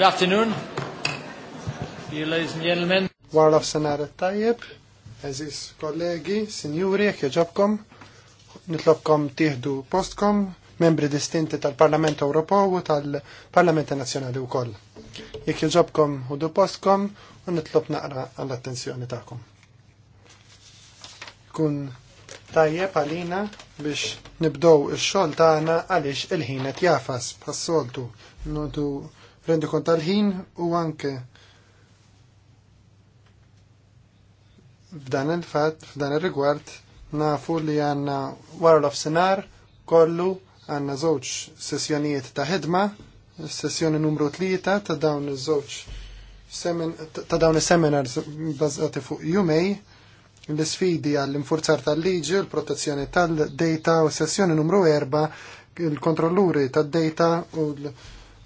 Good afternoon, dear ladies and gentlemen. Warlof Senar tajjeb, eżis kollegi, sinjuri, jħieġabkom, nitlobkom tieħdu postkom, membri distinti tal-Parlament Ewropew u tal-Parlament Nazzjonali wkoll. Jekk jġobkom u du postkom u nitlob naqra għall-attenzjoni tagħkom. Kun tajjeb għalina biex nibdow ix-xogħol tagħna għaliex il-ħin qed jafas bħas-soltu rendi kont tal-ħin u anke f'dan il-fat, f'dan il-rigward, nafu li għanna wara l-ofsenar kollu għanna żewġ sessjonijiet ta' ħedma, sessjoni numru 3 ta' dawn iż-żewġ ta' dawn is-seminars bażati fuq jumej, l isfidi għall-infurzar tal-liġi, l-protezzjoni tal-data u sessjoni numru 4 il-kontrolluri tad-data u l-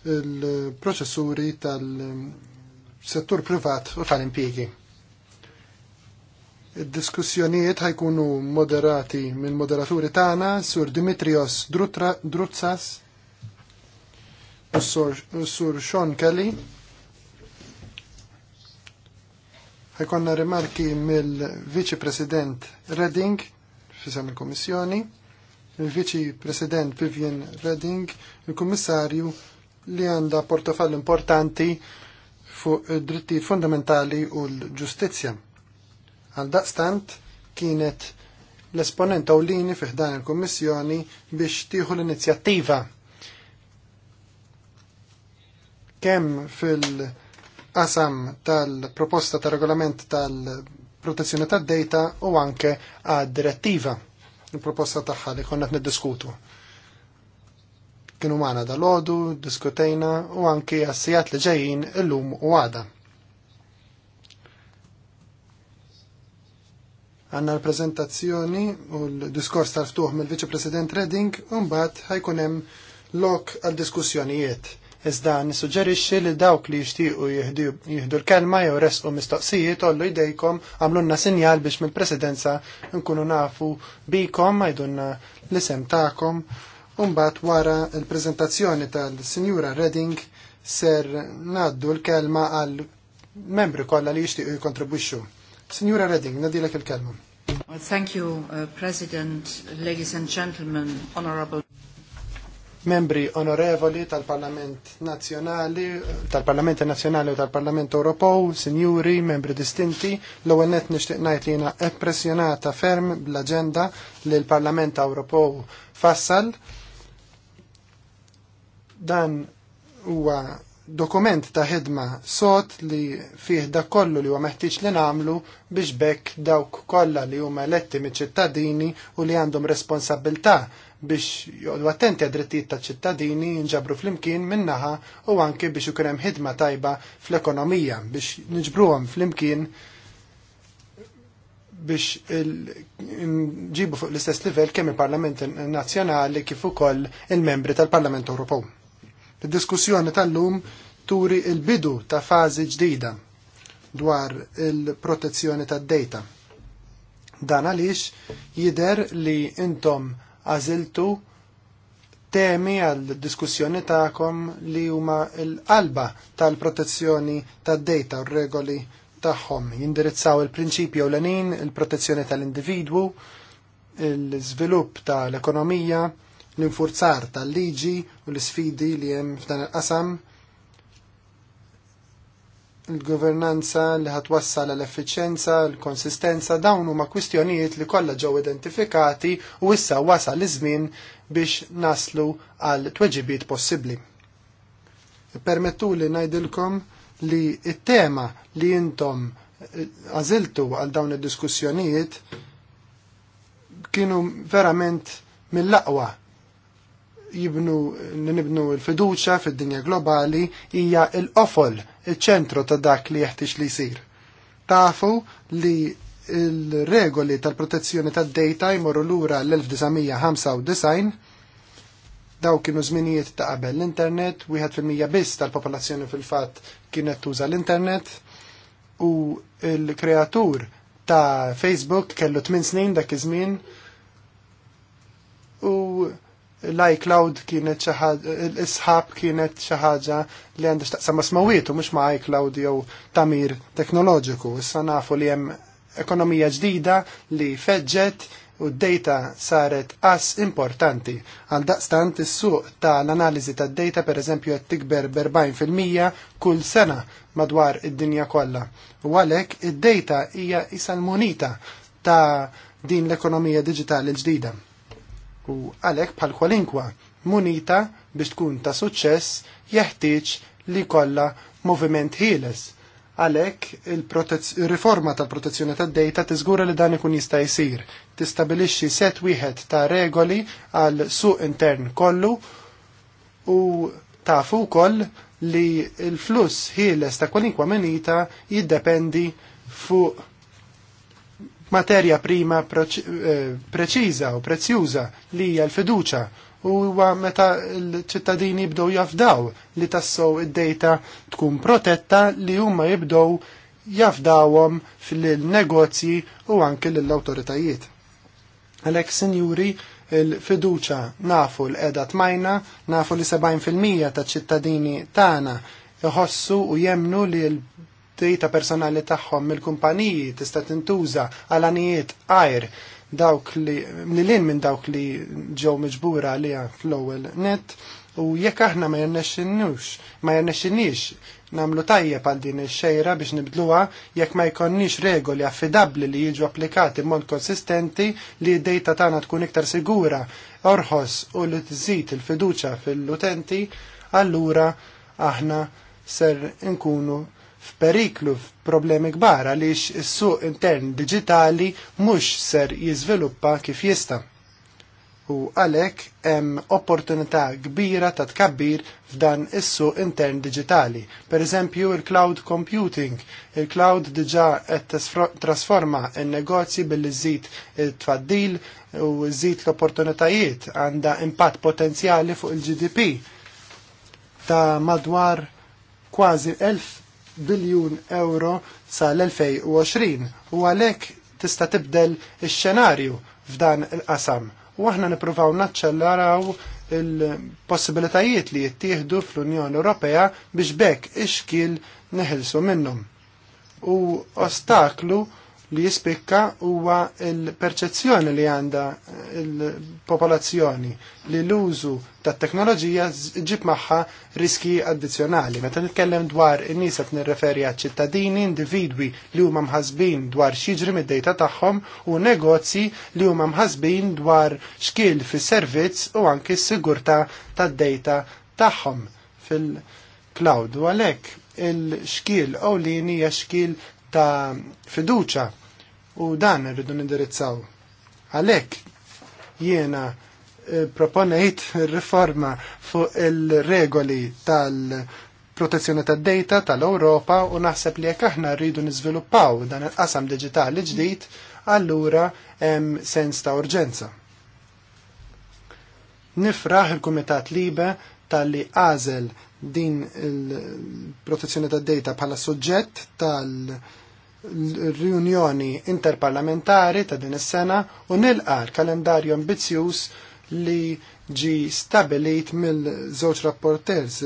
il-proċessuri tal-settur privat u tal impiegi. Id-diskussjonijiet ħajkunu moderati mill moderaturi tagħna sur Dimitrios Drutsas u sur Sean Kelly. Ħajkonna rimarki mill-Viċi President Redding fisem il-Kommissjoni, il-Viċi President Vivian Redding, il-Kummissarju il kommissarju il kummissarju li għandha portofall importanti fuq id-dritti fundamentali u l-ġustizzja. Għal daqstant kienet l-esponent awlini fiħdan il-Kommissjoni biex tieħu l-inizjattiva kemm fil-qasam tal-proposta tal regolament tal-protezzjoni tad-data u anke għad direttiva il-proposta tagħha li konna niddiskutu kienu maħna dal-ħodu, diskutejna u anki għassijat li ġejjin illum u għada. Għanna l-prezentazzjoni u l-diskors tal-ftuħ mill-Viċi President Redding un-bat ħajkunem lok għal-diskussjonijiet. Iżda nissuġġerixxi li dawk li jixtiequ jieħdu l-kelma jew resqu mistoqsijiet ollu jdejkom għamlunna sinjal biex mill-presidenza nkunu nafu bikom għajdunna l-isem tagħkom Umbat wara il-prezentazzjoni tal-Sinjura Redding ser naddu l-kelma għal membri kollha li jixtiequ jikontribwixxu. Sinjura Redding, nadilek il-kelma. Well, thank you, uh, President, ladies and gentlemen, honorable membri onorevoli tal-Parlament Nazzjonali, tal-Parlament Nazzjonali u tal-Parlament Ewropew, sinjuri, membri distinti, l-ewwel nett nixtieq ngħid li jiena impressjonata ferm bl-aġenda li l-Parlament Ewropew fassal Dan huwa dokument ta' ħidma sot li fih dak kollu li huwa meħtieġ li nagħmlu biex bekk dawk kollha li huma eletti miċ-ċittadini u li għandhom responsabilità biex joqgħdu attenti għad drittijiet taċ-ċittadini jinġabru flimkien minnaħa u anke biex ikun hemm ħidma tajba fl-ekonomija biex niġbruhom flimkien biex nġibu fuq l-istess livell kemm il-Parlament Nazzjonali kif ukoll il-membri tal-Parlament Ewropew il diskussjoni tal-lum turi il-bidu ta' fażi ġdida dwar il-protezzjoni tad-data. Dan għaliex jider li intom għażiltu temi għal diskussjoni ta'kom li huma l-qalba tal-protezzjoni tad-data u regoli tagħhom jindirizzaw il-prinċipju l-għanin, il-protezzjoni tal-individwu, il-żvilupp tal-ekonomija, il prinċipju l il protezzjoni tal individwu il żvilupp tal ekonomija il l-infurzar tal-liġi u l-sfidi li hemm f'dan il-qasam il-governanza li ħatwassal l efficienza l-konsistenza, dawn huma kwistjonijiet li kollha ġew identifikati u issa wasal iż-żmien biex naslu għal tweġibiet possibbli. Permettu li ngħidilkom li t-tema li intom eh, għażiltu għal dawn id-diskussjonijiet kienu verament mill-aqwa jibnu nibnu l-fiduċa fid-dinja globali hija l-qofol, il-ċentru ta' dak li jeħtieġ li jsir. Tafu li il-regoli tal-protezzjoni tad-data jmorru lura l-1995 daw kienu żminijiet ta' qabel l-internet, wieħed fil-mija biss tal-popolazzjoni fil-fatt kienet tuża l-internet u l-kreatur ta' Facebook kellu 8 snin dak iż-żmien u l-iCloud kienet xi ħaġa, l-isħab kienet xi ħaġa li għandix x'taqsam ma smawietu, mhux ma' iCloud jew tamir teknoloġiku. Issa nafu li hemm ekonomija ġdida li feġġet u d-data saret as importanti. Għal daqstant is-suq ta' l-analiżi tad data per eżempju qed tikber fil-mija kull sena madwar id-dinja kollha. U għalhekk id-data hija isal-monita ta' din l-ekonomija diġitali l-ġdida. U għalhekk bħal kwalinkwa munita biex tkun ta' suċċess jeħtieġ li kollha moviment ħieles. Għalhekk il-riforma tal-protezzjoni tad-dejta tiżgura li dan ikun jista' jsir. Tistabilixxi set wieħed ta' regoli għal suq intern kollu u tafu wkoll li l-fluss ħieles ta' kwalinkwa munita jiddependi fuq materja prima eh, preċiża u prezzjuża li hija l-fiduċa u huwa meta l-ċittadini jibdow jafdaw li tassow id-dejta tkun protetta li huma jibdew jafdawhom fil-negozji u anke lill-awtoritajiet. Għalhekk sinjuri, il-fiduċa nafu l-edha tmajna, nafu li 70% ta' ċittadini tagħna jħossu u jemnu li l ta' personali tagħhom mill-kumpaniji tista' tintuża għal anijiet għajr dawk li mlilin minn dawk li ġew miġbura għalija fl-ewwel net u jekk aħna ma jernexxinux ma jernexxinix nagħmlu tajjeb għal din ix-xejra biex nibdluha jekk ma jkollniex regoli affidabbli li jiġu applikati b'mod konsistenti li d-dejta tagħna tkun iktar sigura orħos u li tżid il-fiduċja fil-utenti allura aħna ser nkunu f'periklu f'problemi kbar għaliex is-suq intern digitali mhux ser jiżviluppa kif jista' u għalek hemm opportunità kbira ta' tkabbir f'dan is-suq intern digitali. Per eżempju il-cloud computing, il-cloud diġà qed trasforma n-negozji billi żid it-tfaddil u żid l-opportunitajiet għandha impatt potenzjali fuq il-GDP ta' madwar kważi elf biljun euro sal-2020 u għalhekk tista' tibdel ix-xenarju f'dan il-qasam. U aħna nippruvaw naċċellaraw il-possibilitajiet li jittieħdu fl-Unjoni Ewropea biex bekk ix-xkil neħilsu minnhom. U ostaklu li jispikka huwa il-perċezzjoni li għanda il-popolazzjoni li l-użu ta' teknoloġija ġib maħħa riski addizjonali. Meta nitkellem dwar in-nies qed nirreferi għal ċittadini, individwi li huma mħasbin dwar xiġri mid-dejta tagħhom u negozji li huma mħasbin dwar xkil fis-servizz u anki s-sigurtà tad-dejta tagħhom fil-cloud. U għalhekk il-xkil ewlieni hija xkil ta' fiduċa u dan rridu nindirizzaw. Għalhekk jiena eh, proponejt riforma fuq il-regoli tal-protezzjoni tad-data tal-Ewropa u naħseb li jekk aħna rridu niżviluppaw dan il-qasam digitali ġdid, allura hemm sens ta' urġenza. Nifraħ il-Kumitat Libe tal-li għażel din il-protezzjoni tad-data bħala suġġett tal-, -tal riunjoni interparlamentari ta' din is-sena u nilqa l-kalendarju ambizzjuż li ġi stabilit mill-żewġ rapporters,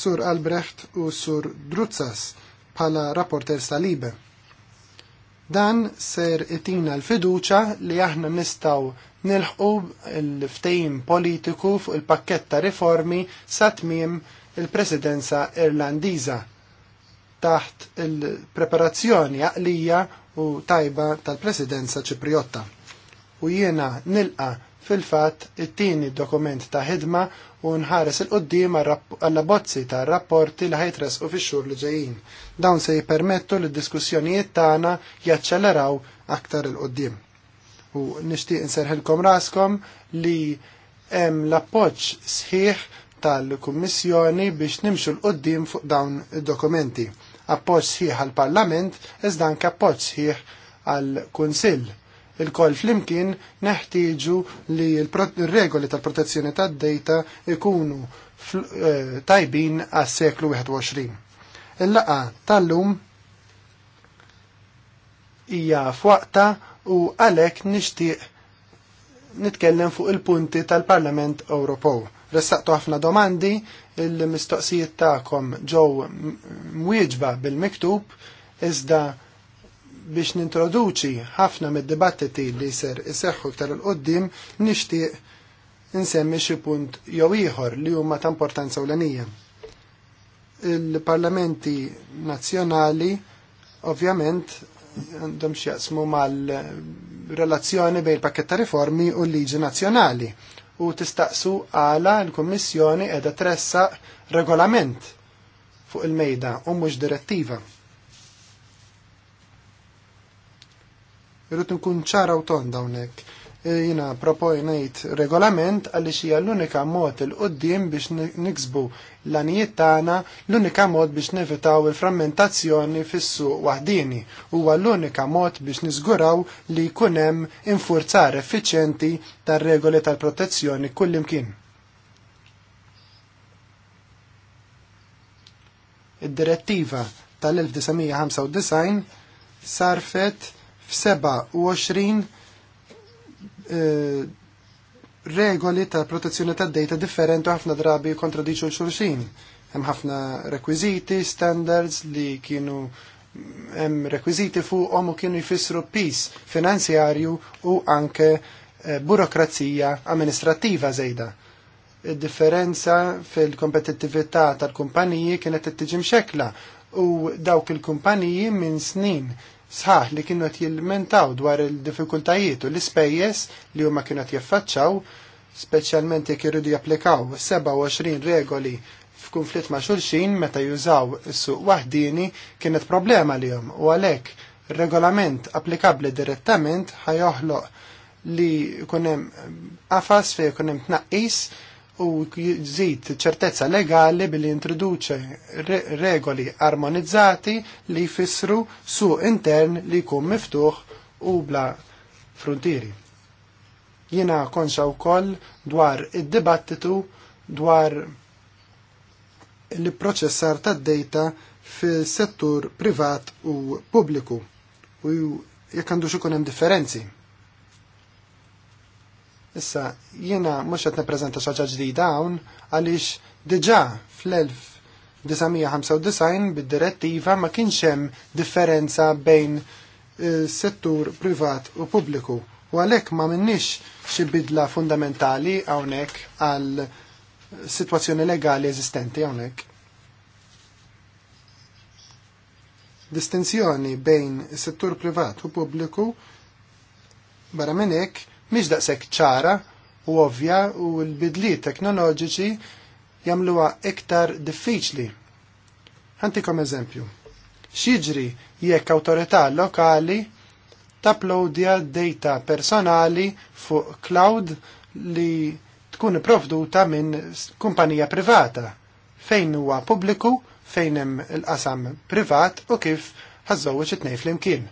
sur Albrecht u sur Druzzas, bħala rapporters tal-Libe. Dan ser itina l-fiduċa li aħna nistaw nilħqu l-ftejim politiku fuq il-pakketta riformi sa tmiem il-presidenza irlandiża taħt il-preparazzjoni għaqlija u tajba tal-presidenza ċipriotta. U jiena nilqa fil-fat it-tieni dokument ta' ħidma u nħares il-qoddim għalla bozzi ta' rapporti li ħajtres u fix-xhur li ġejjin. Dawn se jipermettu li d-diskussjonijiet tagħna jaċċeleraw aktar il-qoddim. U nixtieq inserħilkom raskom li hemm l-appoġġ sħiħ tal-Kummissjoni biex nimxu l-qoddim fuq dawn id-dokumenti appoġġ sħiħ għal parlament iżda anke appoġġ sħiħ għal kunsill. Il-koll flimkien neħtieġu li l-regoli tal-protezzjoni tad-data ikunu eh, tajbin għas-seklu 21. Il-laqa tal-lum hija fwaqta u għalhekk nixtieq nitkellem fuq il-punti tal-Parlament Ewropew Ressaqtu ħafna domandi, il-mistoqsijiet tagħkom ġew mwieġba bil-miktub iżda biex nintroduċi ħafna mid-dibattiti li ser iseħħu iktar il-qoddim nixtieq insemmi xi punt jew ieħor li huma ta' importanza ewlenija. Il-parlamenti nazzjonali ovvjament għandhom xjaqsmu mal-relazzjoni bejn pakket ta' riformi u l-liġi nazzjonali u tistaqsu għala l-Kummissjoni qiegħda tressaq regolament fuq il-mejda u mhux direttiva. Irrid nkun ċara u tonda unek. E, jina proponajt regolament għalli xija l-unika mod il-qoddim biex niksbu l-anijiet tagħna l-unika mod biex nevitaw il-frammentazzjoni fis-suq waħdini huwa l-unika mod biex niżguraw li jkun hemm infurzar effiċjenti tar-regoli tal-protezzjoni kullimkien. Id-direttiva tal-1995 sarfet f'27 Eh, regoli ta' protezzjoni ta' data differenti ħafna drabi kontradiċu l-xulxin. Hemm ħafna rekwiziti, standards li kienu mm, hemm rekwiziti fuqhom u kienu jfissru pis finanzjarju u anke eh, burokrazija amministrattiva żejda. Id-differenza fil-kompetittività tal-kumpaniji kienet tiġi xekla u dawk il-kumpaniji minn snin sħaħ li kienu jilmentaw dwar il-difikultajiet u l-ispejjeż li huma kienu jaffaċċaw, speċjalment jekk iridu japplikaw 27 regoli f'kunflitt ma' xulxin meta jużaw is-suq waħdini kienet problema lihom u għalhekk regolament applikabli direttament ħajoħloq li kunem qafas fejn kunem tnaqqis u jżid ċertezza legali billi introduċe regoli armonizzati li jfissru su intern li jkun miftuħ u bla frontieri. Jiena konxa wkoll dwar id-dibattitu dwar il-proċessar tad-dejta fis settur privat u pubbliku u jekk għandux ikun hemm differenzi Issa, jiena mhux qed prezenta xaġa ġdida għun, għaliex diġà fl-1995 bid-direttiva ma kienx hemm differenza bejn eh, settur privat u pubbliku. U għalhekk ma minnix xi bidla fundamentali hawnhekk għal sitwazzjoni legali eżistenti hawnhekk. Distinzjoni bejn settur privat u pubbliku barra minn hekk mhix daqshekk ċara u ovvja u l-bidliet teknoloġiċi jagħmluha iktar diffiċli. Ħantikom eżempju. X'jiġri jekk awtorità lokali tapplowdja data personali fuq cloud li tkun provduta minn kumpanija privata fejn huwa pubbliku, fejn hemm il-qasam privat u kif ħażżewweġ it-tnejn flimkien.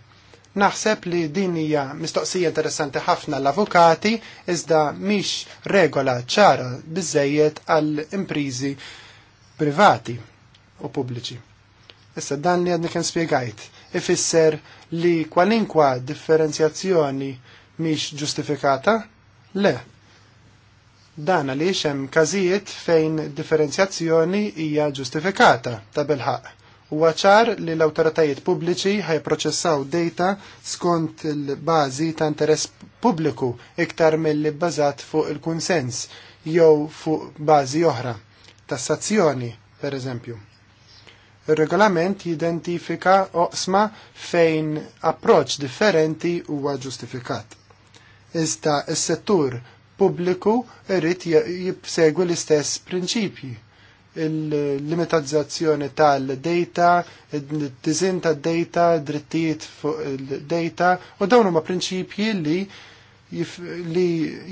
Naħseb li din hija mistoqsija interessanti ħafna l-avukati iżda mhix regola ċara biżejjed għall imprizi privati u pubbliċi. Issa dan li għadni kien spiegajt ifisser li kwalinkwa differenzjazzjoni mhix ġustifikata? Le. Dan għaliex hemm każijiet fejn differenzjazzjoni hija ġustifikata ta' bilħaq Huwa ċar li l-awtoritajiet pubbliċi ħajproċessaw data skont il-bażi ta' interess pubbliku iktar mill-li bbażat fuq il-kunsens jew fuq bażi oħra, tassazzjoni per eżempju. Il-regolament jidentifika oqsma fejn approċ differenti huwa ġustifikat. Iżda s-settur pubbliku irrid jibsegwi l-istess prinċipji il-limitazzazzjoni tal-data, id-dizin tad-data, drittijiet fuq il-data u dawn huma prinċipji li li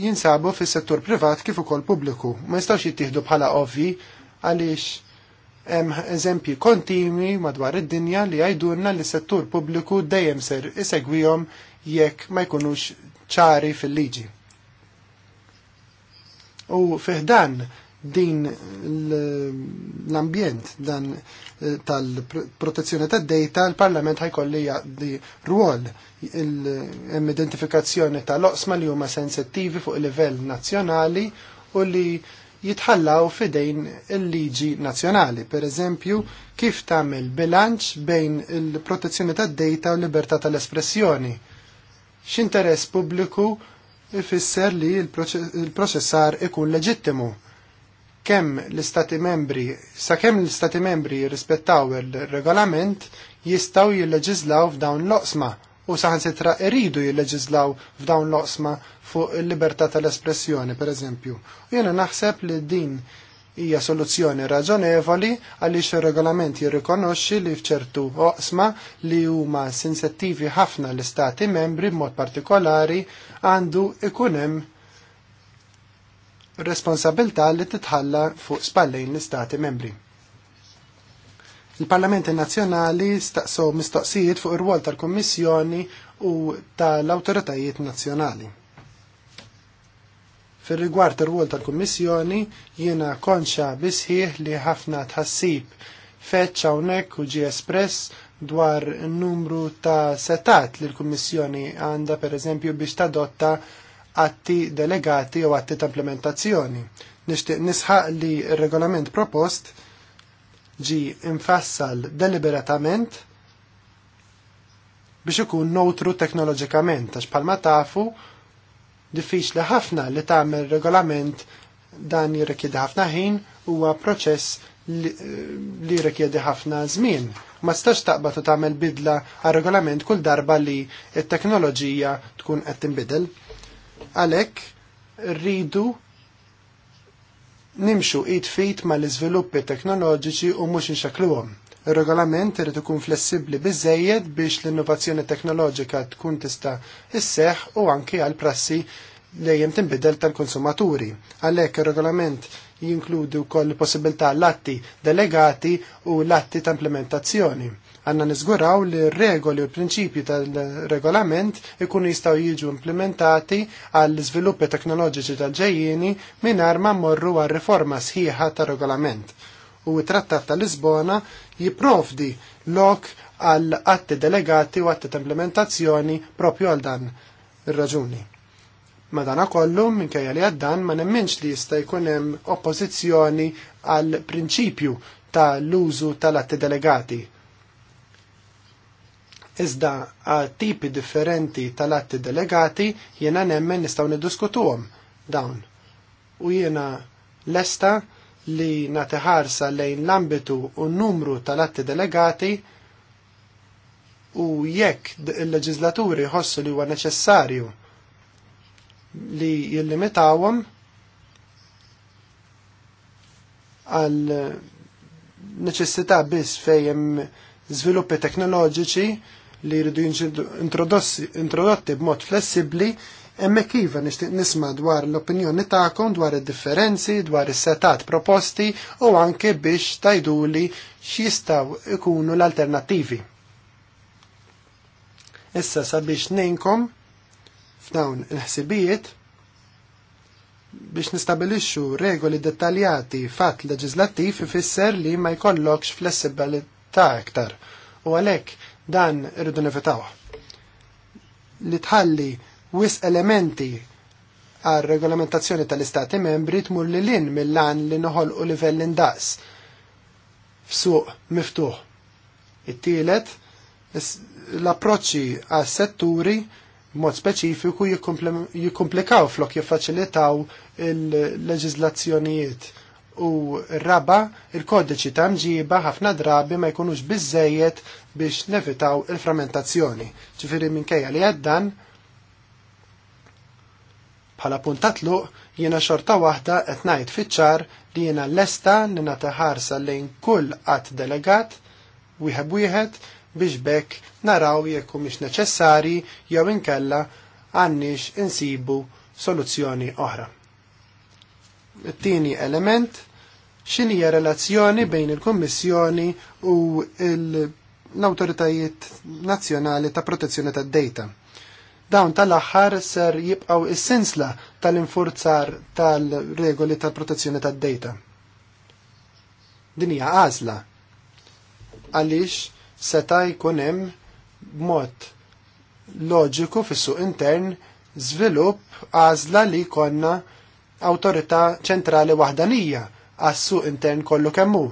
jinsabu fis settur privat kif ukoll pubbliku. Ma jistax jittieħdu bħala ovvi għaliex hemm eżempji kontinwi madwar id-dinja li għajdunna li settur pubbliku dejjem ser isegwihom jekk ma jkunux ċari fil-liġi. U fiħdan din l-ambjent dan eh, tal-protezzjoni tad-data l-Parlament ħajkolli jaqdi ruol hemm identifikazzjoni ta' oqsma li huma sensittivi fuq livell nazzjonali u li jitħallaw fidejn il-liġi nazzjonali, per eżempju, kif tagħmel bilanċ bejn il-protezzjoni tad-data u libertà tal-espressjoni. X'interess pubbliku ifisser li l-proċessar ikun leġittimu kemm l-istati membri, sakemm l-istati membri jirrispettaw il-regolament, jistaw jilleġizlaw f'dawn l-oqsma u saħansitra iridu jilleġizlaw f'dawn l-oqsma fuq il-libertà tal-espressjoni, per eżempju. U jena naħseb li din hija soluzzjoni raġonevoli għaliex ir-regolament jirrikonoxxi li f'ċertu oqsma li huma sensittivi ħafna l-istati membri b'mod partikolari għandu ikun hemm responsabilta li titħalla fuq spallejn l-Istati membri. Il-Parlamenti Nazzjonali staqsow mistoqsijiet fuq ir-rwol tal-Kommissjoni u tal-Awtoritajiet Nazzjonali. Fir rigward ir-rwol tal-Kummissjoni jiena konxa bisħieħ li ħafna tħassib feċ hawnhekk u ġie espress dwar n-numru ta' setat li l-Kummissjoni għandha pereżempju biex tadotta atti delegati u atti ta' implementazzjoni. Nixtieq nisħaq li r-regolament propost ġi infassal deliberatament biex ikun notru teknoloġikament, għax palma tafu diffiċli ħafna li tagħmel regolament dan jirrikjedi ħafna ħin huwa proċess li jirrikjedi ħafna żmien. Ma stax taqbad u tagħmel bidla għal regolament kull darba li t teknoloġija tkun qed tinbidel. Għalhekk rridu nimxu id fit ma l-iżviluppi teknoloġiċi u mhux inxakluhom. Ir-regolament irid ikun flessibbli bizzejed biex l-innovazzjoni teknoloġika tkun tista' isseħ u anke għal prassi dejjem tinbidel tal-konsumaturi. Għalhekk ir-regolament jinkludi wkoll possibilità l-atti delegati u l-atti ta' implementazzjoni Għanna nizguraw li regoli u l-prinċipji tal-regolament ikunu jistaw jiġu implementati għall iżviluppi teknoloġiċi tal-ġejjini mingħajr ma mmorru għal riforma sħiħa tal-regolament. U trattat tal-Lisbona jiprofdi lok għal atti delegati u atti implementazzjoni propju għal dan ir-raġuni. Madana kollu minkejja li għaddan ma nemminx li jista' jkun hemm oppożizzjoni għal prinċipju tal-użu tal-atti delegati iżda għal tipi differenti tal-atti delegati jiena nemmen nistgħu niddiskutuhom dawn. U jiena lesta li nagħti ħarsa lejn l-ambitu u n-numru tal-atti delegati u jekk il-leġislaturi ħossu li huwa neċessarju li jillimitawhom għal neċessità biss fejn żviluppi teknoloġiċi li jridu introdotti b'mod flessibli, hemmhekk iva nixtieq nisma' dwar l-opinjoni tagħkom dwar id-differenzi, dwar is-setat proposti u anke biex tajduli x'jistgħu ikunu l-alternattivi. Issa sabiex nejnkom f'dawn il-ħsibijiet biex nistabilixxu regoli dettaljati fatt leġislattiv ifisser li ma jkollokx flessibilità aktar. U għalhekk Dan irridu nifetawa. Li tħalli wis elementi għal regolamentazzjoni tal-istati membri tmur li l-in mill-lan li noħol u livell indaqs f'suq miftuħ. It-tielet, l-approċċi għas setturi mod speċifiku jikkomplikaw flok jiffaċilitaw il-leġizlazzjonijiet u raba il-kodiċi ta' mġiba ħafna drabi ma jkunux bizzejiet biex nevitaw il-frammentazzjoni. Ġifieri minkejja li għaddan bħala puntatlu jiena xorta waħda qed ngħid fiċ-ċar li jiena lesta esta nina ħarsa lejn kull qatt delegat wieħed wieħed biex bekk naraw jekk mhix neċessari jew inkella għanniex insibu soluzzjoni oħra. It-tieni element x'inhi relazzjoni bejn il-Kummissjoni u il- l-Awtoritajiet Nazzjonali ta' Protezzjoni tad-Data. Dawn tal-aħħar ser jibqaw is-sensla tal-infurzar tal-regoli tal-protezzjoni tad-data. Din hija għażla għaliex seta' jkun hemm b'mod loġiku fis-suq intern żvilupp għażla li konna awtorità ċentrali wahdanija għas-suq intern kollu kemmu.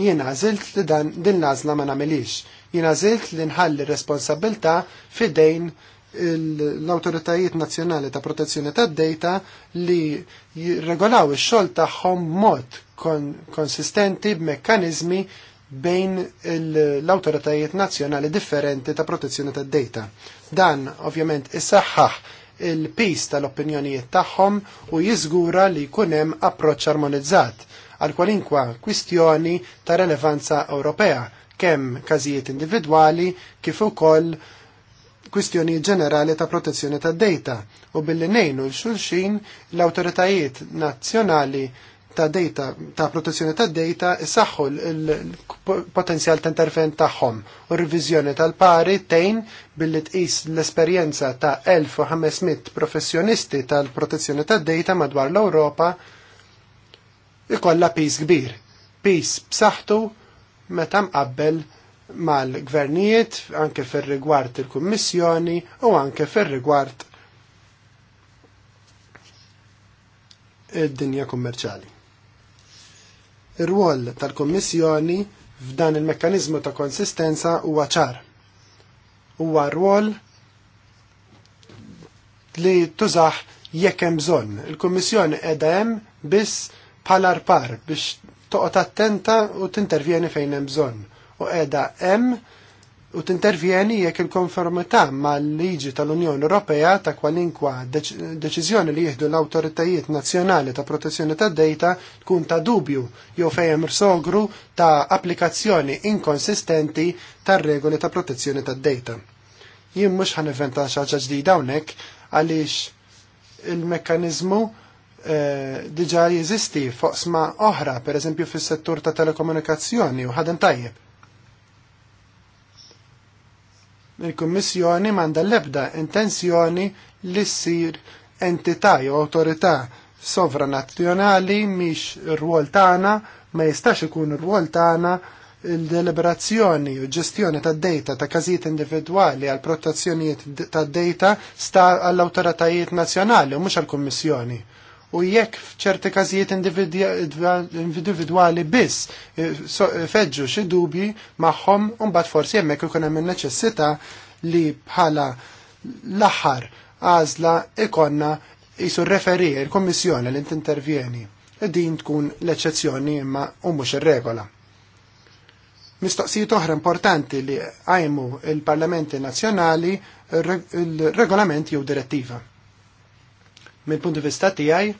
Jien għażilt li dan din l-għażla ma nagħmilix jina zilt li nħalli responsabilta fidejn l-autoritajiet nazjonali ta' protezzjoni ta' data li jirregolaw ix-xogħol tagħhom mod konsistenti b'mekkaniżmi bejn l-autoritajiet nazjonali differenti ta' protezzjoni ta' data. Dan ovvjament issaħħaħ il-pis tal-opinjonijiet tagħhom u jiżgura li jkun hemm approċċ armonizzat għal kwalinkwa kwistjoni ta' relevanza Ewropea kemm każijiet individwali kif ukoll kwistjoni ġenerali ta' protezzjoni ta' data u billi nejnu l-xulxin l-autoritajiet nazzjonali ta' data ta' protezzjoni ta' data saħħu l-potenzjal ta' intervent tagħhom u revizjoni tal-pari tejn billi tqis l-esperjenza ta' 1500 professjonisti tal-protezzjoni ta' data madwar l-Ewropa ikollha pis kbir, pis b'saħħtu meta mqabbel mal-gvernijiet anke fir-rigward il-Kummissjoni u anke fir-rigward id-dinja kummerċali. Ir-rwol tal-Kummissjoni f'dan il-mekkanizmu ta' konsistenza huwa ċar. Huwa rwol li tużaħ jekk hemm bżonn. Il-Kummissjoni qiegħda hemm biss palar par biex toqgħod attenta u tintervjeni fejn hemm bżonn. U qiegħda hemm u tintervjeni jekk il-konformità mal-liġi tal-Unjoni Ewropea ta' kwalinkwa deċiżjoni li jieħdu l-awtoritajiet nazzjonali ta' protezzjoni tad dejta tkun ta' dubju jew fejn sogru ta' applikazzjoni inkonsistenti tar-regoli ta' protezzjoni tad dejta Jien mhux ħaniventa xi ħaġa ġdida hawnhekk għaliex il-mekkanizmu Eh, diġa jeżisti foqsma oħra, per eżempju fis-settur ta' telekomunikazzjoni u ħadem tajjeb. Il-Kummissjoni manda l-ebda intenzjoni li ssir entità jew awtorità sovranazzjonali miex ir-rwol tagħna ma jistax ikun ir-rwol tagħna il-deliberazzjoni u ġestjoni ta' data ta' każijiet individwali għal protezzjonijiet ta' data sta' għall-awtoritajiet nazzjonali u mhux għall-Kummissjoni u jekk f'ċerti każijiet individwali biss eh, eh, feġġu xi dubji magħhom u mbagħad forsi hemmhekk ikun hemm in-neċessità li bħala l-aħħar għażla ikonna jisu referi il-Kommissjoni li tintervjeni. E din tkun l-eċċezzjoni imma u mhux ir-regola. Mistoqsijiet oħra importanti li għajmu il-Parlamenti Nazzjonali il-regolament jew direttiva mill-punt di vista tiegħi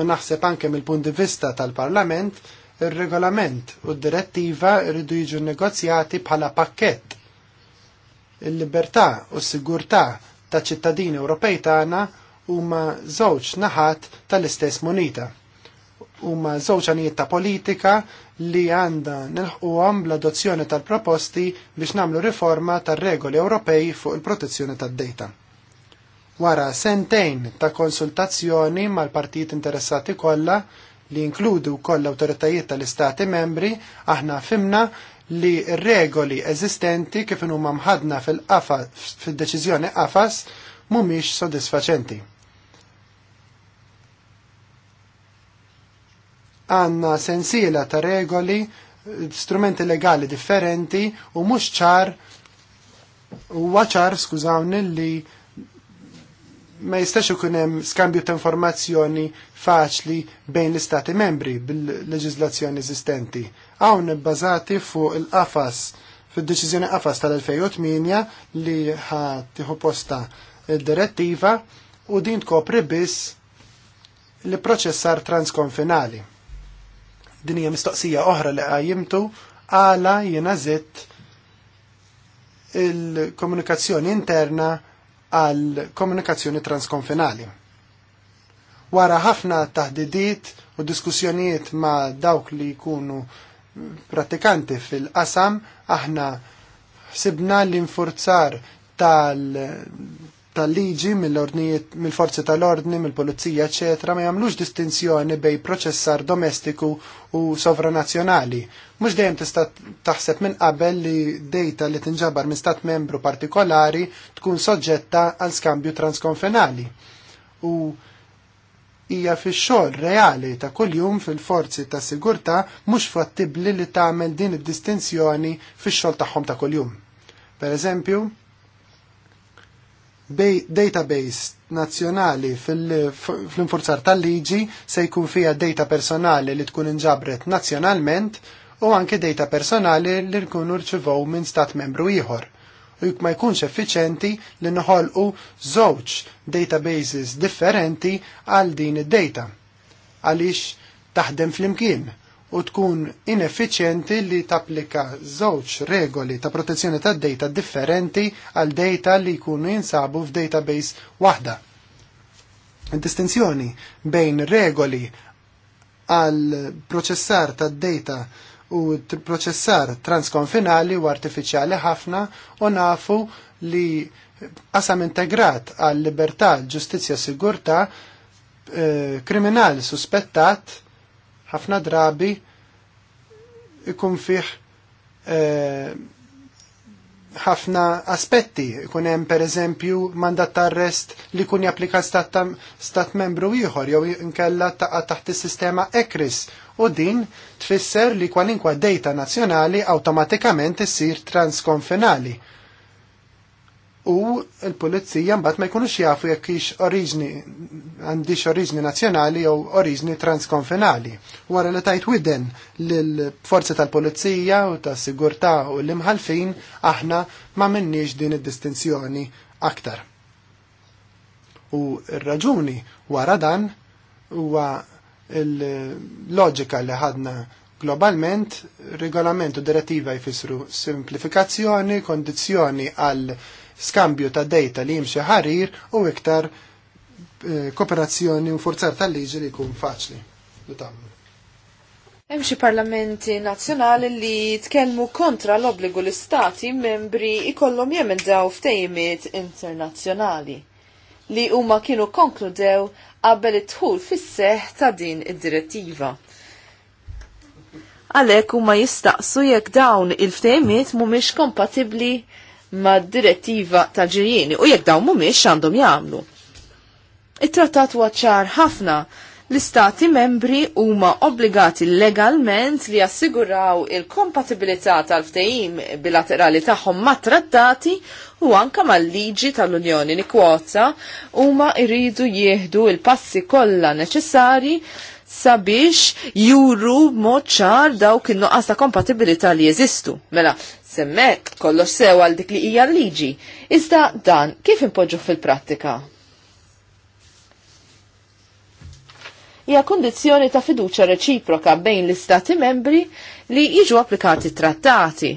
u naħseb anke mill-punt di vista tal-Parlament, ir-regolament u d-direttiva rridu jiġu negozjati bħala pakkett. Il-libertà u s-sigurtà ta' ċittadini Ewropej tagħna huma żewġ naħat tal-istess munita. Huma żewġ anijiet ta' politika li għandha nilħquhom bl-adozzjoni tal-proposti biex nagħmlu riforma tar-regoli Ewropej fuq il-protezzjoni tad-dejta. Wara sentejn ta' konsultazzjoni mal-partijiet interessati kollha li inkludu koll autoritajiet tal-istati membri, aħna fimna li regoli eżistenti kif huma mħadna fil-deċiżjoni qafas mhumiex sodisfaċenti. Għanna sensiela ta' regoli, strumenti legali differenti u mhux ċar u ċar skużawni li ma jistax ikun hemm skambju ta' informazzjoni faċli bejn l-istati membri bil-leġiżlazzjoni eżistenti. Hawn bbażati fuq il-qafas fid-deċiżjoni qafas tal-2008 li ħa tieħu posta direttiva u din tkopri biss li proċessar transkonfinali. Din hija mistoqsija oħra li qajjimtu għala jiena zitt il-komunikazzjoni interna għal komunikazzjoni transkonfinali. Wara ħafna taħdidiet u diskussjonijiet ma' dawk li jkunu pratikanti fil-qasam, aħna sibna l-infurzar tal tal-liġi mill forzi tal-ordni, mill-pulizija, eċetera, ma jagħmlux distinzjoni bej proċessar domestiku u sovranazzjonali. Mhux dejjem tista' taħseb minn qabel li dejta li tinġabar minn stat membru partikolari tkun soġġetta għal skambju transkonfenali. U hija fix-xogħol reali ta' kuljum fil-forzi ta' sigurtà mhux fattibbli li tagħmel din id-distinzjoni fix-xogħol tagħhom ta' kuljum. Per eżempju, database nazzjonali fl-infurzar tal-liġi se jkun fija data personali li tkun inġabret nazzjonalment u anke data personali li nkunu urċivow minn stat membru ieħor. U jekk ma jkunx effiċenti li noħolqu żewġ databases differenti għal din id-data. Għaliex taħdem fl-imkien u tkun ineffiċjenti li tapplika żewġ regoli ta' protezzjoni ta' data differenti għal data li jkunu jinsabu f'database waħda. Distinzjoni bejn regoli għal proċessar ta' data u proċessar transkonfinali u artifiċjali ħafna u nafu li qasam integrat għal libertà, ġustizzja, sigurtà, eh, kriminal suspettat ħafna drabi ikun fih eh, ħafna eh, aspetti, ikun hemm pereżempju mandat ta' arrest li kun japplika stat, stat membru ieħor jew inkella taqa' taħt is-sistema ECRIS u din tfisser li kwalinkwa data nazzjonali awtomatikament issir transkonfinali u l-pulizija mbagħad ma jkunux jafu jekk hix oriġni għandix oriġni nazzjonali jew oriġni transkonfinali. Wara li tajt widen lill-forzi tal-pulizija u tas-sigurtà u l-imħalfin aħna ma minniex din id-distinzjoni aktar. U r-raġuni wara dan huwa l-loġika li ħadna globalment regolament u direttiva jfissru simplifikazzjoni, kondizjoni għal skambju ta' data li jimxi ħarir u iktar eh, kooperazzjoni u forzar tal-liġi li jkun faċli Hemm xi parlamenti nazzjonali li tkellmu kontra l-obbligu l-istati membri ikollhom jemendaw ftejmiet internazzjonali li huma kienu konkludew qabel it-dħul fis-seħ ta' din id-direttiva. Għalhekk huma jistaqsu jekk dawn il-ftejmiet mhumiex kompatibbli ma' direttiva tal-ġirjini u jekk dawn mhumiex għandhom jagħmlu. It-trattat huwa ċar ħafna l-istati membri huma obbligati legalment li jassiguraw il-kompatibilità tal-ftehim bilaterali tagħhom ma' trattati u anka mal-liġi tal-Unjoni nikwoza huma jridu jieħdu il-passi kollha neċessari sabiex juru moċar dawk in noqqas ta' kompatibilità li jeżistu. Mela, Semmek kollox sew għal dik li hija liġi, iżda dan kif impoġġu fil-prattika? Hija kundizzjoni ta' fiduċa reċiproka bejn l-istati membri li jiġu applikati trattati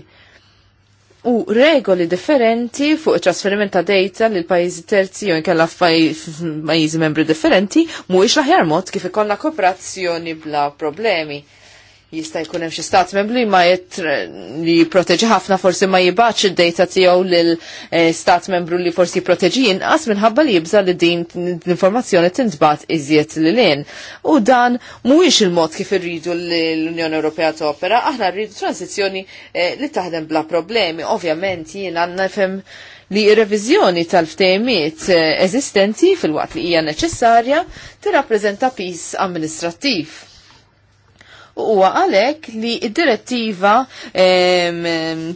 u regoli differenti fuq it-trasferiment ta' data lil pajjiżi terzi jew inkella f'pajjiżi membri differenti mhuwiex l-aħjar mod kif ikollna kooperazzjoni bla problemi jista' jkun hemm xi stat membri ma li jipproteġi ħafna forsi ma jibax id-data tiegħu lil eh, stat membru li forsi jipproteġi inqas minħabba li jibża li din l-informazzjoni tintbat iżjed lil hinn. U dan mhuwiex il-mod kif irridu l-Unjoni Ewropea opera, aħna rridu transizzjoni eh, li taħdem bla problemi. Ovvjament jien għandna fem li revizjoni tal-ftehimiet eh, eżistenti fil-waqt li hija neċessarja tirrappreżenta pis amministrattiv u huwa għalhekk li d-direttiva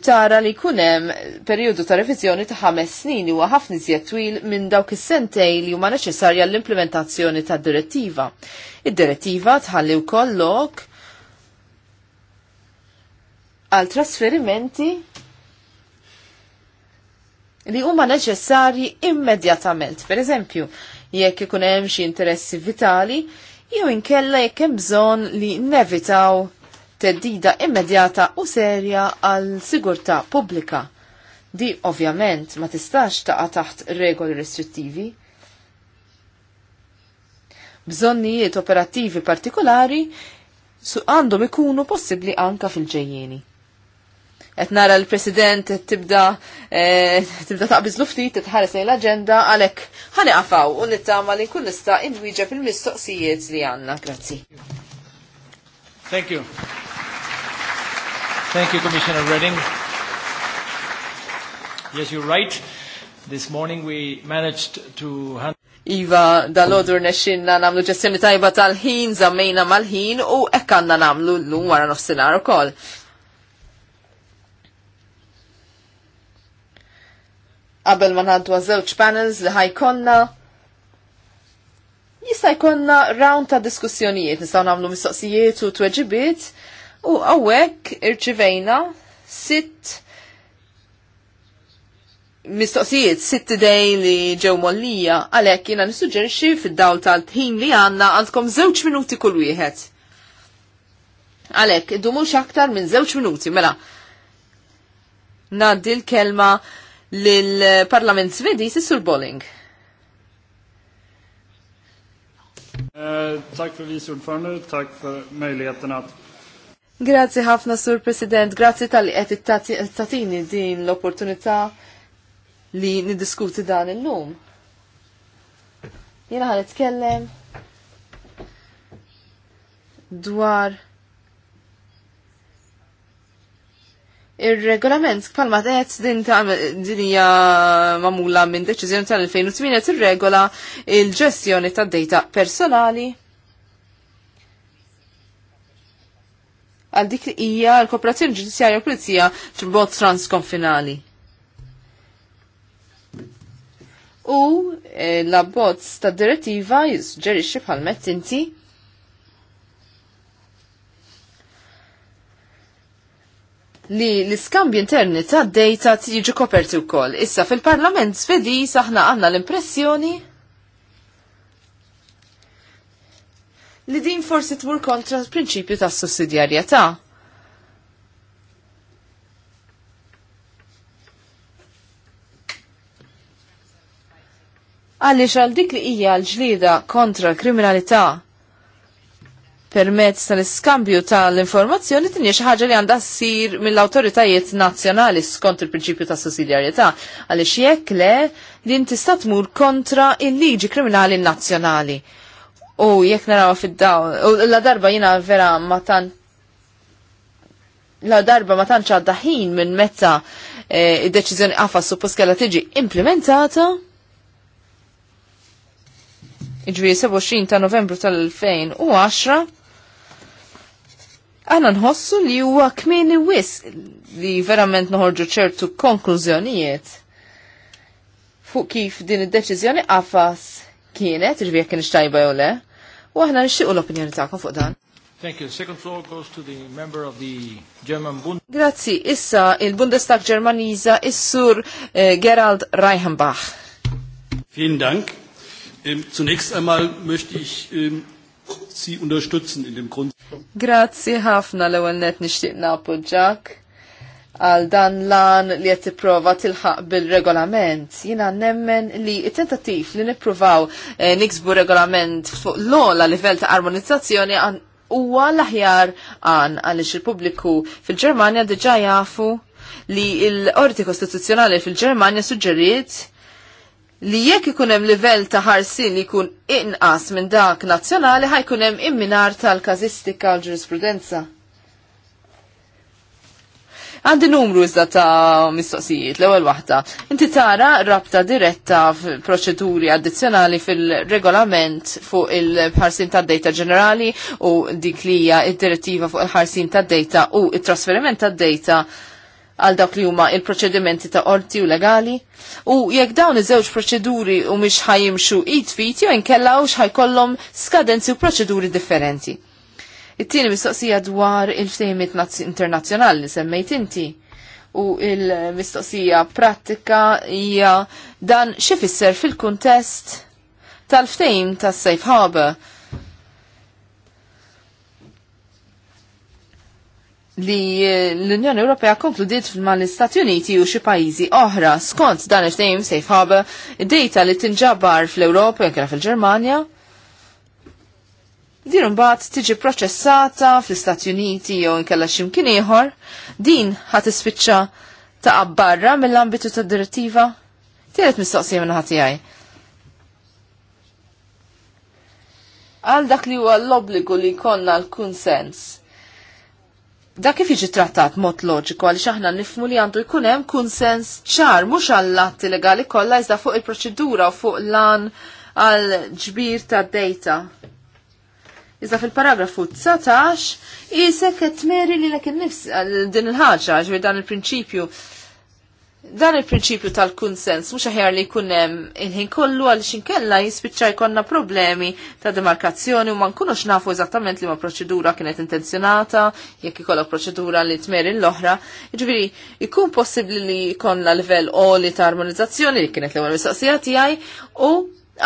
tara li jkun hemm perjodu ta' revizjoni ta' ħames snin huwa ħafna iżjed twil minn dawk is-sentej li huma neċessarja l-implementazzjoni tad-direttiva. Id-direttiva tħalli wkoll lok għal trasferimenti li huma neċessarji immedjatament. Per eżempju, jekk ikun hemm xi interessi vitali, jew inkella jekk hemm bżonn li nevitaw teddida immedjata u serja għal sigurtà pubblika. Di ovvjament ma tistax taqa' taħt regoli restrittivi. Bżonnijiet operattivi partikolari su għandhom ikunu possibbli anka fil-ġejjeni qed nara l-President tibda e, tibda taqbiż ftit titħares li l-aġenda għalhekk ħani għafaw u nittama li nkun nista' inwieġeb il-mistoqsijiet li għandna. Grazzi. Thank you. Thank you, Commissioner Redding. Yes, you're right. This morning we managed to handle Iva, dal-odru nexxinna namlu ġessjoni tajba tal-ħin, zammejna mal-ħin u ekkanna namlu l-lum wara nofsinar u koll. qabel ma nħaddu żewġ panels li ħajkonna jista' jkollna round ta' diskussjonijiet nistgħu nagħmlu mistoqsijiet u tweġibiet u hawnhekk irċivejna sitt mistoqsijiet sitt idej li ġew mollija, għalhekk jiena nissuġġerixxi fid-dawl tal-tħin li għandna għandkom żewġ minuti kull wieħed. Għalhekk idumux aktar minn żewġ minuti, mela. Naddi l-kelma lill-Parlament Svedi Sissur Bolling. Eh, tack för vice ordförande, tack för möjligheten att Grazzi ħafna Sur President, grazzi tal-li qed tatini din l-opportunità li niddiskuti dan illum. Jiena ħan kellem. dwar Ir-regolament palma qed din ta' din hija minn deċiżjoni tal-2008 il-regola l ġestjoni tad-data personali għal dik li hija l-Kooperazzjoni Ġudizzjarja u Pulizija b'mod transkonfinali. U eh, l-abbozz tad direttiva jisġerixxi bħal inti li l-iskambju interni ta' data jiġi koperti wkoll. Issa fil-Parlament Svedi saħna għandna l-impressjoni li din forsi tmur kontra l-prinċipju ta' sussidjarjetà. Għaliex għal dik li hija l-ġlida kontra l-kriminalità permezz tal-iskambju tal-informazzjoni tinja xi ħaġa li għandha ssir mill-awtoritajiet nazzjonali skont il-prinċipju ta' sussidjarjetà għaliex jekk le din tista' tmur kontra il-liġi kriminali nazzjonali. U jekk naraw fid daw u la darba jiena vera ma tant la darba ma tantx għadda ħin minn meta eh, id-deċiżjoni qafa suppost kellha tiġi implementata. Iġri 27 ta' novembru tal-2010 Aħna nħossu li huwa kmini wis li verament noħorġu ċertu konklużjonijiet fuq kif din id-deċiżjoni qafas kienet, irbi kien tajba jew le, u aħna nixtiequ l-opinjoni tagħkom fuq dan. Thank you. The second floor goes to the member of the German Bund. Grazzi, issa il-Bundestag Ġermaniża is-sur eh, Gerald Reichenbach. Vielen Dank. Ähm, zunächst einmal möchte ich ähm, Sie unterstützen in dem Grund. Grazzi ħafna l-ewwel net nixtieq napoġġak għal dan lan li qed tipprova tilħaq bil-regolament. Jiena nemmen li t-tentattiv li nippruvaw eh, niksbu regolament fuq l-ola livell ta' armonizzazzjoni huwa l-aħjar għan għaliex il-pubbliku fil-Ġermanja diġà jafu li l-orti kostituzzjonali fil-Ġermanja suġġeriet li jekk ikun hemm livell ta' ħarsin li jkun inqas minn dak nazzjonali ħajkun hemm imminar tal-każistika u ġurisprudenza. Għandi numru iżda ta' mistoqsijiet, l-ewwel waħda. Inti tara rabta diretta f'proċeduri addizzjonali fil-regolament fuq il-ħarsin tad data ġenerali u dik li hija id-direttiva fuq il-ħarsin tad data u il trasferiment tad data għal dak li huma il-proċedimenti ta' orti u legali. U jekk dawn iż-żewġ proċeduri u mhix ħajimxu id fit jew inkella hux ħajkollhom skadenzi u proċeduri differenti. It-tieni mistoqsija dwar il-ftehimiet internazzjonali li semmejt inti u il-mistoqsija pratika hija dan xifisser fil-kuntest tal-ftehim tas-safe harbor li eh, l-Unjoni Ewropea konkludiet mal istati Uniti u xi pajjiżi oħra skont dan it ftehim safe harbor id-data li tinġabar fl-Ewropa jew fil-Ġermanja Din imbagħad tiġi proċessata fl-Istati Uniti jew inkella x'imkien ieħor, din ħad tispiċċa ta' barra mill-ambitu tad-direttiva? Tielet mistoqsija minn ħati Għal dak li huwa l-obbligu li jkollna l-kunsens da kif iġi trattat mod loġiku għaliex aħna nifmu li għandu jkun hemm kunsens ċar mhux għall-atti legali kollha iżda fuq il-proċedura u fuq lan għal ġbir ta' data. Iżda fil-paragrafu 19 isek qed tmeri li l din il-ħaġa ġbir dan il-prinċipju dan il-prinċipju tal-kunsens mhux aħjar li jkun hemm il-ħin kollu għal xinkella jispiċċa jkollna problemi ta' demarkazzjoni u ma nkunux nafu eżattament li ma proċedura kienet intenzjonata, jekk ikollok proċedura li tmeri l-oħra. Jiġifieri jkun possibbli li jkollna livell oli ta' armonizzazzjoni li kienet l-ewwel mistoqsija tiegħi u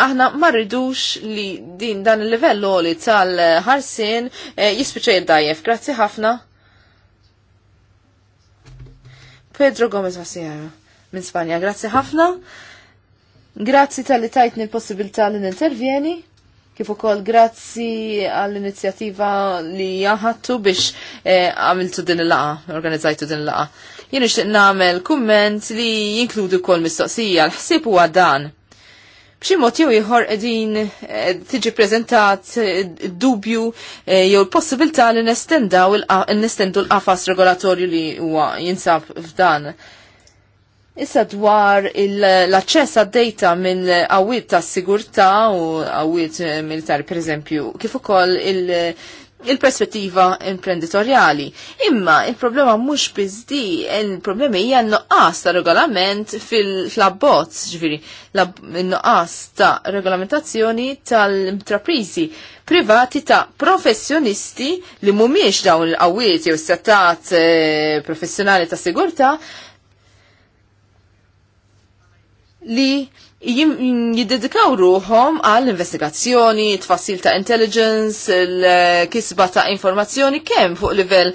aħna ma rridux li din dan il-livell oli tal-ħarsin eh, jispiċċa jiddajjef. Grazzi ħafna. Pedro Gomez Vasijara minn Spanja. Grazzi ħafna. Grazzi tal-li tajtni l-possibilità li n-intervjeni. Kif ukoll grazzi għall-inizjattiva li jaħattu biex eh, għamiltu din il-laqa, organizzajtu din il-laqa. Jien nixtieq nagħmel kumment li jinkludi wkoll mistoqsija l-ħsieb huwa dan b'xi mod jew ieħor qegħdin eh, tiġi preżentat eh, dubju eh, jew l-possibilità li nestendaw nestendu l-qafas regolatorju li huwa jinsab f'dan. Issa dwar l-aċċess għad-data minn għawit ta' sigurtà u qawwiet militari, per eżempju, kif ukoll il- il-perspettiva imprenditorjali. Imma il-problema mhux bizdi, il-problema hija n-noqqas ta' regolament fil-abbozz, ġviri, n-noqqas ta' regolamentazzjoni tal-intraprizi privati ta' professjonisti li mhumiex dawn il-qawwiet jew settat eh, professjonali ta' sigurtà li jiddedikaw ruħom għall investigazzjoni tfassil ta' intelligence, l-kisba eh, ta' informazzjoni kemm fuq livell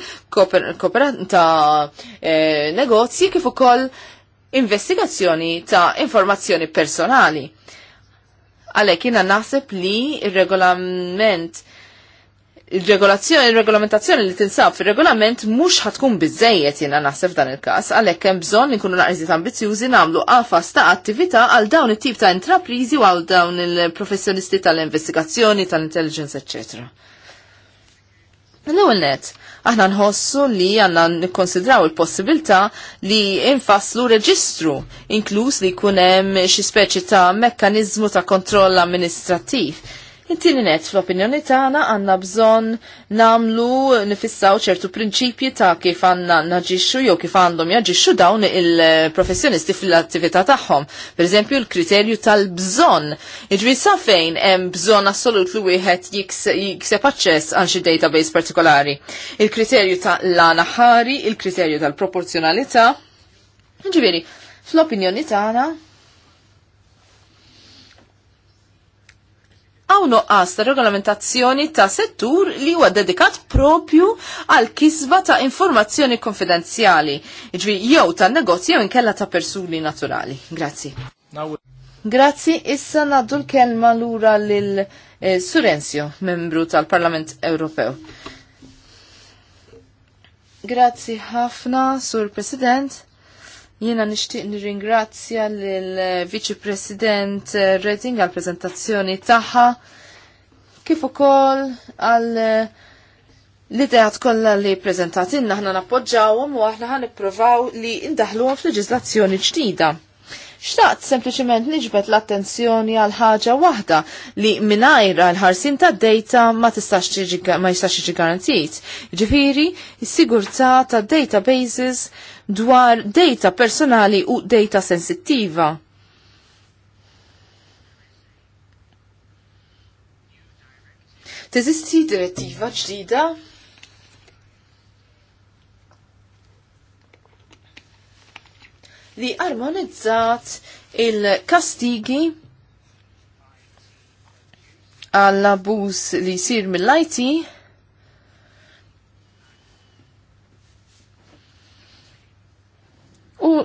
ta' eh, negozji kif ukoll investigazzjoni ta' informazzjoni personali. Għalhekk jiena naħseb li ir-regolament il-regolazzjoni, il-regolamentazzjoni li tinsab fil-regolament mux ħatkun bizzejiet jina naħseb dan il-kas, għalek hemm bżon nkunu naqriżiet ambizjużi namlu għafas ta' attività għal dawn it-tip ta' intraprizi u għal dawn il-professjonisti tal-investigazzjoni, tal-intelligence, etc. l ewel net, aħna nħossu li għanna nikkonsidraw il-possibilità li infaslu reġistru, inkluż li jkun hemm xi speċi ta' mekkaniżmu ta' kontroll amministrattiv Intini net fl-opinjoni tagħna għandna bżonn namlu nifissaw ċertu prinċipji ta' kif għandna naġixxu jew kif għandhom jaġixxu dawn il-professjonisti fil-attività tagħhom. Pereżempju l-kriterju tal-bżonn. Jiġri sa fejn hemm bżonn assolut li wieħed jikseb aċċess għal xi database partikolari. Il-kriterju ta' lana ħari, il-kriterju tal-proporzjonalità. Ġifieri, fl-opinjoni tagħna Għaw noqqas ta' regolamentazzjoni ta' settur li huwa dedikat propju għal kisba ta' informazzjoni konfidenzjali, ġvi jew ta' negozji jew inkella ta' persuni naturali. Grazzi. Grazzi, issa naddu l-kelma lura lil eh, Surenzio, membru tal-Parlament Ewropew. Grazzi ħafna, Sur President. Jiena nixtieq nirringrazzja lill-Viċi President Reding għall prezentazzjoni tagħha kif ukoll għal l-idejat kollha li prezentatinna aħna nappoġġawhom u aħna ħan nippruvaw li indaħluhom f'leġiżlazzjoni ġdida xtaqt sempliċement niġbet l-attenzjoni għal ħaġa waħda li minajra l-ħarsin ta' data ma tistax ma jistax jiġi garantit. Ġifiri, s-sigurtà ta' databases dwar data personali u data sensittiva. Teżisti direttiva ġdida li armonizzat il-kastigi għall-abuż li sir mill-IT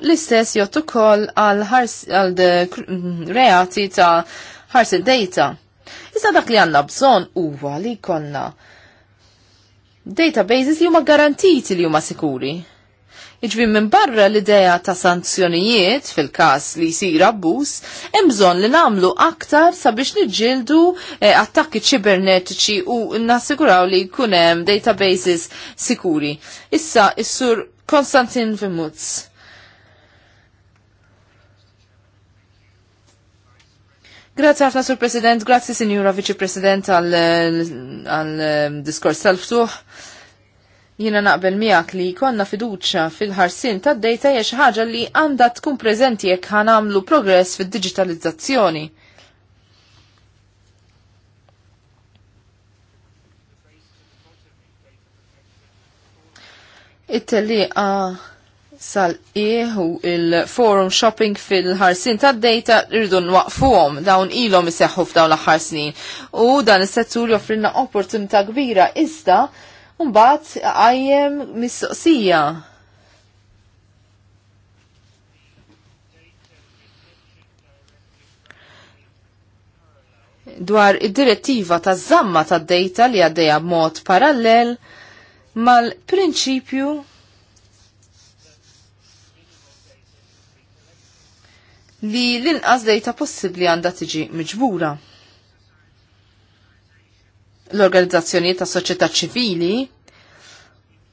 l-istess jott ukoll għal mm, reati ta' ħarsil data. Issa dak li għanna bżon huwa li konna databases li huma garantiti li huma sikuri. Iġbi minn barra l-idea ta' sanzjonijiet fil-kas li jisir abbus, hemm bżonn li nagħmlu aktar sabiex niġildu eh, attakki ċibernetiċi u nassiguraw li jkun hemm databases sikuri. Issa issur sur Konstantin Vimutz. Grazzi ħafna sur President, grazie Sinjura Viċi President għal-diskors um, tal-ftuħ. Jina naqbel miegħek li konna fiduċa fil-ħarsin tad-dejta hija xi ħaġa li għandha tkun preżenti jekk ħanamlu progress fid-diġitalizzazzjoni. It-telliqa sal-ieħu il-forum shopping fil-ħarsin ta' data rridu nwaqfuhom dawn ilhom iseħħu f'dawn l-aħħar snin. U dan is-settur joffrilna opportunità kbira iżda mbagħad għajjem mistoqsija. dwar id-direttiva ta' zamma ta' data li għaddeja b'mod parallel mal-prinċipju li l-inqas dejta possibbli għandha tiġi miġbura. L-organizzazzjonijiet ta' soċjetà ċivili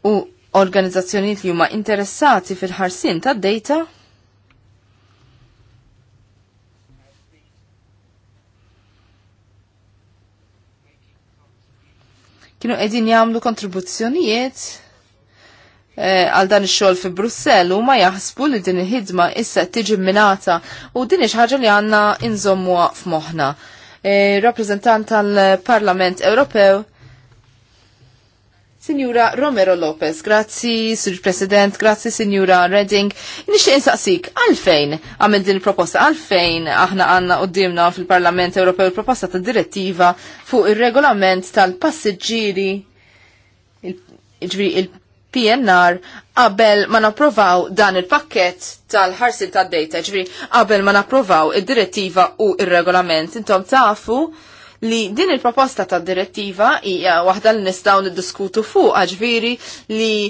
u organizzazzjonijiet li huma interessati fil-ħarsin tad dejta kienu edin jamlu kontribuzzjonijiet Eh, għal dan ix-xogħol fi Brussell ma jaħsbu li din il-ħidma issa tiġi minata u din hi ħaġa li għandna inżommuha f'moħħna. Eh, rappreżentant tal-Parlament Ewropew Signora Romero Lopez, grazzi, Sir President, grazzi Signora Redding. Nixtieq insaqsik, għalfejn għamil din il-proposta, għalfejn aħna għanna qoddimna fil-Parlament Ewropew il-proposta ta' direttiva fuq il-regolament tal-passiġġieri il-ġviri il PNR qabel ma napprovaw dan il-pakket tal-ħarsil tad dejta ġri qabel ma napprovaw id-direttiva u ir-regolament. Intom tafu li din il-proposta ta' direttiva hija waħda li nistgħu niddiskutu fuq ġviri li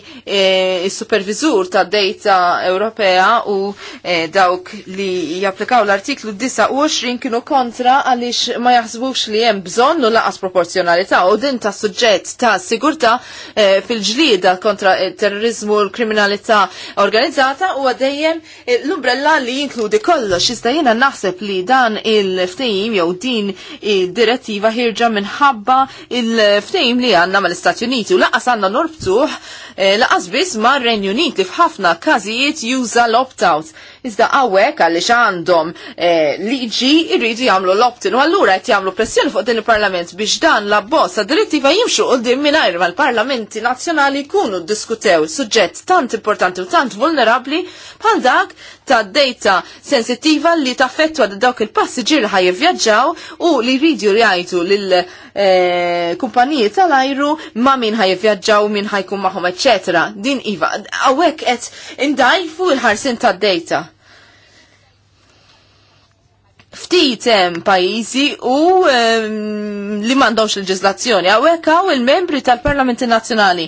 s-supervizur eh, ta' data Ewropea u eh, dawk li japplikaw l-artiklu 29 kienu kontra għaliex ma jaħsbux li hemm bżonn u laqas proporzjonalità u din ta' suġġett ta' sigurtà eh, fil-ġlieda kontra terrorizmu u l-kriminalità organizzata u għadejjem l-umbrella li jinkludi kollox iżda jiena naħseb li dan il-ftehim jew din id-direttiva direttiva ħirġa minħabba il-ftejm li għanna mal-Istati Uniti u laqas għanna norbtuħ eh, laqas biss ma' Renju Unit li f'ħafna każijiet juża l-opt-out. Iżda għawek għalli għandhom eh, liġi irridu jagħmlu l-opt-in u allura qed jagħmlu pressjoni fuq din il-Parlament biex dan la bossa direttiva jimxu qudiem mingħajr mal-parlamenti nazzjonali jkunu ddiskutew suġġett tant importanti u tant vulnerabbli bħal dak ta' data sensittiva li taffettwa da dawk il-passiġir li ħajivvjaġġaw u li jridu jgħidu lil eh, kumpaniji tal-ajru ma' min ħajivvjaġġaw, min kum magħhom, eċċetera. Din iva, hawnhekk qed indajfu l-ħarsin tad data ftit hemm pajjiżi u um, li m'għandhomx leġislazzjoni hawnhekk hawn il-membri tal-Parlamenti Nazzjonali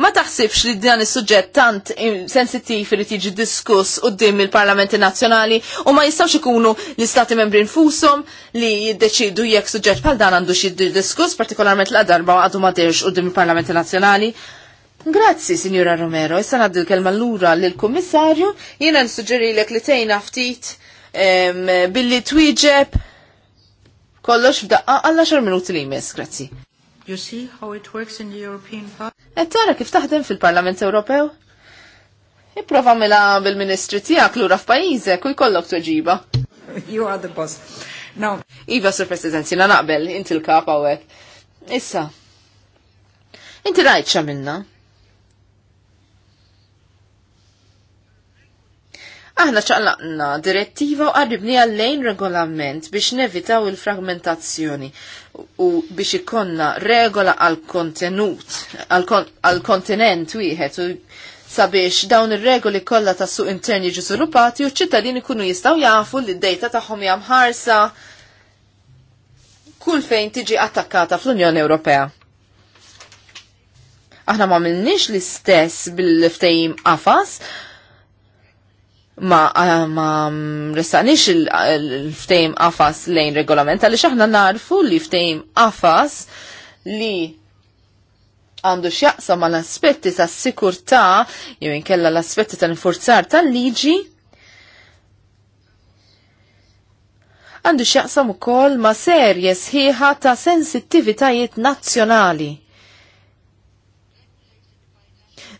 Ma taħsibx li dan is-suġġett tant sensittiv li tiġi diskuss qudiem il-Parlamenti Nazzjonali u ma jistgħux ikunu l-istati membri nfushom li jiddeċidu jekk suġġett bħal dan għandu xi diskuss partikolarment la darba għadu ma dirx qudiem il-Parlamenti Nazzjonali. Grazzi, Signora Romero. Issa naddu l-kelma lura lill-Kummissarju. Jiena nsuġġerilek li tgħinha ftit billi twieġeb kollox f'daqqa għal 10 minuti li jmiss. Grazzi. You see how it works in the European Parliament? Et tara kif taħdem fil-Parlament Ewropew? Iprofa mela bil-ministri tijak lura f'pajjiżek u jkollok tuġiba. You are the boss. No. Iva, Sir President, jina naqbel, inti l-kap għawek. Issa, inti rajt xa minna? Aħna ċaqlaqna direttiva u qarribni għallejn regolament biex nevitaw il-fragmentazzjoni u biex ikonna regola għal-kontenut, għal-kontinent wieħed u sabiex dawn ir-regoli kollha tas suq interni ġu sviluppati u ċ-ċittadini jkunu jistgħu jafu li d-dejta tagħhom hija mħarsa kull fejn tiġi attakkata fl-Unjoni Ewropea. Aħna ma minnix l-istess bil-ftehim qafas, ma, ma restanix il-ftejm afas lejn regolament, għalli xaħna narfu li ftejm afas li għandu xjaqsa ma l-aspetti ta' sikurta, jew kella l-aspetti ta' l-forzar ta' liġi, għandu xjaqsa mu kol ma serje sħiħa ta' sensittivitajiet nazzjonali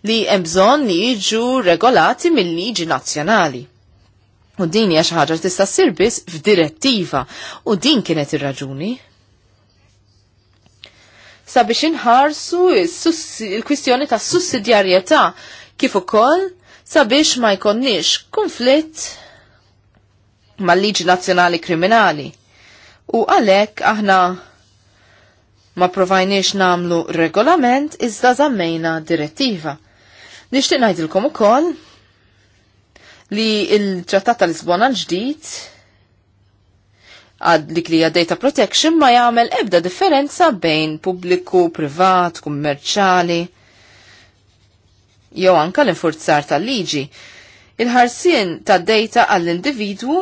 li hemm bżonn li jiġu regolati mill-liġi nazzjonali. U din hija xi ħaġa tista' ssir biss f'direttiva u din kienet ir-raġuni sabiex inħarsu il-kwistjoni ta' sussidjarjetà kif ukoll sabiex ma jkonniex konflitt mal-liġi nazzjonali kriminali. U għalhekk aħna ma provajniex namlu regolament iżda zammejna direttiva. Nixtieq ngħidilkom ukoll li il-Trattat tal-Lisbona l-ġdid għad li klija data protection ma jagħmel ebda differenza bejn pubbliku, privat, kummerċali jew anka l-infurzar tal-liġi. Il-ħarsien tad-data għall-individwu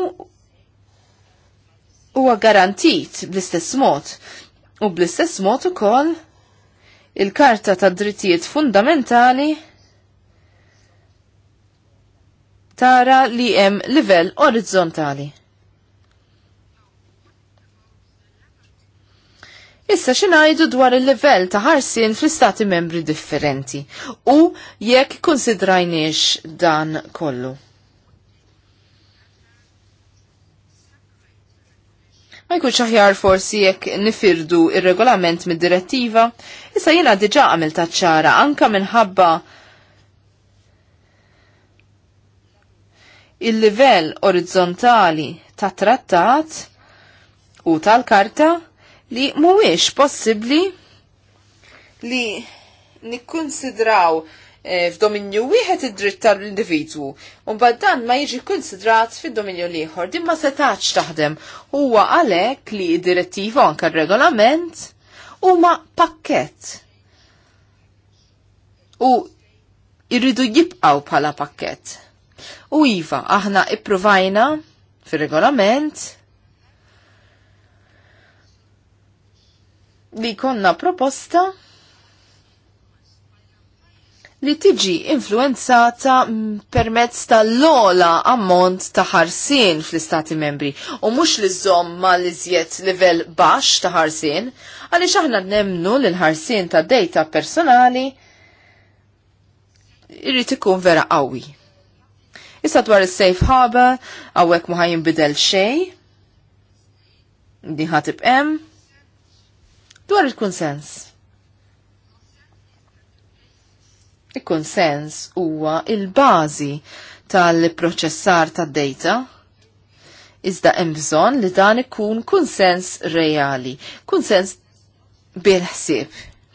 huwa garantit bl-istess mod u bl-istess mod ukoll il-Karta tad Drittijiet Fundamentali tara li hemm livell orizzontali. Issa xinajdu dwar il-level ta' ħarsien fl-istati membri differenti u jekk konsidrajniex dan kollu. Ma jkunx aħjar forsi jekk nifirdu ir-regolament mid-direttiva, issa jiena diġa għamil ta' ċara anka minħabba il-livell orizzontali ta' trattat u tal-karta li mhuwiex possibbli li nikkonsidraw eh, f'dominju wieħed id-dritt tal-individwu. u mbagħad dan ma jiġi konsidrat fid-dominju ieħor din ma setax taħdem. Huwa għalhekk li d-direttiva anke r-regolament huma pakkett. U jridu jibqgħu bħala pakkett. U iva, aħna ipprovajna fil-regolament li konna proposta li tiġi influenzata permezz l lola ammont ta' ħarsien fl-istati membri u mhux li żomm ma li zjet livell baxx ta' ħarsien għaliex aħna nemnu l ħarsien ta' data personali irrid ikun vera qawwi. Issa dwar is-safe harbor, għawek ma ħajinbidel xej. Din ħatib Dwar il-kunsens. Il-kunsens huwa il-bażi tal-proċessar tad-data. Iżda hemm bżonn li dan ikun kunsens reali, kunsens bil-ħsieb,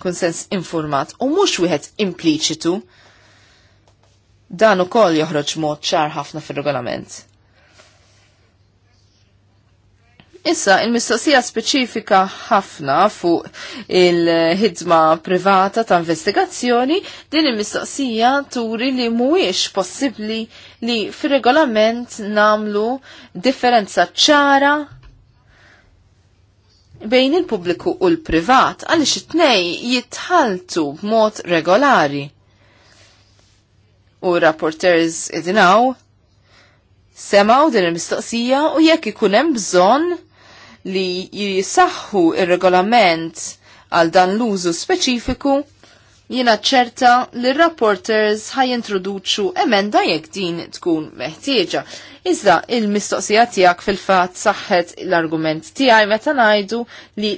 kunsens informat u mhux wieħed impliċitu Dan ukoll joħroġ mod ċar ħafna fir-regolament. Issa, il-mistoqsija speċifika ħafna fuq il-ħidma privata ta' investigazzjoni, din il-mistoqsija turi li mhuwiex possibbli li fir-regolament namlu differenza ċara bejn il-pubbliku u l-privat għaliex it-tnej jitħaltu b'mod regolari u rapporters idinaw semaw din il-mistoqsija u jekk ikun hemm bżonn li jisaħħu il regolament għal dan l-użu speċifiku, jina ċerta li rapporters introduċu emenda jekk din tkun meħtieġa. Iżda il-mistoqsija tiegħek fil-fatt saħħet l-argument tiegħi meta ngħidu li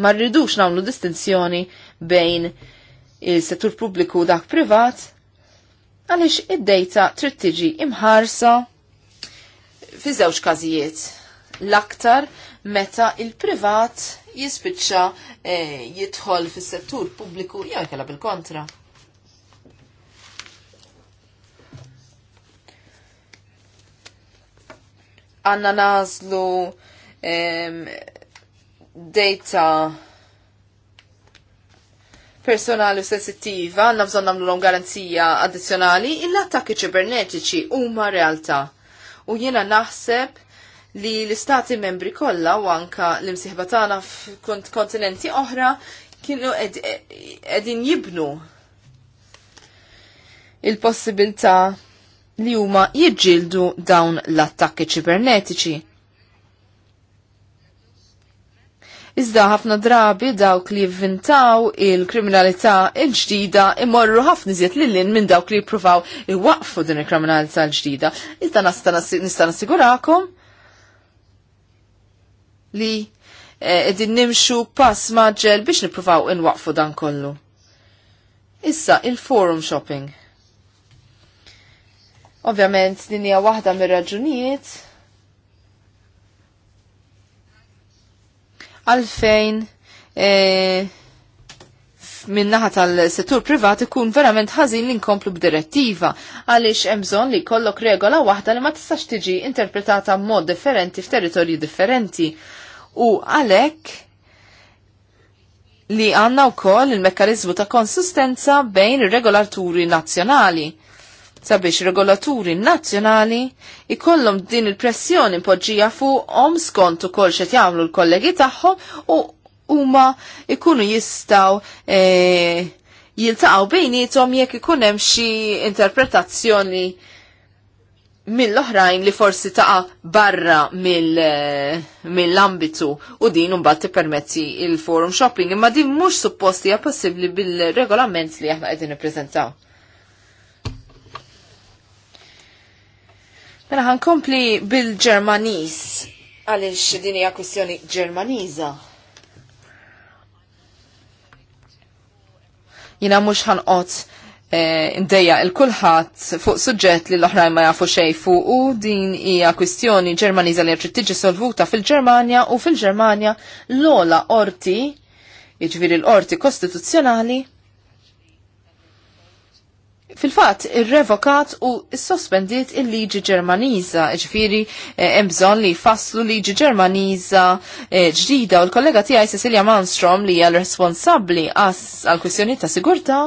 ma rridux nagħmlu distinzjoni bejn il-settur pubbliku u dak privat għaliex id dejta trid tiġi imħarsa fi żewġ każijiet. L-aktar meta il-privat jispiċċa eh, jidħol fis-settur pubbliku jew bil-kontra. Għanna nażlu e, data personali u sensittiva għanna bżon namlu garanzija addizjonali, il-attakki ċibernetiċi huma realtà. U jiena naħseb li l-istati membri kollha u anka l-imsieħba tagħna f'kontinenti oħra kienu qegħdin jibnu il-possibilità li huma jiġġieldu dawn l-attakki ċibernetiċi. Iżda ħafna drabi dawk li jivvintaw il-kriminalità il-ġdida imorru ħafna iżjed lil-lin minn dawk li jippruvaw iwaqfu din il-kriminalità l-ġdida. Iżda nista' nassigurakom li eh, din nimxu pass maġġel biex nippruvaw inwaqfu dan kollu. Issa il-forum shopping. Ovvjament din hija waħda mir-raġunijiet għalfejn e, minnaħa tal-settur privat ikun verament ħażin li nkomplu b'direttiva għaliex hemm bżonn li jkollok regola waħda li ma tistax tiġi interpretata mod differenti f'territorji differenti. U għalhekk li għanna wkoll il-mekkanizmu ta' konsistenza bejn ir-regolaturi nazzjonali sabiex regolaturi nazzjonali ikollhom din il-pressjoni poġġija fuqhom skont ukoll xed jagħmlu l-kollegi tagħhom u huma ikunu jistgħu e, jiltaqgħu bejnietom jekk ikun hemm xi interpretazzjoni mill-oħrajn li forsi taqa barra eh, mill-ambitu mill u din mbagħad tippermetti il-forum shopping imma din mhux supposti hija possibbli bil-regolament li aħna qegħdin nippreżentaw. Mela kompli bil-Ġermaniż għaliex din hija kwistjoni Ġermaniża. Jina mhux ħanqot eh, ndejja il kulħadd fuq suġġett li l-oħrajn ma jafu xejn fuq u din hija kwistjoni Ġermaniża li trid tiġi solvuta fil-Ġermanja u fil-Ġermanja l-ola orti, jiġifieri l-orti kostituzzjonali, fil-fat irrevokat u sospendiet il-liġi ġermaniza, ġifiri eh, hemm bżonn li faslu liġi ġermaniza eh, ġdida u l-kollega tiegħi Cecilia Manstrom li hija responsabbli għal kwestjoni ta' sigurta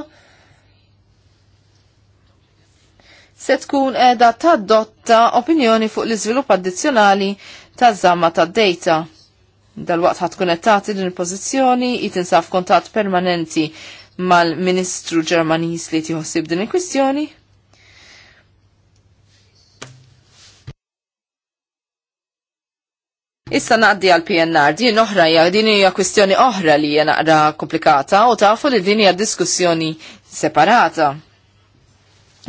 se tkun qiegħda dotta opinjoni fuq l-iżvilupp addizzjonali ta' żamma ta' data. Dal-waqt ħat qed tagħti din il-pożizzjoni jitinsaf kontat permanenti mal-Ministru Ġermaniż li tiħossib din il-kwistjoni? Issa naqdi għal PNR, din oħra hija din hija kwistjoni oħra li hija naqra komplikata u tafu li din hija diskussjoni separata.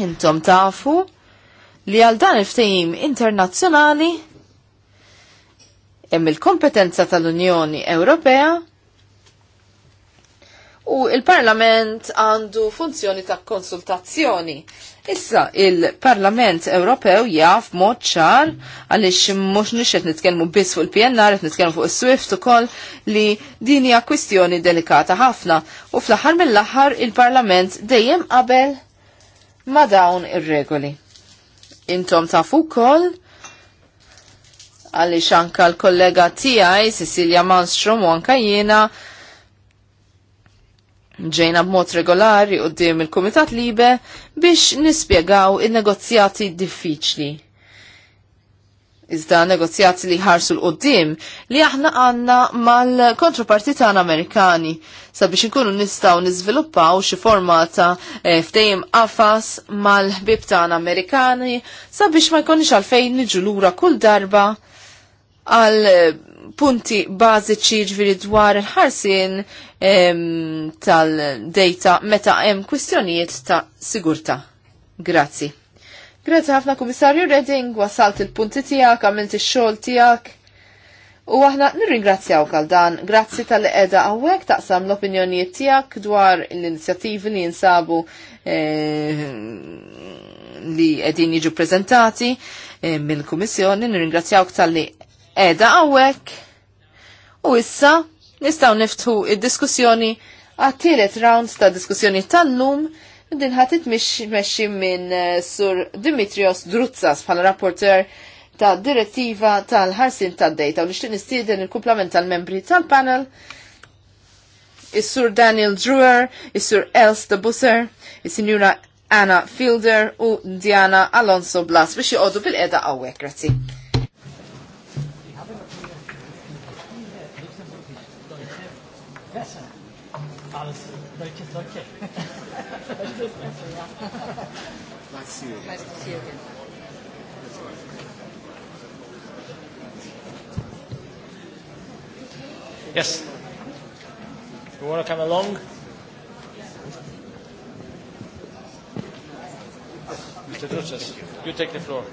Intom tafu li għal dan il-ftehim internazzjonali hemm il-kompetenza tal-Unjoni Ewropea u il-Parlament għandu funzjoni ta' konsultazzjoni. Issa il-Parlament Ewropew jaf mod ċar għaliex mhux nixet nitkellmu biss fuq il-PNR, nitkelmu fuq is-Swift ukoll li din hija kwistjoni delikata ħafna u fl-aħħar mill-aħħar il-Parlament dejjem qabel ma' dawn ir-regoli. Intom fuq ukoll għaliex anka l-kollega tiegħi Cecilia Manstrom u anka jiena Ġejna b'mod regolari u dim il-Kumitat Libe biex nispjegaw il-negozjati diffiċli. Iżda negozjati li ħarsu l-qoddim li aħna għanna mal kontropartitan tagħna Amerikani sabiex inkunu nistgħu niżviluppaw xi forma ta' eh, ftehim qafas mal-ħbib tagħna Amerikani sabiex ma jkunx għalfejn niġu lura kull darba għal eh, punti bażiċi ġviri dwar il-ħarsin tal-data meta hemm kwistjonijiet ta' sigurta. Grazzi. Grazzi ħafna Kummissarju Redding, wasalt il-punti tiegħek, għamilt il xogħol tiegħek. U aħna nirringrazzjaw għal dan, grazzi tal-li edha għawek taqsam l-opinjonijiet tijak dwar l-inizjativi li jinsabu eh, li edin jiġu prezentati eh, mill-Kummissjoni, nirringrazzjaw tal-li edha għawek u issa nistaw niftu id-diskussjoni għattiret round ta' diskussjoni tal-lum din ħatit meċi minn eh, sur Dimitrios Druzzas bħala rapporter ta' direttiva tal-ħarsin ta' data u nixtieq nistieden il-kumplament tal-membri tal-panel is-sur Daniel Drewer, is-sur Els de Busser, is-sinjura Anna Fielder u Diana Alonso Blas biex joqogħdu bil-qeda għawek, grazie. Yes. You want to come along? Mr. Drutzes, you take the floor.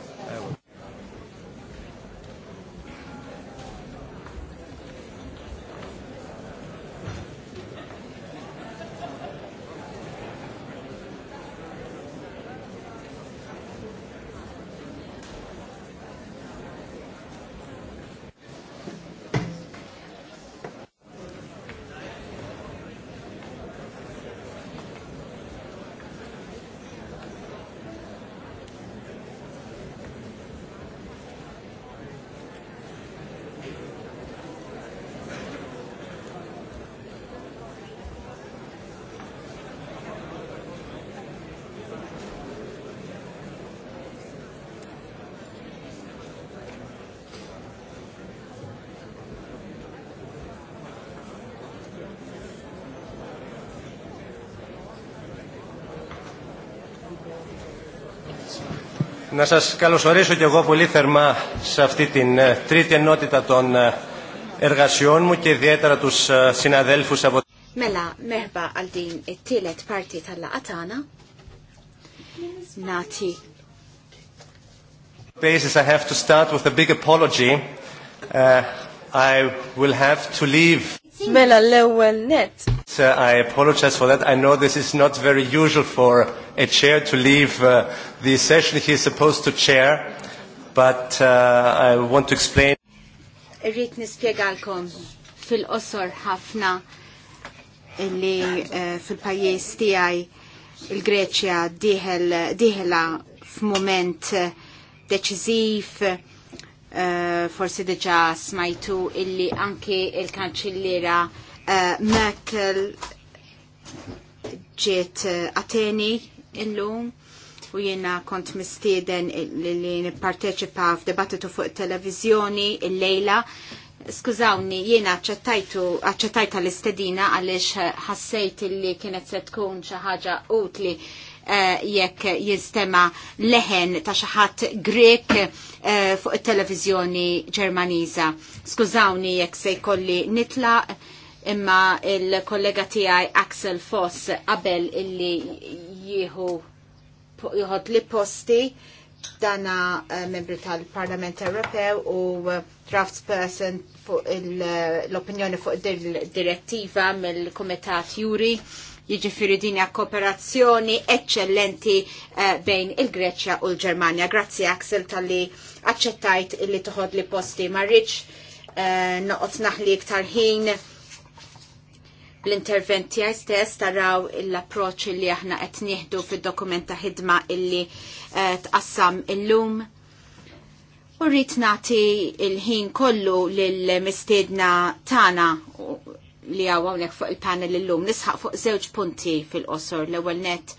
Να σας καλωσορίσω και εγώ πολύ θερμά σε αυτή την τρίτη ενότητα των εργασιών μου και ιδιαίτερα τους συναδέλφους από... Mela, meħba għal din it-tielet parti tal-laqatana. Nati. Basis, I have to start with a big apology. Uh, I will have to leave. Mela l-ewwel net. So I apologize for that. I know this is not very usual for a chair to leave uh, the session he is supposed to chair, but uh, I want to explain. Irrit nispjegalkom fil-qosor ħafna li uh, fil-pajjiż tiegħi il-Greċja diħel diħela f'mument uh, deċiżiv Eh, forsi diġa smajtu illi anki il-kanċillira uh, eh, Merkel ġiet uh, Ateni illum u jiena kont mistieden li nipparteċipa f'debattitu fuq televizjoni il-lejla. Skużawni, jiena aċċettajta l-istedina għaliex ħassejt illi kienet se tkun xi ħaġa utli Eh, jekk jinstema leħen ta' xi ħadd Grek eh, fuq it-televiżjoni Ġermaniza. Skużawni jekk se jkolli nitlaq imma il-kollega tiegħi Axel Foss qabel illi jieħu jħod li posti dana eh, membri tal-Parlament Ewropew u draftsperson fuq l-opinjoni fuq il-direttiva mill-Kumitat Juri Jiġifieri din hija kooperazzjoni eċċellenti eh, bejn il-Greċja u l-Ġermanja. Grazzi Axel tal-li aċċettajt li toħod li posti ma rridx eh, naħli iktar ħin l-intervent tiegħi stess taraw l-approċċ li aħna qed nieħdu fid dokumenta ħidma illi eh, tqassam illum. U rrit nagħti il-ħin kollu lill mistiedna tagħna li għawnek fuq il-panel l-lum nisħaq fuq zewġ punti fil-qosor l ewwel net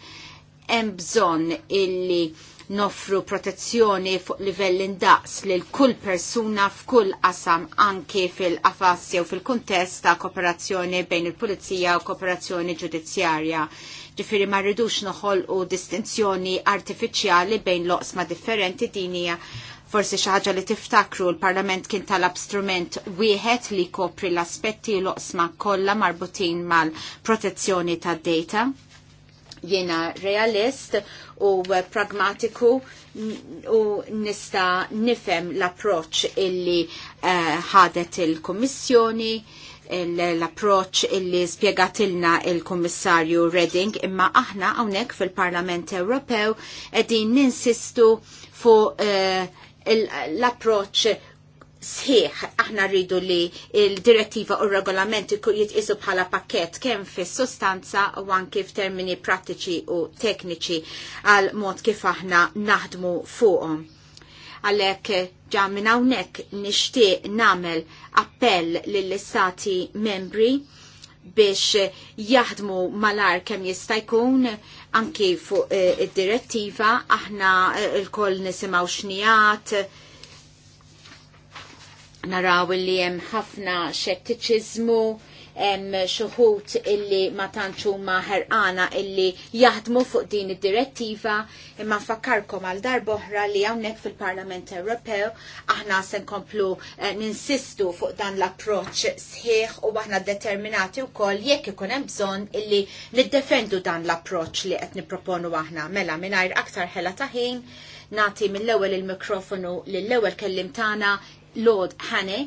hemm bżonn illi nofru protezzjoni fuq livell indaqs lil kull persuna f'kull qasam anki fil-qafas jew fil-kuntest ta' kooperazzjoni bejn il-pulizija u kooperazzjoni ġudizzjarja. Ġifiri ma rridux noħolqu distinzjoni artifiċjali bejn loqsma differenti dinija Forsi xi ħaġa li tiftakru l-Parlament kien talab strument wieħed li kopri l-aspetti l-oqsma kollha marbutin mal-protezzjoni tad-data. Jiena realist u pragmatiku u nista nifem l-approċ illi eh, ħadet uh, il-Kommissjoni, l-approċ illi spiegatilna il-Kommissarju Redding, imma aħna hawnhekk fil-Parlament Ewropew qegħdin ninsistu fuq uh, l-approċ sħiħ aħna rridu li il-direttiva u regolament jitqisu bħala pakket kemm fis sostanza u anki f'termini pratiċi u tekniċi għal mod kif aħna naħdmu fuqhom. Għalhekk ġa minn hawnhekk nixtieq nagħmel appell lill-istati membri biex jaħdmu malar kemm jista' jkun anki fuq eh, id-direttiva aħna eh, l-koll nisimaw xnijat naraw li hemm ħafna xettiċiżmu xuħut illi ma tanċu ma ħerqana illi jaħdmu fuq din id-direttiva imma fakkarkom għal darboħra li hawnhekk fil-Parlament Ewropew aħna se nkomplu eh, ninsistu fuq dan l-approċ sħiħ u aħna determinati wkoll jekk ikun hemm bżonn illi niddefendu dan l-approċ li qed nipproponu aħna mela mingħajr aktar ħela ta' ħin nagħti mill-ewwel il-mikrofonu lill-ewwel kellim tagħna Lord Hane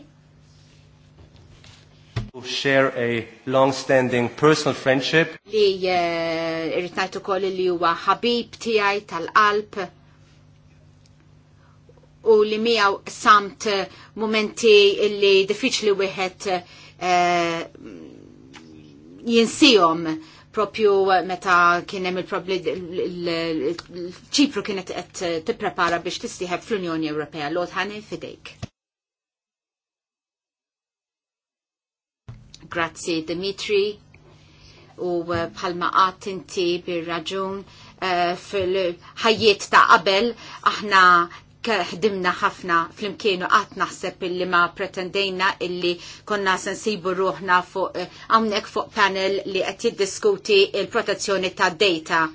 share a long-standing personal friendship. Li irritajt ukoll li huwa ħabib tiegħi tal-qalb u li miegħu samt momenti li diffiċli wieħed jinsihom propju meta kien hemm il-ċipru kienet qed tipprepara biex tistieħeb fl-Unjoni Ewropea. Lord ħani fidejk. Grazzi Dimitri u Palma uh, qatt inti bir-raġun uh, fil-ħajjiet ta' qabel aħna ħdimna ħafna fl-imkienu għat naħseb illi ma pretendejna illi konna sensibu ruħna fuq uh, għamnek fuq panel li għet jiddiskuti il-protezzjoni ta' data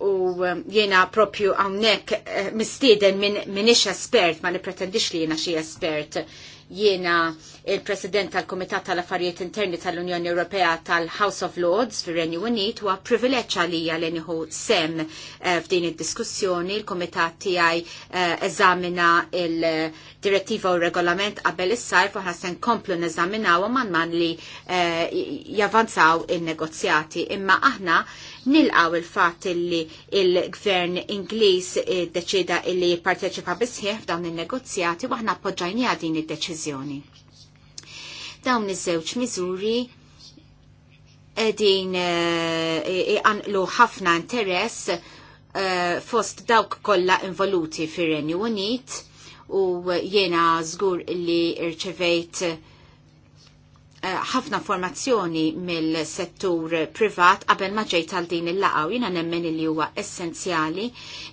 u um, jiena propju għawnek uh, mistieden minn min ix espert, ma nipretendix li jiena xie espert. Jiena il-President tal-Komitat tal-Affarijiet Interni tal-Unjoni Ewropea tal-House of Lords fir renju Unit huwa privileġġa li hija li nieħu sem eh, f'din id-diskussjoni. Il-Komitat tiegħi eh, eżamina il-direttiva u regolament qabel is-sajf u ħasen komplu neżaminaw man man li javanzaw in-negozjati. Imma aħna nilqaw il-fat illi il-gvern Ingliż eh, deċida illi jipparteċipa bisħieħ f'dawn il-negozjati waħna appoġġajnija din id-deċiżjoni. Dawn iż-żewġ miżuri edin eh, iqanqlu ħafna interess eh, fost dawk kollha involuti fir-Renju Unit u jiena żgur li rċevejt ħafna formazzjoni mill-settur privat qabel ma ġejt għal din il laqgħu jina nemmen li huwa essenzjali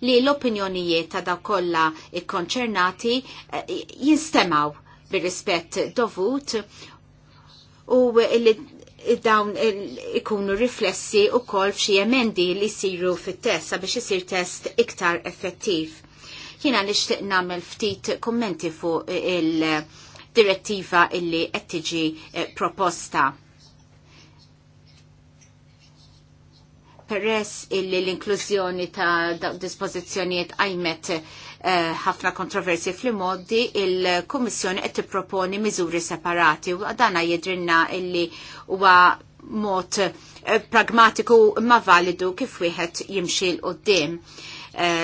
li l-opinjonijiet ta' daw kollha ikkonċernati eh, jinstemaw bir-rispett dovut u li dawn ikunu riflessi u kol f'xi emendi li siru fit-test sabiex isir test iktar effettiv. Jina nixtieq nagħmel ftit kummenti fuq il- direttiva illi qed tiġi eh, proposta. Peress illi l-inklużjoni ta' dispożizzjonijiet għajmet eh, ħafna kontroversi fl-modi, il kummissjoni qed tipproponi miżuri separati u dana jidrinna illi huwa mod eh, pragmatiku ma validu kif wieħed jimxi l qudiem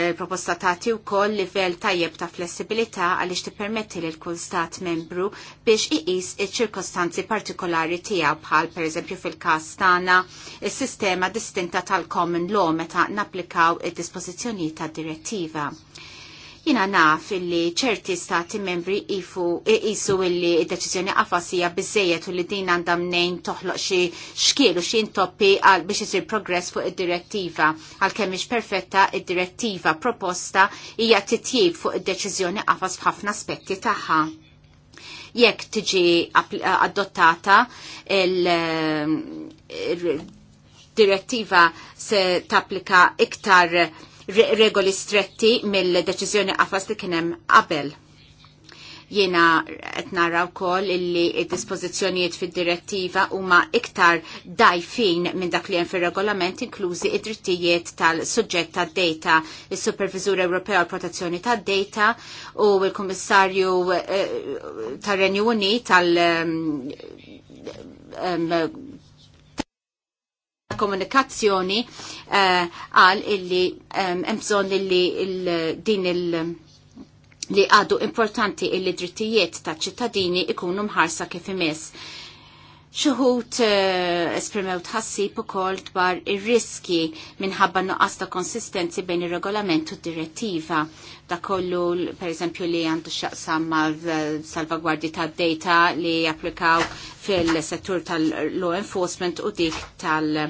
Il-proposta eh, tagħti wkoll livell tajjeb ta' flessibilità għaliex tippermetti l kull stat membru biex iqis iċ-ċirkostanzi partikolari tiegħu bħal pereżempju fil-każ tagħna is-sistema distinta tal-common law meta napplikaw id-dispożizzjonijiet tad-direttiva. Jina naf illi ċerti stati membri ifu isu illi id-deċizjoni għafasija bizzejet u li din għandha mnejn toħloq xi xkiel u xi intoppi għal biex isir progress fuq id-direttiva. Għalkemm mhix perfetta id-direttiva proposta hija titjib fuq id-deċizjoni għafas f'ħafna aspetti tagħha jekk tiġi adottata il-direttiva se tapplika iktar regoli stretti mill-deċiżjoni qafas li kien hemm qabel. Jiena qed nara wkoll illi d-dispożizzjonijiet fid-direttiva huma iktar dajfin minn dak li hemm fir-regolament inklużi id-drittijiet tal-suġġett tad-data, il supervizur Ewropew għall Protezzjoni tad-Data u l-Kummissarju eh, tar-Renju Unit tal komunikazzjoni eh, għal illi hemm bżonn illi din il- li għadu importanti illi drittijiet ta' ċittadini ikunu mħarsa kif imiss Xuħut uh, esprimew tħassib ukoll dwar ir-riski minħabba nuqqas ta' konsistenzi bejn ir-regolament u d-direttiva. Da kollu, per eżempju, li għandu xaqsam ma' eh, salvagwardi ta' data li applikaw fil-settur tal-law enforcement u dik tal-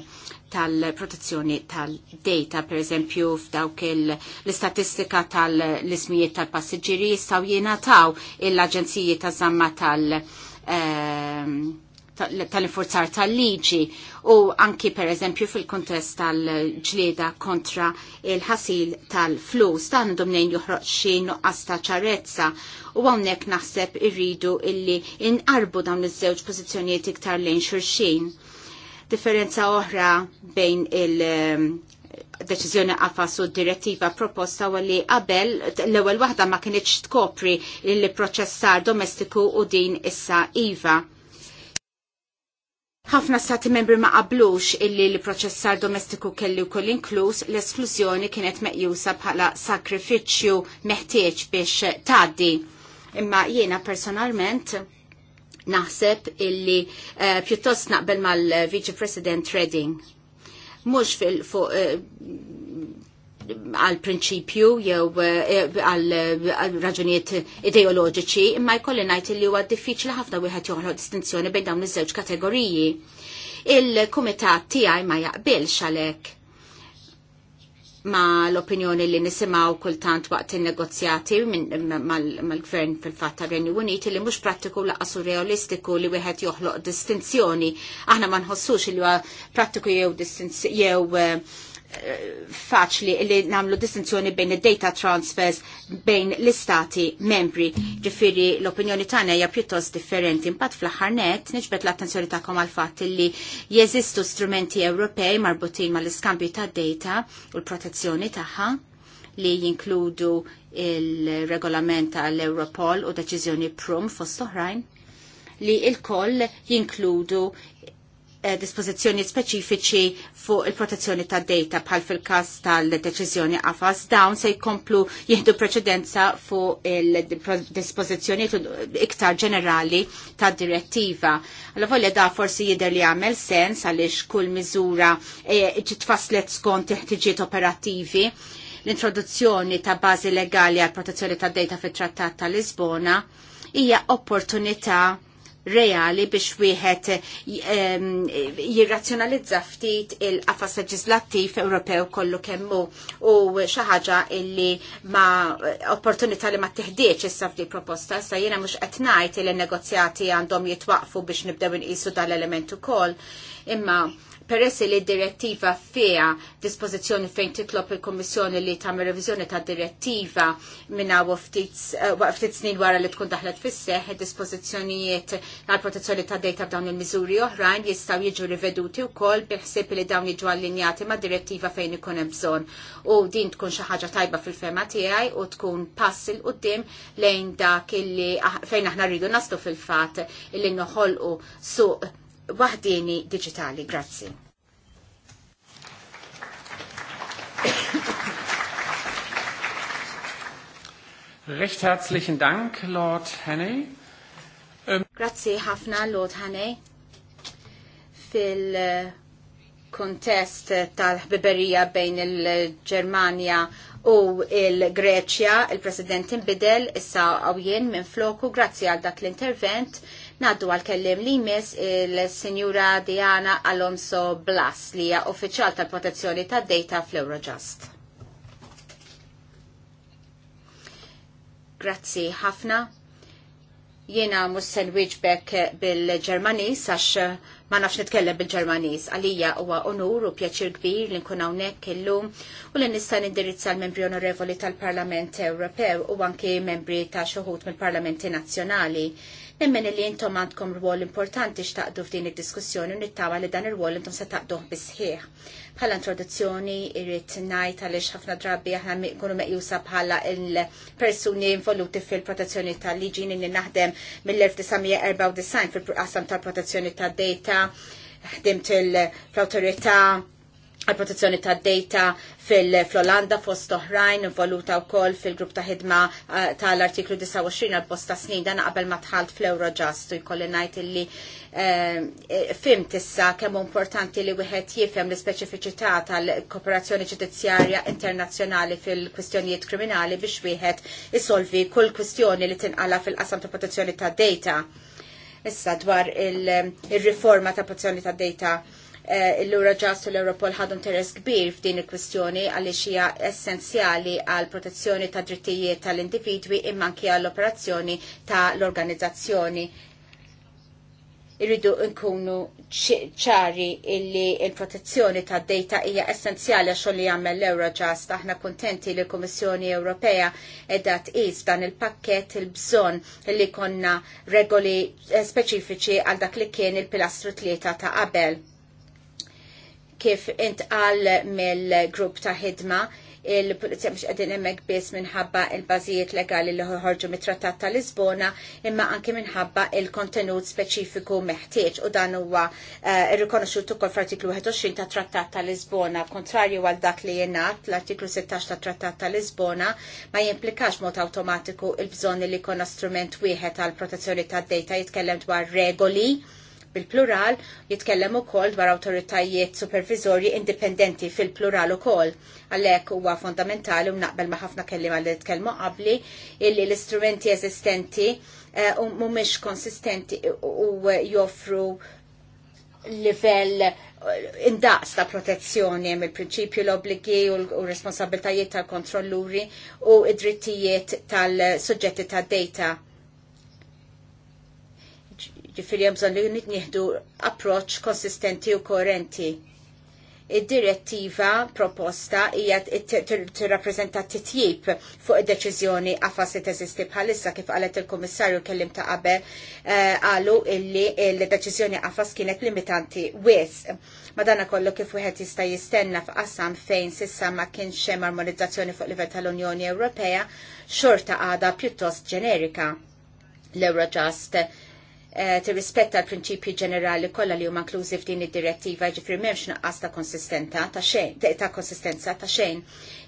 tal-protezzjoni tal-data, per eżempju, f'dawk l-istatistika tal-ismijiet tal-passiġġieri jistgħu jingħataw l-aġenziji ta' zamma tal-, tal eh, tal forzar tal-liġi u anki per eżempju fil-kontest tal-ġlieda kontra il-ħasil tal-flus dan domnejn juħroċ xin nuqqas ta' ċarezza u hawnhekk naħseb irridu illi inqarbu dawn iż-żewġ pożizzjonijiet iktar lejn xulxin. Differenza oħra bejn il- ehm, deċiżjoni qafas u direttiva proposta u li qabel l-ewwel waħda ma kienx tkopri il-proċessar domestiku u din issa iva ħafna stati membri ma qablux illi l-proċessar domestiku kelli wkoll inkluż l-esklużjoni kienet meqjusa bħala sakrifiċċju meħtieġ biex tgħaddi. Imma jiena personalment naħseb illi uh, pjuttost naqbel mal-Vice President Redding. Mhux fil fuq eh, għal prinċipju jew eh, għal raġunijiet ideoloġiċi, imma jkolli ngħid li huwa diffiċli ħafna wieħed joħloq distinzjoni bejn dawn iż-żewġ kategoriji. Il-kumitat tiegħi ma jaqbilx għalhekk ma l-opinjoni li nisimaw kultant waqt il-negozjati mal-gvern fil-fatta Renju Uniti li mhux prattiku laqasu realistiku li wieħed joħloq distinzjoni. Aħna ma nħossux li huwa prattiku jew jew eh, faċli li namlu distinzjoni bejn id-data transfers bejn l-istati membri. Ġifiri l-opinjoni tagħna hija pjuttost differenti. Impat fl-aħħar net niġbed l-attenzjoni tagħkom għal fatt li jeżistu strumenti Ewropej marbutin mal-iskambju ta' data u l-protezzjoni tagħha li jinkludu il-regolament tal-Europol u deċiżjoni prum fost oħrajn li il-koll jinkludu Eh, dispozizjoni speċifiċi fuq il-protezzjoni ta' data bħal fil-kas tal-deċiżjoni għafas dawn se jkomplu jihdu preċedenza fuq il dispozizjoni iktar ġenerali ta' direttiva. Alla volja da' forsi jider li għamel sens għalix kull miżura eh, ġitfaslet skont iħtiġiet operativi l-introduzzjoni ta' bażi legali għal protezzjoni ta' data fit-trattat ta' Lisbona hija opportunità reali biex wieħed ehm, jirrazzjonalizza ftit il-qafas leġislattiv Ewropew kollu kemmu u xi ħaġa illi ma opportunità li ma tiħdiex issa f'di proposta issa jiena mhux qed ngħid li negozjati għandhom jitwaqfu biex nibdew inqisu dal-element ukoll imma Peressi li direttiva fija dispożizzjoni fejn titlob il-Kommissjoni li tagħmel reviżjoni ta' direttiva minna u eh, ftit snin wara li tkun daħlet fis dispozizjonijiet dispożizzjonijiet għal protezzjoni ta' dejta f'dawn il-miżuri oħrajn jistgħu jiġu riveduti wkoll biħsieb li dawn jiġu allinjati ma' direttiva fejn ikun hemm bżonn. U din tkun xi ħaġa tajba fil-fema tiegħi u tkun passil il dim lejn dak illi fejn aħna rridu naslu fil-fatt illi noħolqu suq waħdini digitali. Grazzi. Recht herzlichen Dank, Lord Hannay. Um... Ähm, Grazie ħafna, Lord Hannay. Fil-kontest tal-ħbiberija bejn il-Germania u il-Greċja, il-President imbidel issa għawjen minn floku, grazzi għal dak l-intervent Naddu għal-kellim li mis il-Senjura Diana Alonso Blas li hija uffiċjal tal-protezzjoni tad-data fl-Eurojust. Grazzi ħafna. Jena mussen wieġbek bil-Ġermanis għax ma nafx nitkellem bil-Ġermanis. Għalija huwa onur u pjaċir kbir li nkun hawnhekk illum u li nista' nindirizza l-membri onorevoli tal-Parlament Ewropew u anke membri ta' xoħut mill-Parlamenti Nazzjonali immin li intom għandkom rwol importanti xtaqdu f'din id-diskussjoni u nittawa li dan ir-rwol intom se taqduh bisħieħ. Bħala introduzzjoni irrit ngħid għaliex ħafna drabi għahna nkunu meqjusa bħala il-persuni involuti fil-protezzjoni tal-liġi inni naħdem mill-1994 fil-qasam tal-protezzjoni tad-data, ħdimt il-fl-awtorità għal-protezzjoni ta' data fil-Olanda fost oħrajn, involuta u koll fil-grupp ta' ħidma eh, tal-artiklu 29 għal-posta snin dan qabel ma tħalt fl-Eurojust u jkolli najt illi eh, eh, fim tissa kemm importanti li wieħed jifhem l ispeċifiċità tal-kooperazzjoni ġudizzjarja internazzjonali fil-kwistjonijiet kriminali biex wieħed isolvi kull kwistjoni li tinqala fil-qasam ta' protezzjoni ta' data. Issa dwar il-riforma ta' protezzjoni ta' data Eh, l-ura ġastu l-Europol ħadhom teres kbir f'din il-kwistjoni għaliex hija essenzjali għal protezzjoni ta' drittijiet tal-individwi imma anki għall operazzjoni ta' l-organizzazzjoni. Irridu nkunu ċari illi il-protezzjoni ta' data hija essenzjali għax li jagħmel l-Eurojust. Aħna kontenti li l-Kummissjoni Ewropea edha tqis dan il-pakket il-bżonn li konna regoli eh, speċifiċi għal dak li kien il-pilastru tlieta ta' qabel kif intqal mill-grupp ta' ħidma il-polizija mux għedin emmek bis minħabba il-bazijiet legali li ħorġu mit-trattat ta' Lisbona imma anki minħabba il-kontenut speċifiku meħtieġ u dan huwa eh, rikonoxxut ukoll f'artiklu 21 ta' trattat ta' Lisbona kontrarju għal dak li jenat l-artiklu 16 ta' trattat ta' Lisbona ma jimplikax mod awtomatiku il bżonn li jkollna strument wieħed għal protezzjoni tad data jitkellem dwar regoli bil-plural, jitkellem ukoll dwar awtoritajiet supervizorji indipendenti fil-plural ukoll. Għalhekk huwa fondamentali u naqbel ma' ħafna kelliema li jitkellmu qabli illi l-istrumenti eżistenti eh, mhumiex konsistenti u joffru livell eh, indaqs ta' protezzjoni mill prinċipju l-obligi u responsabiltajiet tal-kontrolluri u id-drittijiet tal sujġetti tad data Ġifiri jemżon li nitnieħdu approċ konsistenti u koerenti. Id-direttiva proposta hija tirrappreżenta titjib fuq id-deċiżjoni għafas li teżisti bħalissa kif qalet il-Kummissarju kellim ta' qabel eh, qalu illi il deċiżjoni għafas kienet limitanti wis. Madana kollu kif wieħed jista' jistenna f'qasam fejn sissa ma kienx hemm armonizzazzjoni fuq livell tal-Unjoni Ewropea, xorta għada pjuttost ġenerika l-Eurojust Eh, tirrispetta l-prinċipji ġenerali kollha li huma inklużi f'din id-direttiva ġifri m'hemmx naqqas ta' konsistenta ta' xejn ta' konsistenza ta' xejn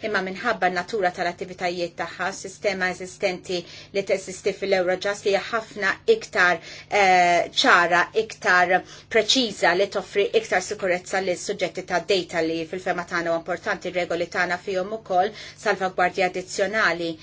imma minħabba natura tal-attivitajiet tagħha sistema eżistenti li teżisti fil-Eurojust hija ħafna iktar eh, ċara, iktar preċiża li toffri iktar sikurezza lil suġġetti ta' data li fil-fema tagħna importanti regoli tagħna fihom ukoll salvagwardja addizzjonali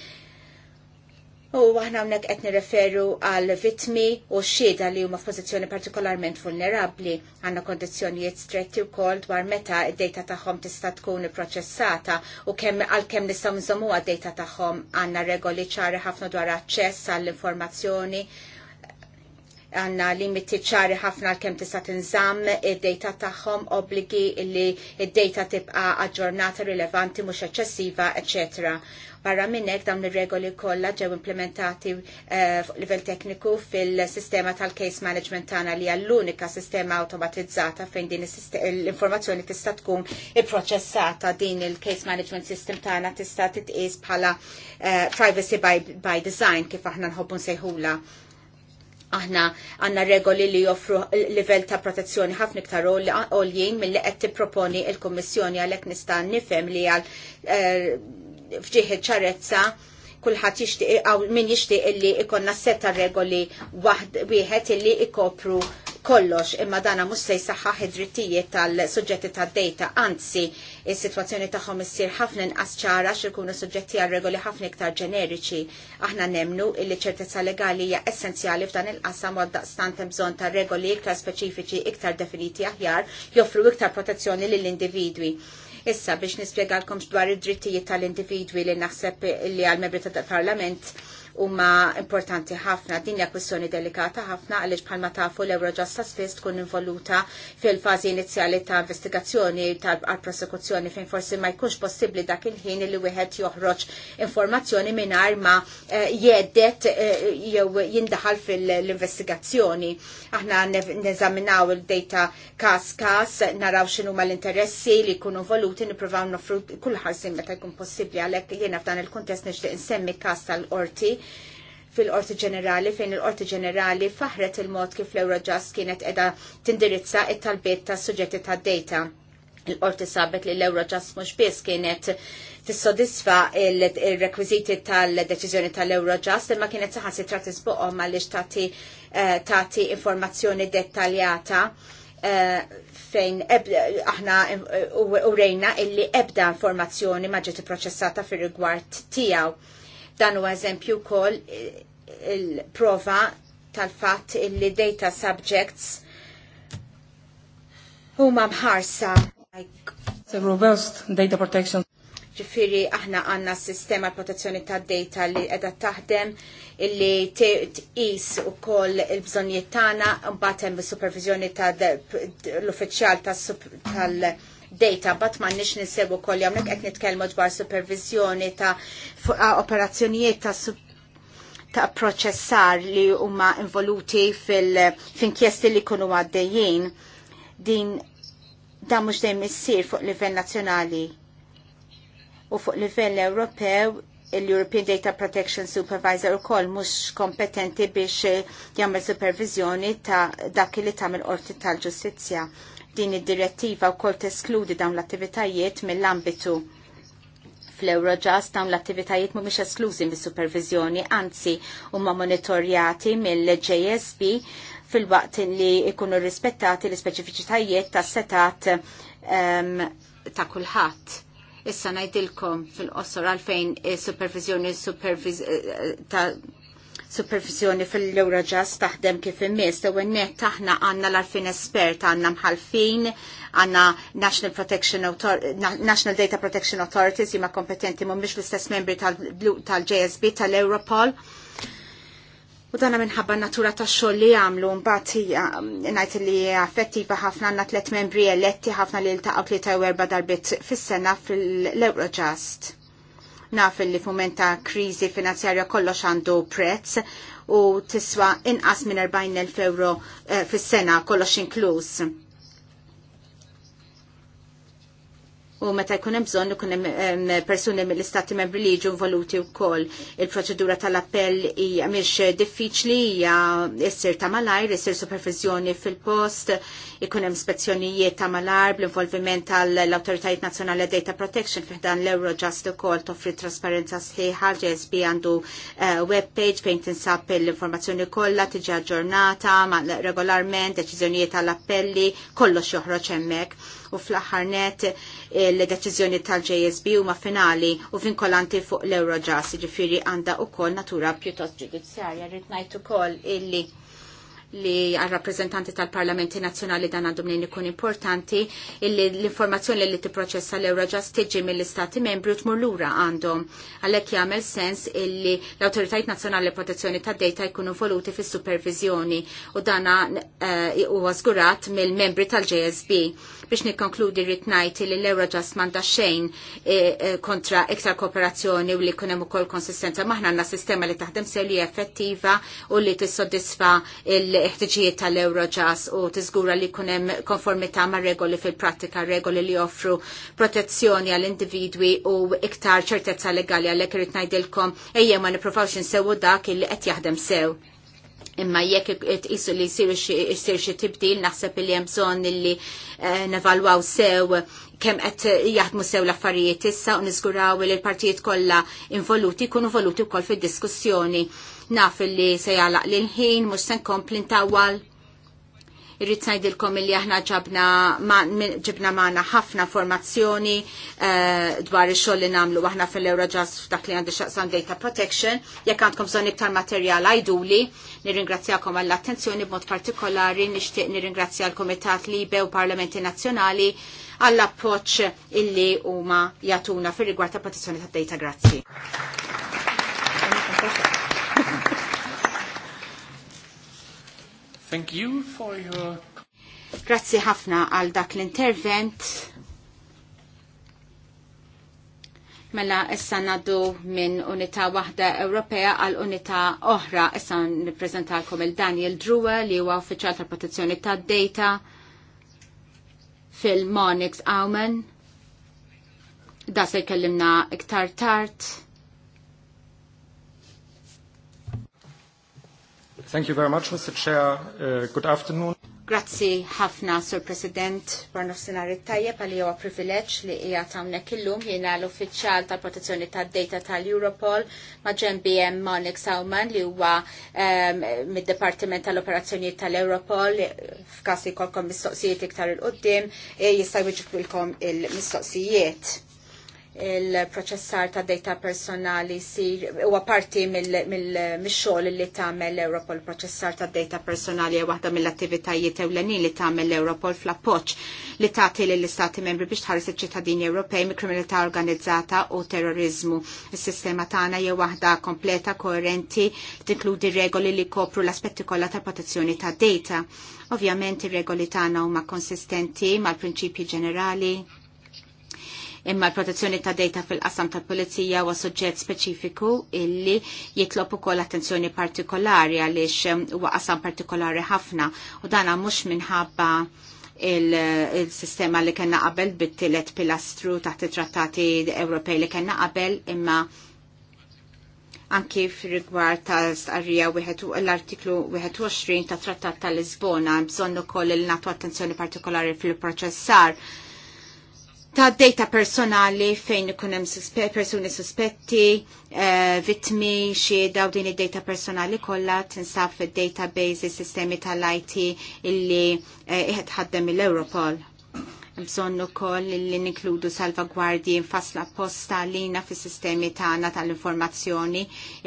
U aħna hawnhekk qed nirreferu għal vittmi u xieda li huma f'pożizzjoni partikolarment vulnerabbli għandna kondizzjonijiet stretti wkoll dwar meta id-dejta tagħhom tista' tkun ipproċessata u kemm għalkemm nistgħu nżommuha għad dejta tagħhom għandna regoli ċari ħafna dwar aċċess għall-informazzjoni għanna limiti ċari ħafna l-kem tista' tinżamm id-data tagħhom obbligi li id-data tibqa aġġornata rilevanti mhux eċċessiva, eċetera. Barra minnek dawn ir-regoli kollha ġew implementati uh, livell tekniku fil-sistema tal-case management tagħna li hija l-unika sistema automatizzata fejn din l-informazzjoni tista' tkun ipproċessata din il-case management system tagħna tista' titqies bħala uh, privacy by, by design kif aħna nħobbu nsejħula aħna għanna regoli li joffru livell ta' protezzjoni ħafna iktar għoljien mill-li qed tipproponi il-Kummissjoni għalhekk nista' nifhem li għal eh, fġieħi ċarezza kulħadd jixtieq min jishti illi ikonna setta regoli wieħed illi ikopru kollox imma dana mhux se jsaħħaħ id-drittijiet tal-suġġetti tad-dejta, anzi is-sitwazzjoni tagħhom issir ħafna inqas ċara x'ikunu suġġetti għal regoli ħafna iktar ġeneriċi. Aħna nemnu illi ċertezza legali hija essenzjali f'dan il-qasam għal daqstant hemm bżonn ta' regoli iktar speċifiċi, iktar definiti aħjar, joffru iktar protezzjoni lill-individwi. Issa biex nispjegalkom dwar id-drittijiet tal-individwi li naħseb li għal-membri tal-Parlament huma importanti ħafna. Din hija kwistjoni delikata ħafna għaliex bħalma tafu l-Eurojust spiss tkun involuta fil-fażi inizjali ta' investigazzjoni tal prosekuzzjoni fejn forsi ma jkunx possibbli dak il-ħin li wieħed joħroġ informazzjoni mingħajr ma eh, jedet eh, jew jindaħal fil-investigazzjoni. Aħna neżaminaw il-data kas kas, naraw x'inhuma l-interessi li jkunu voluti, nippruvaw nofru kull ħarsin meta jkun possibbli għalhekk jiena f'dan il-kuntest nixtieq insemmi kas tal-qorti fil-Qorti Ġenerali fejn il-Qorti Ġenerali faħret il-mod kif l-Eurojust kienet edha tindirizza it-talbiet ta' suġġetti ta' data. Il-Qorti sabet li l-Eurojust mhux biss kienet tissodisfa il-rekwiziti tal-deċiżjoni tal-Eurojust imma kienet saħan si trattis buqom għaliex eh, tagħti informazzjoni dettaljata eh, fejn aħna eh, u rejna illi ebda informazzjoni ma ġiet processata fir rigward tiegħu. Dan u eżempju wkoll il-prova tal-fatt illi data subjects huma mħarsa. Like, robust data protection. Ġifiri, aħna għanna sistema protezzjoni ta' data li edha taħdem illi tqis u koll il bżonjiet tagħna batem hemm supervizjoni ta' l-uffiċjal tal data bat ma nix nisebu kol jomnek għet nitkelmu dwar supervizjoni ta' operazzjonijiet ta' ta' proċessar li huma involuti fil-inkjesti li kunu għaddejjin din dan mhux dejjem issir fuq livell nazzjonali u fuq livell Ewropew il-European Data Protection Supervisor u koll mux kompetenti biex jammel supervizjoni ta' dak li tamil orti tal-ġustizja. Din id-direttiva u koll teskludi dawn l-attivitajiet mill-ambitu fl-Eurojust dawn l-attivitajiet mhumiex esklużi mis-supervizjoni, anzi huma monitorjati mill-JSB fil-waqt li jkunu rispettati l-ispeċifiċitajiet tas setat um, ta' kulħadd. Issa ngħidilkom fil-qosor għalfejn is-supervizjoni superviz eh, ta' supervisjoni fil-Eurojust taħdem kif immiss, u n-net taħna għanna l-arfin espert, għanna mħalfin, għanna National, Protection National Data Protection Authorities jima kompetenti mumiex l-istess membri tal-JSB, tal tal-Europol. U dana minħabba natura ta' xoll li għamlu mbagħad ngħid li affettiva ħafna għandna tliet membri eletti ħafna li ltaqgħu tlieta erba' darbit fis-sena fil-Eurojust naf li fumenta ta' kriżi finanzjarja kollox għandu prezz u tiswa inqas minn 40.000 euro eh, fis-sena kollox inkluż u meta jkun hemm bżonn ikun hemm persuni mill-istati membri li jiġu involuti wkoll. Il-proċedura tal-appell hija mhix diffiċli hija issir ta' malajr, issir supervizjoni fil-post, ikun hemm spezzjonijiet ta' malajr bl-involviment tal-Awtoritajiet Nazzjonali Data Protection fih dan l-Eurojust ukoll toffri trasparenza sħiħa, GSB għandu eh, web page fejn tinsab l-informazzjoni kollha tiġi aġġornata regolarment, deċiżjonijiet tal-appelli, kollox joħroġ hemmhekk u fl-aħħar net il-deċiżjoni tal-JSB huma finali u vinkolanti fuq l-Eurojust, għanda jiġifieri għandha wkoll natura pjuttost ġudizzjarja. Rrid ngħid ukoll illi li għal rappresentanti tal-Parlamenti Nazzjonali dan għandhom lejn ikun importanti illi l-informazzjoni li tipproċessa l-Eurojust tiġi mill-Istati membri u tmur lura għandhom. Għalhekk jagħmel sens illi l-Awtoritajiet Nazzjonali Protezzjoni tad-Dejta jkunu voluti fis-supervizjoni u dana eh, huwa uh, żgurat mill-membri tal-JSB Biex nikkonkludi rrit najt li l-Eurojust m'għandha xejn e, e, kontra iktar kooperazzjoni u li jkun hemm ukoll konsistenza maħna għandna sistema li taħdem se li effettiva u li tissodisfa l-ħtiġijiet tal-Eurojust u tiżgura li jkun hemm konformità ma' regoli fil-prattika, regoli li offru protezzjoni għall-individwi u iktar ċertezza legali għalhekk irid ngħidilkom ejja ma nipprofawx insewwu dak illi qed jaħdem sew imma jekk tqisu li jsir xi tibdil naħseb li hemm bżonn li eh, nevalwaw sew kemm qed jaħdmu sew l-affarijiet issa u niżguraw li l-partijiet kollha involuti jkunu voluti wkoll fid-diskussjoni. Naf li se jagħlaq lil ħin mhux se nkompli ntawwal irrit ngħidilkom illi aħna ġabna ġibna magħna ħafna formazzjoni eh, dwar ix-xogħol li nagħmlu aħna fil-Eurojust f'dak li għandi xaqsan data protection. Jekk għandkom bżonn iktar materjal għajduli, nirringrazzjakom għall-attenzjoni b'mod partikolari nixtieq nirringrazzja l-Kumitat Libe u Parlamenti Nazzjonali għall appoġġ illi huma jagħtuna fir-rigward ta' protezzjoni tad-data. Grazzi. Thank you for your... Grazzi ħafna għal dak l-intervent. Mela issa naddu minn unità waħda Ewropea għal unità oħra. Issa nipprezentalkom il-Daniel Drua li huwa uffiċjal tal-protezzjoni tad-data fil-Monix Auman. Da se jkellimna iktar tard Thank you very much, Mr. Chair. Uh, good afternoon. Grazzi ħafna, Sur President, Barnof Senari Tajjeb, għalli huwa privileġġ li hija tamne illum jiena l-uffiċjal tal-protezzjoni tad-data tal-Europol ma' ġenbi Monik Sauman li huwa um, mid-Dipartiment tal-Operazzjonijiet tal-Europol f'każ li jkollkom mistoqsijiet iktar il-qudiem e jista' jwiġibilkom il-mistoqsijiet il-proċessar ta' data personali sir huwa parti mill-xogħol li tagħmel Europol proċessar ta' data personali hija waħda mill-attivitajiet ewlenin li tagħmel Europol fl-appoġġ li tagħti lill-istati membri biex tħares iċ-ċittadini Ewropej mill kriminalità organizzata u terrorizmu. Is-sistema tagħna hija waħda kompleta, koerenti, tinkludi regoli li kopru l-aspetti kollha ta' protezzjoni ta' data. Ovvjament ir-regoli tagħna huma konsistenti mal-prinċipji ġenerali imma l-protezzjoni ta' data fil-qasam tal-pulizija huwa suġġett speċifiku illi jitlob ukoll attenzjoni partikolari għaliex huwa qasam partikolari ħafna u dana mhux minħabba il-sistema li kena qabel bit-tielet pilastru taħt it-trattati Ewropej li kena qabel imma anki f'rigward ta' starrija l-artiklu 21 ta' Trattat tal Lisbona bżonn ukoll il natu attenzjoni partikolari fil-proċessar ta' data personali fejn ikun hemm persuni suspetti, eh, vittmi, xieda daw din id-data personali kollha tinsab fid-database is-sistemi tal-IT illi uh, ħaddem mill-Europol. Bżonnu kol li ninkludu salvagwardji infasla li na fis sistemi tagħna tal-informazzjoni.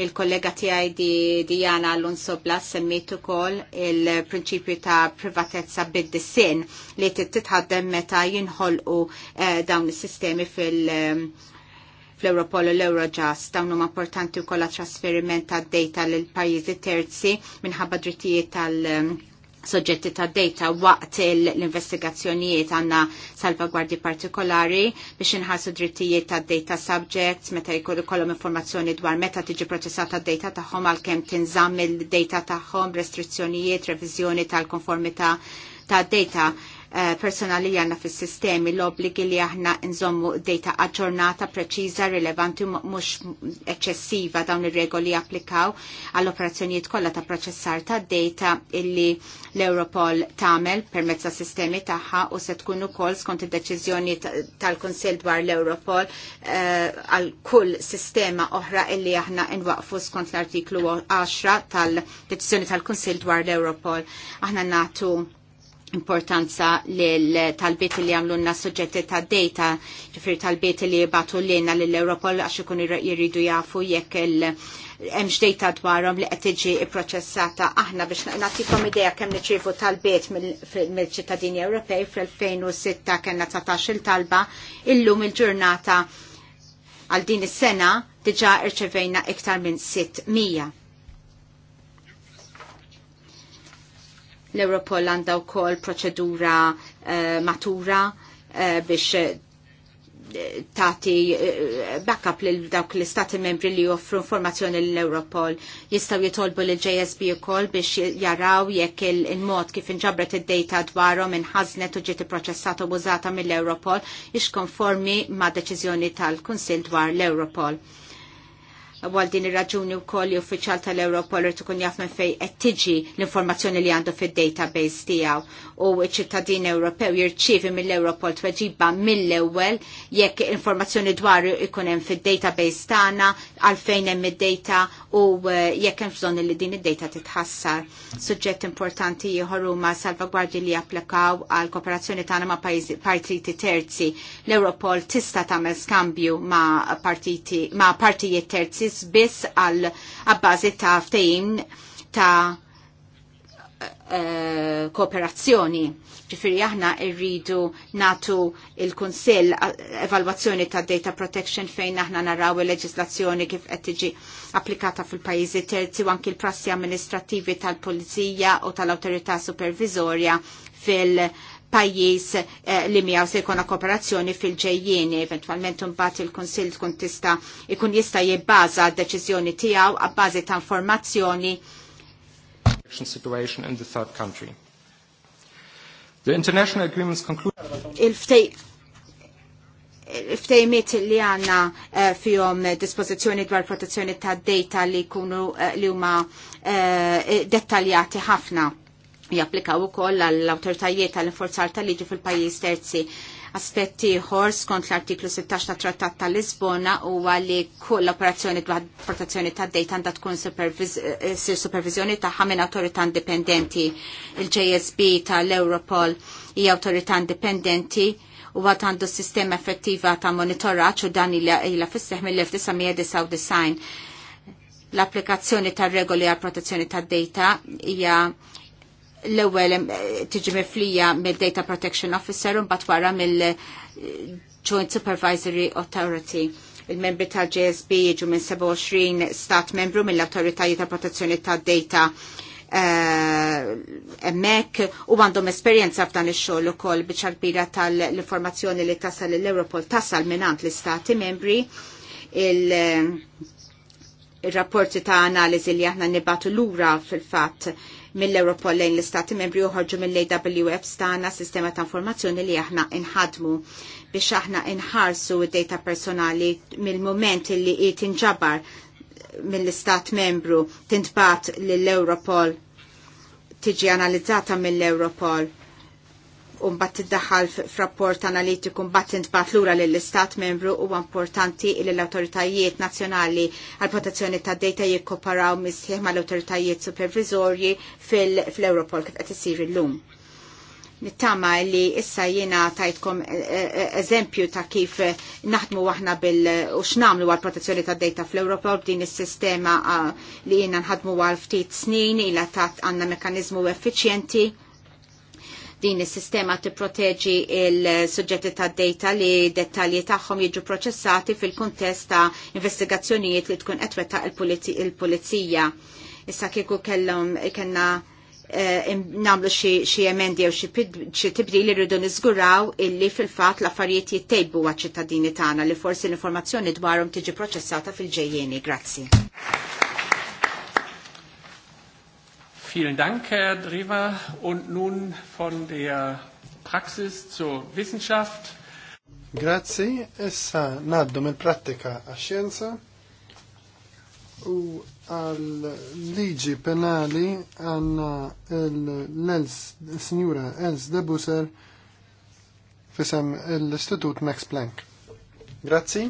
Il-kollega tijaj di Diana Alonso Blas semmitu kol il-prinċipju ta' privatezza bid-disin li titħaddem meta jinħolqu eh, dawn is-sistemi fil- fl-Europol u l-Eurojust dawn huma importanti wkoll trasferiment tad-data l pajjiżi terzi minħabba drittijiet tal- soġġetti ta' data waqt l-investigazzjonijiet għanna salvagwardi partikolari biex inħarsu drittijiet ta' data subjects meta jkollu kollom informazzjoni dwar meta tiġi proċessata data tagħhom għalkemm tinżamm il-data tagħhom, restrizzjonijiet, reviżjoni tal-konformità ta' data Eh, personali għanna fis sistemi l-obligi li aħna nżommu data aġġornata, preċiża, rilevanti, mux eccessiva dawn ir-regoli applikaw għall-operazzjonijiet kollha ta' proċessar ta' data illi l-Europol tamel permezz ta' sistemi tagħha u se tkun ukoll skont id-deċiżjoni tal-Kunsill dwar l-Europol eh, għal kull sistema oħra illi aħna nwaqfu skont l-artiklu 10 tal-deċiżjoni tal-Kunsill dwar l-Europol. Aħna natu importanza tal talbiet li għamlunna suġġetti ta' data, ġifir talbiet li batu l-lina l-Europol għax ikun jiridu jafu jekk il- hemm data dwarhom li qed tiġi pproċessata aħna biex nagħtikom idea kemm niċċievu talbiet mill-ċittadini Ewropej fl-2006 kellna 19-il talba illum il-ġurnata għal din is-sena diġà irċevejna iktar minn 600. L-Europol għandha wkoll proċedura uh, matura uh, biex eh, tati backup lil dawk l-istati membri li joffru informazzjoni l-Europol jistaw jitolbu l-JSB u kol biex jaraw jekk il-mod kif inġabret id-data dwarhom inħaznet u ġiet proċessata u użata mill-Europol ix konformi ma' deċiżjoni tal-Kunsil dwar l-Europol għal din ir-raġuni wkoll l-uffiċjal tal-Europol irid ikun jaf minn fejn qed tiġi l-informazzjoni li għandu fid-database tiegħu u ċ-ċittadin Ewropew jirċievi mill-Europol tweġiba mill-ewwel jekk informazzjoni dwaru ikunem hemm fid-database tagħna għalfejn hemm id-data u eh, jekk hemm bżonn li din id-data titħassar. Suġġett importanti ieħor huma salvagwardji li japplikaw għal kooperazzjoni tagħna ma' partiti terzi. L-Europol tista' tagħmel skambju ma' partiti ma' partijiet terzi biss għal abbażi ta' ftehim ta' eh, kooperazzjoni Ġifiri aħna irridu natu il-Kunsill evalwazzjoni ta' data protection fejn aħna naraw il-leġislazzjoni kif qed tiġi applikata fil-pajjiżi terzi u anki l-prassi amministrativi tal-Pulizija u tal-Awtorità Supervisorja fil- pajjiż eh, li miegħu se jkollna kooperazzjoni fil-ġejjieni, eventwalment imbagħad il-Kunsill tkun tista' ikun jista' jibbaża d-deċiżjoni tiegħu għabbażi ta' informazzjoni situation in the third country. The international agreements concluded ftejmiet li għanna uh, eh, fjom dispozizjoni dwar protezzjoni ta' data li kunu uh, li huma uh, dettaljati ħafna japplikaw ukoll għall awtoritajiet għall inforzar tal-liġi fil-pajjiż terzi Aspetti ieħor skont l-artiklu 16 ta' Trattat ta' Lisbona huwa li kull operazzjoni dwar protezzjoni ta' dejta għandha tkun sir eh, eh, supervizjoni ta' ħamin awtorità indipendenti. Il-JSB tal-Europol hija awtorità indipendenti u għat għandu sistema effettiva ta' monitoraċ u dan il-la fisseħ mill-1999. L-applikazzjoni ta' regoli għal protezzjoni ta' data hija l-ewwel eh, tiġi miflija mill-Data Protection Officer u mbagħad wara mill-Joint eh, Supervisory Authority. Il-membri tal-JSB jiġu minn 27 stat membru mill-Awtoritajiet ta' Protezzjoni tad-Data emmek eh, u għandhom esperjenza f'dan ix-xogħol ukoll biċ kbira tal-informazzjoni li tasal l-Europol tasal minant l-istati membri il-rapporti ta' analiżi li aħna nibatu lura fil-fatt mill-Europol lejn l-Istati membri uħorġu mill-AWF stana sistema ta' informazzjoni li aħna inħadmu biex aħna inħarsu id-data personali mill-moment li jiet inġabar mill-Istat membru tintbat l-Europol tiġi analizzata mill-Europol Umbat tiddaħħal f'rapport analitiku mbagħad l lura lill-Istat membru huwa importanti li l-awtoritajiet nazzjonali għall protezzjoni tad-dejta jikkoparaw ma' mal-awtoritajiet supervizorji fil-Europol kif qed isir illum. Nittama li issa jiena tajtkom e, e, e, eżempju ta' kif naħdmu waħna bil u x'namlu għal protezzjoni tad dejta fl-Europol b'din is-sistema li jiena nħadmu għal ftit snin ilha tat għandna mekkaniżmu effiċjenti Din is-sistema tipproteġi il-suġġetti tad-data li dettalji tagħhom jiġu proċessati fil-kuntest ta' investigazzjonijiet li tkun qed wettaq il-pulizija. Issa kieku kellhom kellna eh, namlu xie emendi u xie tibdi li rridu nizguraw illi fil-fat l-affarijiet jittejbu għal ċittadini tagħna li forsi l-informazzjoni dwarhom tiġi proċessata fil-ġejjeni. Grazzi vielen Dank, Herr Drewer. Und nun von der Praxis zur Wissenschaft. Grazie. Essa naddu mill prattika a scienza u għal liġi penali għanna l-Els, signora Els de Busser, fisem l-Istitut Max Planck. Grazie.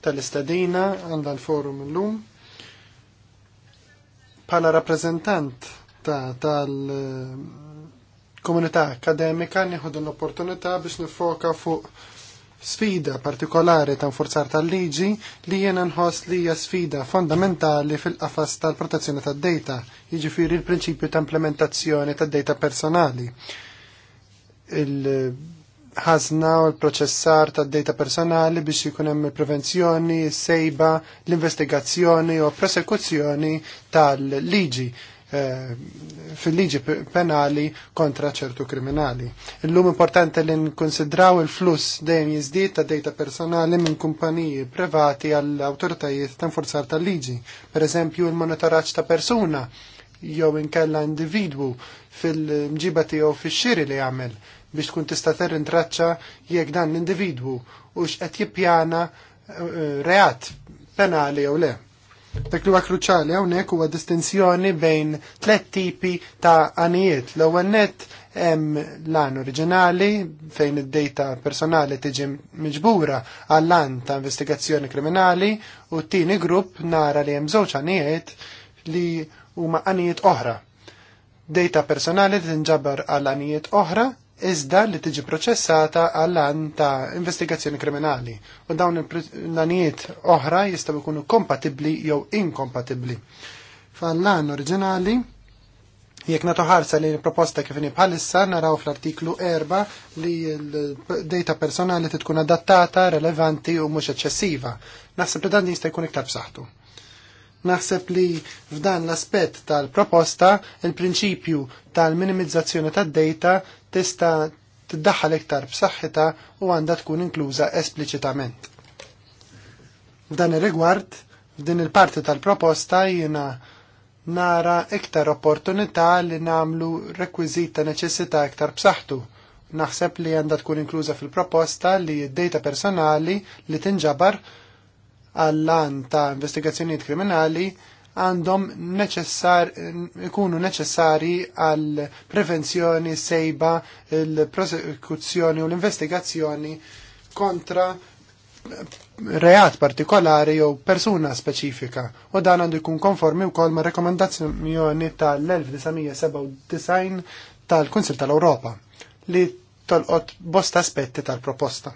tal-istadina għanda l-forum l-lum. Pala rappresentant ta' tal-komunità akademika nieħdu l-opportunità biex nifoka fuq sfida partikolari ta' nfurzar tal-liġi li jena nħoss li hija sfida fondamentali fil-qafas tal-protezzjoni tad-data, jiġifieri l-prinċipju ta' implementazzjoni tad-data personali. Il-ħazna u l-proċessar tad-data personali biex jkun hemm il-prevenzjoni, sejba, l-investigazzjoni u prosekuzzjoni tal-liġi Eh, fil-liġi penali kontra ċertu kriminali. Illum importanti li nkonsidraw il-fluss dejjem jiżdied ta' data personali minn kumpaniji privati għall awtoritajiet ta' nforzar tal-liġi. Per eżempju, il-monitoraġġ ta' persuna jew inkella individwu fil-mġiba tiegħu fix-xiri li jagħmel biex tkun tista' terrin traċċa jekk dan l-individwu u x'qed jippjana eh, reat penali jew le. Dak li huwa kruċjali hawnhekk huwa distinzjoni bejn tliet tipi ta' għanijiet. L-ewwel nett hemm l-għan oriġinali fejn id-data personali tiġi miġbura għall-għan ta' investigazzjoni kriminali u t-tieni grupp nara li hemm żewġ għanijiet li huma għanijiet oħra. Data personali tinġabar għal għanijiet oħra iżda li tiġi proċessata għall għan ta' investigazzjoni kriminali u dawn il-nanijiet oħra jistaw ikunu kompatibli jew inkompatibli. F'allan għan oriġinali, jekk nagħtu ħarsa li l-proposta kif inhi bħalissa naraw fl-artiklu 4 li l-data personali titkun adattata, relevanti u mhux eċċessiva. Naħseb li dan jista' jkun iktar b'saħħtu. Naħseb li f'dan l-aspett tal-proposta il-prinċipju tal-minimizzazzjoni tad-data tista' tiddaħħal iktar b'saħħitha u għandha tkun inkluża espliċitament. F'dan ir-rigward, f'din il-parti tal-proposta jiena nara iktar opportunità li nagħmlu rekwiżit ta' neċessità iktar b'saħħtu naħseb li għandha tkun inkluża fil-proposta li d-data personali li tinġabar għall-lan ta' investigazzjonijiet kriminali għandhom neċessar, ikunu neċessari għal prevenzjoni sejba il-prosekuzzjoni u l-investigazzjoni kontra reat partikolari jew persuna speċifika u dan għandu jkun konformi wkoll ma' rekomendazzjoni tal-1997 tal-Kunsil tal-Ewropa li tolqot bosta aspetti tal-proposta.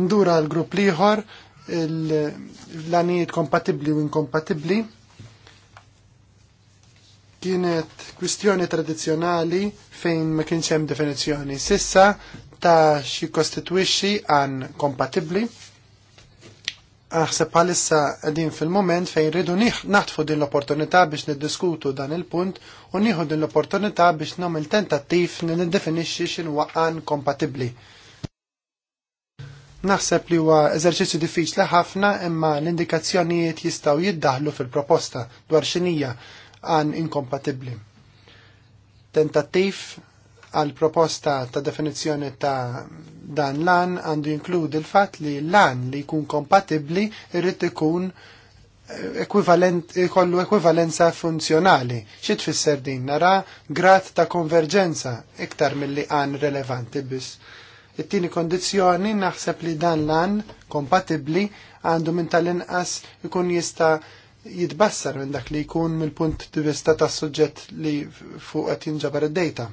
Ndura l-grupp liħor l lanijiet kompatibli u inkompatibli kienet kwistjoni tradizjonali fejn ma kienx hemm definizzjoni sissa ta' xi kostitwixxi għan kompatibbli. Aħseb bħalissa qegħdin fil-mument fejn rridu naħtfu din l-opportunità biex niddiskutu dan il-punt u nieħu din l-opportunità biex nagħmel tentattiv li niddefinixxi x'inhu għan kompatibbli Naħseb li huwa eżerċizzju diffiċli ħafna imma l-indikazzjonijiet jistgħu jiddaħlu fil-proposta dwar xinija għan inkompatibbli. Tentattiv għal proposta ta' definizzjoni ta' dan lan għandu jinkludi l fatt li lan li jkun kompatibbli irrid ikun ikollu ekwivalenza funzjonali. Xi tfisser din nara grad ta' konverġenza iktar milli għan relevanti biss. It-tieni kondizzjoni naħseb li dan l-an kompatibbli għandu minn tal-inqas ikun jista' jitbassar minn dak li jkun mill-punt di vista tas-suġġett li fuq qed jinġabar id-dejta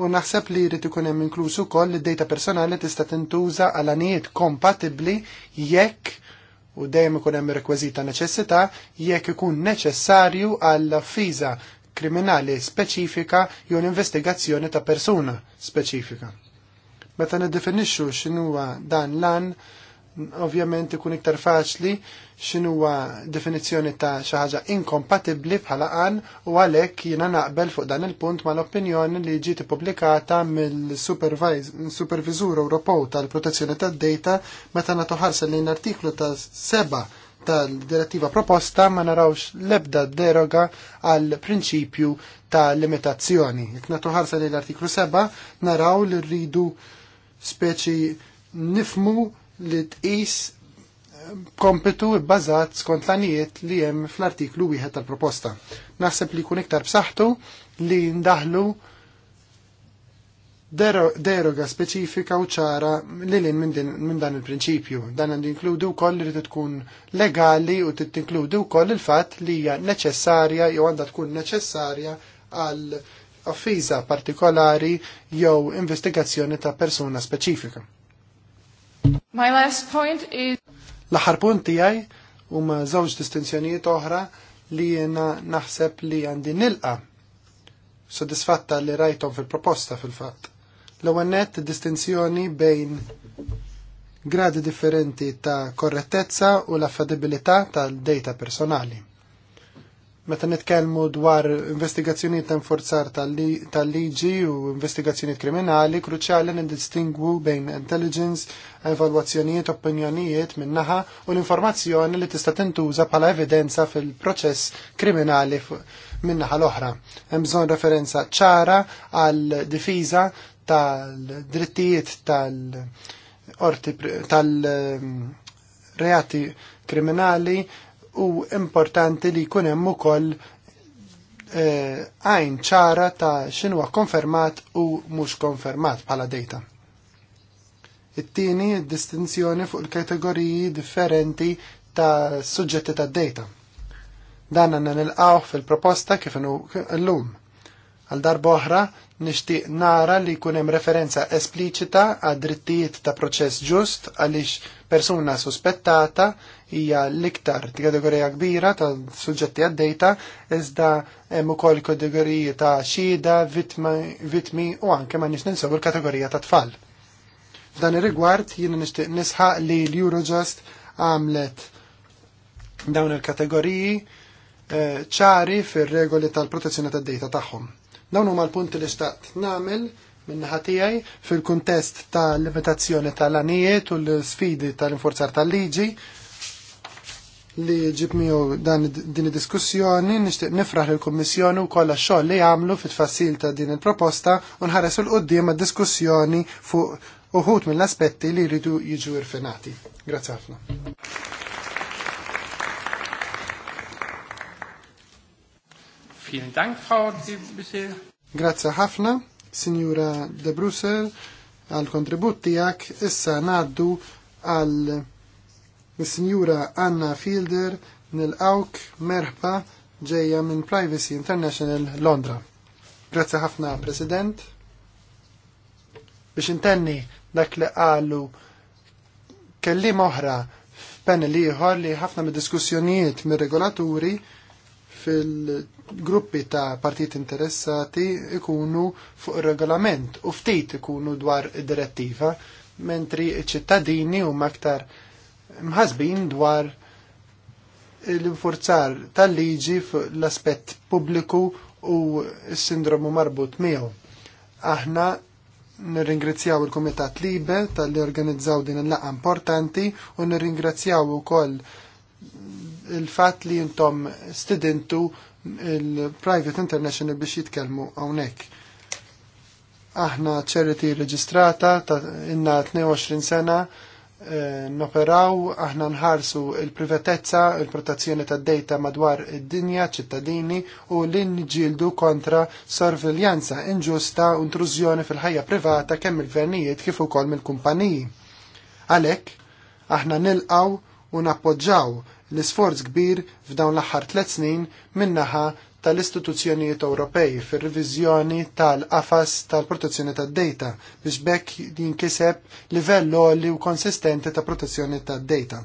u naħseb li jrid ikun hemm inklusu wkoll li data personali tista' tintuża għal anijiet kompatibbli jekk u dejjem ikun hemm rekwiżita neċessità jekk ikun neċessarju għal fiża kriminali speċifika jew investigazzjoni ta' persuna speċifika. Meta niddefinixxu x'inhuwa dan lan, ovvjament ikun iktar faċli x'inhuwa definizzjoni ta' xi ħaġa inkompatibbli bħala qan u għalhekk jiena naqbel fuq dan il-punt mal-opinjoni li ġiet ippubblikata mill-Supervisur Ewropew tal-Protezzjoni tad-Data meta nagħtu ħarsa lejn artiklu ta' seba' tal-direttiva proposta ma narawx l-ebda deroga għal prinċipju ta' limitazzjoni. Nagħtu ħarsa lejn l-artiklu 7 naraw li rridu speċi nifmu li tqis eh, kompitu bbażat skont l-anijiet li hemm fl-artiklu wieħed tal-proposta. Naħseb li jkun iktar b'saħħtu li ndaħlu deroga speċifika u ċara li lin minn dan il-prinċipju. Dan għandu inkludu wkoll li tkun legali u tinkludu wkoll il-fatt li hija neċessarja jew għandha tkun neċessarja għal offiża partikolari jew investigazzjoni ta' persuna speċifika. My last point is L-aħħar punt tiegħi huma żewġ distinzjonijiet oħra li jiena naħseb li għandi nilqa sodisfatta li rajtom fil-proposta fil-fatt. L-ewwel nett distinzjoni bejn gradi differenti ta' korrettezza u l-affadibilità tal-data personali meta nitkellmu dwar investigazzjonijiet ta' tal-liġi u investigazzjonijiet kriminali, kruċjali nindistingwu bejn intelligence, evalwazzjonijiet, opinjonijiet minnaħa u l-informazzjoni li tista' tintuża bħala evidenza fil-proċess kriminali minnaħa l-oħra. Hemm bżonn referenza ċara għal difiża tal-drittijiet tal-orti tal-reati ehm, kriminali u importanti li jkun hemm ukoll eh, għajn e, ċara ta' xinwa konfermat u mhux konfermat bħala data. It-tieni distinzjoni fuq il-kategoriji differenti ta' suġġetti ta' data. Dan għanna nilqawh fil-proposta kif l-lum. Għal darba oħra nixtieq nara li jkun hemm referenza espliċita għad drittijiet ta' proċess ġust għaliex persuna suspettata hija l-iktar kategorija kbira ta' suġġetti għaddejta iżda hemm ukoll kategoriji ta' xhieda, vitmi u anke ma nix ninsew il-kategorija ta' tfal. F'dan ir-rigward jien nixtieq nisħaq li l-Eurojust għamlet dawn il-kategoriji eh, ċari fir-regoli tal-protezzjoni tad-dejta tagħhom. Dawn huma l-punti li xtaqt nagħmel minnaħa tiegħi fil-kuntest ta' limitazzjoni tal-anijiet u l-sfidi tal-infurzar tal-liġi li ġibmiju dan din id-diskussjoni nixtieq nifraħ il kummissjoni wkoll kolla xogħol li jagħmlu fit fassil ta' din il-proposta u nħares il qudiem għad-diskussjoni fuq uħut mill-aspetti li jridu jiġu irfinati. Grazzi ħafna. Vielen Dank, Frau Grazie ħafna. Signora De Brussel għal kontribut tijak, issa naddu għal Signora Anna Fielder nil-awk merħba ġeja minn Privacy International Londra. Grazie ħafna, President. Biex intenni dak li qalu kellim oħra f'panel ieħor li ħafna mid-diskussjonijiet mir-regolaturi fil gruppi ta' partit interessati ikunu fuq regolament u ftit ikunu dwar direttiva, mentri ċittadini u maktar mħasbin dwar l-infurzar tal-liġi fuq l-aspett pubbliku u s-sindromu marbut miegħu. Aħna nirringrazzjaw il-Kumitat Libe tal-li organizzaw din il-laqa importanti u nirringrazzjaw ukoll il-fat li jintom studentu il-private international biex jitkellmu hawnhekk. Aħna charity reġistrata ta' inna 22 sena eh, noperaw, aħna nħarsu il-privatezza, il-protezzjoni ta' data madwar id-dinja, ċittadini u l-inġildu kontra sorveljanza inġusta u intrużjoni fil-ħajja privata kemm il-gvernijiet kif ukoll mill-kumpaniji. Għalhekk, aħna nilqaw u nappoġġaw l-isforz kbir f'dawn l-aħħar tliet snin minnaħa tal-istituzzjonijiet Ewropej fir-riviżjoni tal-qafas tal-protezzjoni tad-data biex bekk jinkiseb livell logħli u konsistenti ta' protezzjoni tad-data.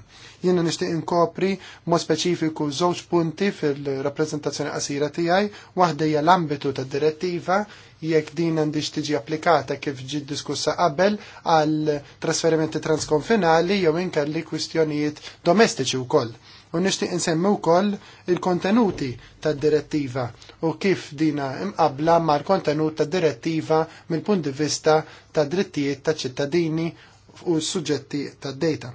Jiena nixtieq inkopri mod speċifiku żewġ punti fil-rappreżentazzjoni qasira tiegħi, waħda hija l-ambitu tad-direttiva jekk din għandix tiġi applikata kif ġi diskussa qabel għal trasferimenti transkonfinali jew inkalli kwistjonijiet domestiċi wkoll u nixtieq insemmi wkoll il-kontenuti tad-direttiva u kif dina imqabla mal-kontenut tad-direttiva mill-punt di vista ta' drittijiet ta' ċittadini u s-suġġetti tad-data.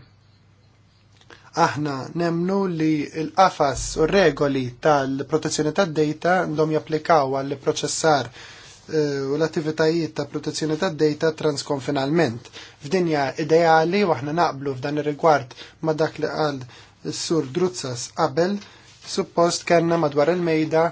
Aħna nemnu li l-qafas u regoli tal-protezzjoni tad-data għandhom japplikaw għall-proċessar eh, u l-attivitajiet ta' protezzjoni ta' data transkonfinalment. F'dinja ideali u aħna naqblu f'dan ir-rigward ma' dak li qal s-sur Druzzas qabel, suppost kellna madwar il-mejda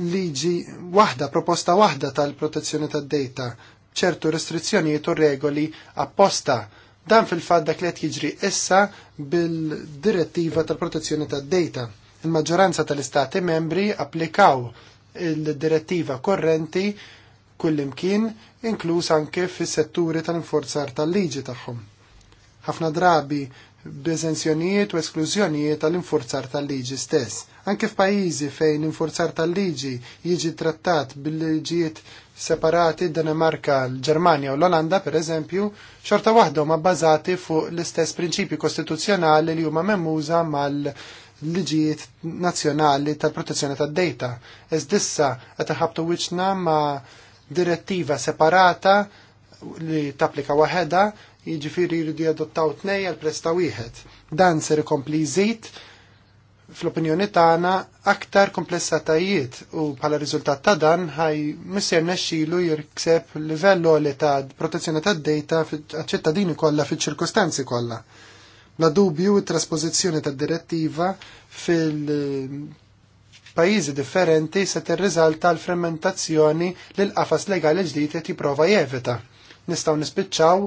liġi waħda, proposta waħda tal-protezzjoni tad-data, ċertu restrizzjonijiet u regoli apposta. Dan fil-fatt dak li qed jiġri issa bil-direttiva tal-protezzjoni tad-data. Il-maġġoranza tal-istati membri applikaw il-direttiva korrenti kullimkien, inkluż anke fis-setturi tal inforzar tal-liġi tagħhom. Ħafna drabi b'eżenzjonijiet u esklużjonijiet tal-infurzar tal-liġi stess. Anke f'pajjiżi fejn l infurzar tal-liġi jiġi trattat bil-liġijiet separati Danimarka, l-Ġermanja u l-Olanda per eżempju, xorta waħda ma bbażati fuq l-istess prinċipi kostituzzjonali li huma memmuża mal-liġijiet nazzjonali tal-protezzjoni tad-dejta. Iżdissa qed iħabtu wiċċna ma' direttiva separata li tapplika waħedha jiġifieri jridu jadottaw tnej għal presta wieħed. Dan ser ikompli jżid fl-opinjoni tagħna aktar komplessatajiet u bħala riżultat ta' dan ħaj misser nexxilu jirkseb livell li ta' protezzjoni tad-dejta għaċ-ċittadini kollha fiċ-ċirkustanzi kollha. La dubju t trasposizzjoni tad-direttiva fil-pajjiżi differenti se tirriżalta l fermentazzjoni li l-qafas legali ġdid qed jipprova jevita. Nistgħu nispiċċaw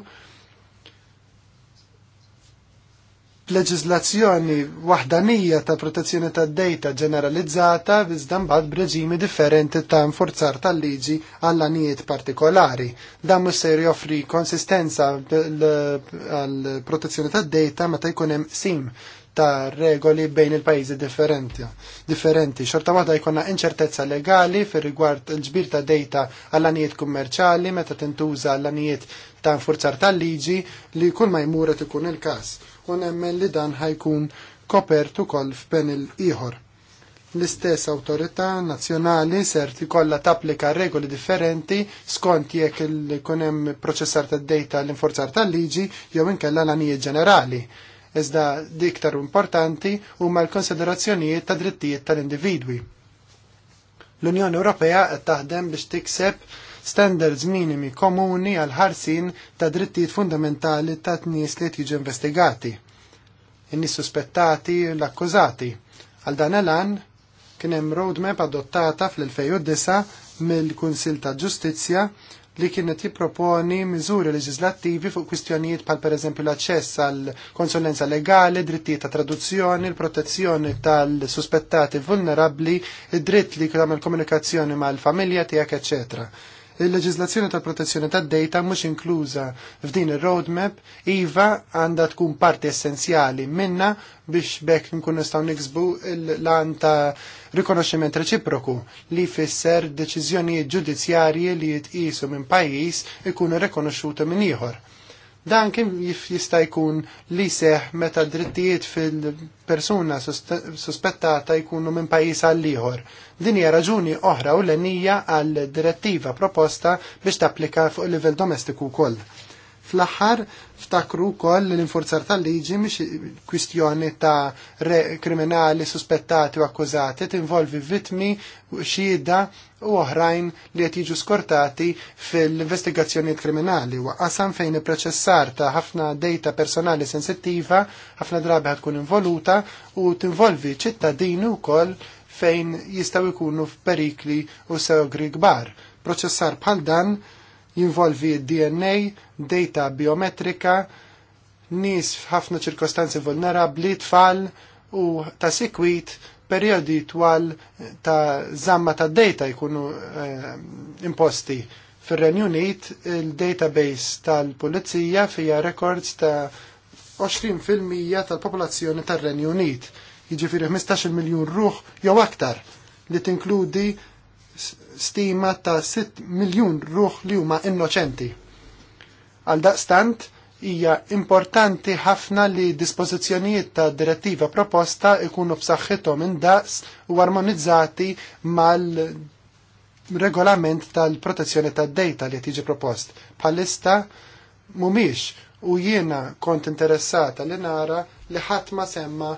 leġizlazzjoni waħdanija ta' protezzjoni ta' data ġeneralizzata iżda mbagħad b'reġimi differenti ta' nforzar tal-liġi għall anijiet partikolari. Dan mhux se joffri konsistenza għall protezzjoni ta' data meta jkun hemm sim ta' regoli bejn il-pajjiżi differenti. Differenti, xorta waħda jkollna inċertezza legali fir rigward il-ġbir ta' data għall anijiet kummerċali meta tintuża għall anijiet ta' nfurzar tal-liġi li kull ma jmuret ikun il-każ u nemmen li dan ħajkun kopert ukoll f'penil ieħor. L-istess awtorità nazzjonali ser kollha tapplika regoli differenti skont jekk ikun hemm proċessar tad-dejta l-inforzar tal-liġi jew inkella l-anijiet ġenerali. Iżda diktar importanti huma l-konsiderazzjonijiet ta' drittijiet tal-individwi. L-Unjoni Ewropea qed taħdem biex tikseb standards minimi komuni għal ħarsin ta' drittijiet fundamentali ta' tnies li jiġu investigati, in suspettati l-akkużati. Għal dan elan kien hemm roadmap adottata fl-2009 mill-Kunsil ta' Ġustizzja li kienet jipproponi miżuri leġislattivi fuq kwistjonijiet pal per eżempju l-aċċess għal konsulenza legali, drittijiet ta' traduzzjoni, l-protezzjoni tal-suspettati vulnerabli, id-dritt li il komunikazzjoni mal-familja tiegħek, eċetera il-leġizlazzjoni tal-protezzjoni tad-data mhux inkluża f'din ir-roadmap iva għandha tkun parti essenzjali minna biex bekk nkun nistgħu niksbu l-lan ta' rikonoxximent reċiproku li jfisser deċiżjonijiet ġudizzjarji li jitqisu minn pajjiż ikunu rikonoxxuti minn ieħor Dan kien jista' jkun li seħ meta drittijiet fil-persuna suspettata jkunu minn pajjiż għal ieħor. Din hija raġuni oħra u l-nija għal direttiva proposta biex tapplika fuq livell domestiku wkoll. Fl-aħħar ftakru wkoll l-infurzar tal-liġi mhix kwistjoni ta' kriminali suspettati u akkużati tinvolvi vittmi xhieda u oħrajn li qed jiġu skortati fil-investigazzjonijiet kriminali wa fejn il-proċessar ta' ħafna data personali sensittiva ħafna drabi tkun involuta u tinvolvi ċittadini wkoll fejn jistaw ikunu f'perikli u sewgri kbar. Proċessar bħal dan jinvolvi DNA, data biometrika, nis f'ħafna ċirkostanzi vulnerabli, tfal u ta' sikwit periodi twal ta' zamma ta' data jkunu eh, imposti. Fir-Renju Unit il-database tal-Pulizija fija records ta' 20% tal-popolazzjoni tar-Renju Unit, jiġifieri 15 miljun ruħ jew aktar li tinkludi stima ta' 6 miljun ruħ li huma innoċenti. Għal daqstant, hija importanti ħafna li dispożizzjonijiet ta' direttiva proposta ikunu b'saħħithom indaqs u armonizzati mal-regolament tal-protezzjoni tad-data li tiġi propost. Palista mumiex u jiena kont interessata li nara li ħadd ma semma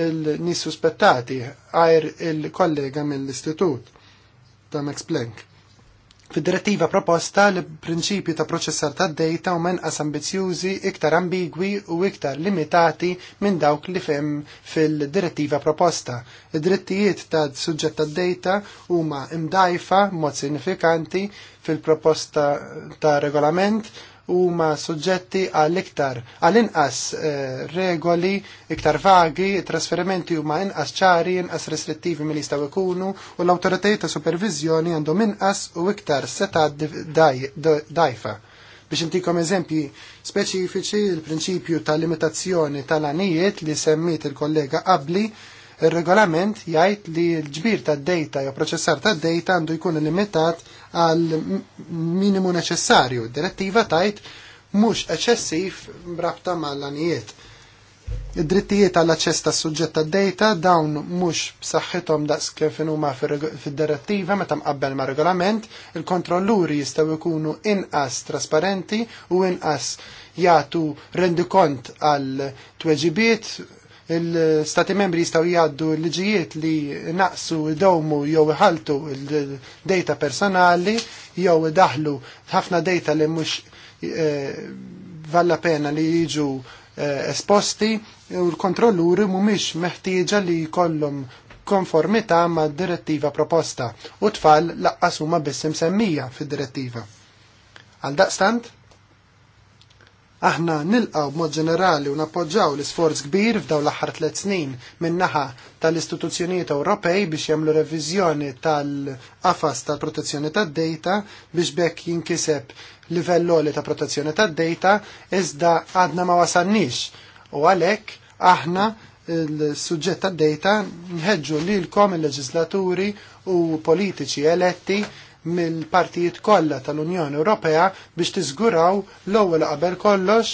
il-nis suspettati għajr il-kollega mill-istitut ta' Max Planck. Fid-direttiva proposta li prinċipju ta' proċessar ta' data u menqas ambizjużi, iktar ambigwi u iktar limitati minn dawk li fem fil-direttiva proposta. Id-drittijiet ta' suġġett ta' data huma imdajfa mod sinifikanti fil-proposta ta' regolament huma suġġetti għal iktar għal inqas eh, regoli iktar vagi, trasferimenti huma inqas ċari, inqas restrittivi mill jistgħu jkunu u l-awtoritajiet ta' supervizjoni għandhom inqas u iktar seta' dajfa. Biex intikom eżempji speċifiċi l-prinċipju tal limitazzjoni tal-anijiet li semmit il-kollega qabli Ir-regolament jgħid li l-ġbir tad-data jew proċessar tad-data għandu jkun limitat għal minimu neċessarju. Direttiva tajt mhux eċessiv brabta mal-anijiet. Id-drittijiet għall aċċess tas suġġett tad-data dawn mhux b'saħħithom daqs kif huma fid-direttiva meta mqabbel ma' regolament, il-kontrolluri jistgħu jkunu inqas trasparenti u inqas jagħtu rendikont għal tweġibiet il-stati membri jistaw jgħaddu l-liġijiet li naqsu dawmu jew iħaltu il-data personali jew daħlu ħafna data li mhux eh, valla pena li jiġu eh, esposti u l-kontrolluri mhumiex meħtieġa li jkollhom konformità ma' direttiva proposta u tfal laqqas huma biss semmija fid-direttiva. Għal daqstant, Aħna nilqaw b'mod ġenerali u nappoġġaw l-isforz kbir f'daw l-aħħar tliet snin min-naħa tal-istituzzjonijiet Ewropej biex jagħmlu reviżjoni tal-qafas tal-protezzjoni tad-dejta biex bekk jinkiseb livell oli ta' protezzjoni tad-dejta iżda għadna ma wasalniex u għalhekk aħna l-suġġett tad-dejta nħeġġu lilkom il-leġislaturi u politiċi eletti mill-partijiet kollha tal-Unjoni Ewropea biex tiżguraw l-ewwel qabel kollox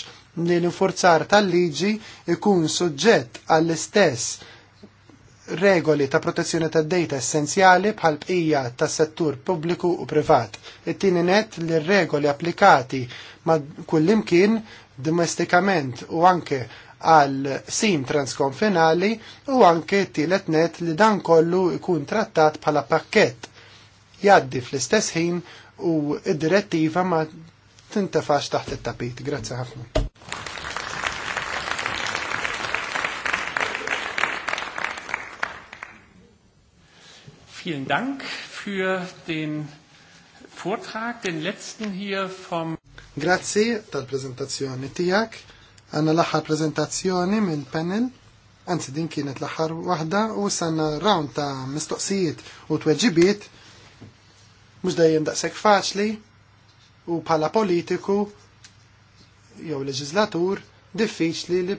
li l-infurzar tal-liġi ikun suġġett għall-istess regoli ta' protezzjoni tad dejta essenzjali bħal bqija tas settur pubbliku u privat. It-tieni net li regoli applikati ma' kullimkien domestikament u anke għal sim transkonfinali u anke tielet net li dan kollu ikun trattat bħala pakkett jgħaddi fl-istess ħin u id-direttiva ma tintafax taħt it-tapit. Grazzi ħafna. Vielen Dank für den Vortrag, den letzten hier vom Grazzi tal-prezentazzjoni tijak. Għanna l-axar prezentazzjoni mill panel anzi din kienet l wahda, u sanna round ta' mistoqsijiet u tweġibiet mhux dejjem daqshekk faċli u bħala politiku jew leġislatur diffiċli li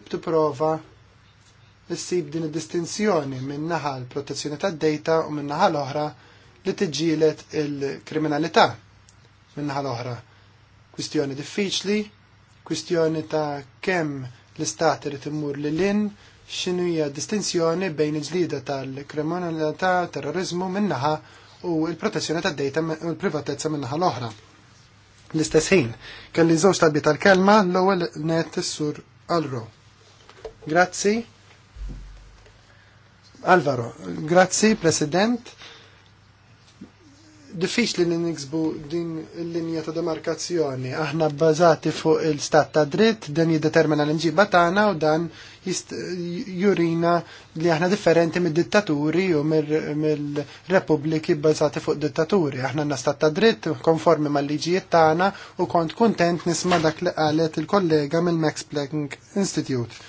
s-sib din id-distinzjoni minn naħa l-protezzjoni tad-dejta u minn naħa l-oħra li tiġġielet il-kriminalità minn naħa l-oħra. Kwistjoni diffiċli, kwistjoni ta' kemm l-istat irid immur lil in x'inhu hija distinzjoni bejn il-ġlida tal-kriminalità, terrorizmu minn naħa u il protezzjoni tad-data u l-privatezza min-naħa l-oħra. L-istess ħin, kelli żewġ talbi tal-kelma l-ewwel net sur Alro. Grazzi. Alvaro, grazzi President diffiċ li niksbu din l-linja ta' demarkazzjoni. Aħna bbażati fuq il-stat ta' dritt, dan jiddetermina l inġiba tagħna u dan jurina li aħna differenti mid-dittaturi u mill-repubbliki bbażati fuq dittaturi. Aħna għandna stat ta' dritt konformi mal-liġijiet tagħna u kont kuntent nisma' dak li qalet il-kollega mill-Max Planck Institute.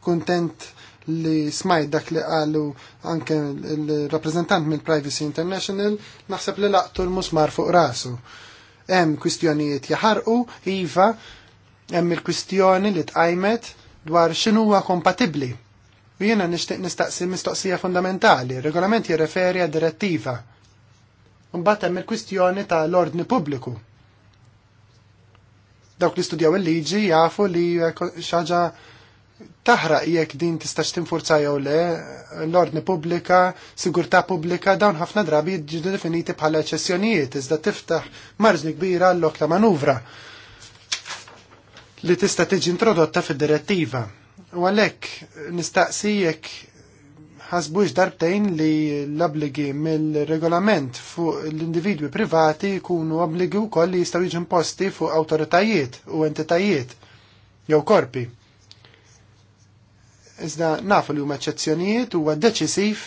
Kuntent li smajt dak li qalu anke l-rappreżentant mill Privacy International naħseb li laqtu l-musmar fuq rasu. Hemm kwistjonijiet jaħarqu, iva, hemm il-kwistjoni li tqajmet dwar x'inhuwa kompatibbli. U jiena nixtieq nistaqsi mistoqsija fundamentali, regolament jirreferi għad direttiva. Mbagħad hemm il-kwistjoni ta' l-ordni pubbliku. Dawk li studjaw il-liġi jafu li xaġa taħraq jekk din tista' tinfurza jew le l-ordni pubblika, sigurtà pubblika dawn ħafna drabi jiġu definiti bħala eċessjonijiet iżda tiftaħ marġni kbira l ta' manuvra li tista' tiġi introdotta fid-direttiva. U għalhekk jekk ħasbux darbtejn li l-obligi mill-regolament fuq l-individwi privati jkunu obligi wkoll li jistgħu jiġu imposti fuq awtoritajiet u entitajiet jew korpi iżda nafu li huma eċċezzjonijiet huwa deċisiv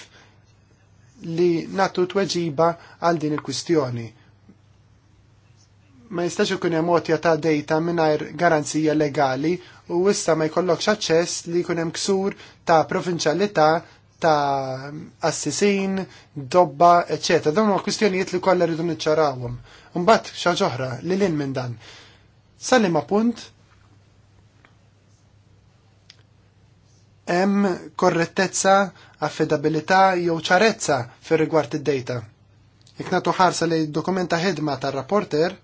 li natu tweġiba għal din il-kwistjoni. Ma jistax ikun hemm għotja ta' dejta mingħajr garanzija legali u issa ma jkollokx aċċess li jkun hemm ksur ta' provinċjalità ta' assisin, dobba, ecc. Dawn huma kwistjonijiet li kollha rridu niċċarawhom. Imbagħad xi oħra li lin minn dan. Sal ma punt hemm korrettezza, affidabilità jew ċarezza fir rigward id-data. Jekk nagħtu ħarsa li dokumenta ħidma tar-rapporter,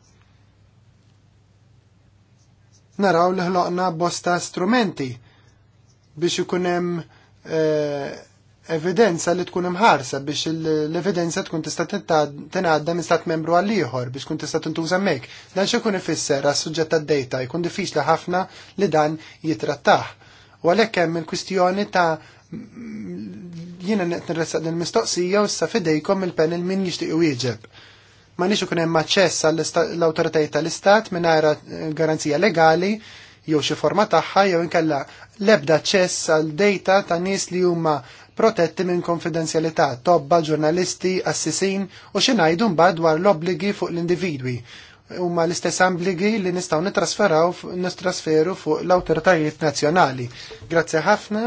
naraw li ħloqna bosta strumenti biex ikun hemm eh, evidenza li tkun imħarsa biex l-evidenza tkun tista' tingħadda minn stat membru għal ieħor biex tkun tista' tintuża hemmhekk. Dan xi jkun ifisser għas-suġġett tad-dejta jkun diffiċli ħafna li dan jitrattaħ U għalhekk hemm il-kwistjoni ta' jiena qed nirressaq din mistoqsija u issa fidejkom il-panel min jixtieq wieġeb. Ma nix ikun hemm aċċess għall-awtoritajiet tal-Istat mingħajr garanzija legali jew xi forma tagħha jew inkella l-ebda aċċess għal data ta' nies li huma protetti minn konfidenzjalità tobba, ġurnalisti, assisin u xi ngħidu mbagħad dwar l-obbligi fuq l-individwi huma l-istess ambligi li nistgħu nitrasferaw nistrasferu fuq l-awtoritajiet nazzjonali. Grazzi ħafna.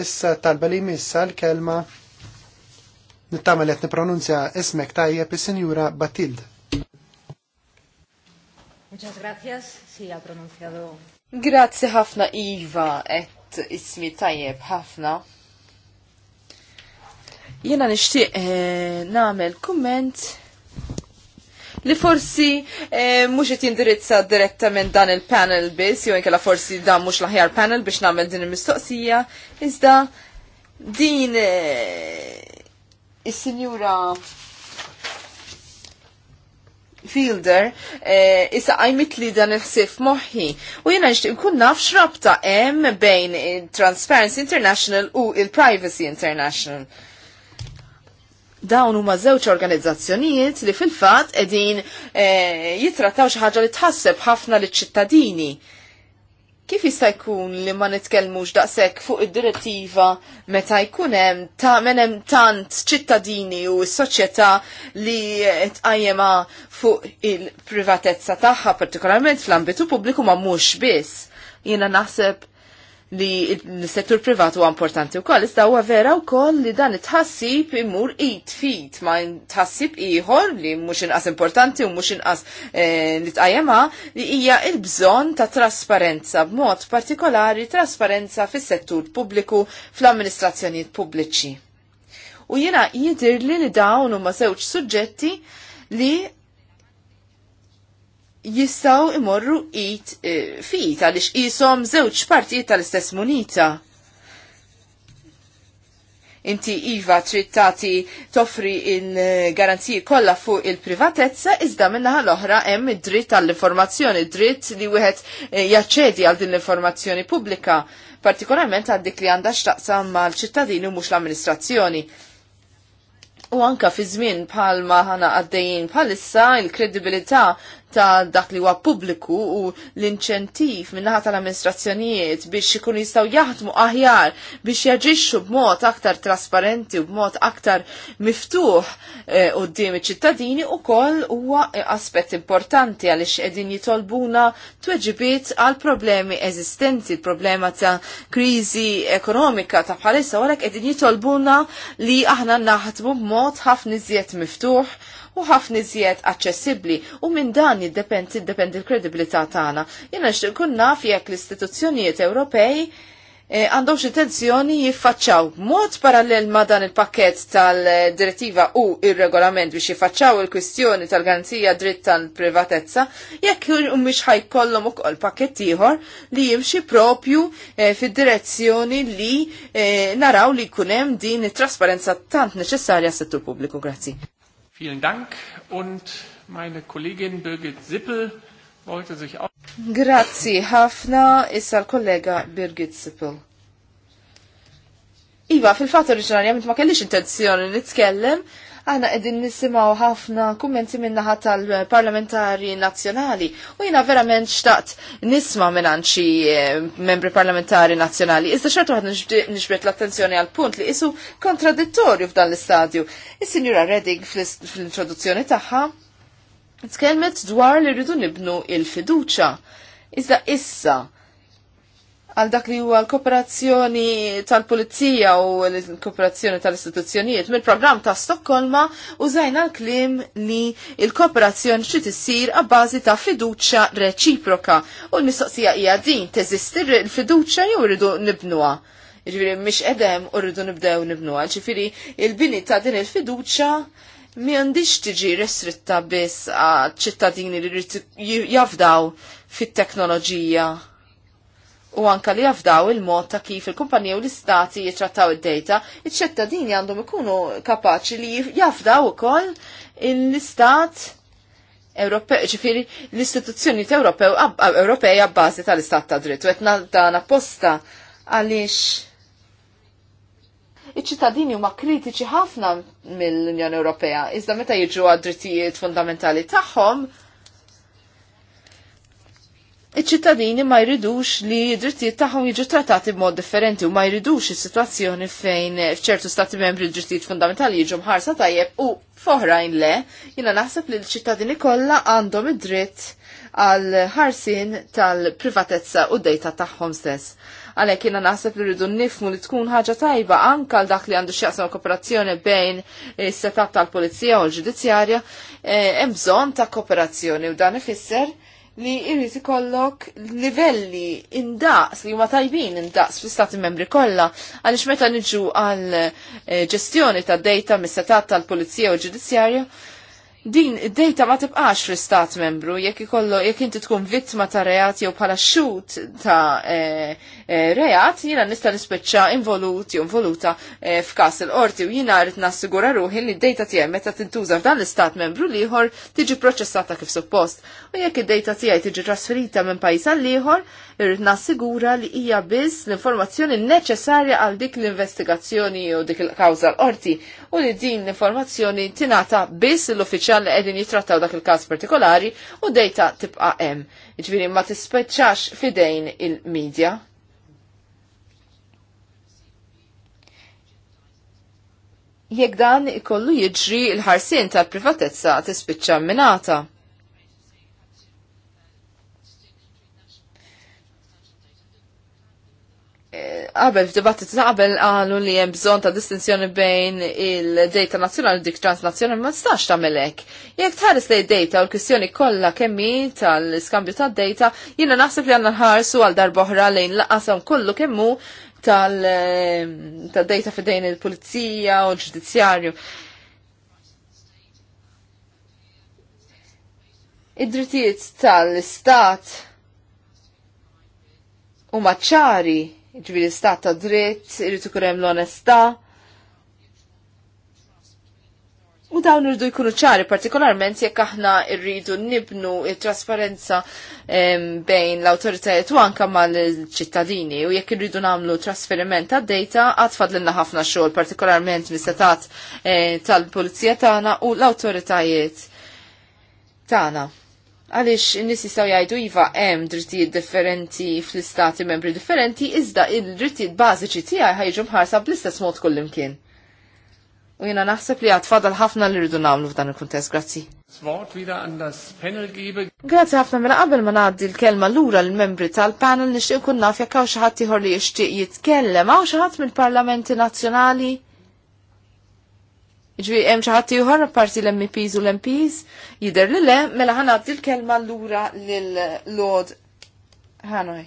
Issa talba li missa l-kelma nittamel qed nipronunzja ismek tajjeb is-Sinjura Batild. Muchas gracias, si ha pronunciado. Grazzi ħafna Iva et ismi tajjeb ħafna. Jena nixtieq eh, nagħmel kumment li forsi eh, mhux qed jindirizza direttament dan il-panel biss, jew inkella forsi dan mhux l-aħjar panel biex nagħmel din il-mistoqsija, iżda din eh, is-sinjura Fielder eh, issa għajmit li dan il-ħsif moħħi. U jena nxtiq nkun naf xrabta hemm bejn Transparency International u il-Privacy International dawn huma żewġ organizzazzjonijiet li fil-fatt qegħdin eh, jitrattaw xi ħaġa li tħasseb ħafna liċ ċittadini Kif jista' jkun li ma nitkellmux daqshekk fuq id-direttiva meta jkun hemm ta' hemm tant ċittadini u s-soċjetà li tqajjema fuq il-privatezza tagħha partikolarment fl-ambitu pubbliku ma mhux biss. Jiena naħseb li l-settur privat huwa importanti wkoll, iżda istaw vera wkoll li dan it-tħassib imur it feet, ma tħassib ieħor li mhux inqas importanti u mhux inqas eh, li t-għajema li hija l-bżonn ta' trasparenza b'mod partikolari trasparenza fis-settur pubbliku fl-amministrazzjonijiet pubbliċi. U jiena jidir li li dawn huma żewġ suġġetti li jistaw imorru it e, fita lix għalix jisom zewċ partijiet tal-istess munita. Inti Iva trid tagħti toffri il-garanziji e, kollha fuq il-privatezza iżda minnaħa l-oħra hemm id-dritt għall-informazzjoni, dritt li wieħed e, jaċċedi għal din l-informazzjoni pubblika, partikolarment għal dik li għandha x'taqsam mal-ċittadini u mhux l-amministrazzjoni. U anka fi żmien bħalma ħana għaddejjin bħalissa il-kredibilità ta' dak li huwa pubbliku u l-inċentiv min-naħa tal-amministrazzjonijiet biex ikun jistgħu jaħdmu aħjar biex jaġixxu b'mod aktar trasparenti u b'mod aktar miftuħ eh, qudiem e, iċ-ċittadini ukoll huwa eh, aspett importanti għaliex qegħdin jitolbuna tweġibiet għal problemi eżistenti, problema ta' kriżi ekonomika ta' bħalissa għalhekk qegħdin jitolbuna li aħna naħdmu b'mod ħafna iżjed miftuħ u ħafna iżjed aċċessibbli u minn dan jiddependi jiddependi l-kredibilità tagħna. Jiena kun naf jekk l-istituzzjonijiet Ewropej eh, għandhom xi intenzjoni jiffaċċaw mod parallel ma' dan il-pakket tal-direttiva u il-regolament biex jiffaċċaw il-kwistjoni tal-garanzija dritt tal-privatezza, jekk mhumiex ħajkollhom ukoll pakket ieħor li jimxi propju eh, fid-direzzjoni li eh, naraw li jkun hemm din it-trasparenza tant neċessarja s-settur pubbliku. Grazzi. Vielen Dank und meine Kollegin Birgit Sippel wollte sich auch. Grazie, Hafna, ist l-kollega Birgit Sippel. Iva, fil-fat oriġinarjament ma kellix intenzjoni nitkellem, Għana edin nisimaw ħafna kummenti ħat tal-parlamentari nazjonali u jina verament xtaqt nisma minn xi eh, membri parlamentari nazjonali. Iżda xartu għad nixbet l-attenzjoni għal punt li isu kontradittorju f'dan l-istadju. Is-Sinjura Redding fl-introduzzjoni taħħa tkellmet dwar li rridu nibnu il-fiduċa. Iżda issa għal dak li huwa l-kooperazzjoni tal-pulizija u l-kooperazzjoni tal-istituzzjonijiet mill-programm ta' Stokkolma użajna l-klim li l-kooperazzjoni xi tissir għabbażi ta' fiduċja reċiproka u l-mistoqsija hija din teżisti l-fiduċja jew rridu nibnuha. Ġifieri mhix qedem u rridu nibdew nibnuha. Ġifieri il-bini ta' din il-fiduċja mi għandix tiġi restritta biss għal ċittadini li jafdaw fit-teknoloġija u anka li jafdaw il-mod ta' kif il-kumpanija u l-istati jitrattaw id-data, iċ-ċittadini għandhom ikunu kapaċi li jafdaw ukoll l-istat Ewropej, ġifiri l-istituzzjoni Ewropew Ewropej għabbażi tal-istat ta' dritt. U dan apposta għaliex iċ-ċittadini huma kritiċi ħafna mill-Unjoni Ewropea, iżda meta jiġu għad-drittijiet fundamentali tagħhom, iċ-ċittadini ma jridux li d-drittijiet tagħhom jiġu trattati b'mod differenti u ma jridux is-sitwazzjoni fejn f'ċertu stati membri d-drittijiet fundamentali jiġu mħarsa tajjeb u foħrajn le, jina naħseb li l-ċittadini kollha għandhom id-dritt għal ħarsin tal-privatezza u d-dejta tagħhom stess. Għalhekk jiena naħseb li rridu nifmu li tkun ħaġa tajba anke għal dak li għandu x'jaqsam kooperazzjoni bejn is-setat tal-Pulizija u l-Ġudizzjarja, eh, hemm bżonn ta' kooperazzjoni u dan ifisser li irrid ikollok livelli indaqs li huma tajbin indaqs fl-istati membri kollha għaliex meta niġu għal eh, ġestjoni ta' data mis-setat tal-Pulizija u Ġudizzjarja din id-dejta ma tibqax fl-istat membru jekk ikollu jekk inti tkun vittma ta' reat jew bħala xut ta' e, e, reat jiena nista' nispeċċa involut jew involuta e, f'każ il-qorti u jiena rrid nassigura ruħi li d data tiegħi meta tintuża f'dan l-istat membru l-ieħor tiġi proċessata kif suppost. U jekk id-dejta tiegħi tiġi trasferita minn pajjiż għal ieħor, irrid sigura li hija biss l-informazzjoni neċessarja għal dik l-investigazzjoni u dik il-kawża l-qorti u li din l-informazzjoni tingħata biss l-uffiċjal li qegħdin jitrattaw dak il-każ partikolari u dejta tibqa' hemm. Jiġifieri ma tispeċċax fidejn il-medja. Jekk dan ikollu jiġri l-ħarsien tal-privatezza tispiċċa minata. qabel f'dibattit ta' qabel qalu li hemm bżonn ta' distinzjoni bejn il-data nazzjonali u dik transnazzjonali ma tistax tagħmel hekk. Jekk tħares li data u l-kwistjoni kollha kemm tal-iskambju ta' data, jiena naħseb li għandna nħarsu għal darba oħra lejn laqasam kollu kemm hu tal-data ehm, fidejn il-pulizija u l-ġudizzjarju. Id-drittijiet tal-istat u maċċari ġviri stat ta' dritt, irritu kurem l-onesta. U dawn irridu jkunu ċari, partikolarment jekk aħna rridu nibnu il-trasparenza bejn l-autoritajiet u anka mal-ċittadini u jekk irridu namlu trasferiment ta' data għatfad l na ħafna xogħol, partikolarment mis-setat eh, tal-pulizija tagħna u l-autoritajiet tagħna. Għalix n-nis jistaw jgħidu jiva hemm drittijiet differenti fl-istati membri differenti, iżda il-drittijiet bażiċi tiegħi ħajġu mħarsa bl-istess mod kullimkien. U jena naħseb li għad fadal ħafna li rridu namlu f'dan il-kuntest, grazzi. Grazzi ħafna mela qabel ma ngħaddi l-kelma lura l-membri tal-panel nixtieq kun naf jekk hawn xi ħadd ieħor li jixtieq jitkellem hawn xi ħadd mill-Parlamenti Nazzjonali. Ġvi, hemm xi ħadd ieħor apparti l-MPs u l-MPs jidher li le, mela ħana għaddi l-kelma lura lil Lord Hanoi.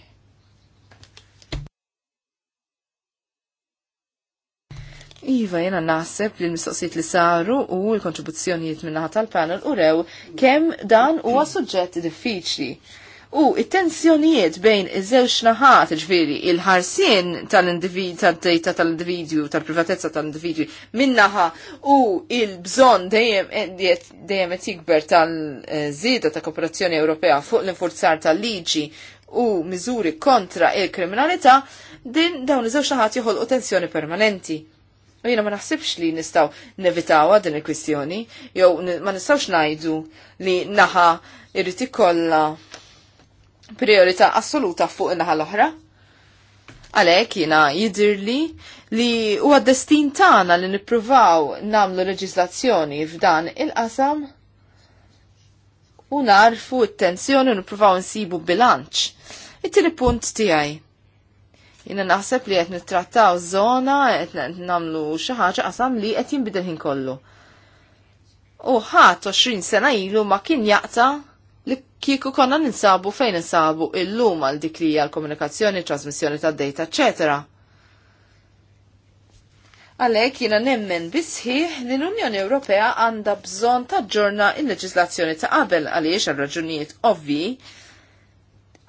Iva, jena naħseb li l-mistoqsijiet li saru u l-kontribuzzjonijiet minnaħat tal-panel u rew kem dan huwa suġġett diffiċli. U it-tensjonijiet bejn iż-żewġ naħat, ġviri, il-ħarsien tal individu tal-dejta tal-individju, tal-privatezza tal minn minnaħa u il-bżon dejjem eh, dejjem qed jikber tal-żieda ta' kooperazzjoni Ewropea fuq l-infurzar tal-liġi u miżuri kontra il-kriminalità, din dawn iż-żewġ naħat joħolqu tensjoni permanenti. U jiena ma naħsibx li nistaw nevitawa din il-kwistjoni, jew ma nistawx najdu li naħa irrid ikollha priorità assoluta fuq il naħa l-oħra. Għalhekk jiena jidirli li huwa destin tagħna li nippruvaw nagħmlu leġizlazzjoni f'dan il-qasam u narfu t-tensjoni u nippruvaw nsibu bilanċ. It-tieni punt tiegħi. Jiena naħseb li qed nittrattaw żona qed nagħmlu xi ħaġa qasam li qed jinbidel kollu. U ħat 20 sena ilu ma kien jaqta' kieku konna ninsabu fejn ninsabu lum għal dik li l-komunikazzjoni, trasmissjoni ta' data, etc. Għalhekk jiena nemmen bisħi li l-Unjoni Ewropea għandha bżonn taġġorna il-leġislazzjoni ta' qabel għaliex għal raġunijiet ovvi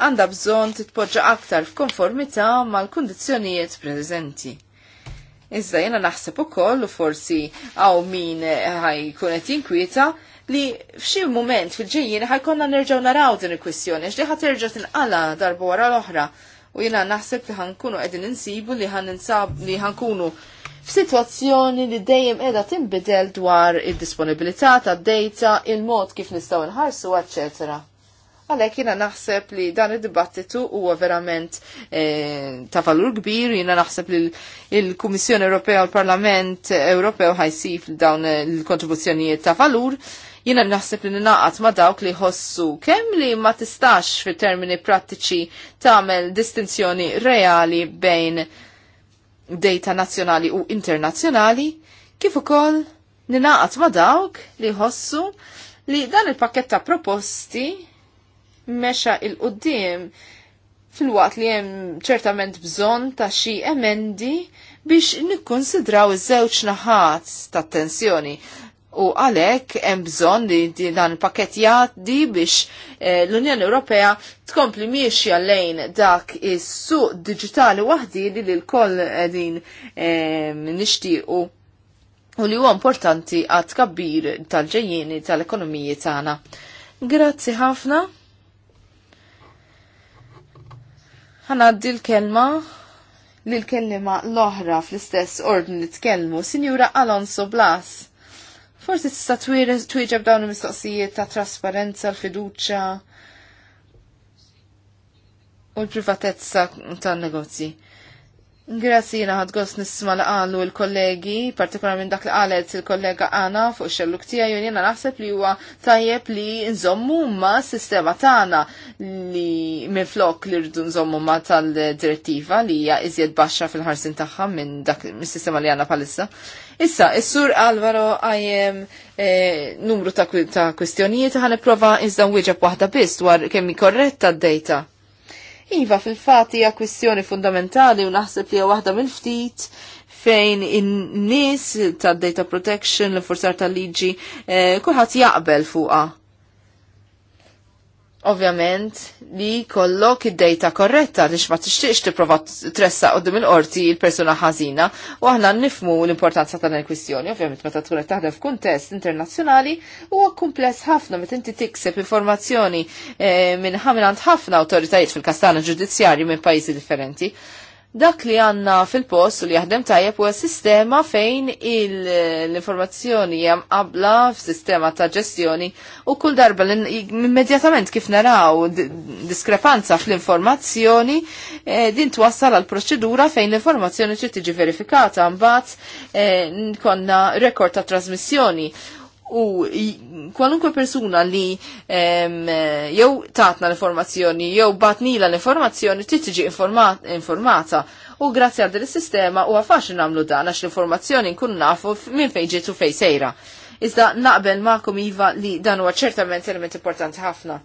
għandha bżonn titpoġġa aktar f'konformità mal-kundizzjonijiet preżenti. Iżda jiena naħseb ukoll u forsi għaw min ħaj kunet jinkwieta li f'xi moment fil-ġejjin ħajkonna nerġgħu naraw din il-kwistjoni x'li ħad terġa' tinqala darba wara l-oħra. U jiena naħseb li ħankunu qegħdin insibu li ħan li ħankunu f'sitwazzjoni li dejjem qiegħda tinbidel dwar id-disponibilità tad-data, il-mod kif nistgħu nħarsu, eċċetera għalek jina naħseb li dan id-dibattitu huwa verament eh, ta' valur kbir, jina naħseb li l-Kummissjoni Ewropea u l-Parlament Ewropew ħajsif dawn il-kontribuzzjonijiet ta' valur Jiena naħseb li naqat ma dawk li ħossu kemm li ma tistax fi termini prattiċi tagħmel distinzjoni reali bejn data nazzjonali u internazzjonali, kif ukoll ninaqat ma dawk li ħossu li dan il-pakket ta' proposti mexa il-qoddim fil-waqt li hemm ċertament bżonn ta' xi emendi biex nikkonsidraw iż-żewġ naħat ta' tensjoni. U għalek hemm bżonn li dan il-pakett jgħaddi biex eh, l-Unjoni Ewropea tkompli miexi lejn dak is-suq diġitali waħdi li l-koll qegħdin nixtiequ u li huwa importanti għat kabbir tal-ġejjieni tal-ekonomiji tagħna. Grazzi ħafna. Ħanaddi l-kelma l-kelma l-oħra fl-istess ordni li tkellmu, Sinjura Alonso Blas. Forsi tista' twieġeb dawn il-mistoqsijiet ta' trasparenza, l-fiduċja u l-privatezza tan-negozji. Grazzi jina ħadgos nisma l qalu l-kollegi, partikolar minn dak li qalet il-kollega għana fuq xelluk tija jiena naħseb li huwa tajjeb li nżommu ma sistema tagħna li minn flok li rridu nżommu ma tal-direttiva li hija iżjed baxxa fil-ħarsin tagħha minn dak mis-sistema li għandna bħalissa. Issa, is-sur Alvaro għajem eh, numru ta' kwistjonijiet ħan prova iżda wieġeb waħda biss dwar kemm korretta d-dejta. Iva, fil-fat hija kwistjoni fundamentali u naħseb li hija waħda minn ftit fejn in-nies ta' data protection, l-forzar tal-liġi, eh, kulħadd jaqbel fuqha ovvjament li kollok id-dejta korretta li ma tixtiex tipprova tressa qudiem il-qorti il-persuna ħażina u aħna nifmu l-importanza ta' dan il-kwistjoni. Ovvjament meta tkun qed taħdem f'kuntest internazzjonali huwa kumpless ħafna meta inti tikseb informazzjoni eh, minn ħaminant ħafna awtoritajiet fil-kastana ġudizzjarji minn pajjiżi differenti. Dak li għanna fil-post u li jaħdem tajjeb huwa sistema fejn l-informazzjoni hija mqabla f'sistema ta' ġestjoni u kull darba immedjatament kif naraw diskrepanza fl-informazzjoni eh, din twassal għal proċedura fejn l-informazzjoni trid tiġi verifikata mbagħad eh, konna rekord ta' trasmissjoni u kwalunkwe persuna li jew tatna l-informazzjoni jew batnila l-informazzjoni titġi informata u grazzi għal din is-sistema u għafax nagħmlu dan għax l-informazzjoni nkun nafu minn fejn ġiet u fejn sejra. Iżda naqbel ma'kom iva li dan huwa ċertament element importanti ħafna.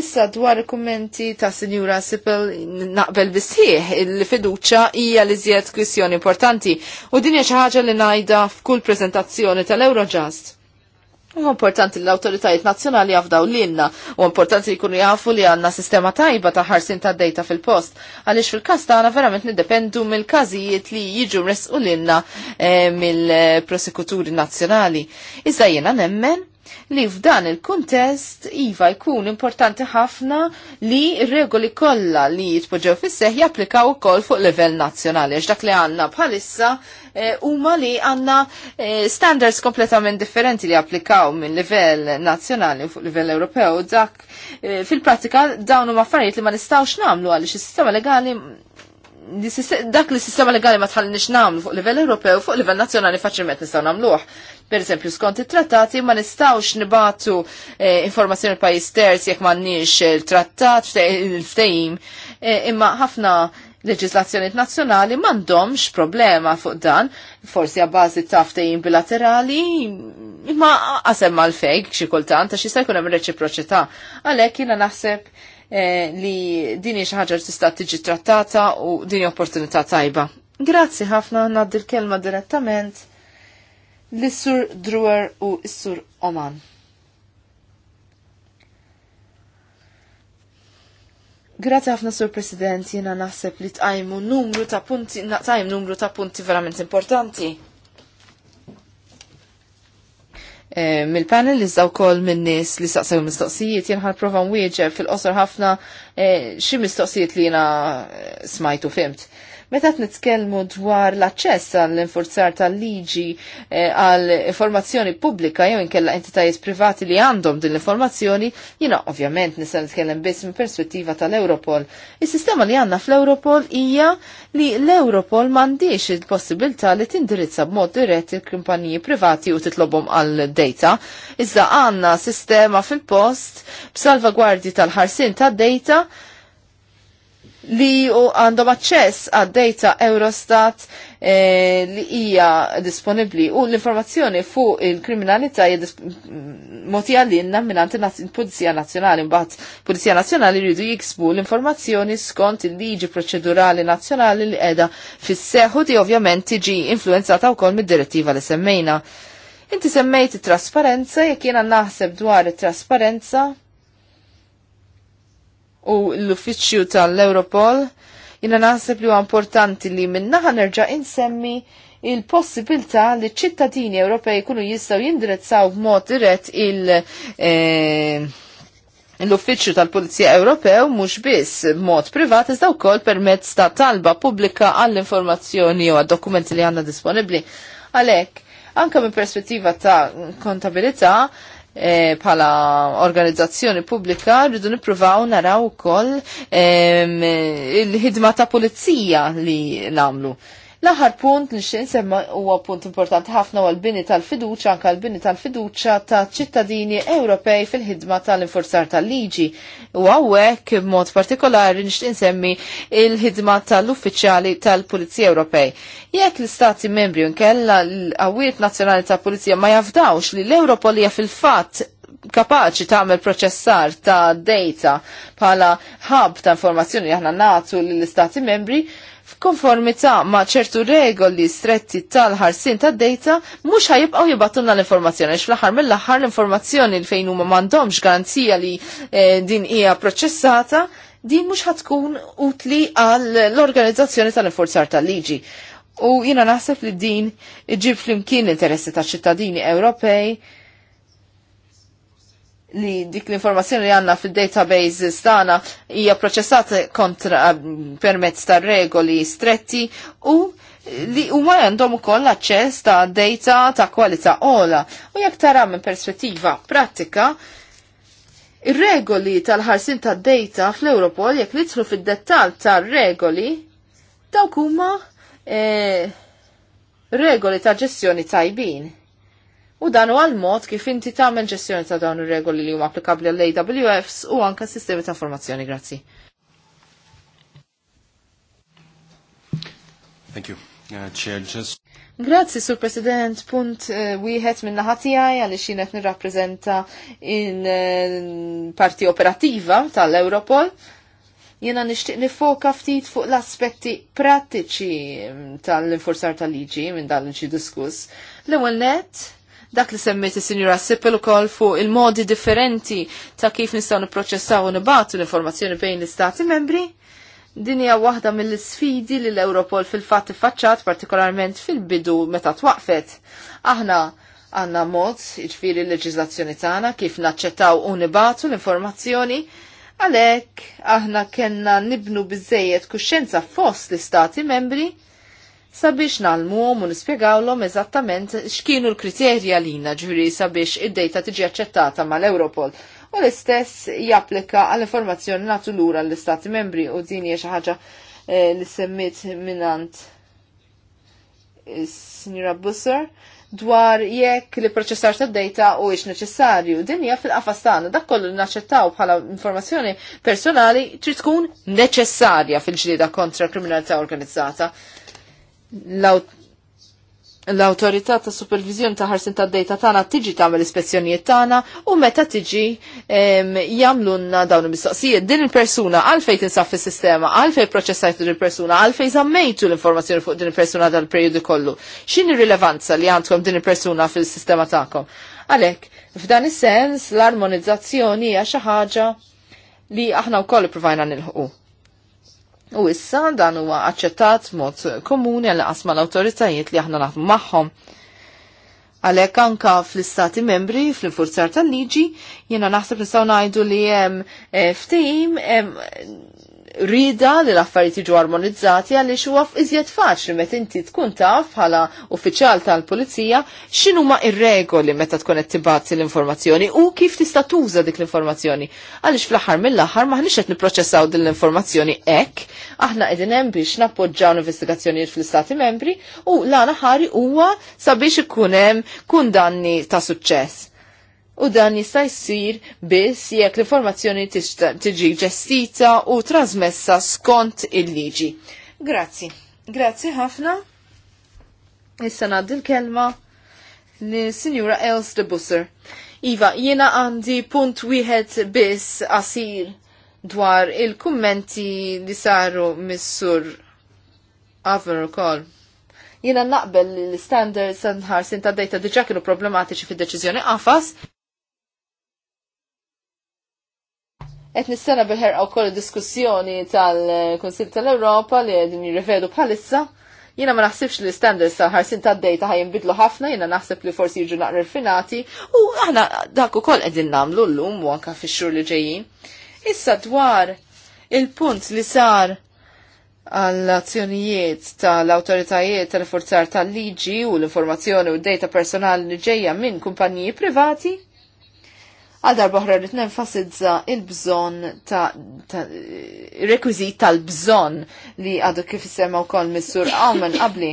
Issa dwar kummenti ta' Sinjura Sipel naqbel bisħieħ il-fiduċa hija li żjed kwistjoni importanti u din hija xi ħaġa li ngħidha f'kull preżentazzjoni tal-Eurojust U importanti l-autoritajiet nazzjonali jafdaw l-inna, u importanti jkunu jafu li għanna sistema tajba ta' ħarsin ta' data fil-post, għalix fil-kas ta' għana verament nidependu mill-kazijiet li jiġu resqu l-inna eh, mill-prosekuturi nazzjonali. Iżda jena nemmen li f'dan il-kuntest iva jkun importanti ħafna li regoli kollha li jitpoġġew fis-seħ japplikaw ukoll fuq livell nazzjonali għax dak li għandna bħalissa eh, huma e, li għandna e, standards kompletament differenti li applikaw minn livell nazzjonali fuq livell Ewropew dak e, fil-prattika dawn huma affarijiet li ma nistgħux nagħmlu għaliex is-sistema legali dak li sistema legali ma tħallinix namlu fuq livell Ewropew fuq livell nazzjonali faċilment nistgħu nagħmluh. Per eżempju, skont it-trattati ma nistgħux nibatu eh, informazzjoni pajjiż terz jekk m'għandniex il-trattat il-ftehim, eh, imma ħafna leġislazzjoni nazzjonali m'għandhomx problema fuq dan, forsi għabbażi ta' ftehim bilaterali, imma għasem mal-fejk xi kultant għax jista' jkun hemm reċiproċità. Għalhekk jiena naħseb Eh, li din hija ħaġa tista' tiġi trattata u din opportunità tajba. Grazzi ħafna ngħaddi l-kelma direttament l-Sur Drewer u s-Sur Oman. Grazie ħafna sur President, jena naħseb li tqajmu numru ta' punti, tajmu numru ta' punti verament importanti. Eh, mill-panel li zdaw kol minn nis li saqsaw mistoqsijiet jien provan wieġeb fil-qosor ħafna eh, xi mistoqsijiet li jiena eh, smajtu fimt. Meta nitkellmu dwar l-aċċess għall-infurzar tal-liġi eh, għal informazzjoni pubblika jew inkella entitajiet privati li għandhom din l-informazzjoni, jiena ovvjament nista' nitkellem biss minn perspettiva tal-Europol. Is-sistema li għandna fl-Europol hija li l-Europol m'għandix il-possibilità li tindirizza b'mod dirett il-kumpaniji privati u titlobhom għal-data, iżda għandna sistema fil-post b'salvagwardji tal-ħarsin tad-data li u għandhom aċċess għad data Eurostat e, li hija disponibbli u l-informazzjoni fuq il-kriminalità hija mm, moti minn minnant il-Pulizija Nazzjonali mbagħad Pulizija Nazzjonali jridu jiksbu l-informazzjoni skont il-liġi proċedurali nazzjonali li qiegħda fis-seħu di ovvjament tiġi influenzata wkoll mid-direttiva li semmejna. Inti semmejt it-trasparenza jekk jiena naħseb dwar it-trasparenza u l-uffiċċju tal-Europol, jina naħseb li huwa importanti li minnaħa nerġa' insemmi il-possibilità li ċittadini Ewropej jkunu jistgħu jindirezzaw b'mod dirett il- eh, l-Uffiċċju tal-Pulizija Ewropew mhux biss b'mod privat iżda wkoll permezz ta' talba pubblika għall-informazzjoni u għad-dokumenti li għandna disponibbli. Għalhekk, anke minn perspettiva ta' kontabilità, Eh, pala organizzazzjoni pubblika rridu nippruvaw naraw ukoll ehm, il-ħidma ta' pulizija li namlu. L-aħħar punt li xin semma huwa punt importanti ħafna għal bini tal-fiduċa, anke l-bini tal-fiduċa ta' ċittadini Ewropej fil-ħidma tal-infurzar tal-liġi. U hawnhekk b'mod partikolari nixtieq insemmi il-ħidma tal-uffiċjali tal-Pulizija Ewropej. Jekk l-Istati membri nkella l-għawiet nazzjonali tal-Pulizija ma jafdawx li l ewropolija hija fil-fatt kapaċi tagħmel proċessar ta' data bħala hub ta' informazzjoni aħna natu lill-istati membri, f'konformità ma' ċertu regoli stretti tal-ħarsin tad-data mhux ħajibqgħu jibattunna l-informazzjoni għax fl-aħħar mill-aħħar l-informazzjoni li fejn huma m'għandhomx garanzija li eh, din hija proċessata din mhux ħatkun utli għall-organizzazzjoni tal inforzar tal-liġi. U jiena naħseb li din iġib flimkien interessi taċ ċittadini Ewropej li dik l-informazzjoni li għanna fil-database stana hija proċessata kontra permezz ta' regoli stretti u li huma għandhom ukoll aċċess ta' data ta' kwalità ola. U jekk tara minn perspettiva pratika, ir-regoli tal-ħarsin ta' data fl-Europol jekk nidħlu fid-dettall ta' regoli dawk huma eh, regoli ta' ġestjoni tajbin U dan għal mod kif inti tagħmel ġestjoni ta' dawn ir-regoli li huma applikabbli għall AWFs u anke sistemi ta' informazzjoni. Grazzi. Thank you. Uh, chair, just... Grazzi, Sur President. Punt uh, wieħed minna ħatijaj għalli xienet nirrapprezenta in uh, parti operativa tal-Europol jena nishtiq nifoka ftit fuq l-aspetti prattiċi mm, tal-infurzar tal-liġi minn dan li diskuss. L-ewwel net, dak li semmiet is-Sinjura Sippel ukoll fuq il-modi differenti ta' kif nistgħu nipproċessaw u nibatu l-informazzjoni bejn l-istati membri. Din hija waħda mill-isfidi li l-Europol fil-fatt iffaċċat partikolarment fil-bidu meta twaqfet. Aħna għanna mod, iġfiri l-leġizlazzjoni tagħna kif naċċettaw u nibatu l-informazzjoni għalhekk aħna kellna nibnu biżejjed kuxjenza fost l-istati membri sabiex nalmu u nispjegawlhom eżattament x'kienu l-kriterja lina ġuri sabiex id-dejta tiġi aċċettata mal-Europol. U l-istess japplika għall-informazzjoni natu lura l-Istati membri u din hija xi ħaġa eh, li semmit minant is-Sinjura eh, Busser dwar jekk li proċessar ta' data u ix neċessarju. Din hija fil qafastan dak kollu naċċettaw bħala informazzjoni personali trid tkun neċessarja fil-ġlieda kontra kriminalità organizzata l-autorità ta' supervizjon ta' ħarsin ta' data tagħna tiġi tagħmel ispezzjonijiet tagħna u meta tiġi jagħmlunna dawn il-mistoqsijiet. Din il-persuna għalfej tinsab fis-sistema, għalfej proċessajt din il-persuna, għalfej żammejtu l-informazzjoni fuq din il-persuna dal-perjodu kollu. X'inhi rilevanza li għandkom din il-persuna fil-sistema tagħkom? Għalhekk, f'dan is-sens l-armonizzazzjoni hija xi ħaġa li aħna wkoll nil nilħuqu U issa dan huwa aċċettat mod komuni għal qasma l-awtoritajiet li aħna naħdmu magħhom. Għalhekk anka fl-istati membri fl-infurzar tal-liġi jiena naħseb nistgħu ngħidu li hemm eh, ftehim rida li l-affarijiet ġu armonizzati għaliex huwa iżjed faċli meta inti tkun taf bħala uffiċjal tal-pulizija x'inhuma ir-regoli meta tkun qed tibgħat l-informazzjoni u kif tista' tuża dik l-informazzjoni. Għaliex fl-aħħar mill-aħħar maħniex qed nipproċessaw din l-informazzjoni hekk, aħna qegħdin hemm biex nappoġġaw investigazzjonijiet fl-Istati membri u l-għana ħari huwa sabiex ikun hemm kundanni ta' suċċess u dan jista' jsir biss jekk l-informazzjoni tiġi ġestita u trasmessa skont il-liġi. Grazzi. Grazzi ħafna. Issa ngħaddi l-kelma l-Sinjura Els de Busser. Iva, jiena għandi punt wieħed biss qasir dwar il-kummenti li saru missur Avner Call jina naqbel l-standards nħarsin ta' data diġa kienu problematiċi fid deċizjoni qafas, Et nistana bil-ħerqa u koll diskussjoni tal-Konsil tal-Europa li għedin jirrevedu bħalissa. Jina ma naħsibx li standards ta' ħarsin ta' data ħajin bidlu ħafna, jina naħseb li forsi jiġu naqra finati, u aħna dak u koll għedin namlu l-lum u għanka fi xur li ġejjin. Issa dwar il-punt li sar għall-azzjonijiet tal-autoritajiet tal-forzar tal-liġi u l-informazzjoni u d-data personali li ġejja minn kumpaniji privati, Għal darba oħra rrid nenfasizza il bżon ta', ta rekwiżit tal-bżonn li għadu kif jisema wkoll mis-sur Awmen qabli.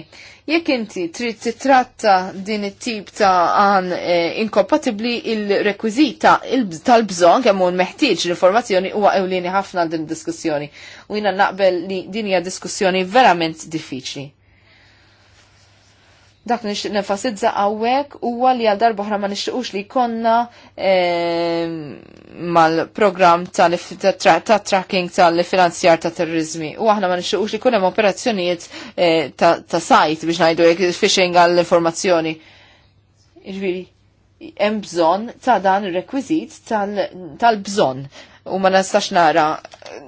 Jekk inti trid titratta din it-tip ta' għan e, inkompatibbli il-rekwiżit tal-bżonn kemm hu meħtieġ l-informazzjoni huwa ewlieni ħafna din id-diskussjoni. U jiena naqbel li din hija diskussjoni verament diffiċli dak li nixtieq nenfasizza hawnhekk huwa li għal darba ma nixtiequx li konna ehm, mal-programm tal-tracking tal-finanzjar ta' terrizmi. U aħna ma nixtiequx li kunem operazzjonijiet eh, ta' sajt biex ngħidu jekk phishing għall-informazzjoni. Irviri, jiġifieri, hemm bżonn ta' dan ir-rekwiżit tal-bżonn u ma nistax nara eh,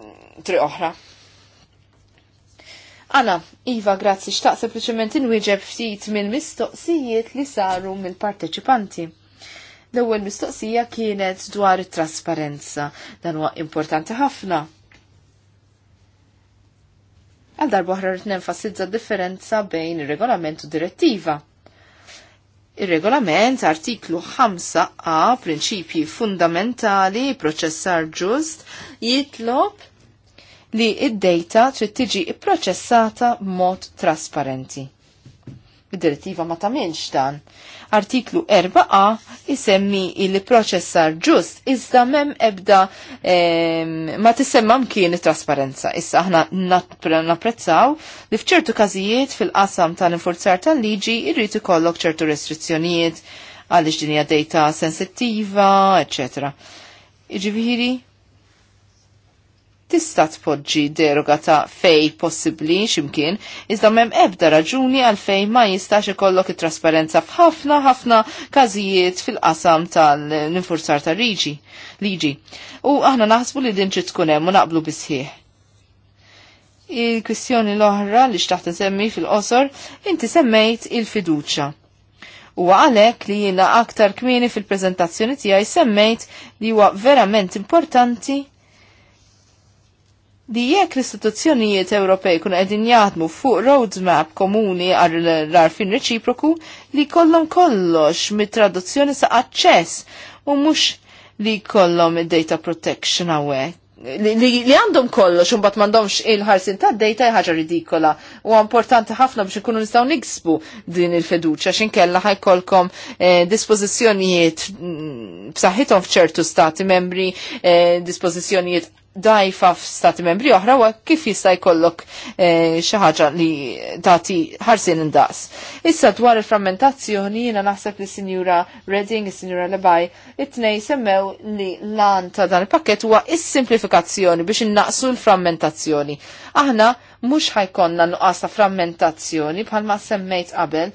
triq oħra. Anna, Iva, grazzi, xtaq sempliciment inwieġeb ftit mill-mistoqsijiet li saru mill-parteċipanti. L-ewwel mistoqsija kienet dwar it-trasparenza. Dan huwa importanti ħafna. Għal darba oħra rid nenfasizza differenza bejn ir-regolament u direttiva. Ir-regolament artiklu 5a prinċipji fundamentali proċessar ġust jitlob li id-data trid tiġi ipproċessata mod trasparenti. Id-direttiva ma tagħmilx dan. Artiklu 4a isemmi il-proċessar ġust iżda mem ebda ma ma tisemma mkien trasparenza. Issa aħna napprezzaw li f'ċertu każijiet fil-qasam tal-infurzar tal-liġi irrid ikollok ċertu restrizzjonijiet għaliex din hija data sensittiva, eccetera. Iġifieri, tista' tpoġġi deroga ta' fej possibbli ximkien, iżda m'hemm ebda raġuni għal fej ma jistax ikollok it-trasparenza f'ħafna ħafna każijiet fil-qasam tal-infurzar ta' riġi liġi. U aħna naħsbu li din tkun hemm u naqblu bisħieħ. Il-kwistjoni l-oħra li xtaħt nsemmi fil-qosor, inti semmejt il-fiduċa u għalek li jina aktar kmini fil-prezentazzjoni tijaj semmejt li huwa verament importanti Di jekk l-istituzzjonijiet Ewropej kun qegħdin jaħdmu fuq roadmap komuni għal l-arfin reċiproku li kollhom kollox mit-traduzzjoni sa' aċċess u mhux li kollhom id-data protection hawnhekk. Li, li, li għandhom kollox un bat mandomx il-ħarsin ta' data ħaġa ridikola u importanti ħafna biex ikunu nistaw niksbu din il feduċa xin kella ħajkolkom eh, dispozizjonijiet mm, b'saħħithom f'ċertu stati membri eh, dispozizjonijiet dajfa f'stati membri oħra wa kif jista' jkollok eh, xi ħaġa li tagħti ħarsin indaqs. Issa dwar il-frammentazzjoni jiena naħseb li sinjura Redding, sinjura Lebaj, it-tnej semmew li lan ta' dan il-pakket huwa is-simplifikazzjoni biex innaqsu l-frammentazzjoni. Aħna mhux ħajkonna nuqqas ta' frammentazzjoni bħalma semmejt qabel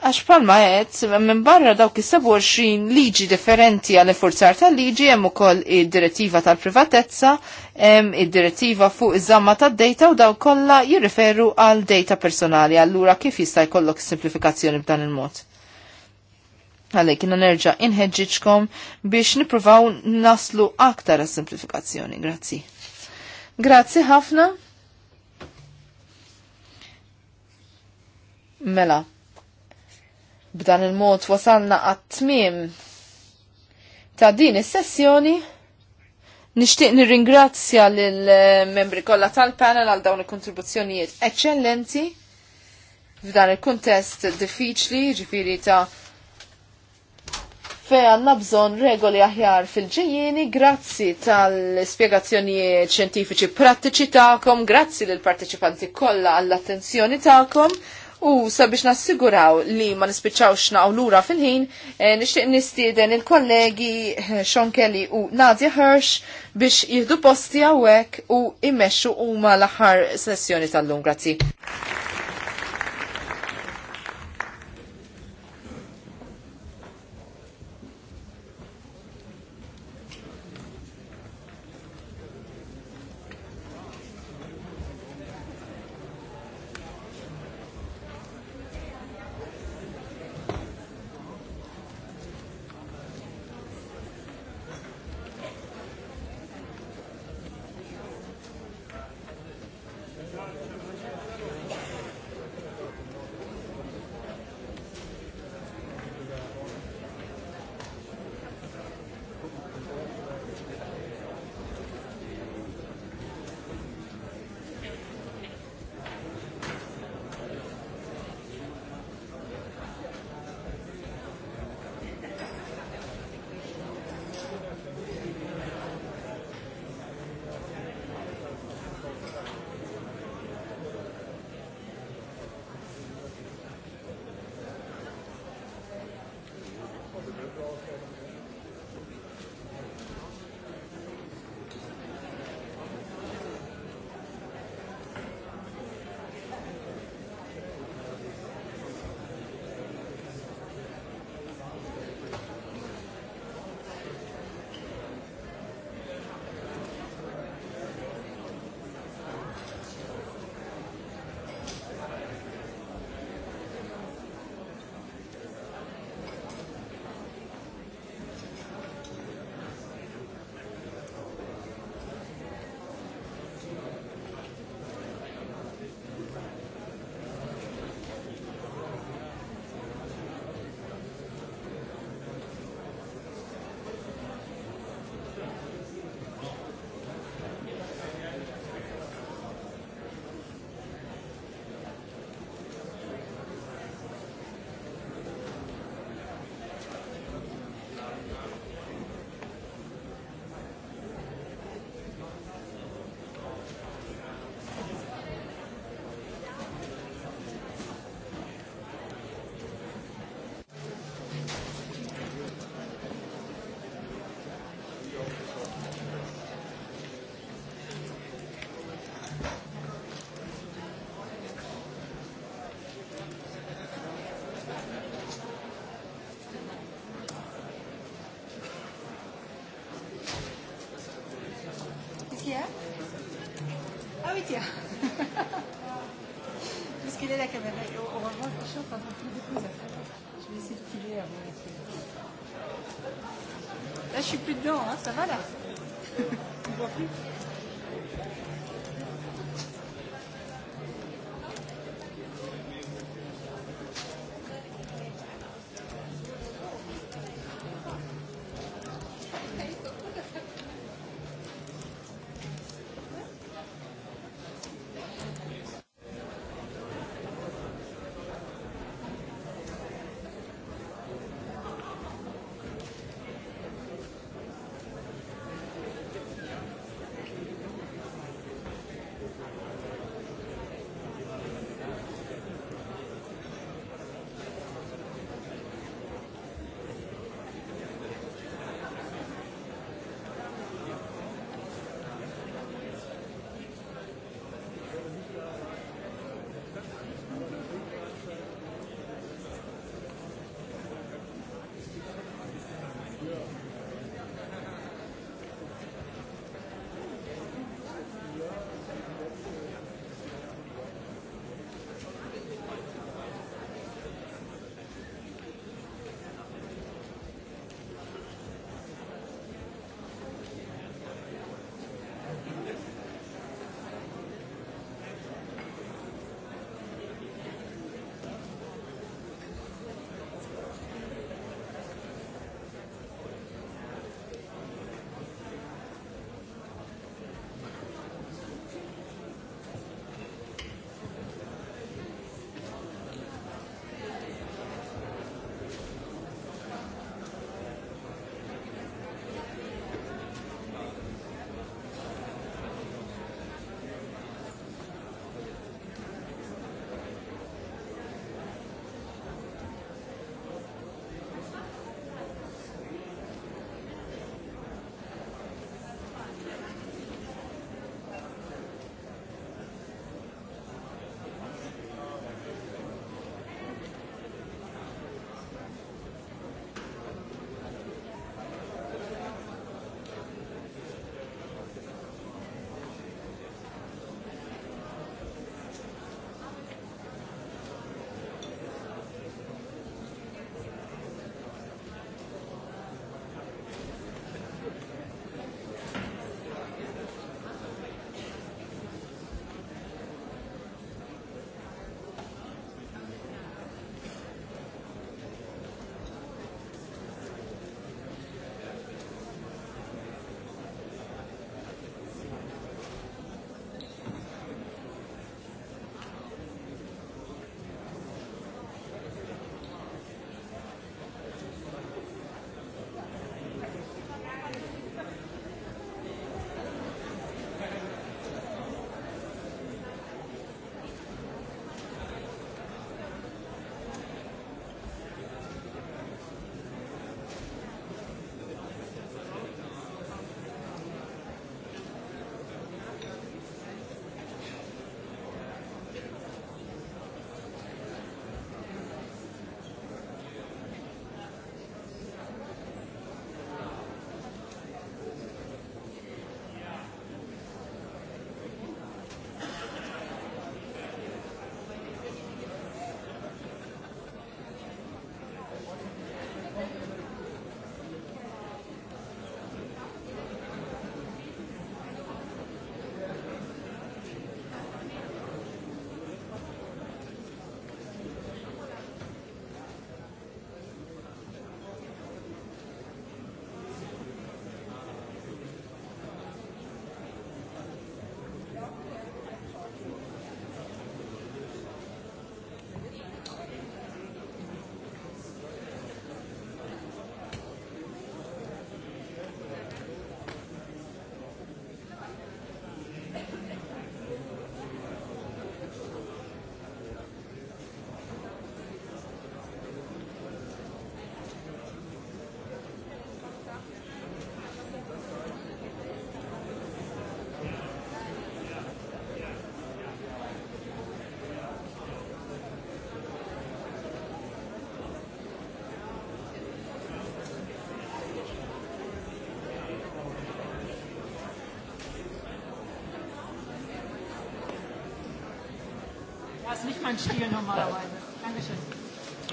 Għax palma għed, minn barra dawk is-27 liġi differenti għal forzar tal-liġi hemm ukoll id-direttiva tal-privatezza, id-direttiva fuq iż-żamma tad-data u daw kollha jirriferu għal data personali, allura kif jista' jkollok simplifikazzjoni b'dan il-mod. Għalhekk kienu nerġa' inħeġġiġkom biex nippruvaw naslu aktar għas-simplifikazzjoni. Grazzi. Grazzi ħafna. Mela, B'dan il-mod wasalna għat-tmim ta' din is-sessjoni. Nixtieq nirringrazzja lill eh, membri kollha tal-panel għal dawn il-kontribuzzjonijiet eċċellenti f'dan il-kuntest diffiċli, ġifiri ta' fej għanna bżon regoli aħjar fil-ġejjeni grazzi tal-spiegazzjonijiet xjentifiċi prattiċi ta'kom, grazzi l parteċipanti kollha għall-attenzjoni ta'kom. U sabiex nassiguraw li ma nispiċċawx naqlura fil-ħin, eh, nixtieq nistieden il-kollegi eh, Sean Kelly u Nadia Hirsch biex jihdu posti għawek u immexxu huma l-aħħar sessjoni tal-lum. Grazzi. Là, ah, je suis plus dedans, hein, ça va là Tu vois plus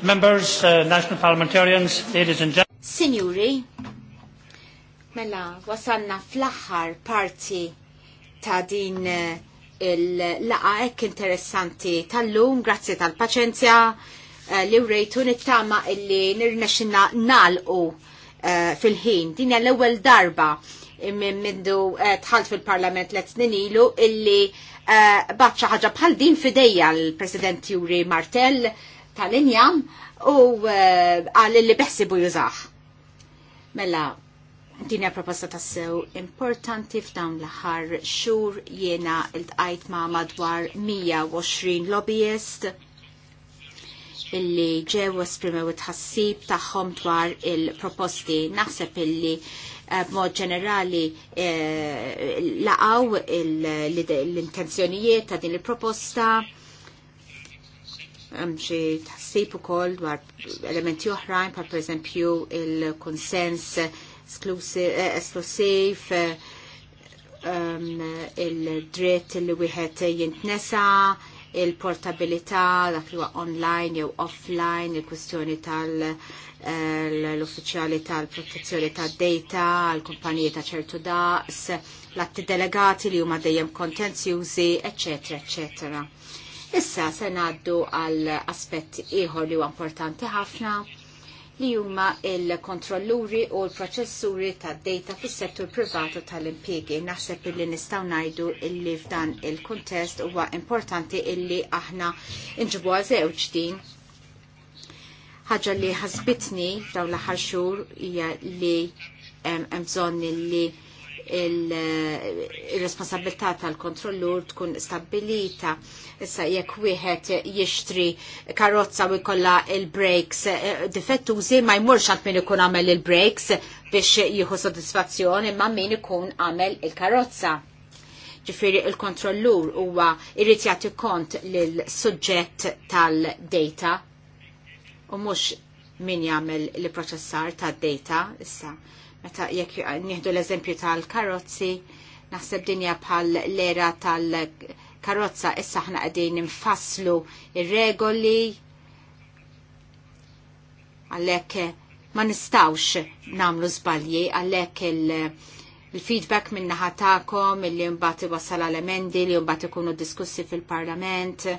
Members, uh, National Parliamentarians, ladies and gentlemen. Signori, mela wasanna fl-aħħar parti ta' din uh, il-laqa ek interessanti tal-lum, grazzi tal-paċenzja uh, li urejtu nittama illi nirnexinna nalqu uh, fil-ħin. Din l ewwel darba minn mindu tħalt fil-parlament let snin ilu illi Eh, baċċa ħaġa bħal din fidejja l-President Juri Martell tal-Injam u eh, għal li beħsibu jużax. Mela, hija proposta ta' sew importanti f'dawn l-ħar xur jiena il-tqajt ma' madwar 120 lobbyist illi ġew esprimew it-ħassib tagħhom dwar il-proposti. Naħseb illi eh, b'mod ġenerali l-laqgħu eh, l-intenzjonijiet ta' din il-proposta xi tħassib ukoll dwar elementi oħrajn par pereżempju il-konsens eh, esklusiv ehm, il-dritt li wieħed jintnesa' il-portabilità, dak li huwa online jew offline, il-kwestjoni tal-uffiċjali eh, tal-protezzjoni tad-data, l-kumpaniji ta' ċertu daqs, l-atti delegati li huma dejjem kontenzjużi, eċetera, eċetera. Issa se ngħaddu għal aspett ieħor li huwa importanti ħafna li huma il-kontrolluri u l-proċessuri tad data fis settur privatu tal impiegi Naħseb illi nistgħu ngħidu illi f'dan il-kuntest huwa importanti illi aħna nġibu żewġ din. Ħaġa li ħasbitni dawn l-aħħar xhur hija li hemm bżonn li il-responsabilità il responsabilità tal kontrollur tkun stabilita. Issa jekk wieħed jixtri karozza u jkollha il-brakes eh, difettużi ma jmurx għand min ikun għamel il-brakes biex jieħu sodisfazzjoni imma min ikun għamel il-karozza. Ġifieri il-kontrollur huwa jrid jagħti kont lil suġġett tal-data u mhux min jagħmel il-proċessar tad-data issa Meta jekk nieħdu l-eżempju tal-karozzi, naħseb dinja bħal l-era tal-karozza issa ħna qegħdin nfasslu ir-regoli għalhekk ma nistawx namlu żbalji għalhekk il- il-feedback minna ħatakom, il-li mbagħad iwassal għal emendi, li mbagħad ikunu diskussi fil-parlament,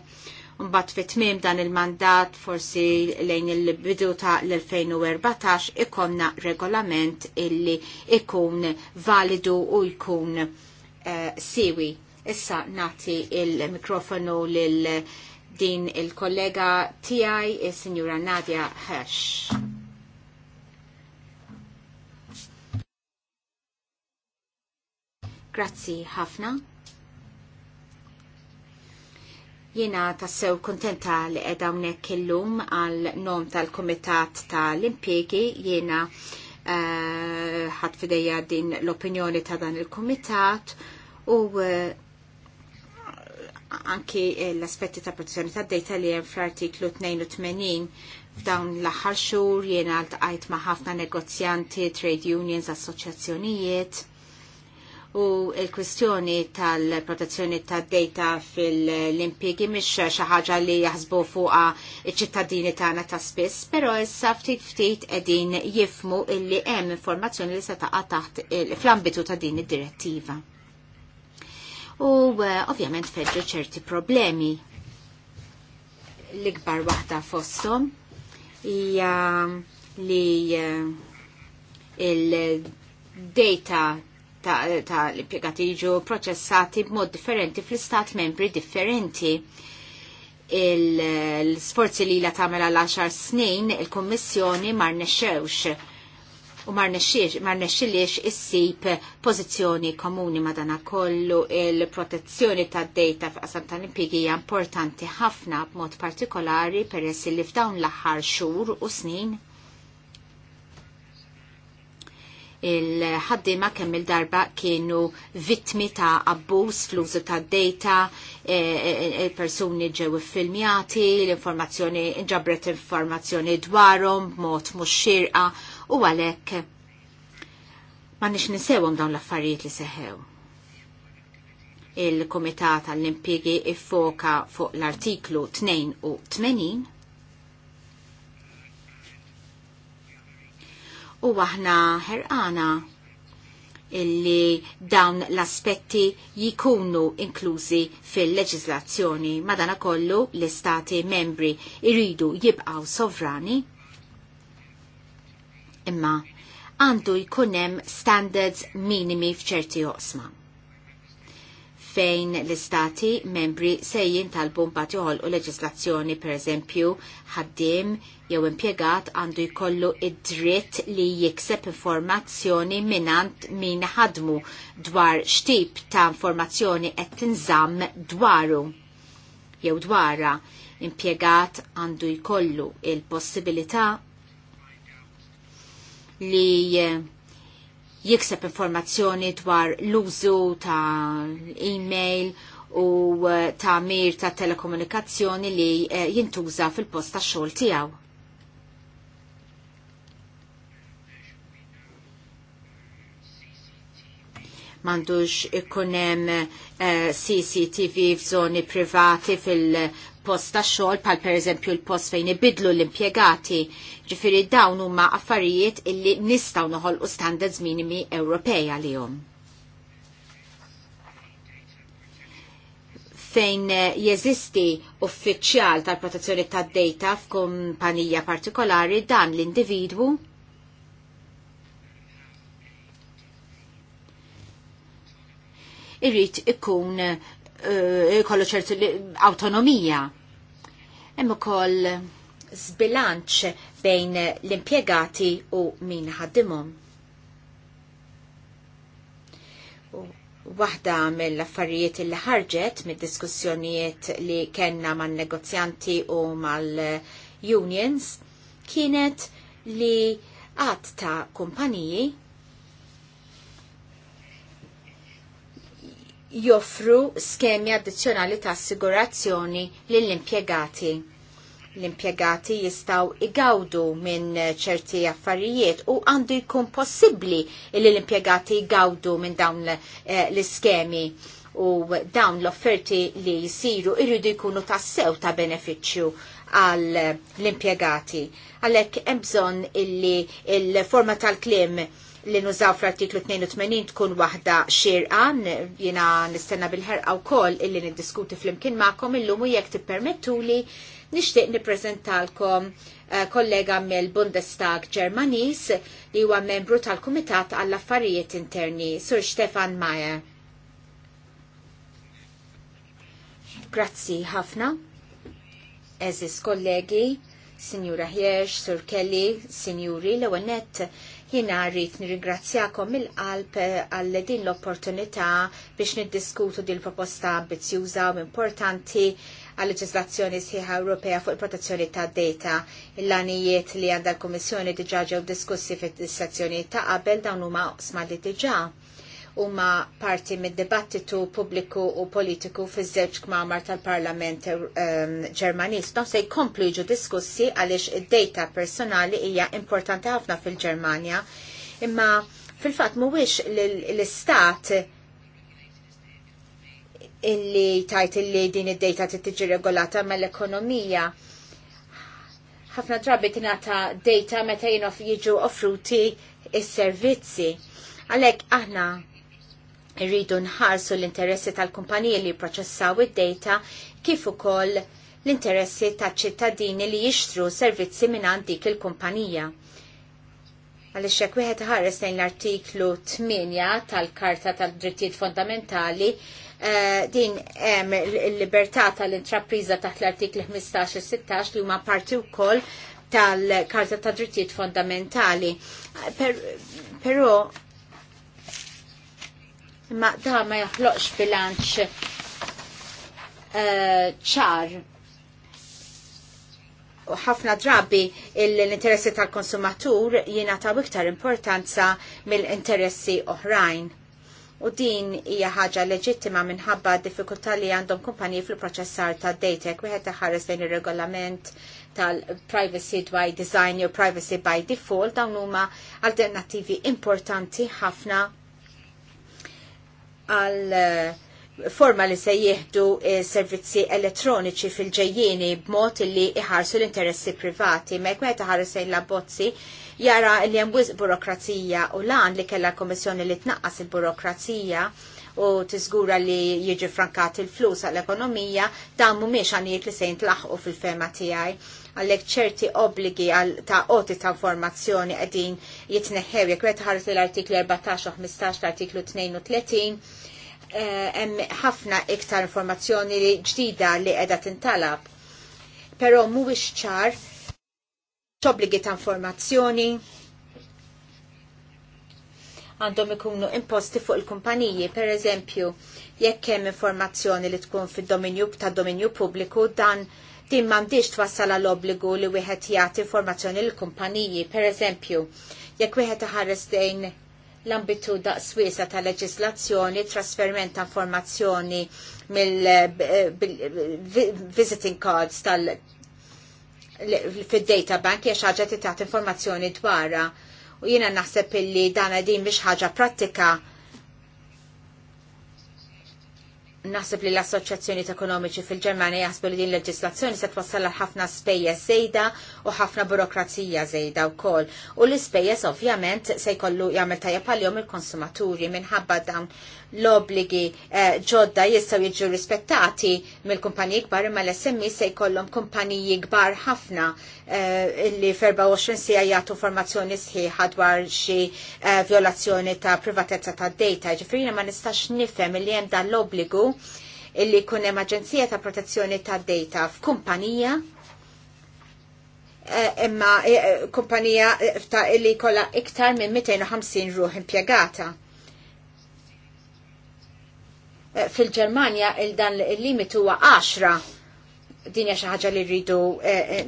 Mbagħad fit-tmiem dan il-mandat forsi lejn il-bidu ta' l-2014 ikonna regolament illi ikun validu u jkun uh, siwi. Issa nati il-mikrofonu lil din il-kollega tiegħi il sinjura Nadja Hersh. Grazzi ħafna. Jiena tassew kontenta li edha unnek illum għal nom tal-Komitat tal impiegi jiena eh, ħat uh, fideja din l-opinjoni ta' dan il-Komitat u uh, anki l-aspetti ta' protezzjoni ta' data li jem fl-artiklu 82 f'dawn l-aħħar jena jiena tqajt ma' ħafna negozjanti, trade unions, assoċjazzjonijiet u il-kwistjoni tal-protezzjoni tad-data fil impiegi mhix xi ħaġa li jaħsbu fuqha iċ-ċittadini tagħna ta' spiss, però issa ftit ftit qegħdin jifmu illi hemm informazzjoni li se taqa' taħt fl-ambitu ta' din id-direttiva. U eh, ovvjament feġġu ċerti problemi l-ikbar waħda fosthom hija li eh, il-data ta' l-impjegati jiġu proċessati b'mod differenti fl-istat membri differenti l-sforzi li la tamela l-10 snin il-Kommissjoni mar nexxewx u mar rnexxiliex issib pożizzjoni komuni madana kollu il-protezzjoni tad data f'qasam tal-impjegija importanti ħafna b'mod partikolari peress li f'dawn l-aħħar xhur u snin il-ħaddima kemm il-darba kienu vittmi ta' abbuż fl-użu ta' data, e, e, e, il-persuni ġew filmjati, l-informazzjoni ġabret informazzjoni dwarhom b'mod mhux xirqa u għalhekk ma nix nisewhom dawn l-affarijiet li seħew il kumitat għall-Impjegi iffoka fuq l-artiklu 82 u aħna ħerqana illi dawn l-aspetti jikunu inklużi fil-leġizlazzjoni madana kollu l-istati membri iridu jibqaw sovrani imma għandu jkunem standards minimi fċerti oqsma fejn l-istati membri se jintalbu mbagħad joħolqu leġislazzjoni pereżempju ħaddiem jew impjegat għandu jkollu id-dritt li jikseb informazzjoni minant min ħadmu dwar xtip ta' informazzjoni qed tinżamm dwaru jew dwara impjegat għandu jkollu il-possibilità li jikseb informazzjoni dwar l-użu ta' e-mail u eh, ta' mir ta' telekomunikazzjoni li eh, jintuża fil-post ta' xogħol tiegħu. Mandux ikunem uh, eh, CCTV f'żoni privati fil post ta' xogħol pal pereżempju l-post fejn ibidlu l-impjegati. ġifiri dawn huma affarijiet illi nistgħu noħolqu standards minimi Ewropej għalihom. fejn eh, jeżisti uffiċjal tal-protezzjoni tad dejta f'kumpanija partikolari dan l-individwu irrid ikun uh, eh, kollu ċertu autonomija Hemm ukoll zbilanċ bejn l-impjegati u min ħaddimhom. Waħda mill-affarijiet li ħarġet mid-diskussjonijiet li kellna man-negozjanti u mal-unions kienet li għad ta' kumpaniji joffru skemi addizzjonali ta' assigurazzjoni lill-impjegati. L-impjegati jistaw igawdu minn ċerti affarijiet u għandu jkun possibbli li l-impjegati igawdu minn dawn eh, l-iskemi u dawn l-offerti li jisiru irridu jkunu tassew ta' beneficju għal l-impiegati. Għalek emżon illi il-forma tal-klim li nużaw fl-artiklu 82 tkun waħda xirqa, jina nistenna bil-ħerqa u koll illi niddiskuti fl-imkien ma'kom illum u jek t-permettu li nishtiq niprezentalkom eh, kollega mill bundestag Ġermanis li huwa membru tal-Kumitat għall-Affarijiet Interni, Sur Stefan Mayer. Grazzi ħafna, eżis kollegi, Signora Hirsch, Sur Kelly, Signori, l Jina rrit nirringrazzjakom mill-qalb eh, għal din l-opportunità biex niddiskutu din proposta ambizjuża u importanti għal leġislazzjoni sħiħa Ewropea fuq il-protezzjoni ta' data. Il-lanijiet li għandha l kummissjoni diġa ġew diskussi fit-sezzjoni ta' qabel dawn huma sma li diġa huma parti mid-dibattitu pubbliku u politiku fiż-żewġ kmamar tal-Parlament ehm, Ġermaniż. Um, se jkomplu jiġu diskussi għaliex id-data personali hija importanti ħafna fil-Ġermanja, imma fil-fatt mhuwiex l-istat illi tajt illi din id-data tittiġi regolata l ekonomija ħafna drabi tinata data meta jinof jiġu offruti is-servizzi. Għalek aħna Irridu nħarsu l-interessi tal-kumpaniji li proċessaw id-data kif ukoll l-interessi taċ-ċittadini li jixtru servizzi minn dik il-kumpanija għalix hekk wieħed ħares lejn l-artiklu 8 tal-Karta tal-Drittijiet Fundamentali, eh, din hemm il-libertà tal-intrapriża taħt l-artiklu 15 16 li huma parti wkoll tal-Karta tad-Drittijiet Fundamentali. Per, però imma da ma jaħloqx bilanċ eh, ċar u ħafna drabi l-interessi tal-konsumatur jiena ta' iktar importanza mill-interessi oħrajn. U din hija ħaġa leġittima minħabba d diffikultà li għandhom kumpaniji fil-proċessar ta' datek wieħed ħares lejn ir-regolament tal-privacy by design jew privacy by default dawn huma alternattivi importanti ħafna għal eh, forma li se jieħdu eh, servizzi elettroniċi fil ġejjini b'mod li iħarsu l-interessi privati. Mek meta ħarsejn la bozzi jara li hemm wisq burokrazija u lan li kellha l-Kommissjoni li tnaqqas il-burokrazija u tiżgura li jiġi frankat il-flus għall-ekonomija dan mhumiex għanijiet li se jintlaħqu fil-fema tiegħi għallek ċerti obbligi ta' oti ta' informazzjoni għedin jitneħħew, jek ħares l-artiklu 14 u 15 l-artiklu 32, hemm ħafna iktar informazzjoni li ġdida li qiegħda tintalab. Però mhuwiex ċar x'obbligi ta' informazzjoni għandhom ikunu imposti fuq il-kumpaniji, per eżempju, jekk hemm informazzjoni li tkun fid-dominju ta' dominju pubbliku dan Din m'għandix twassal l obbligu li wieħed jagħti informazzjoni lill kumpaniji pereżempju, jekk wieħed iħares dejn l-ambitu daqswiesa ta' leġislazzjoni, trasferiment ta' informazzjoni mill-visiting cards tal- fil-data bank jiex ħaġa ti taħt informazzjoni dwarha u jiena naħseb illi dan din biex ħaġa prattika Naħseb li l-assoċjazzjoni ekonomiċi fil-Ġermanja jasbu li din leġislazzjoni se twassal ħafna spejja sejda u ħafna burokrazija żejda wkoll. U l-ispejjeż ovvjament se jkollu jagħmel tajja għalihom il-konsumaturi minħabba dawn l-obligi eh, ġodda jistgħu jiġu rispettati mill-kumpaniji kbar imma l-SMI se jkollhom kumpaniji kbar ħafna eh, li f-24 sija jagħtu formazzjoni sħiħa dwar xi eh, violazzjoni ta' privatezza ta' data. Ġifieri ma nistax nifhem li hemm dan l-obbligu illi kunem aġenzija ta' protezzjoni ta' data f'kumpanija Eh, imma eh, kumpanija eh, ta' illi kolla iktar minn 250 ruħ impjegata. Fil-Ġermanja il-dan il-limit huwa 10 dinja xi ħaġa li rridu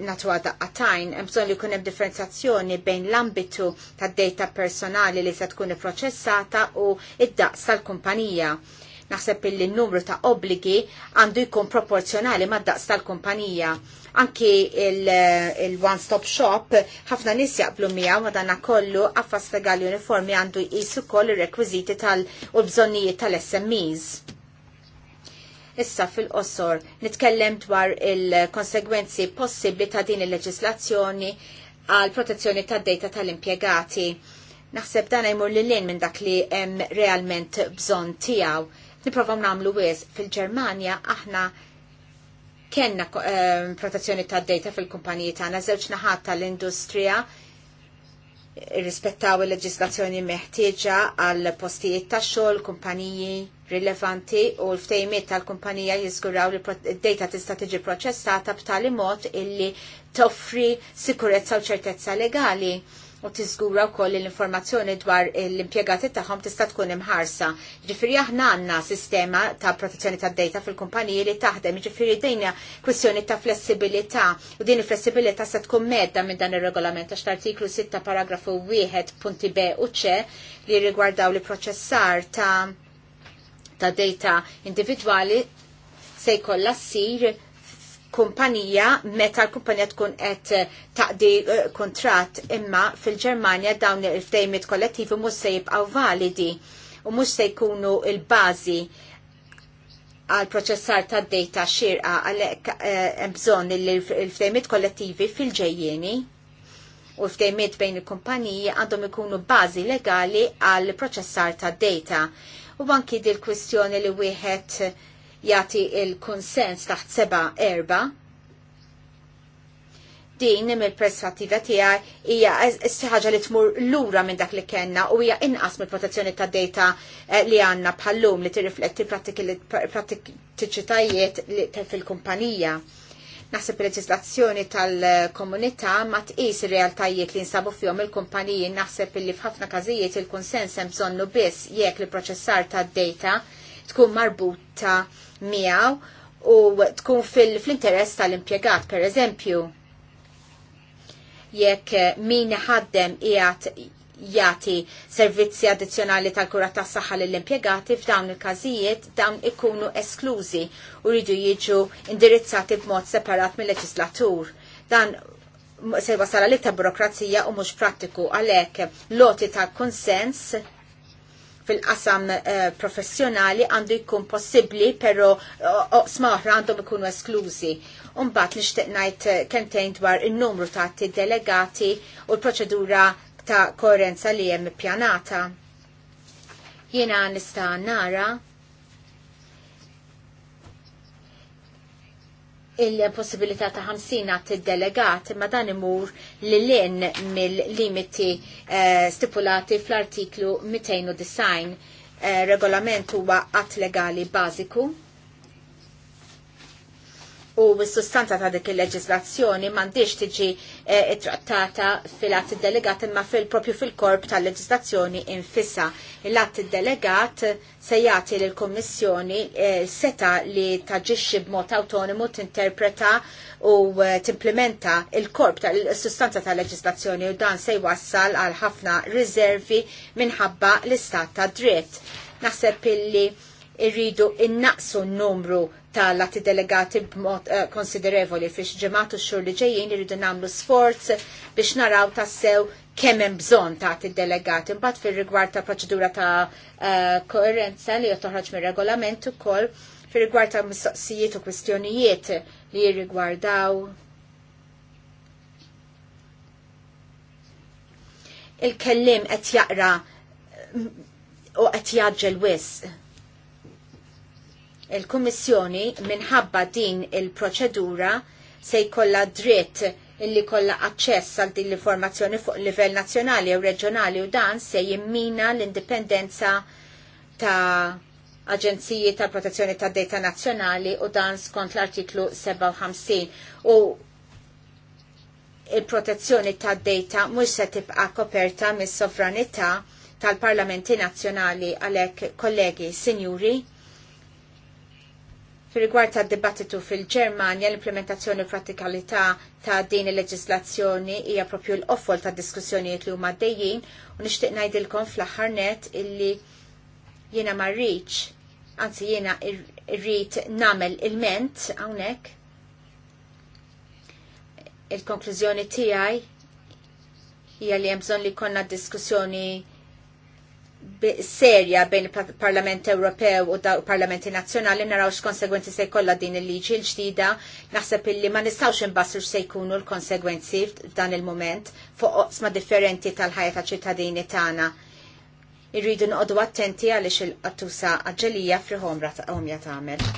natu daqqatajn, hemm bżonn li jkun hemm differenzjazzjoni bejn l-ambitu tad-data personali li se tkun ipproċessata u id-daqs tal-kumpanija. Naħseb il n-numru ta' obbligi għandu jkun proporzjonali mad daqs tal-kumpanija. Anki il-one-stop il shop, ħafna nis jaqblu mija madana kollu għaffas legali uniformi għandu jisu koll il-rekwiziti tal-u bżonnijiet tal-SMEs. Issa fil-qosor, nitkellem dwar il-konsegwenzi possibli ta' din il-leġislazzjoni għal protezzjoni ta' data tal-impiegati. Naħseb dan jmur li lin minn dak li hemm realment bżonn tiegħu. Nipprovaw nagħmlu wis fil-Ġermanja aħna kenna ehm, protezzjoni ta' data fil-kumpaniji tagħna żewġ naħat tal-industrija rispettaw il-leġislazzjoni meħtieġa għal postijiet ta' xogħol, kumpaniji rilevanti u l-ftejmiet tal-kumpanija jiżguraw li d-data tista' tiġi proċessata b'tali mod illi toffri sikurezza u ċertezza legali u tiżgura wkoll l-informazzjoni dwar l-impjegati tagħhom tista' tkun imħarsa. Ġifieri aħna għandna sistema ta' protezzjoni tad-dejta fil-kumpaniji li taħdem, ġifieri dejna kwestjoni ta' flessibilità u din il-flessibilità se tkun medda minn dan ir-regolament għax l-artiklu 6 paragrafu 1 punti B u C li rigwardaw li proċessar ta' ta' data individwali se jkollha ssir kumpanija meta l-kumpanija tkun qed taqdi eh, kontrat imma fil-Ġermanja dawn il fdejmit kollettivi mhux se jibqgħu validi u mhux se jkunu l-bażi għal proċessar ta' data xirqa għalhekk eh, hemm bżonn li l kollettivi fil-ġejjieni u l-ftejmiet bejn il-kumpaniji għandhom ikunu bażi legali għal proċessar ta' data. U anki dil-kwistjoni li wieħed jati il-konsens taħt seba erba din mill perspettiva tiegħi hija ħaġa li tmur lura minn dak li kellna u hija inqas mill-protezzjoni tad data eh, li għandna bħallum li tirrifletti prattiċitajiet fil-kumpanija. Naħseb il-leġislazzjoni tal-komunità ma tqis ir-realtajiet li nsabu fihom il-kumpaniji naħseb li f'ħafna każijiet il-kunsens hemm bżonnu biss jekk li proċessar tad-data tkun marbuta miegħu u tkun fil-interess tal-impjegat per eżempju. Jekk eh, min ħaddem qiegħed jagħti servizzi addizzjonali tal-kura tas-saħħa lill-impjegati f'dawn il-każijiet dawn ikunu esklużi u rridu jiġu indirizzati b'mod separat mill-leġislatur. Dan se wasal l ta' burokrazija u mhux prattiku għalhekk loti ta' konsens fil-qasam eh, professjonali għandu jkun possibbli, pero eh, smaħ oħra għandhom ikunu esklużi. Umbat nixtieq ngħid eh, kentejn dwar in-numru ta' delegati u l-proċedura ta' koerenza li hemm ippjanata. Jiena nista' nara il-possibilità ta' 50 għat delegat ma dan imur li l-in mill-limiti eh, stipulati fl-artiklu 209 eh, regolament huwa għat legali bażiku u s-sustanza ta' dik il-leġislazzjoni m'għandix tiġi eh, trattata fil-att delegat imma fil-propju fil-korp tal-leġislazzjoni infissa. L-att delegat se jagħti l kummissjoni eh, seta li taġixxi b'mod autonomu tinterpreta u eh, timplementa il-korp tal-sustanza tal-leġislazzjoni u dan se jwassal għal ħafna riservi minħabba l-istat ta' dritt. Naħseb illi irridu innaqsu n-numru tal-lati delegati b'mod uh, konsiderevoli fiex ġematu xur li ġejjin irridu namlu sforz biex naraw tassew kemm hemm bżonn ta' delegati Mbagħad fir-rigward ta' proċedura ta' uh, koerenza li toħroġ mir-regolament ukoll fir-rigward ta' mistoqsijiet u kwistjonijiet li jirrigwardaw il-kellim qed jaqra mm, u qed jaġġel wisq Il-Kummissjoni minħabba din il-proċedura se jkollha dritt illi kollha aċċess għal din l-informazzjoni fuq livell nazzjonali u reġjonali u dan se jimmina l-indipendenza ta' aġenziji tal protezzjoni ta' data nazzjonali u dan skont l-artiklu 57 u il-protezzjoni ta' data mhux se tibqa' koperta mis-sovranità tal-parlamenti nazzjonali għalhekk kollegi, sinjuri, Fil-rigward ta' dibattitu fil-Ġermanja, l-implementazzjoni pratikalità ta' din il-leġislazzjoni hija propju l-offol ta' diskussjonijiet li huma dejjin u nixtieq ngħidilkom fl-aħħar net illi jiena ma rridx, anzi jiena rrid nagħmel il-ment hawnhekk. Il-konklużjoni tiegħi hija li hemm bżonn li konna diskussjoni serja bejn il-Parlament Ewropew u daw parlamenti nazzjonali naraw x-konsegwenzi se jkollha din il-liġi l-ġdida naħseb illi ma nistawx imbassru se jkunu l-konsegwenzi f'dan il-moment fuq oqsma differenti tal-ħajja ta' ċittadini tagħna. Irridu noqogħdu attenti għaliex il-qattusa aġġelija friħom omja tagħmel.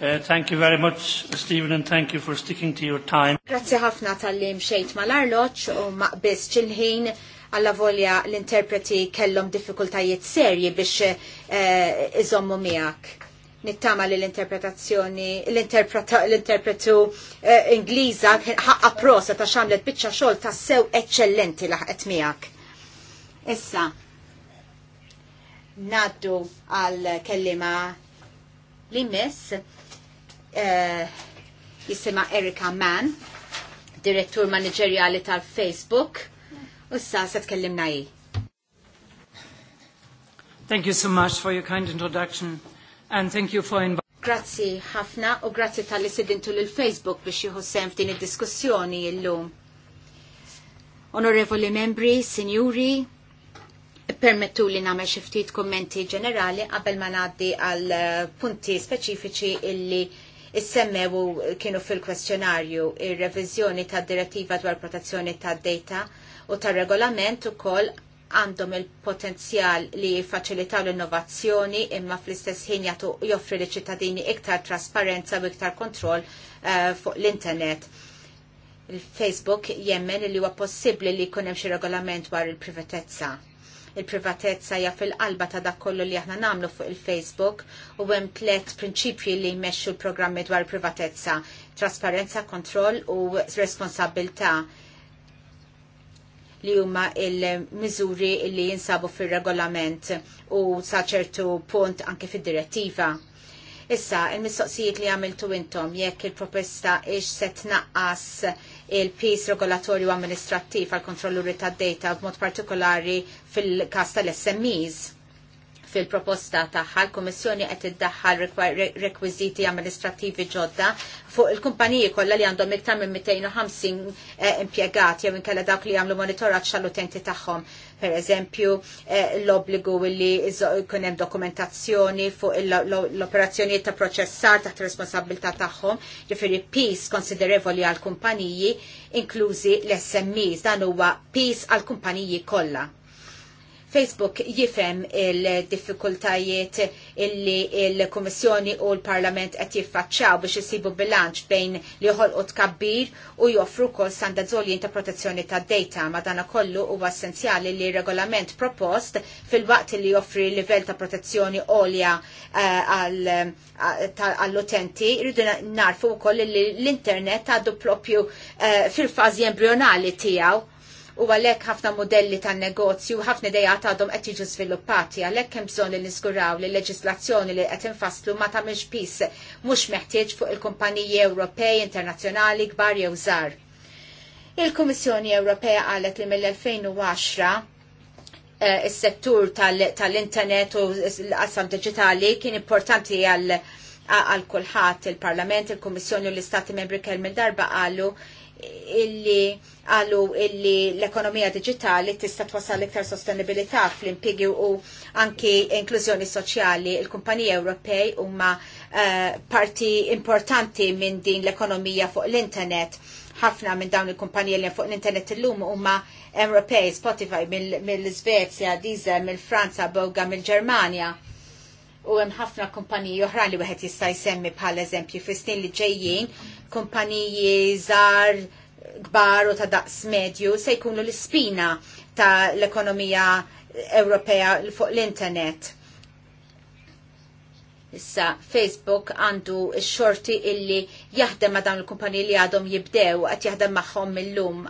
Uh, thank you very much, Stephen, and thank you for sticking to your time. Grazzi ħafna tal-lim xejt mal-arloċ u maqbis ċilħin. Alla volja l-interpreti kellhom diffikultajiet serji biex eh, iżommu miegħek. Nittama li l-interpretazzjoni, l-interpretu eh, Ingliża ħaqqa prosa ta' xamlet biċċa xogħol ta' sew eċċellenti laħqet miegħek. Issa, naddu għal kellima li miss eh, jisima Erika Mann, direttur manageriali tal-Facebook Ussa se tkellimna i. Thank you so much for your kind introduction and thank you for inviting Grazzi ħafna u grazzi tal-li sidintu l-Facebook biex jieħu sem f'din id-diskussjoni illum. Onorevoli membri, sinjuri, permettu li namel xiftit kommenti ġenerali qabel ma naddi għal eh, punti speċifiċi illi issemmew kienu fil-kwestjonarju ir revizjoni tad direttiva dwar protezzjoni tad data u tar-regolament ukoll għandhom il-potenzjal li faċilitaw l-innovazzjoni imma fl-istess ħin joffri li ċittadini iktar trasparenza u iktar kontroll uh, fuq l-internet. Il-Facebook jemmen li huwa possibbli li jkun hemm xi regolament dwar il-privatezza il-privatezza hija fil-qalba ta' dak kollu li aħna nagħmlu fuq il-Facebook u hemm tliet prinċipji li jmexxu l-programmi dwar il privatezza, trasparenza, kontroll u responsabilità li huma il-miżuri li jinsabu fil-regolament u saċertu punt anke fil-direttiva. Issa, il-mistoqsijiet li għamiltu intom jekk il-proposta ix se tnaqqas il-pis regolatorju amministrattiv għal kontrolluri tad data b'mod partikolari fil-kas tal-SMEs fil-proposta tagħha l-Kummissjoni qed iddaħħal rekwiżiti amministrattivi ġodda fuq il-kumpaniji kollha li għandhom iktar minn 250 eh, impjegati jew inkella dawk li jagħmlu monitoraġġ tal-utenti tagħhom. Per eżempju, eh, l-obbligu li jkun hemm dokumentazzjoni fuq l-operazzjonijiet ta' proċessar taħt responsabilità tagħhom, ġifieri peace konsiderevoli għall kumpaniji inklużi l-SMEs, dan huwa peace għall kumpaniji kollha Facebook jifem il-diffikultajiet illi il komissjoni u l-Parlament qed jiffaċċaw biex isibu bilanċ bejn li u tkabbir u joffru kol standardzolji ta' protezzjoni ta' data ma dana kollu u essenzjali li regolament propost fil-waqt li joffri livell ta' protezzjoni olja eh, eh, għall-utenti rridu narfu u koll li l-internet għaddu propju eh, fil-fazi embrionali tijaw u għalhekk ħafna modelli tan negozju u ħafna ta' għadhom qed jiġu sviluppati għalhekk hemm bżonn li niżguraw li l-leġislazzjoni li qed infasslu ma tagħmilx pis mhux meħtieġ fuq il-kumpaniji Ewropej, internazzjonali, kbar jew żgħar. Il-Kummissjoni Ewropea qalet li mill-2010 eh, il settur tal-internet u l-qassam digitali kien importanti għal kulħadd il-Parlament, il-Kummissjoni u l-Istati Membri kell darba qalu illi għallu illi l-ekonomija digitali tista' twassal iktar sostenibilità fl-impjegi u anki inklużjoni soċjali. Il-kumpaniji Ewropej huma eh, parti importanti minn din l-ekonomija fuq l-internet. Ħafna minn dawn il-kumpaniji li fuq l-internet illum huma Ewropej, Spotify mill-Svezja, mill Diesel, mill-Franza, Boga, mill-Ġermanja. mill franza boga mill ġermanja mill ġermanja u hemm ħafna kumpaniji oħra li wieħed jista' jsemmi bħal eżempju fis-snin li ġejjin kumpaniji żgħar kbar u ta' daqs medju se jkunu l-ispina ta' l-ekonomija Ewropea fuq l-internet. Issa, Facebook għandu x-xorti illi jaħdem ma' dawn il-kumpaniji li għadhom jibdew, qed jaħdem magħhom mill-lum.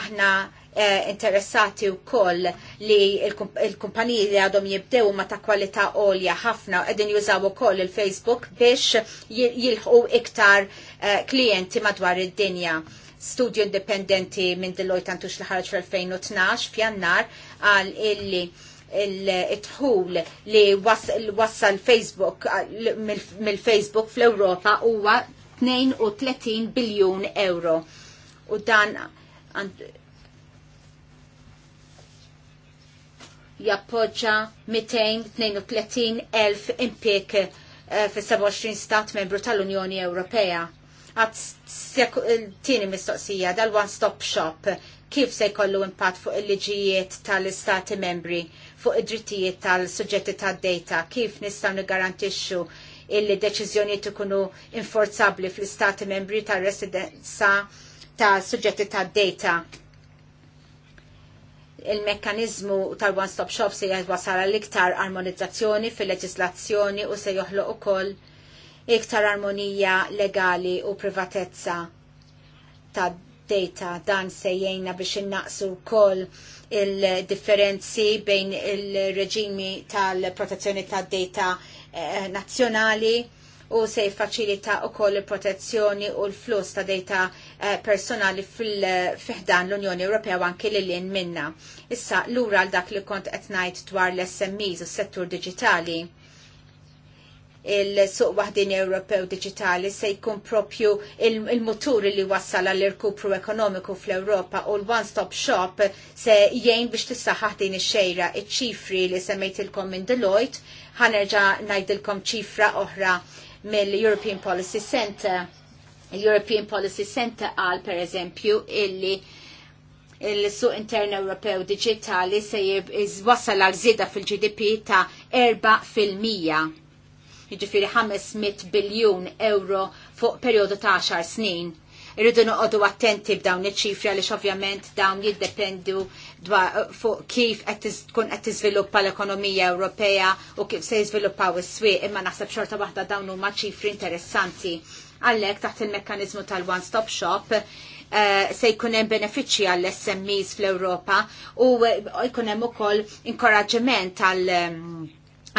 Aħna eh, interessati u koll li il-kumpaniji li għadhom jibdew ma ta' kwalità olja ħafna edin jużaw u koll il-Facebook biex jilħu iktar eh, klienti madwar id-dinja. Studju indipendenti minn Deloitte għantux li ħarġ fl-2012 f'jannar għal illi il-tħul li wassal Facebook mill-Facebook fl-Europa huwa 32 biljun euro. U dan jappoġġa 232 elf impik fis 27 stat membru tal-Unjoni Ewropea. Għad eh, tieni mistoqsija dal-one stop shop kif se jkollu impatt fuq il-liġijiet tal-istati membri fuq id-drittijiet tal-suġġetti tad-data, kif nistgħu nigarantixxu illi deċiżjonijiet ikunu inforzabbli fl-istati membri tal-residenza tal-suġġetti tad-data il-mekkanizmu tal-one stop shop se jgħadwasal l-iktar armonizzazzjoni fil-leġislazzjoni u se joħloq ukoll iktar armonija legali u privatezza ta' data dan se jgħinna biex innaqsu wkoll il-differenzi bejn il-reġimi tal-protezzjoni tad data eh, nazzjonali u se jiffaċilita wkoll il-protezzjoni u l-flus ta' dejta eh, personali fil-fiħdan l-Unjoni Ewropea u anki l lin minna. Issa lura għal dak li kont qed ngħid dwar l-SMEs u s-settur digitali il-suq waħdin Ewropew diġitali se jkun propju il mutur il li wassala l irkupru ekonomiku fl-Ewropa u l-one-stop shop se jgħin biex tissaħħaħ din ix-xejra iċ-ċifri li semmejtilkom minn Deloitte ħanerġa' ngħidilkom ċifra oħra mill-European Policy Center. Il-European Policy Center għal per eżempju illi il-suq intern Ewropew digitali se jizwassal għal zida fil-GDP ta' 4%. fil-100. Jiġifieri 500 biljun euro fuq perjodu ta' 10 snin. Irridu noqogħdu attenti b'dawn iċ-ċifri għaliex ovvjament dawn jiddependu uh, fuq kif qed tkun qed tiżviluppa l-ekonomija Ewropea u kif se jiżviluppaw is-swieq imma naħseb xorta waħda dawn huma ċifri interessanti. Għallek taħt il-mekkanizmu tal-one-stop shop Uh, se jkun hemm benefiċċji għall smes fl-Ewropa u uh, jkun hemm ukoll inkoraġġiment għal um,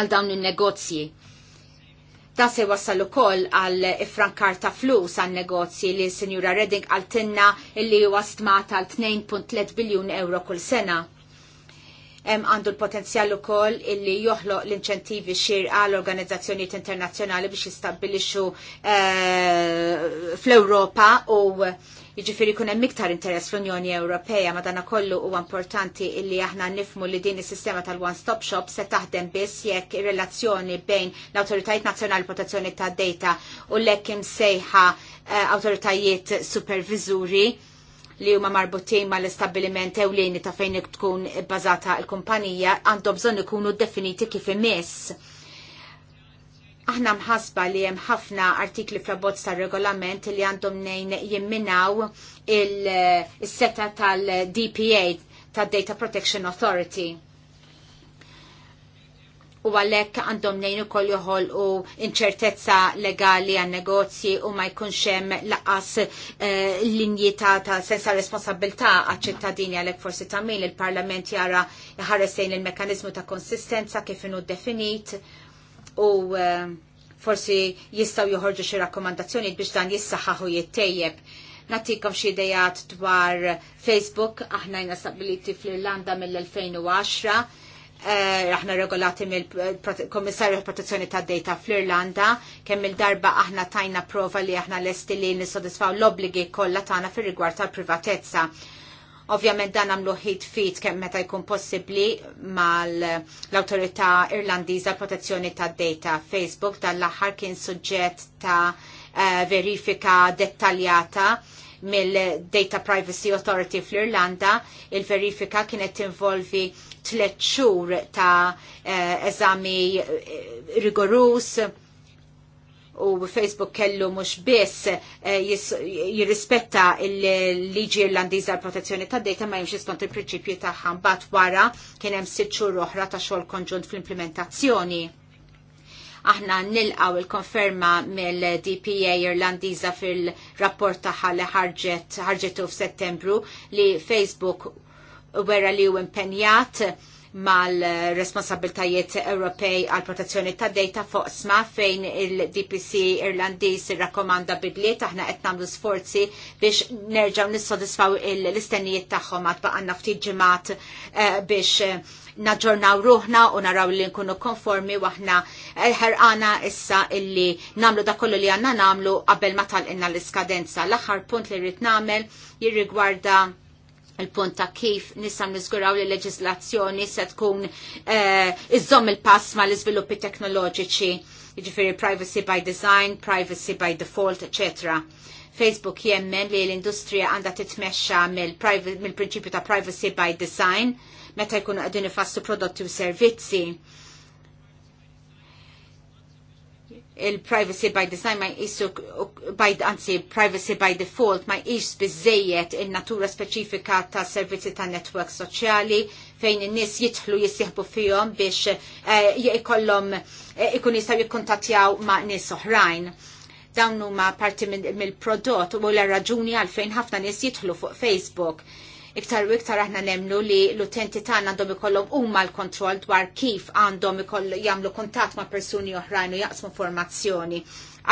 dawn in-negozji. Da se wassal ukoll għal ifrankar ta' flus għal negozji li Sinjura Redding għaltinna illi huwa stmat għal 2.3 biljun euro kull sena. Hemm għandu l-potenzjal ukoll illi joħloq l-inċentivi xir għal organizzazzjonijiet internazzjonali biex jistabbilixxu uh, fl-Ewropa u Jiġifieri jkun hemm iktar interess fl-Unjoni Ewropea madana kollu huwa importanti illi aħna nifmu li din is-sistema tal-one-stop shop se taħdem biss jekk ir-relazzjoni bejn l-Awtoritajiet Nazzjonali Protezzjoni tad-Data u l-ekk imsejħa eh, awtoritajiet superviżuri li huma marbutin mal istabbiliment ewlieni ta' fejn tkun bbażata l-kumpanija għandhom bżonn ikunu definiti kif imiss Aħna mħasba li hemm ħafna artikli fl-abbozz tar-regolament li għandhom nejn jimminaw il-seta tal-DPA tad-Data Protection Authority. U għalhekk għandhom nejn ukoll joħolqu inċertezza legali għan negozji u ma jkunx hemm laqas eh, linji ta', sensa responsabilità għaċ-ċittadini għalhekk forsi tamil il-Parlament jara ħaresejn il mekanizmu ta' konsistenza kif inhu definit u eh, forsi jistaw joħorġu xi rakkomandazzjoni biex dan jissaħħaħu jittejjeb. Natikom xi idejat dwar Facebook, aħna jna stabiliti fl-Irlanda mill-2010, eh, aħna regolati mill-Komissarju Protezzjoni ta' Data fl-Irlanda, kemm il-darba aħna tajna prova li aħna lesti li nissodisfaw l-obligi kollha tagħna fir-rigward tal-privatezza. Ovvjament dan għamlu ħid fit kemm meta jkun possibbli mal-Awtorità Irlandiża protezzjoni tad-data. Facebook dan l-aħħar kien suġġett ta' eh, verifika dettaljata mill-Data Privacy Authority fl-Irlanda. Il-verifika kienet involvi tliet xhur ta' eh, eżami rigorus u Facebook kellu mhux biss eh, jirrispetta il-liġi irlandiża għal protezzjoni tad data ma jimxi skont il-prinċipju tagħha mbagħad wara kien hemm sitt oħra ta' xogħol konġunt fl-implementazzjoni. Aħna nilqaw il-konferma mill-DPA Irlandiża fil-rapport tagħha li ħarġetu f'Settembru li Facebook wera li u impenjat mal-responsabiltajiet Ewropej għal protezzjoni ta' data fuq sma fejn il-DPC Irlandiż irrakkomanda bidliet aħna qed nagħmlu sforzi biex nerġgħu nissodisfaw l-istennijiet tagħhom għad baqgħna ftit ġimgħat eh, biex eh, naġġornaw ruħna u naraw li nkunu konformi waħna eh, ħerqana issa illi namlu da kollu li għanna namlu qabel ma tal-inna l-iskadenza. L-aħħar punt li rrid nagħmel jirrigwarda il-punt ta' kif nissan nizguraw li leġislazzjoni se tkun eh, iżżomm il-pass ma' l-iżviluppi teknoloġiċi, ġifiri privacy by design, privacy by default, etc. Facebook jemmen li l-industrija għandha titmexxa mill-prinċipju ta' privacy by design meta jkunu qegħdin ifassu prodotti u servizzi il-privacy by design ma jqisu by anzi privacy by default ma jqis biżejjed in-natura speċifika ta' servizzi ta' network soċjali fejn in-nies jidħlu jissieħbu fihom biex eh, jkollhom eh, ikun jistgħu jikkuntattjaw ma' nies oħrajn dawn huma parti mill-prodott u l-raġuni għalfejn ħafna nies jidħlu fuq Facebook iktar u iktar aħna nemlu li l-utenti tagħna għandhom ikollhom huma l-kontroll dwar kif għandhom ikoll jagħmlu kuntatt ma' persuni oħrajn u jaqsmu informazzjoni.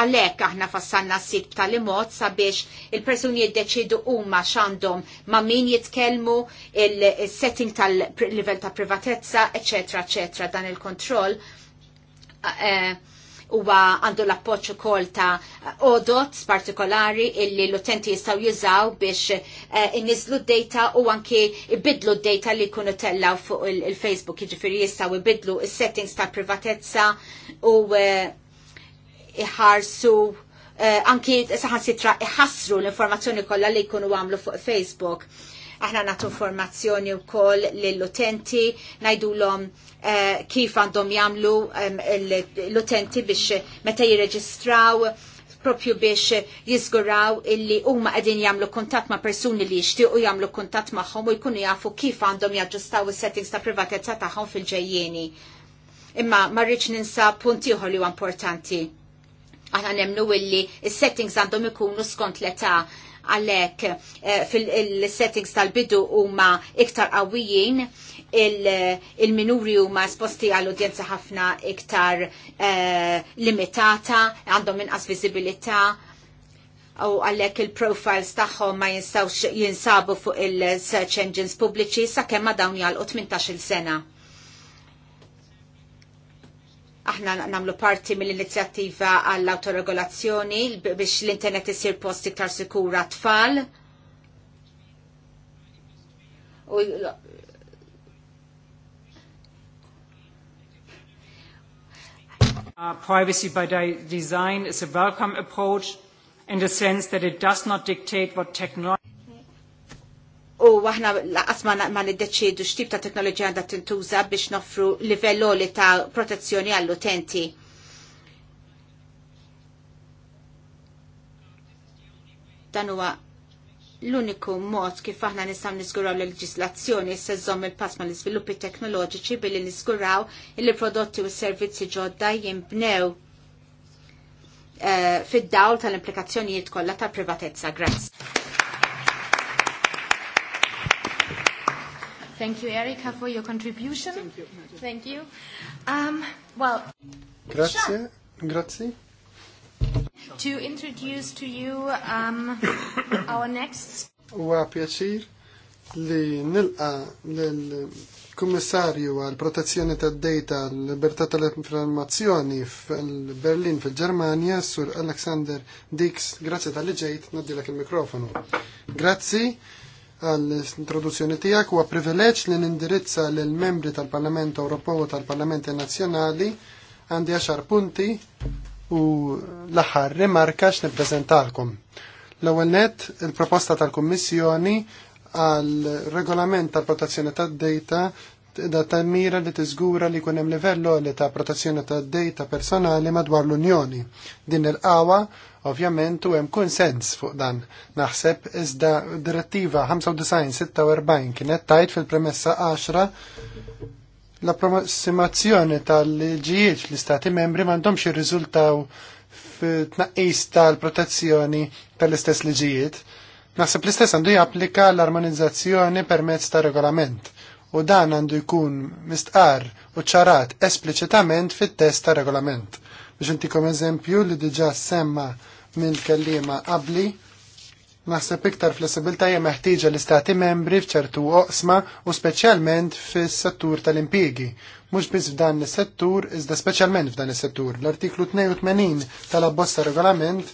Għalhekk aħna fassanna sit tal mod sabiex il-persuni jiddeċidu huma x'għandhom ma' min jitkellmu il-setting tal-livell ta' privatezza, eċetera, eċetera, dan il-kontroll. Uh, huwa għandu l-appoċ ukoll ta' odot partikolari illi l-utenti jistgħu jużaw biex eh, inniżlu d-data u anki ibidlu d-data li jkunu tellaw fuq il-Facebook, jiġifieri jistgħu ibidlu s settings ta' privatezza u eh, iħarsu eh, anki saħan sitra iħassru l-informazzjoni kollha li jkunu għamlu fuq Facebook aħna natu informazzjoni u koll l-utenti, najdu l-om eh, kif għandhom jamlu um, l-utenti biex meta jirreġistraw propju biex jizguraw illi huma qegħdin jagħmlu kuntatt ma' persuni li jixtiequ jagħmlu kuntatt magħhom u jkunu jafu kif għandhom jaġġustaw is-settings ta' privatezza tagħhom fil-ġejjieni. Imma ma rridx ninsa punti ieħor li huwa importanti aħna nemnu illi il-settings għandhom ikunu skont l-età għalhekk eh, fil-settings tal-bidu huma iktar qawwijin il-minuri huma esposti għall-udjenza ħafna iktar eh, limitata, għandhom inqas viżibilità u għallek il-profiles tagħhom ma jinstawx jinsabu fuq il-search engines pubbliċi sakemm ma dawn jgħalqu 18 sena aħna namlu parti mill-inizjattiva għall-autoregolazzjoni biex l-internet isir post iktar sikura tfal. Uh, privacy by de design is a welcome approach in the sense that it does not dictate what technology u għahna laqas ma niddeċidu x'tip ta' teknoloġija għandha tintuża biex noffru livell li ta' protezzjoni għall-utenti. Dan huwa l-uniku mod kif aħna nistgħu niżguraw l-leġislazzjoni se żżomm il-pass mal iżviluppi teknoloġiċi billi niżguraw il-prodotti u s-servizzi ġodda jinbnew eh, fid-dawl tal-implikazzjonijiet kollha tal-privatezza. Grazzi. Thank you, Erika, for your contribution. Thank you. Thank you. Um, well, grazie, grazie. To introduce to you um, our next. Huwa pjaċir li nilqa l-Kummissarju għal protezzjoni tad data l-libertà tal-informazzjoni f'Berlin fil-Ġermanja, sur Alexander Dix. Grazie tal liġejt noddilek il-mikrofonu. Grazie għall-introduzzjoni tiegħek huwa privileġġ li nindirizza lill membri tal-Parlament Ewropew u tal-Parlamenti Nazzjonali għandi għaxar punti u l-aħħar rimarka x'nippreżentalkom. L-ewwel nett il-proposta tal-Kummissjoni għal regolament tal-protezzjoni tad-data da tal-mira li tiżgura li kunem livello li ta' protezzjoni tad-data personali madwar l-Unjoni. Din il-qawa Ovvjament u hemm konsens fuq dan naħseb iżda direttiva 95-46 kienet tajt fil-premessa 10 l-approssimazzjoni tal-liġijiet l-istati membri m'għandhomx jirriżultaw f'tnaqqis tal-protezzjoni tal-istess liġijiet. Naħseb l-istess għandu japplika l-armonizzazzjoni permezz ta' regolament u dan għandu jkun mistqar u ċarat espliċitament fit-test ta' regolament. Biex intikom eżempju li diġa semma minn kellima qabli naħseb iktar flessibilta hija meħtieġa l-istati membri f'ċertu oqsma u speċjalment fis-settur tal-impjiegi. Mhux biss f'dan is-settur iżda speċjalment f'dan is-settur. L-artiklu 82 tal-abbozza regolament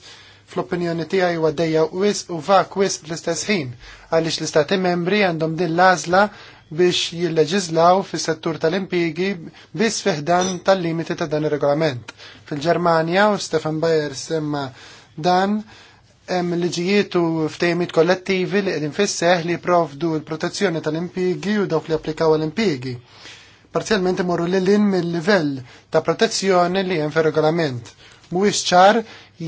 fl-opinjoni tiegħi huwa dejja wis u vak wis fl-istess ħin għaliex l-istati membri għandhom din l-għażla biex jilleġizlaw fis settur tal impjiegi biss fiħdan tal-limiti ta' dan ir regolament Fil-Ġermanja u Stefan Bayer semma Dan hemm liġijiet u ftejmiet kollettivi li qegħdin fisseħ li jprovdu l-protezzjoni tal-impjiegi u dawk li applikaw l-impjiegi. Parzjalment imorru l lin mill-livell ta' protezzjoni li hemm fir-regolament. Mhuwiex ċar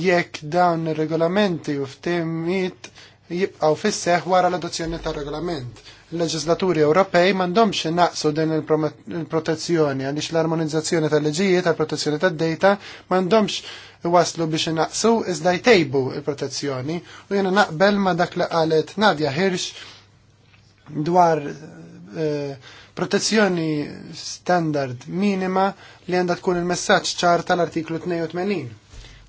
jekk dawn ir-regolamenti u ftehmiet jibqgħu fisseħ wara l-adozzjoni tar-regolament l-leġislaturi Ewropej m'għandhomx naqsu din il-protezzjoni għaliex l-armonizzazzjoni tal-liġijiet tal-protezzjoni tad-data m'għandhomx waslu biex naqsu iżda jtejbu il-protezzjoni u jiena naqbel ma dak li qalet Nadja Hirsch dwar eh, protezzjoni standard minima li għandha tkun il-messaġġ ċar tal-artiklu 82.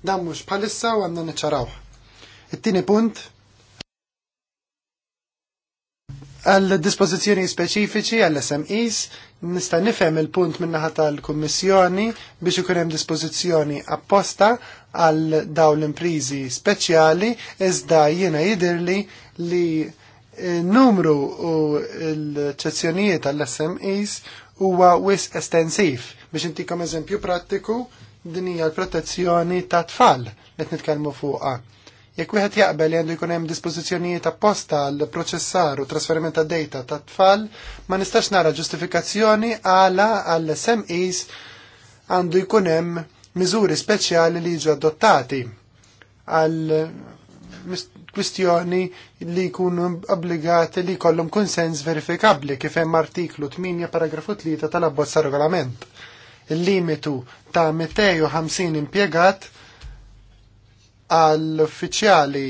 Dan mhux bħalissa u għandna niċċarawh. It-tieni punt għal dispozizjoni speċifiċi għall SMEs nista' nifhem il-punt min-naħa tal-Kummissjoni biex ikun hemm dispożizzjoni apposta għal dawn l-imprizi speċjali iżda jiena jidirli li numru u l-ċezzjonijiet għall smes huwa wis estensiv biex intikom eżempju prattiku din hija l-protezzjoni ta' tfal qed nitkellmu fuqha Jekk wieħed jaqbel li għandu jkun hemm dispożizzjonijiet apposta għal proċessar u trasferiment ta' data ta' tfal, ma nistax nara ġustifikazzjoni għala għall SMEs għandu jkun hemm miżuri speċjali li jiġu adottati għal kwistjoni li jkunu obbligati li jkollhom konsens verifikabli kif hemm artiklu 8 paragrafu 3 tal-abbozza regolament. Il-limitu ta' 250 impjegat għall-uffiċjali,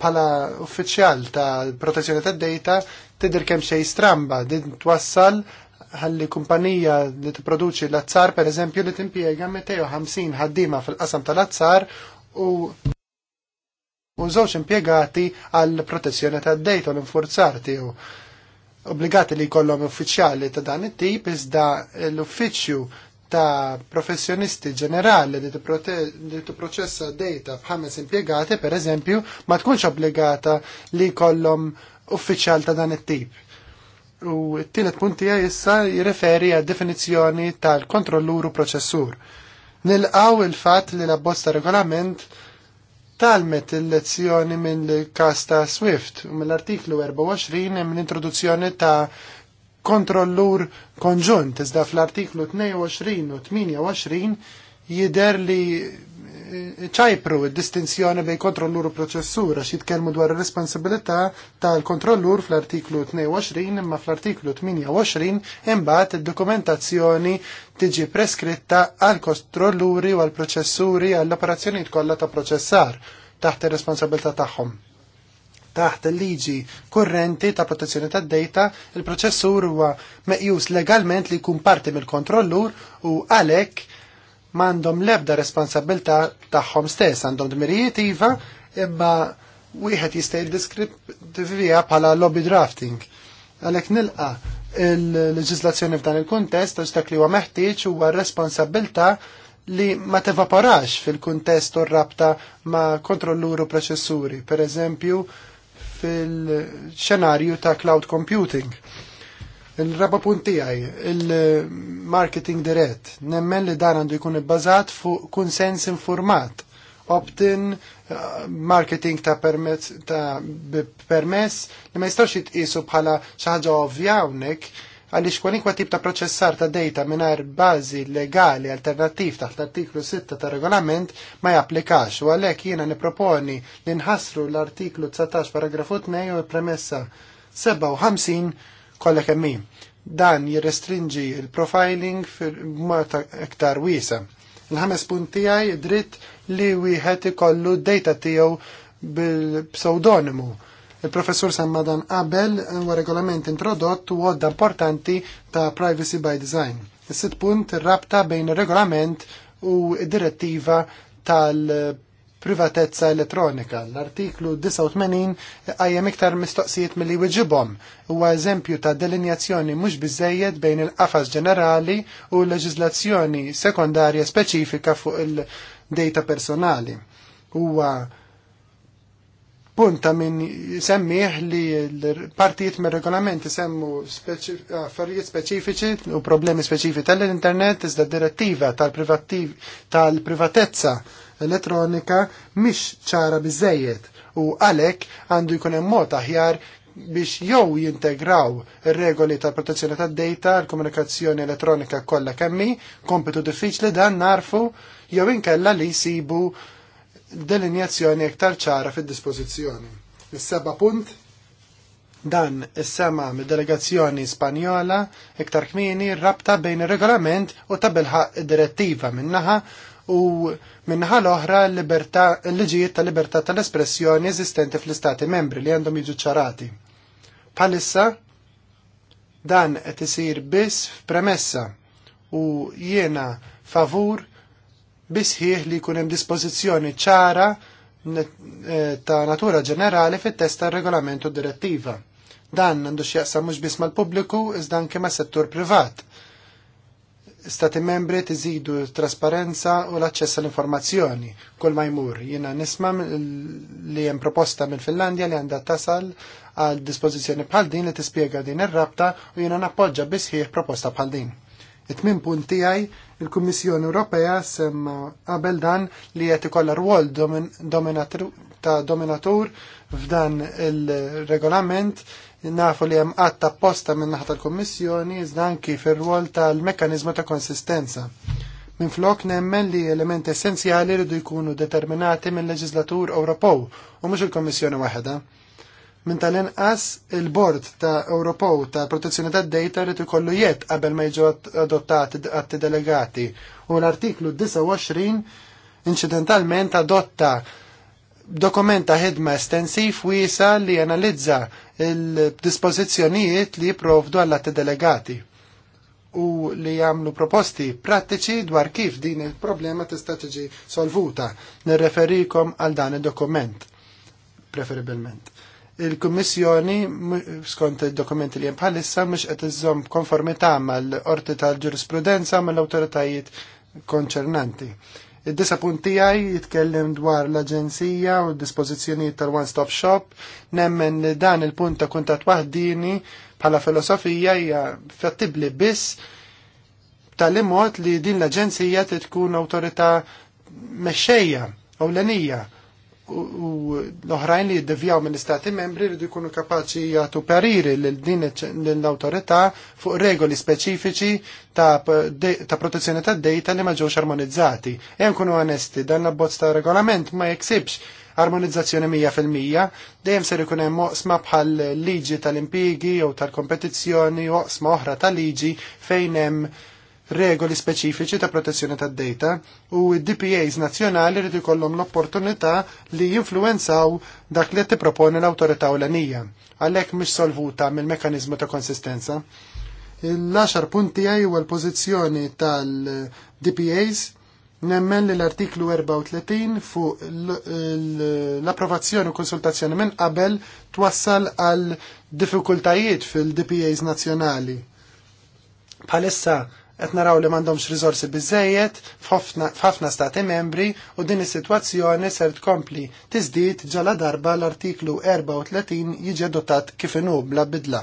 bħala uffiċjal ta' protezzjoni ta' data, tidir kemm xej stramba, din twassal ħalli kumpanija li tipproduċi l-azzar, per eżempju, li t-impiega 250 ħaddima fil-qasam tal-azzar u u żewġ impjegati għall protezzjoni ta' data l infurzarti tiegħu. Obbligati li jkollhom uffiċjali ta' dan it-tip iżda l-uffiċċju ta' professjonisti ġenerali li t-proċessa data f'ħames impiegate, per eżempju, ma tkunx obbligata li kollom uffiċjal ta' dan it-tip. U t-tielet punti issa jirreferi għad definizzjoni tal-kontrolluru proċessur. Nil-għaw il-fat li la bosta regolament talmet il-lezzjoni minn kasta Swift u mill-artiklu 24 hemm l-introduzzjoni ta' kontrollur konġunt, iżda fl-artiklu 22 u 28 jider li eh, ċajpru il distinzjoni bej kontrollur u proċessur għax jitkellmu dwar ir-responsabilità tal-kontrollur fl-artiklu 22 imma fl-artiklu 28 imbagħad id-dokumentazzjoni tiġi preskritta għal kontrolluri u għal proċessuri għall operazzjonijiet kollha ta' proċessar taħt ir-responsabilità tagħhom taħt il-liġi kurrenti ta' protezzjoni tad data il-proċessur huwa meqjus legalment li jkun parti mill-kontrollur u għalhekk m'għandhom l-ebda responsabilità tagħhom stess, għandhom dmirijiet iva, imma wieħed jista' jiddiskrivija bħala lobby drafting. Għalhekk nilqa' il-leġislazzjoni f'dan il-kuntest, dak li huwa meħtieġ huwa responsabilta li ma tevaporax fil-kuntest u rabta ma kontrolluru proċessuri. Per eżempju, fil-xenarju ta' cloud computing. Il-raba għaj, il-marketing dirett, nemmen li dan għandu jkun ibbażat fuq konsens informat, opt-in, uh, marketing ta' permess, ta' permess li ma jistax jitqisu bħala xaħġa ovvja hawnhekk għaliex kwalinkwa tip ta' proċessar ta' data mingħajr bażi legali alternattiv taħt l-artiklu 6 ta' regolament ma japplikax u għalhekk jiena nipproponi li nħassru l-artiklu 19 paragrafu 2 u l-premessa 57 kollek emmi. Dan jirrestringi il-profiling b'mod iktar wiesa. Il-ħames punt tiegħi dritt li wieħed ikollu d-data tiegħu bil-pseudonimu Il-professur Sammadan qabel huwa regolament introdott u għodda importanti ta' privacy by design. Is-sitt punt rabta bejn ir-regolament u id-direttiva tal-privatezza elettronika. L-artiklu 89 għajem iktar mistoqsijiet mill-li wġibom huwa eżempju ta' delinjazzjoni mhux biżejjed bejn il-qafas ġenerali u l-leġiżlazzjoni sekondarja speċifika fuq il-data personali. Huwa punta minn semmiħ li l-partijiet me regolamenti semmu affarijiet speċifiċi u problemi speċifiċi tal-internet iżda direttiva tal-privatezza elettronika mhix ċara bizzejiet u għalek għandu jkun hemm mod aħjar biex jew jintegraw ir-regoli tal protezzjoni tad-data, l-komunikazzjoni elettronika kollha kemmi, kompitu diffiċli dan narfu jew inkella li jsibu delinjazzjoni iktar ċara fid-dispożizzjoni. Is-seba punt dan is-sema mid-delegazzjoni Spanjola iktar kmini rabta bejn ir-regolament u tabelħa direttiva minnaħa u minnaħa l-oħra l-liġijiet ta' libertà tal-espressjoni eżistenti fl-istati membri li għandhom jiġu ċarati. Palissa, dan qed isir biss f'premessa u jiena favur bisħieħ li jkun hemm dispożizzjoni ċara eh, ta' natura ġenerali fit testa regolamentu direttiva. Dan għandu jaqsam mhux biss mal-pubbliku iżda anke mas-settur privat. Stati membri tiżidu trasparenza u l-aċċess għall-informazzjoni kull ma jmur. Jiena nisma li hemm proposta mill-Finlandja li għandha tasal għal dispożizzjoni bħal din li tispjega din ir-rabta u jiena nappoġġa bisħieħ proposta bħal din. It-tmien punt tiegħi Il-Kummissjoni Ewropea semma qabel dan li qed ikollha rwol ta' dominatur f'dan il-regolament nafu li hemm qatt apposta minn naħa tal-Kummissjoni iżda anki fir-rwol tal-mekkaniżmu ta' konsistenza. Minn flok nemmen li elementi essenzjali rridu jkunu determinati mill leġislatur Ewropew u mhux il-Kommissjoni waħda. Min tal-inqas il-Bord ta' Ewropew ta' Protezzjoni tad data li ikollu jett qabel ma jiġu adottati atti delegati u l-artiklu 29 incidentalment adotta dokumenta ħidma estensiv wiesa li analizza il-dispożizzjonijiet li jiprovdu għall-atti delegati u li jamlu proposti prattiċi dwar kif din il-problema tista' tiġi solvuta. Nirreferikom għal dan id-dokument, preferibilment il-Kummissjoni, skont il-dokumenti li bħalissa, mux qed iżomm konformità mal-orti tal-ġurisprudenza mal-autoritajiet konċernanti. Id-disa punti għaj jitkellem dwar l-Aġenzija u d-dispozizjoniet tal-One-Stop Shop, nemmen li dan il-punt ta' kuntat wahdini bħala filosofija hija fattibli biss tal-imot li din l-Aġenzija tkun autorità mexxejja, ewlenija u l-oħrajn li jiddevjaw minn istati membri li jkunu kapaċi jgħatu pariri lil din l-awtorità fuq regoli speċifiċi ta', ta protezzjoni tad dejta li ma ġewx armonizzati. Hemm kunu onesti, dan l-abbozz ta' regolament ma jeksibx armonizzazzjoni 100% dejjem ser ikun hemm oqsma bħal liġi tal-impigi jew tal-kompetizzjoni oqsma oħra tal-liġi fejn hemm regoli speċifiċi ta' protezzjoni tad data u dpas nazzjonali rridu jkollhom l-opportunità li jinfluenzaw dak li tipproponi l-awtorità ewlenija għalhekk mhix solvuta mill-mekkaniżmu ta' konsistenza. l 10 punti għaj huwa l-pożizzjoni tal-DPAs Nemmen li l-artiklu 34 fuq l-approvazzjoni u konsultazzjoni minn qabel twassal għal diffikultajiet fil-DPAs nazzjonali. Palissa qed naraw li m'għandhomx riżorsi biżejjed f'ħafna stati membri u din is-sitwazzjoni ser tkompli tiżdied ġala darba l-artiklu 34 jiġi adottat kif inhu bla bidla.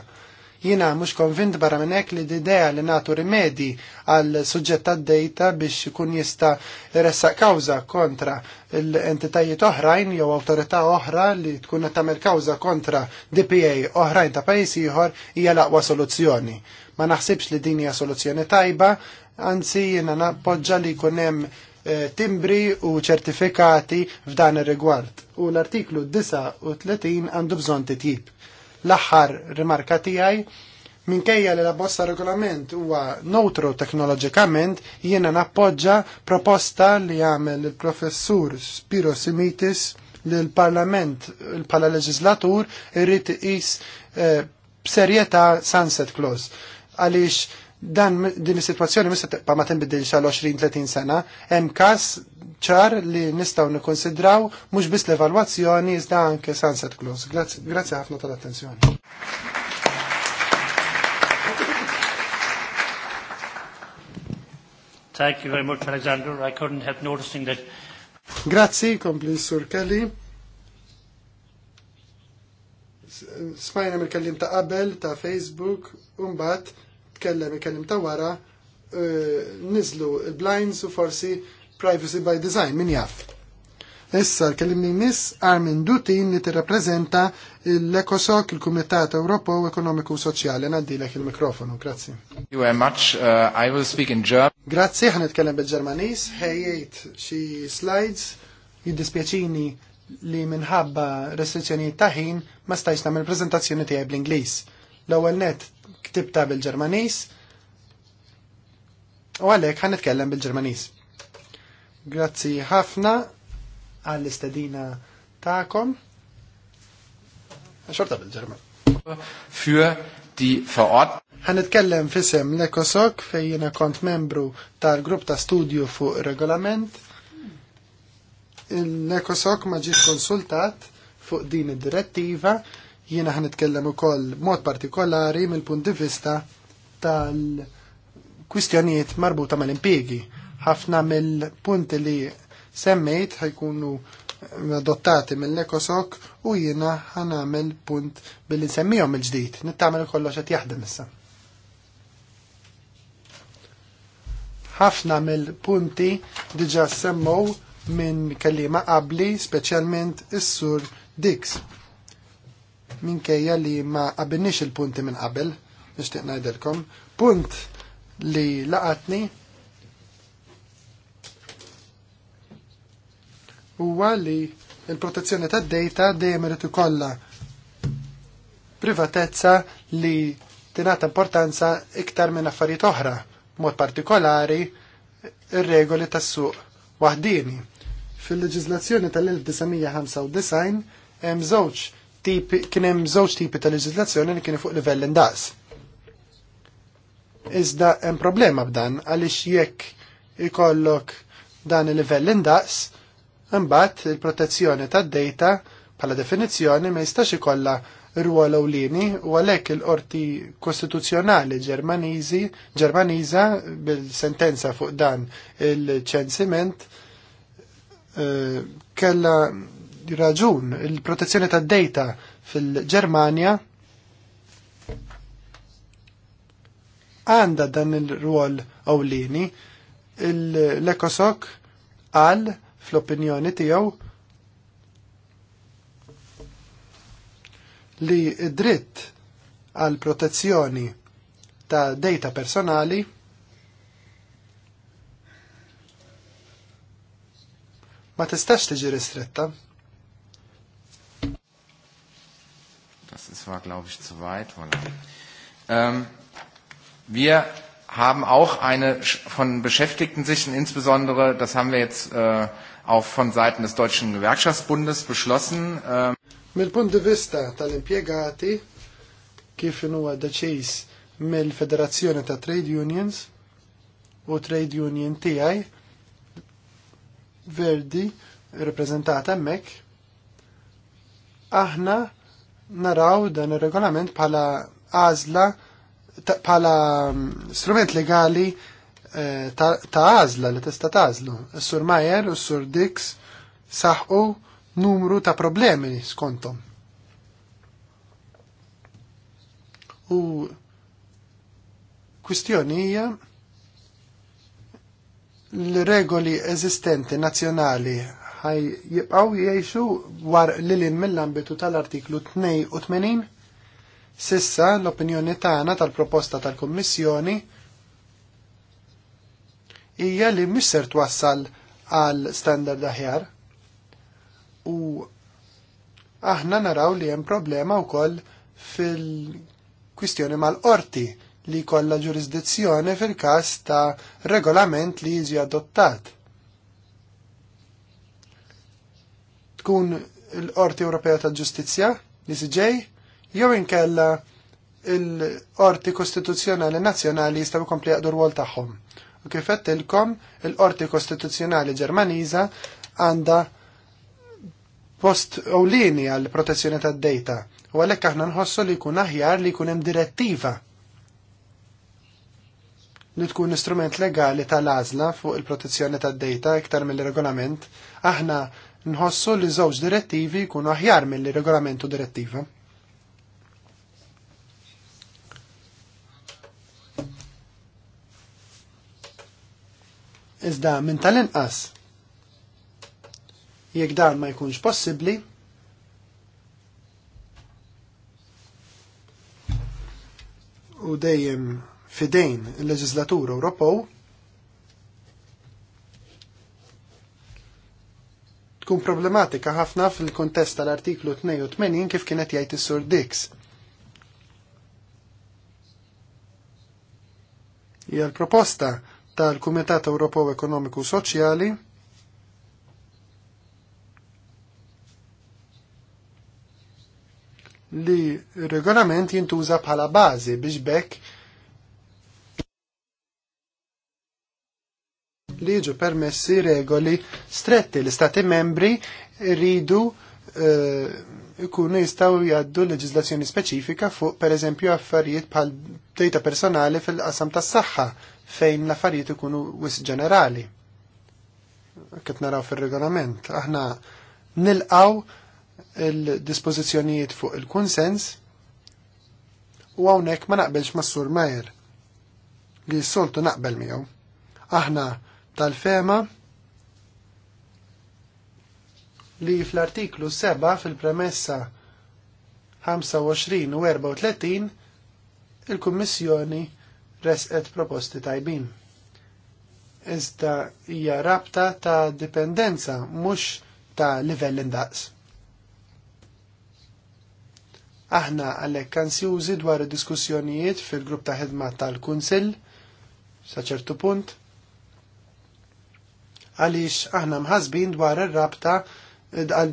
Jiena mhux konvint barra minn hekk li d-idea li nagħtu rimedi għal suġġett tad-dejta biex ikun jista' jressaq kawża kontra l-entitajiet oħrajn jew awtorità oħra li tkun qed tagħmel kawża kontra DPA oħrajn ta' pajjiż ieħor hija l-aqwa soluzzjoni Ma naħsibx li din hija soluzzjoni tajba, anzi jiena nappoġġa li jkun hemm eh, timbri u ċertifikati f'dan ir-rigward. U l-artiklu 39 għandu bżonn titjib. L-aħħar rimarka tiegħi minkejja li la bosta regolament huwa neutro teknoloġikament jiena nappoġġa proposta li għamel il-professur Spiro Simitis li l-Parlament bħala leġislatur irrid iqis eh, b'serjetà sunset clause għaliex dan din is-sitwazzjoni mista tibqa' ma tinbidil għal 20-30 sena, hemm każ ċar li nistgħu nikkonsidraw mhux biss l-evalwazzjoni iżda anke sunset clause. Grazzi ħafna tal-attenzjoni. Thank you very much, Alexander. I couldn't help noticing that. Grazzi, kompli Sur Kelly. Smajna mill-kellim ta' qabel ta' Facebook, un um tkellem il-kellim ta' wara, eh, nizlu il-blinds u forsi privacy by design, min jaff. Issa l-kellimni nis Armin Dutin li t reprezenta l-Ekosok, il-Kumitat Europo Ekonomiku Soċjali. Nadilek il-mikrofonu, grazzi. you very much. Uh, I will speak in German. Grazzi, ħan kellem bil-Ġermanis. Ħejjejt xi slides. Jiddispjaċini li minħabba restrizzjonijiet ta' ħin ma stajx nagħmel prezentazzjoni tiegħi bl-Ingliż. L-ewwel net ktibta bil-Ġermanis u għalek ħan nitkellem bil-Ġermanis. Grazzi ħafna għall-istedina ta'kom. Xorta bil-Ġerman. Für di Verort. Għan nitkellem fisem l-Ekosok fej jena kont membru tal-grupp ta' studju fuq regolament. L-Ekosok ma ġiet konsultat fuq din id-direttiva Jiena ħanitkellem ukoll mod partikolari mill-punt di vista tal-kwistjonijiet marbuta mal impiegi Ħafna mill-punti li semmejt ħajkunu adottati mill-ekosok u jiena għamil punt billi nsemmihom il-ġdid. Nittamel kollox qed jaħdem issa. ħafna mill-punti diġa semmow minn kellima qabli, speċjalment is-sur Dix minkejja li ma qabilniex il-punti minn qabel, nixtieq najdelkom, Punt li laqatni huwa li il-protezzjoni tad-data dejjem irid ikollha privatezza li tingħata importanza iktar minn affarijiet oħra, mod partikolari ir-regoli tas-suq waħdini. Fil-leġiżlazzjoni tal-1995 hemm żewġ tipi, kien hemm żewġ tipi ta' legislazzjoni li kien fuq livell indaqs. Iżda hemm problema b'dan għaliex jekk ikollok dan il-livell indaqs, imbagħad il-protezzjoni tad-data bħala definizzjoni ma jistax ikollha rwol ewlieni u għalhekk il-qorti kostituzzjonali Ġermaniżi Ġermaniża bil-sentenza fuq dan il-ċensiment eh, kella raġun il-protezzjoni tad data fil-Ġermanja għanda dan il-rwol awlini l-ekosok għal fl-opinjoni tijaw li dritt għal protezzjoni ta' data personali ma tistax tiġi ristretta. das war, glaube ich, zu weit. Voilà. Ähm, wir haben auch eine von Beschäftigten sich insbesondere, das haben wir jetzt äh, auch von Seiten des Deutschen Gewerkschaftsbundes beschlossen. Ähm. Mill-punt vista tal-impiegati kif huwa deċiż mill-Federazzjoni ta' Trade Unions u Trade Union TI, Verdi rappreżentata Mek, aħna naraw dan ir-regolament bħala għażla bħala mm, strument legali eh, ta' għażla li tista' tażlu. s sur Majer u s-Sur Dix saħu numru ta' problemi skontom. U kwistjoni hija l-regoli eżistenti nazzjonali ħaj jibqaw jgħixu war lilin mill-ambitu tal-artiklu 82 sissa l-opinjoni tagħna tal-proposta tal-Kummissjoni hija li misser twassal għal standard aħjar u aħna naraw li hemm problema wkoll fil-kwistjoni mal-qorti li kollha ġurisdizzjoni fil-każ ta' regolament li jiġi adottat tkun l-Qorti Ewropea tal-Ġustizzja, l-ICJ, jew inkella l-Qorti Kostituzzjonali Nazzjonali jistgħu jkompli jaqdu rwol tagħhom. U kif qedtilkom, l-Qorti Kostituzzjonali Ġermaniża għandha post ewlieni għall protezzjoni tad-dejta. U għalhekk aħna nħossu li jkun aħjar li jkun hemm direttiva li tkun istrument legali tal-għażla fuq il-protezzjoni tad-dejta iktar mill-regolament. Aħna nħossu li żewġ direttivi jkunu aħjar mill-regolamentu direttiva. Iżda minn tal-inqas jekk dan ma jkunx possibbli, u dejjem fidejn il-leġislatur Ewropew tkun problematika ħafna fil-kontest tal-artiklu 82 kif kienet jgħid is-Sur Dix. Hija l-proposta tal-Kumitat Ewropew Ekonomiku Soċjali li regolament jintuża bħala bażi biex bekk li jiġu permessi regoli stretti l istati membri ridu eh, ikunu e, jistaw jaddu leġizlazzjoni speċifika fuq per eżempju affarijiet bħal data personali fil-qasam tas saħħa fejn l-affarijiet ikunu wis ġenerali. Kif naraw fil-regolament, aħna nilqaw il-dispożizzjonijiet fuq il-konsens u għawnek ma naqbelx ma' Sur Majer li s-soltu naqbel miegħu. Aħna tal-fema li fl-artiklu 7 fil-premessa 25 u 34 il-Kummissjoni resqet proposti tajbin. Iżda hija rabta ta' dipendenza mhux ta' livell indaqs. Aħna għalhekk ansjużi dwar id-diskussjonijiet fil-grupp ta' ħidma tal-Kunsill sa ċertu punt għaliex aħna mħasbin dwar ir-rabta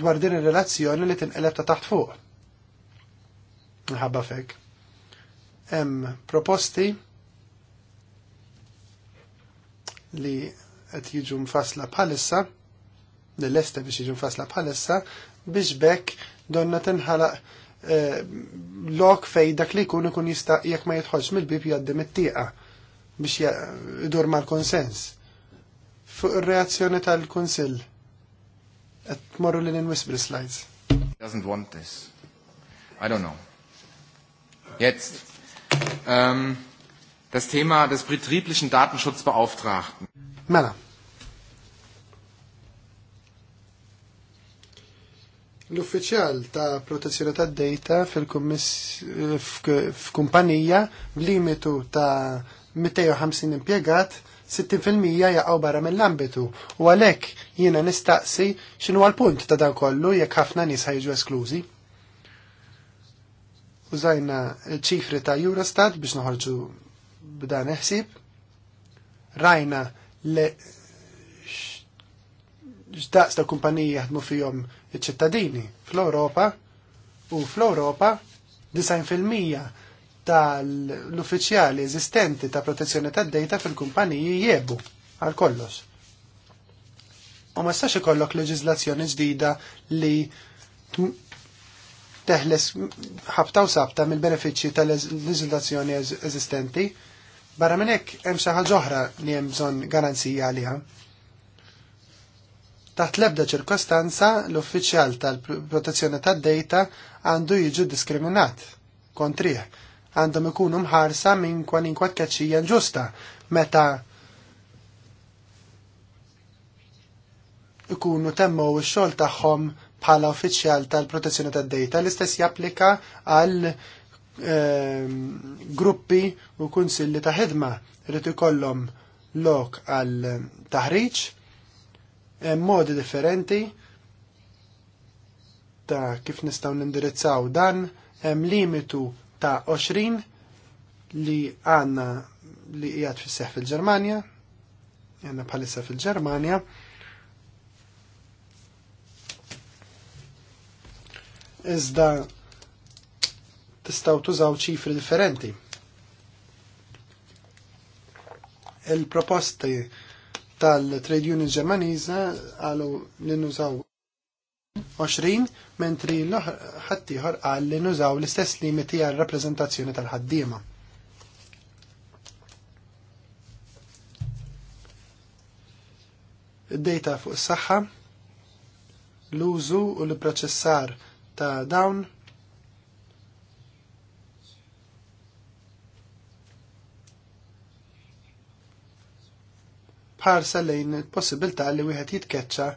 dwar din ir-relazzjoni li tinqeleb ta' taħt fuq. Nħabba fek. Hemm proposti li qed jiġu mfasla bħalissa li l-este biex jiġu mfasla bħalissa biex bekk donna tinħalaq eh, lok fej dak li kun ikun jista' jekk ma jidħolx mill-bib jgħaddim it-tieqa biex jidur mal-konsens fuq il reazzjoni tal-Kunsill. Qed tmorru li inwis slides. He Doesn't want this. I don't know. Jetzt. Um, das Thema des betrieblichen Datenschutzbeauftragten. Mela. L-uffiċjal ta' protezzjoni ta' data fil-kumpanija f'limitu ta' 250 impiegat 60% jaqgħu barra mill-ambitu u għalhekk jiena nistaqsi x'inhu l-punt ta' dan kollu jekk ħafna nies ħajġu esklużi. Użajna ċifri ta' Eurostat biex noħorġu b'dan iħsib, Rajna le x'daqs ta' kumpaniji jaħdmu fihom iċ-ċittadini fl-Ewropa u fl-Ewropa 90% tal-uffiċjali eżistenti ta' protezzjoni tad data fil-kumpaniji jiebu għal kollox. U ma stax ikollok leġizlazzjoni ġdida li teħles ħabta u sabta mill-benefiċċji tal leġizlazzjoni eżistenti. Barra minn hekk hemm xi ħaġa oħra li hemm bżonn garanzija għaliha. Taħt l-ebda ċirkostanza l-uffiċjal tal-protezzjoni tad-dejta għandu jiġu diskriminat kontrih għandhom ikunu mħarsa minn kwalinkwa l ġusta meta ikunu temmu ix-xogħol tagħhom bħala uffiċjal tal-protezzjoni tad-dejta l-istess japplika għal ehm, gruppi u kunsilli ta' ħidma rrid ikollhom lok għal taħriġ modi differenti ta' kif nistgħu nindirizzaw dan hemm limitu ta' 20 li għanna li jgħat fisseħ fil ġermania għanna palissa fil ġermania iżda tistaw tużaw ċifri differenti. Il-proposti tal-trade union Germanisa għalu l nużaw 20 mentri l-ħaddieħor qal li nużaw l-istess limiti għal rappreżentazzjoni tal-ħaddiema. Id-data fuq s saħħa l-użu u l-proċessar ta' dawn parsa lejn il-possibilità li wieħed jitkeċċa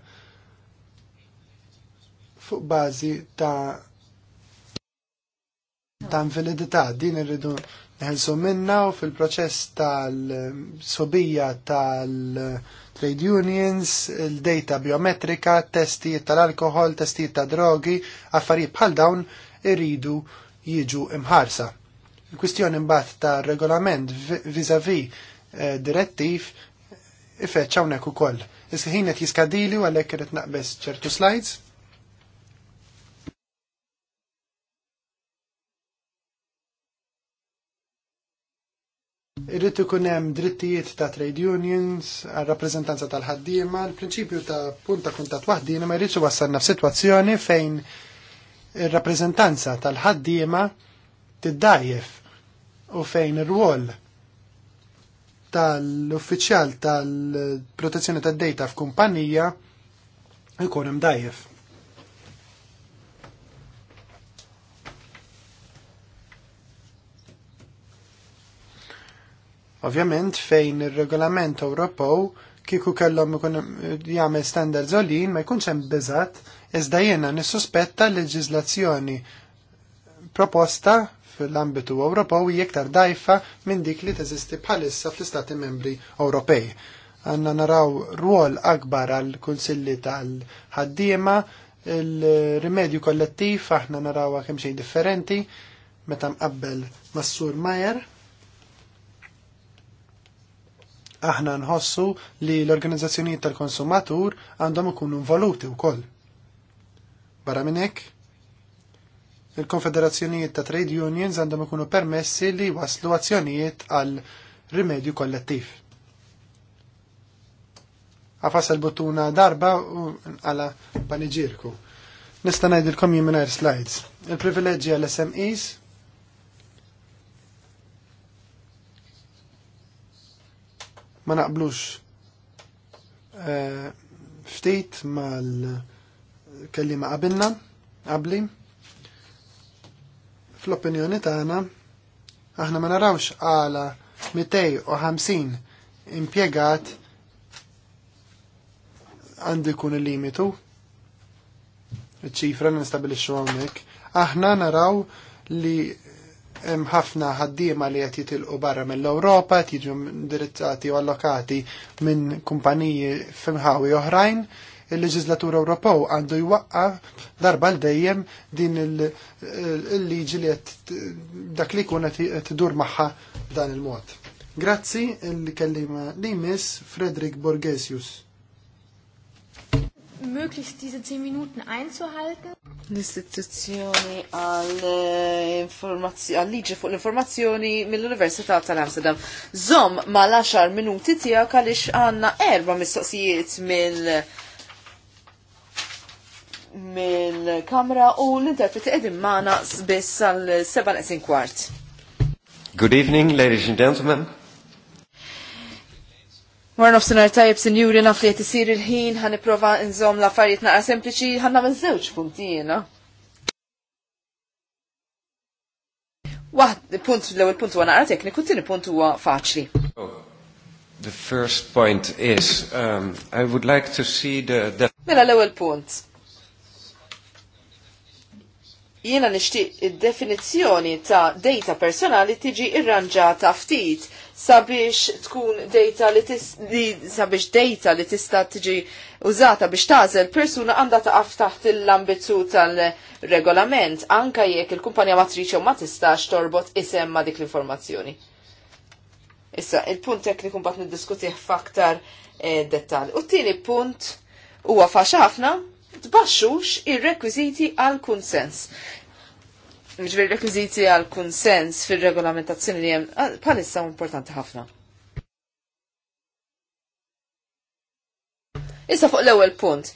fuq bażi ta' ta' invalidità din irridu neħelsu minna u fil-proċess tal-sobija tal-trade unions, il-data biometrika, testijiet tal-alkohol, testijiet ta' drogi, affarijiet bħal dawn irridu jiġu imħarsa. Il-kwistjoni mbagħad ta' regolament vis-a-vis eh, direttiv ifeċċa hawnhekk ukoll. Is-ħin qed jiskadili u għalhekk irid naqbes ċertu slides. Irrid ikun hemm drittijiet ta' trade unions, rappresentanza rappreżentanza tal-ħaddiema, l-prinċipju ta' punta kuntat waħdina ma jridx wassalna f'sitwazzjoni fejn ir-rappreżentanza tal-ħaddiema tiddajjef u fejn ir-rwol tal-uffiċjal tal-protezzjoni tad-dejta f'kumpanija ikun dajjef. Ovvjament fejn ir-regolament Ewropew kieku kellhom ikun eh, jagħmel standards għolin ma jkunx hemm biżgħat iżda jiena nissuspetta l-leġiżlazzjoni proposta fl ambitu Ewropew hija iktar dajfa minn dik li teżisti bħalissa fl-Istati Membri Ewropej. Għanna naraw rwol akbar għal kunsilli tal-ħaddiema, il-rimedju kollettiv aħna narawha kemm xejn differenti meta mqabbel massur Majer Aħna nħossu li l-organizzazzjonijiet tal-konsumatur għandhom ikunu involuti wkoll. Barra minn hekk, il-konfederazzjonijiet ta' trade unions għandhom ikunu permessi li waslu azzjonijiet għal rimedju kollettiv. Għafas il-buttuna darba għala panegirku. Nista' ngħidilkom jien slides. Il-privileġġi għall SMEs ma naqblux eh, ftit mal-kellima qabilna qabli fl-opinjoni tagħna aħna ma narawx għala 250 impjegat għandu jkun il-limitu. Iċ-ċifra nistabilixxu hawnhekk. Aħna naraw li hemm ħafna ħaddiema li qed jitilqu barra mill-Ewropa, qed jiġu indirizzati u allokati minn kumpaniji fimħawi oħrajn, il-leġislatur Ewropew għandu jwaqqa' darba l dejjem din il-liġi li qed dak li jkun qed tidur magħha dan il-mod. Grazzi il-kellima li miss Frederick Borgesius möglichst diese 10 Minuten einzuhalten. L-istituzzjoni għal-liġi eh, fuq l-informazzjoni mill-Università tal-Amsterdam. Zom ma laxar minuti tijak għalix għanna erba mistoqsijiet mill- mill-kamra u l-interpreti edin maħna biss għal 7 Good evening, ladies and gentlemen. Warna f'sinar tajib sinjuri naf li jtisir il-ħin, ħan iprofa nżom la farijiet naqra sempliċi, ħan namel zewċ punti jena. Waħd, punt, l-ewel punt huwa għara tekniku, t-tieni punt huwa faċli. Oh, the first point is, um, I would like to see the... Mela l-ewel punt jiena nixtieq id-definizzjoni ta' data personali tiġi irranġata ftit sabiex tkun data li, tis, li sabiex data li tista tiġi użata biex tażel persuna għandha taqaf taħt l-ambizzu tal-regolament anka jekk il-kumpanija matriċi ma tistax torbot isem ma dik l-informazzjoni. Issa, il-punt tekniku mbagħad niddiskutih f'aktar eh, dettal. U t-tieni punt huwa faċ ħafna tbaxxux ir-rekwiżiti għal kunsens. Ġveri rekwiżiti għal kunsens fil-regolamentazzjoni li hemm bħalissa importanti ħafna. Issa fuq l-ewwel punt.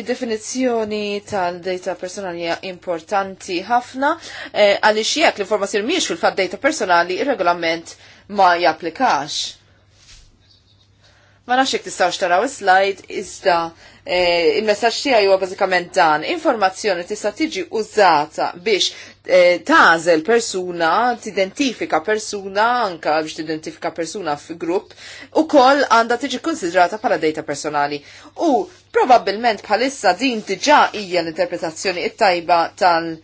Id-definizzjoni tal-data personali hija importanti ħafna eh, għaliex jekk l-informazzjoni mhijiex fil-fatt data personali ir-regolament ma japplikax. Ma nafx jekk tistax taraw slide iżda eh, il-messaġġ tiegħi huwa bażikament dan. Informazzjoni tista' tiġi użata biex eh, tażel persuna, tidentifika persuna anka biex tidentifika persuna fi grupp ukoll għandha tiġi konsidrata bħala data personali. U probabbilment bħalissa din diġà hija l-interpretazzjoni it-tajba tal-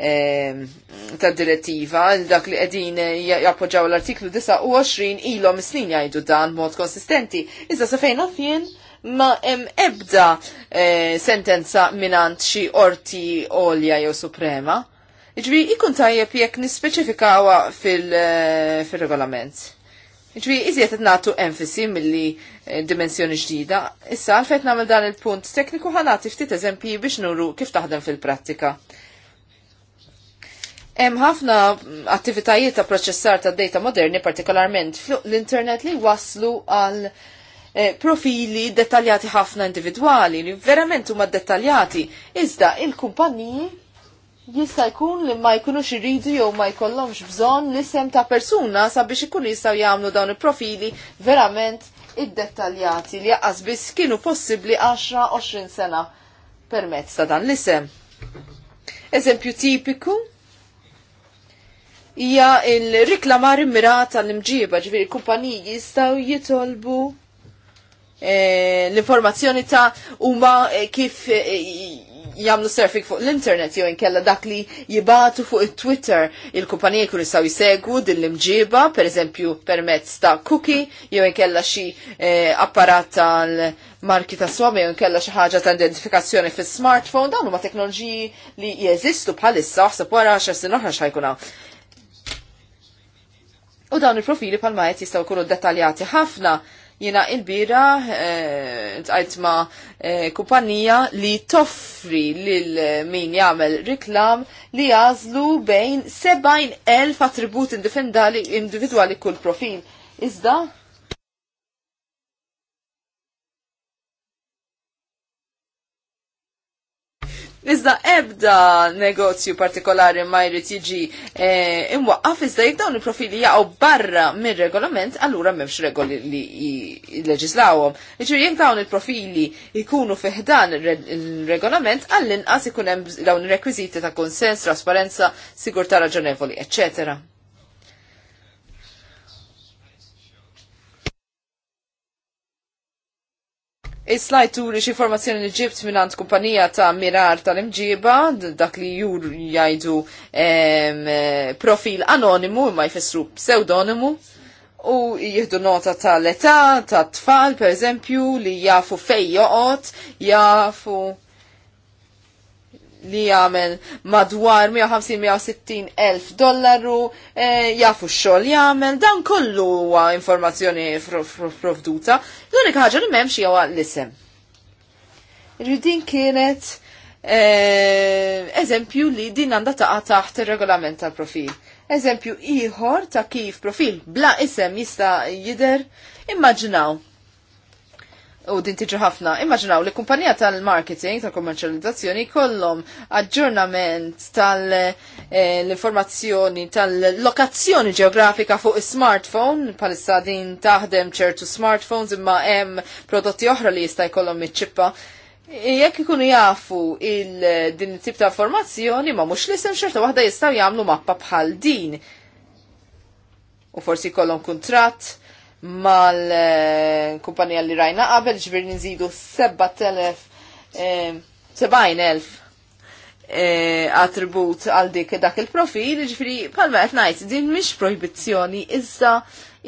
ta' direttiva dak li qegħdin eh, jappoġġaw l-artiklu 29 ilhom snin jgħidu dan mod konsistenti. Iżda sa fejn jien ma hemm ebda eh, sentenza minant xi orti olja jew suprema. Iġbi ikun tajjeb jekk nispeċifikawa eh, fil-regolament. Ġvi, iżiet natu enfisi mill-li dimensjoni ġdida. Issa, għalfet namel dan il-punt tekniku ħanati ftit eżempji biex nuru kif taħdem fil-prattika. Hemm ħafna attivitajiet ta' proċessar ta' data moderni, partikolarment fluq l-internet li waslu għal eh, profili dettaljati ħafna individwali li verament huma dettaljati. Iżda il-kumpaniji jista' jkun li ma jkunux iridu jew ma jkollhomx bżonn l-isem ta' persuna sabiex ikun jistgħu jagħmlu dawn il-profili verament id-dettaljati li jaqqas biss kienu possibbli 10-20 sena permezz ta' dan l-isem. Eżempju tipiku hija il-riklamar immirata l-imġiba, ġviri kumpaniji jistaw jitolbu eh, l-informazzjoni ta' huma eh, kif eh, jamlu surfing fuq l-internet jew inkella dak li jibatu fuq it-Twitter il-kumpaniji kun jistgħu jisegu din l-imġiba, pereżempju permezz ta' cookie jew inkella xi apparat tal-marki ta' swami jew inkella xi ħaġa ta' identifikazzjoni fis-smartphone dawn huma teknoloġiji li jeżistu bħalissa waħseb wara 10 sin oħra x'ħajkun hawn. U dawn il-profili palma qed jistgħu jkunu dettaljati ħafna. Jiena il-bira eh, tqajt ma eh, kumpanija li toffri lil min jagħmel riklam li jażlu bejn 70,000 attribut individwali kull profil. Iżda Iżda ebda negozju partikolari ma jrid jiġi eh, imwaqqaf iżda jekk dawn il-profili jaqgħu barra mir-regolament, allura m'hemmx regoli li jleġislawhom. Jiġri jekk dawn il-profili jkunu fiħdan il-regolament, għall-inqas ikun hemm dawn ir-rekwiżiti ta' konsens, trasparenza, sigurtà raġonevoli, eċċetera. is slajt turi xi informazzjoni li ġibt minn kumpanija ta' mirar tal-imġiba, dak li jur jgħidu eh, profil anonimu ma jfissru pseudonimu u jieħdu nota tal-età, ta' tfal, per eżempju, li jafu fej joqgħod, jafu li jagħmel madwar 150-160 elf dollaru, e, jafu x-xogħol jagħmel, dan kollu huwa informazzjoni provduta. L-unika ħaġa li m'hemmx hija l-isem. Ridin kienet e, eżempju li din għandha taqa' taħt ir-regolament tal-profil. Eżempju ieħor ta' kif profil bla isem jista' jidher, immaġinaw u din tiġi ħafna. Immaġinaw li kumpanija tal-marketing, tal kommercializzazzjoni kollom aġġornament tal-informazzjoni eh, tal-lokazzjoni ġeografika fuq is-smartphone, palissa din taħdem ċertu smartphones imma hemm prodotti oħra li jista' jkollhom iċ Jekk ikunu jafu il-din tip ta' informazzjoni ma mhux l-isem xerta waħda jistgħu jagħmlu mappa bħal din. U forsi kollhom kuntratt mal-kumpanija li rajna qabel ġbir nżidu 7000 eh, eh, attribut għal dik dak il-profil, ġifiri, palma qed ngħid din mhix proibizzjoni iżda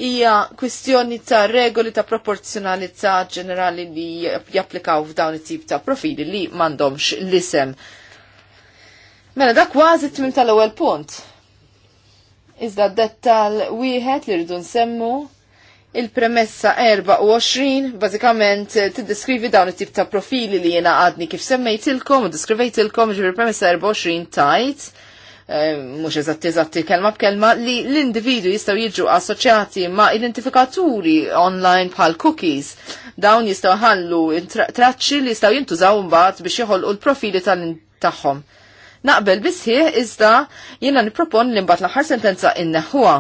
hija kwistjoni ta' regoli ta' proporzjonalità ġenerali li japplikaw f'dawn it-tip ta' profili li m'għandhomx l-isem. Mela dak kważi t-tmim tal-ewwel punt. Iżda d-dettal wieħed li rridu nsemmu Il-premessa 24 bażikament eh, tiddeskrivi dawn it-tip ta' profili li jena għadni kif semmejtilkom u diskrivejtilkom ġifier premessa 24 tajt eh, mux eżatti eżatti kelma b'kelma li l-individu jistaw jiġu assoċjati ma' identifikaturi online bħal cookies. Dawn jistaw ħallu traċċi li jistaw jintużaw mbagħad biex joħolqu l-profili tal-tagħhom. Naqbel bisħieħ iżda jiena nippropon li mbagħad l-aħħar sentenza inneħħuha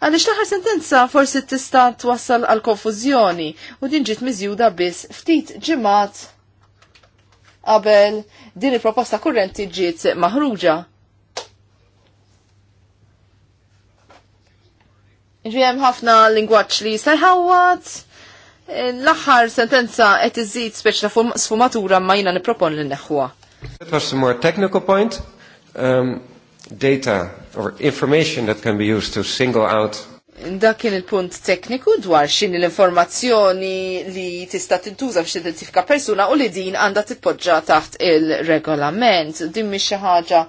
Għalix taħar sentenza forsi tista twassal għal konfużjoni u din ġiet miżjuda biss ftit ġimat qabel din il-proposta kurrenti ġiet maħruġa. Ġvijem ħafna lingwaċ li jistajħawat, l-axħar sentenza qed iżid speċ sfumatura ma jina nipropon l-neħwa. more technical point. Um, data or information that can be used to single out Dak kien il-punt tekniku dwar xin l-informazzjoni li tista' tintuża biex identifika persuna u li din għandha tippoġġa taħt il-regolament. Din mhix xi ħaġa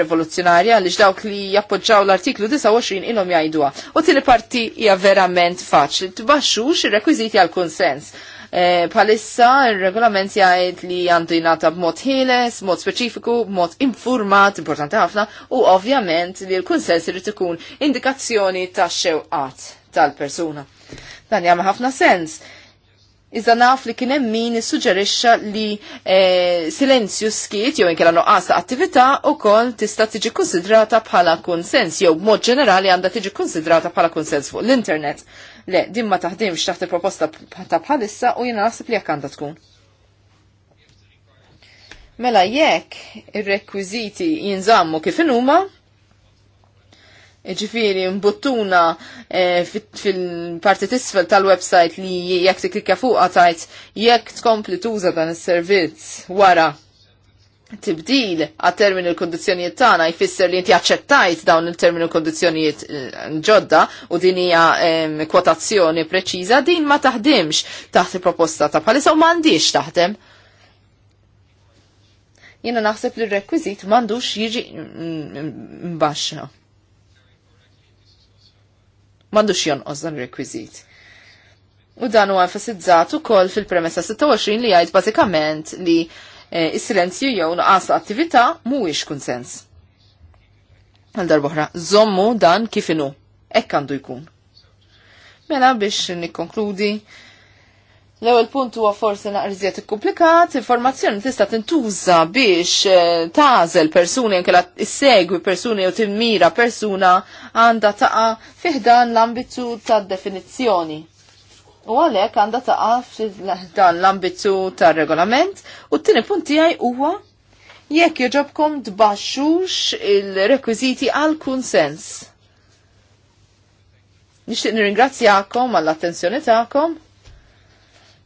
rivoluzzjonarja li dawk li jappoġġaw l-artiklu 29 ilhom jgħidu. U tieni parti hija verament faċli. Tbaxxux ir-rekwiżiti għal konsens E, palissa il-regolament jgħid li għandu jingħata b'mod ħieles, mod speċifiku, b'mod informat, importanti ħafna, u ovvjament li l-kunsens irid ikun indikazzjoni ta' xewqat tal-persuna. Dan jagħmel ħafna sens. Iżda naf li kien hemm min issuġġerixxa li eh, silenzju skiet jew inkella noqas ta' attività wkoll tista' tiġi konsidrata bħala kunsens jew b'mod ġenerali għandha tiġi konsidrata bħala kunsens fuq l-internet. Le, din ma taħdimx taħt il-proposta ta' bħalissa u jina naħseb li jekk għandha tkun. Mela jekk ir-rekwiżiti jinżammu kif huma, ġifiri mbuttuna eh, fil-parti tisfel tal-website li jekk t-klikka fuqa tajt jekk tkompli tuża dan is-servizz wara tibdil għat termini l-kondizjonijiet tagħna jfisser li inti aċċettajt dawn il-termini l-kondizjonijiet eh, ġodda u din hija kwotazzjoni preċiża din ma taħdimx taħt il-proposta ta' palisa u m'għandix taħdem. Jiena naħseb li r-rekwiżit m'għandux jiġi mm, mm, mbaxxa. M'għandux jonqos dan ir-rekwiżit. U dan huwa enfasizzat ukoll fil-premessa 26 li jgħid bażikament li Eh, is-silenzju jew nuqqas attività mhuwiex kunsens. Għal darboħra, zommu dan kif inhu, hekk għandu jkun. Mela biex nikkonkludi, L-ewwel punt huwa forsi naqriżiet ikkumplikat, informazzjoni tista' tintuża biex eh, tażel persuni anke issegwi persuni jew timmira persuna għandha taqa' fiħdan l-ambitu tad-definizzjoni. U għalek għanda taqaf dan l-ambizzu ta' regolament u t-tini punti għaj uwa jekk joġobkom tbaxxux il-rekwiziti għal kunsens. Nishtiq nirringrazzjakom għall-attenzjoni ta'kom.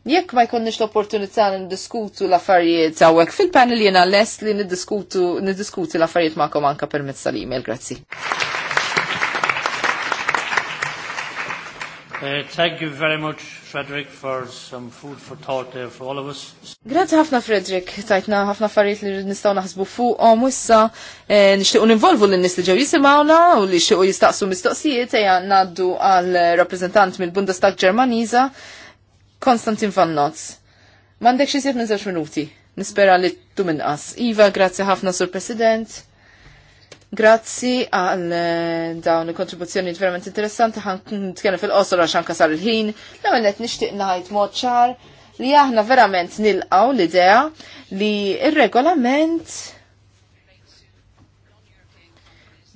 Jekk ma jkunniex l-opportunità niddiskutu l-affarijiet hawnhekk fil-panel jiena lest li n niddiskuti l-affarijiet magħkom anke permezz tal-email. Grazzi. Uh, thank you very much, Frederick, for some food for thought there for all of us. Grazie ħafna, Frederick. Tajtna ħafna affarijiet li nistgħu naħsbu fuq u issa eh, nixtiequ ninvolvu lin nies li ġew jisimgħuna u li xiequ jistaqsu mistoqsijiet eja naddu għal rappreżentant mill-Bundestag Ġermaniża Konstantin Van Notz. M'għandek xi siet minn żewġ minuti. Nispera li tu minqas. Iva, grazzi ħafna, Sur President. Grazzi għal eh, dawn il-kontribuzzjoni verament interessanti ħan nitkellem fil-qosor għax anka sar il-ħin. L-ewwel qed nixtieq ngħid mod ċar li aħna verament nilqgħu l-idea li ir-regolament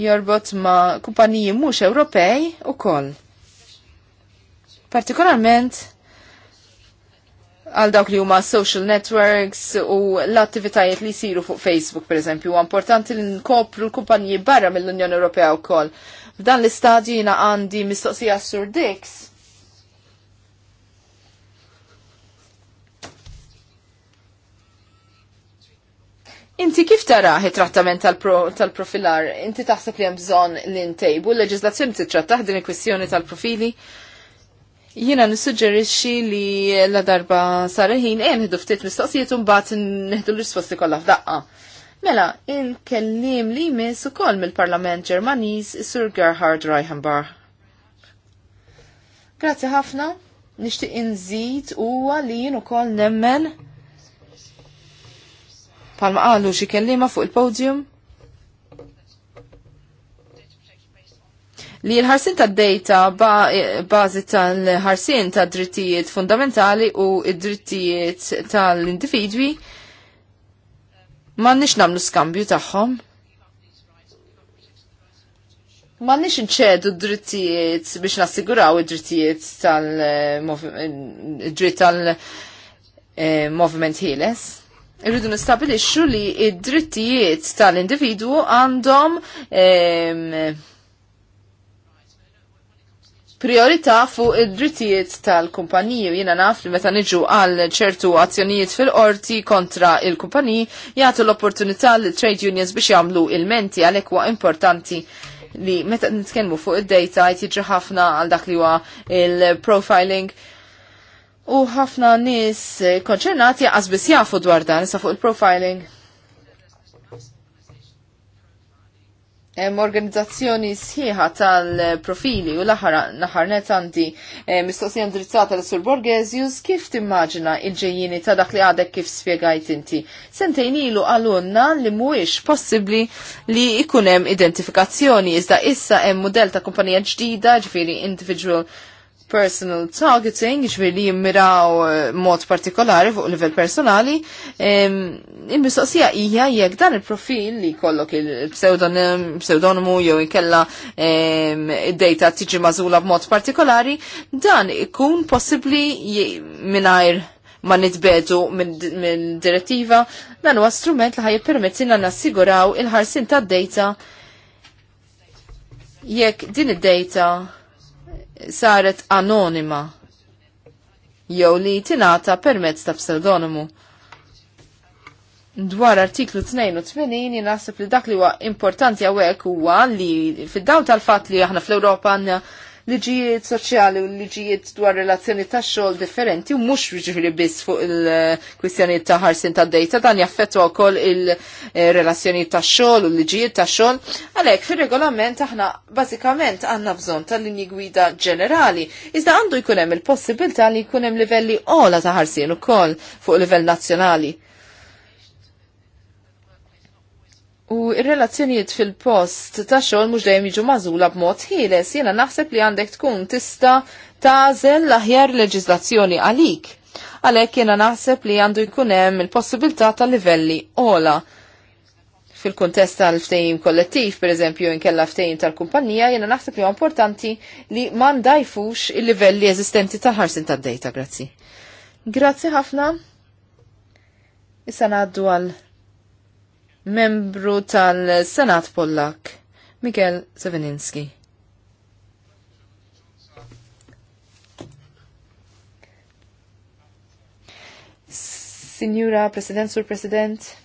jorbot ma' kumpaniji mhux Ewropej ukoll. Partikolarment għal dawk li huma social networks u l-attivitajiet li jsiru fuq Facebook pereżempju huwa importanti li nkopru l-kumpanji barra mill-Unjoni Ewropea wkoll. F'dan l-istadju jiena għandi mistoqsija sur Dix. Inti kif taraħ it-trattament tal-profilar? Inti taħseb li hemm bżonn li ntejbu l-leġiżlazzjoni titrattaħ din il-kwistjoni tal-profili? tal profili Jina nissuġġerixxi li la darba saraħin ejn nħidu ftit mistoqsijiet u mbagħad nħidu l-risposti kollha f'daqqa. Mela, il-kellim li jmiss ukoll mill-Parlament Ġermaniż is-Sur Gerhard Reichenbach. Grazzi ħafna, nixtieq inżid huwa li jien ukoll nemmen palma qalu xi kellima fuq il-podium li l-ħarsin ta' data bażi tal-ħarsin ta' drittijiet fundamentali u id-drittijiet tal-individwi ma' nix namlu skambju tagħhom. Ma' nix nċedu drittijiet biex nassiguraw id-drittijiet tal-dritt tal-movement eh, ħieles. Irridu nistabilixxu li id-drittijiet tal-individwu għandhom eh, priorità fuq id-drittijiet tal-kumpaniji Jina jiena naf li meta niġu għal ċertu azzjonijiet fil-qorti kontra il-kumpaniji jagħtu l-opportunità l trade unions biex jagħmlu il-menti għal huwa importanti li meta nitkellmu fuq id-data jtiġi ħafna għal dak li huwa il-profiling u ħafna nies konċernati għazbis jafu dwar dan sa fuq il-profiling Em organizzazzjoni sħiħa tal-profili u l-aħħar net għandi eh, mistoqsija indirizzata l-Sur Borgesius kif timmaġina il-ġejjini ta' dak li għadek kif spiegajt inti. Sentejn ilu għalunna li mhuwiex possibbli li ikun hemm identifikazzjoni iżda issa hemm mudell ta' kumpanija ġdida ġifieri individual personal targeting, ġviri jimmiraw eh, mod partikolari fuq livell personali, il-mistoqsija hija jekk dan il-profil li kollok il-pseudonimu jew ikella id-data tiġi mażula b'mod partikolari, dan ikun possibbli mingħajr ma nitbedu minn direttiva, dan huwa strument li ħajjippermettilna nassiguraw il-ħarsin tad-data jekk din id-data saret anonima jew li tingħata permezz ta' pseudonimu. Dwar artiklu 82 naħseb li dak li huwa importanti hawnhekk huwa li fid-daw tal-fatt li aħna fl-Ewropa għandna liġijiet soċjali u liġijiet dwar relazzjoni ta' xogħol differenti u mhux jiġifieri biss fuq il-kwistjoni ta' ħarsin ta' dejta dan jaffettwa wkoll il-relazzjoni ta' xogħol u liġijiet ta' xogħol. Għalhekk fir-regolament aħna bażikament għandna bżonn tal-linji gwida ġenerali. Iżda għandu jkun hemm il-possibilità li jkun hemm livelli ola ta' ħarsien ukoll fuq livell nazzjonali. U ir-relazzjonijiet fil-post ta' xogħol mhux dejjem jiġu magħżula b'mod ħieles, jiena naħseb li għandek tkun tista' tażel l-aħjar leġiżlazzjoni għalik. Għalhekk jiena naħseb li għandu jkun hemm il-possibilità ta' livelli ola. Fil-kuntest tal-ftehim kollettiv, pereżempju inkella ftehim tal-kumpanija, jiena naħseb li huwa importanti li ma ndajfux il-livelli eżistenti tal-ħarsin tad-dejta, grazzi. Grazzi ħafna. Issa ngħaddu għal membru tal-Senat Pollak, Mikael Seveninski. Signora President, Sur President,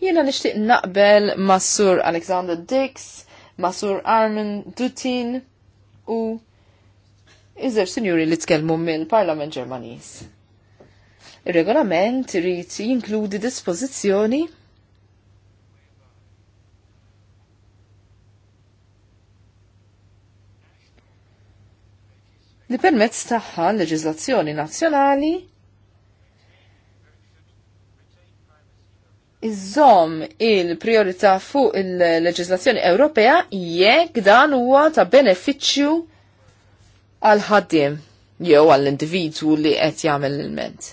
Jiena nixtieq naqbel Massur Alexander Dix, Massur Armin Dutin u iżer sinjuri li tkellmu mill-Parlament Ġermaniż. Ir-regolament irid jinkludi dispożizzjoni li permezz tagħha l-leġiżlazzjoni nazzjonali iżżomm il-priorità fuq il-leġiżlazzjoni Ewropea jekk dan huwa ta' benefiċċju għal ħaddiem jew għall individwu li qed jagħmel il ment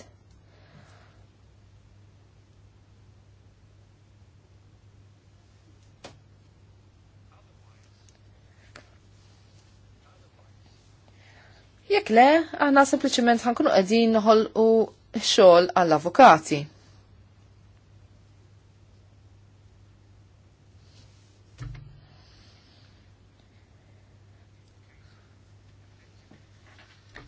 Jekk le, aħna sempliċement ħankunu qegħdin noħolqu xogħol għall-avukati.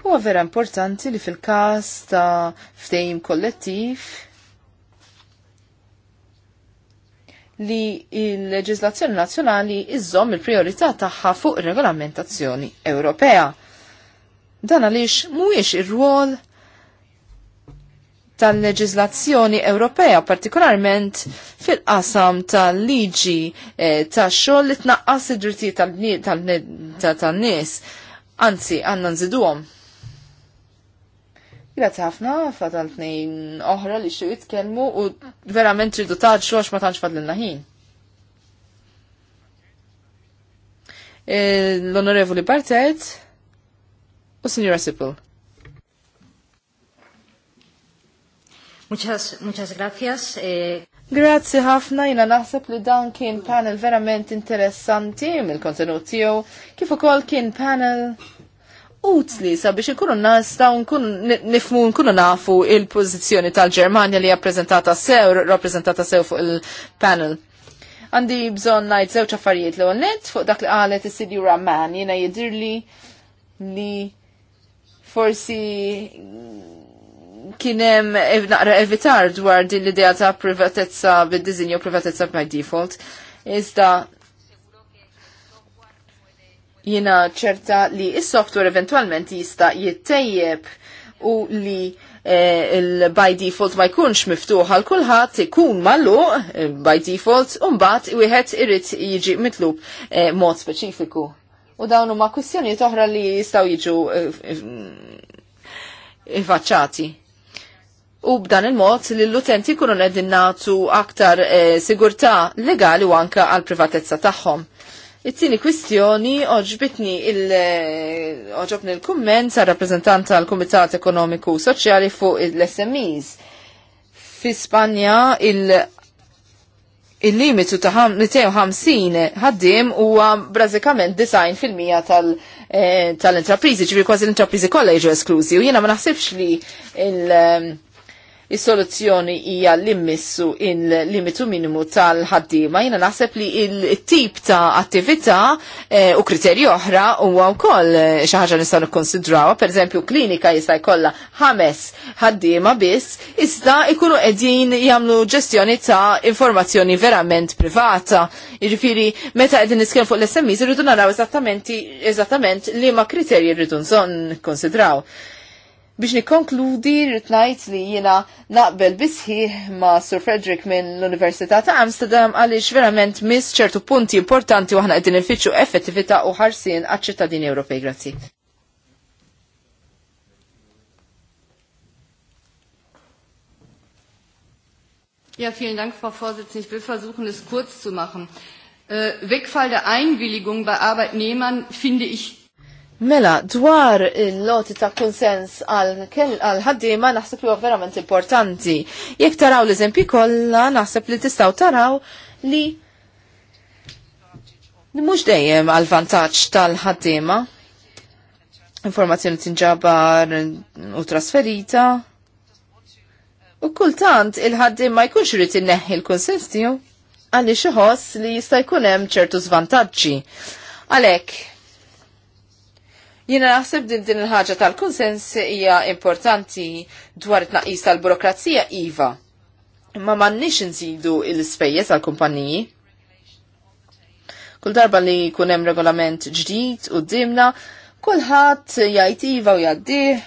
Huwa vera importanti li fil-każ ta' ftehim kollettiv li il leġiżlazzjoni nazzjonali iżżomm il-priorità tagħha fuq ir-regolamentazzjoni Ewropea Dan għaliex mhuwiex ir-rwol tal-leġizlazzjoni Ewropea, partikolarment fil-qasam tal-liġi eh, tax-xogħol li tnaqqas id-drittijiet tan-nies. Anzi, għandna nżiduhom. Grazzi ħafna fadal tnejn oħra li xew jitkellmu u verament tridu taġġu għax ma tantx fadlilna ħin. Eh, L-Onorevoli Bartet, U Signora Sipple. Muchas, muchas gracias. Eh... Grazzi ħafna jina naħseb li dan kien panel verament interessanti mill-kontenut tiegħu kif ukoll kien panel utli sabiex ikunu nastaw nifmu nkunu nafu il-pożizzjoni tal-Ġermanja li rappreżentata sew rappreżentata sew fuq il-panel. Għandi bżonn ngħid żewġ affarijiet l net fuq dak li qalet is-Sidjura Man jiena jidirli li forsi kienem naqra evitar dwar din l-idea ta' privatezza bid-dizinju privatezza by default. Iżda jina ċerta li il software eventualment jista' jittejjeb u li eh, il-by default ma jkunx miftuħ għal kulħadd ikun mallu eh, by default u mbagħad wieħed irid jiġi mitlub eh, mod speċifiku u dawn huma kwistjonijiet oħra li jistgħu jiġu ifacċati. Eh, eh, u b'dan il-mod li l-utenti kunu qegħdin nagħtu aktar eh, sigurtà legali u anke għall privatezza tagħhom. It-tieni kwistjoni oġbitni il oġobni l-kumment sa' rappreżentant tal-Kumitat Ekonomiku Soċjali fuq l-SMEs. Fi Spanja il- il-limitu ta' 250 ħaddim huwa brażikament design fil-mija eh, tal-intrapriżi, ġifieri kważi l-intrapriżi kolla jġu esklużi u jiena ma naħsibx li il- Is-soluzzjoni hija l-immissu il-limitu minimu tal-ħaddiema. Jiena naħseb li il-tip ta' attività eh, u kriterji oħra huwa wkoll eh, xi ħaġa nistgħu nikkonsidrawha. Pereżempju klinika jista' jkollha ħames ħaddiema biss, iżda ikunu qegħdin jagħmlu ġestjoni ta' informazzjoni verament privata. Jiġifieri meta qegħdin nitkellmu fuq l-SMEs irridu naraw eżattament li ma kriterji rridu nżonn nikkonsidraw. Biex nikonkludi rrit ngħid li jina naqbel bisħi ma' Sir Frederick minn l-Università ta' Amsterdam għalix verament mis ċertu punti importanti u ħana aħna il-fitxu effettivita u ħarsin għaċ-ċittadini Ewropej. Grazie. Ja, vielen Dank, Frau Vorsitzende. Ich will versuchen, es kurz zu machen. Äh, Wegfall der Einwilligung bei Arbeitnehmern finde ich Mela, dwar il-loti ta' konsens għal-ħaddima naħseb li verament importanti. Jek taraw l-eżempi kollha naħseb li tistaw taraw li mhux dejjem għal-vantaġġ tal-ħaddima. Informazzjoni tinġabar u trasferita. U kultant il-ħaddim ma jkunx irid inneħħi l-konsens tiegħu għaliex iħoss li jista' jkun hemm ċertu żvantaġġi. Għalhekk, Jiena naħseb din din il-ħaġa tal-kunsens hija importanti dwar it-naqis tal-burokrazija iva. Imma m'għandniex inżidu l-ispejjeż għall-kumpaniji. Kull darba li jkun hemm regolament ġdid u dimna, kulħadd jgħid iva u jgħaddih.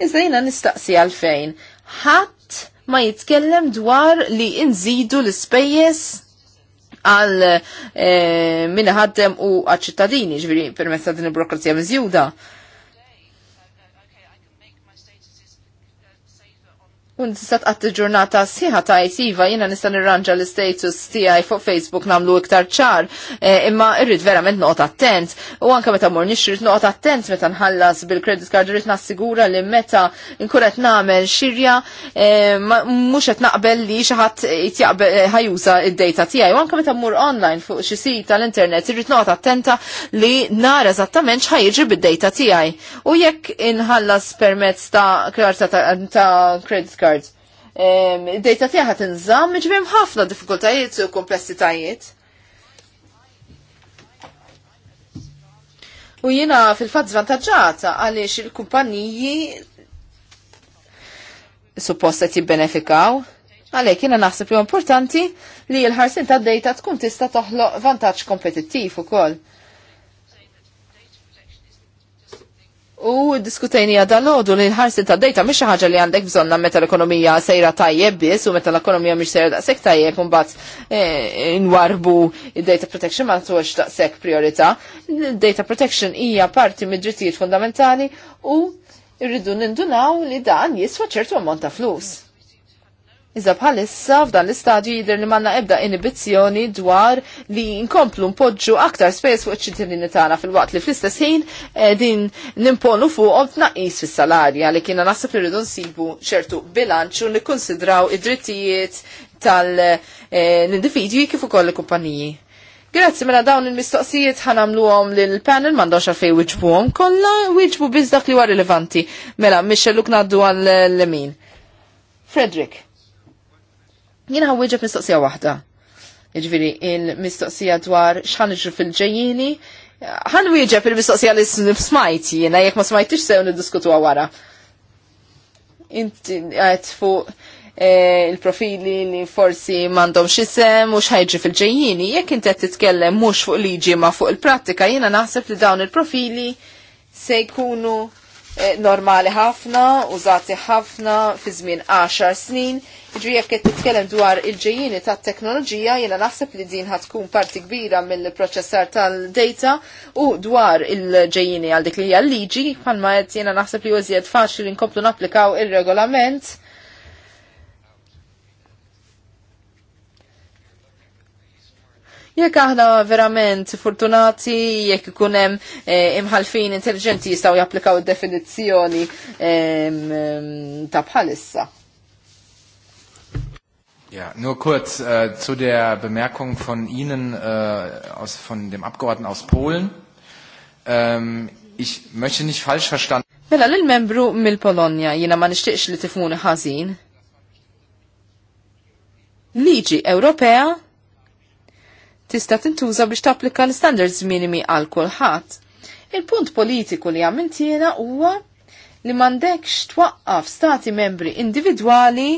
Iżda jiena nistaqsi għalfejn. Ħadd ma jitkellem dwar li inżidu l-ispejjeż għal eh, minna ħaddem u għal ċittadini ġviri permessa din il-burokrazija mizjuda. Un tisat għatti ġurnata sħiħa ta' jisiva jina nista nirranġa l-status tijaj fuq Facebook namlu iktar ċar, eh, imma irrid verament not attent. U anka meta mor nixrit not attent meta nħallas bil-credit card irrid nassigura li meta nkunet namel xirja eh, mux qed naqbel li xaħat eh, ħajuża id-data tijaj. U anka meta mor online fuq xi sit tal-internet irrid not attenta li nara eżattament x'ħajġi bid-data tijaj. U jekk inħallas permezz ta' karta ta' credit card standard. Dejta tiegħek t-nżam, ġbim ħafna diffikultajiet u komplessitajiet. U jiena fil-fatt zvantagġata għaliex il-kumpaniji supposta jibbenefikaw. Għalek, jina naħseb li importanti li l-ħarsin ta' dejta tkun tista toħloq vantaġġ kompetittiv u koll. U diskutajni għada l-ħodu li l-ħarsin ta' dejta miex ħaġa li għandek bżonna meta l-ekonomija sejra tajjeb biss u meta l-ekonomija miex sejra daqsek tajjeb un bat eh, inwarbu data protection ma' tuħx daqsek priorita. Data protection hija parti mid-drittijiet fundamentali u irridu nindunaw li dan jiswa ċertu ammont ta' flus. Iżda bħalissa f'dan l-istadju jidher li manna ebda inibizzjoni dwar li nkomplu npoġġu aktar spejs fuq iċ-ċittadini tagħna fil-waqt li fl-istess ħin din nimponu fuqhom tnaqqis fis-salarja li kiena naħseb li rridu nsibu ċertu bilanċ u nikkonsidraw id-drittijiet tal-individwi kif ukoll il-kumpaniji. Grazzi mela dawn il-mistoqsijiet ħanamlu għom l-panel mandoċ għalfej wieġbu għom kolla wieġbu bizdak li għar rilevanti. Mela, Michel Luk naddu għal l-min. Frederick. Jien ħawieġeb mistoqsija waħda. Jiġifieri il-mistoqsija dwar x'ħan fil ġejjini ħan wieġeb il-mistoqsija li smajt jiena jekk ma smajtix sew niddiskutuha wara. Inti qed fuq e, il-profili li forsi mandom xisem u xħajġi fil-ġejjini, jekk inti qed titkellem mhux fuq liġi ma fuq il-prattika, jiena naħseb li dawn il-profili se jkunu Eh, normali ħafna, użati ħafna fi żmien 10 snin. Ġri jekk qed titkellem dwar il-ġejjini tat-teknoloġija, jiena naħseb li din ħatkun tkun parti kbira mill-proċessar tal-data u dwar il-ġejjini għal dik li hija liġi, bħalma qed jiena naħseb li wieżjed faċli nkomplu napplikaw ir-regolament Jekk aħna verament fortunati, jekk ikun hemm eh, imħalfin intelligenti jistgħu japplikaw id-definizzjoni eh, ta' bħalissa. Ja, nur kurz äh, zu der Bemerkung von Ihnen, äh, aus, von dem Abgeordneten aus Polen. Ähm, ich möchte nicht falsch verstanden. Mela, l-membru mil-Polonia, jina ma nishtiqx li tifmuni ħazin. Liġi Ewropea tista' tintuża biex tapplika l-standards minimi għal kulħadd. Il-punt politiku li għamiltina huwa li m'għandekx twaqqaf stati membri individwali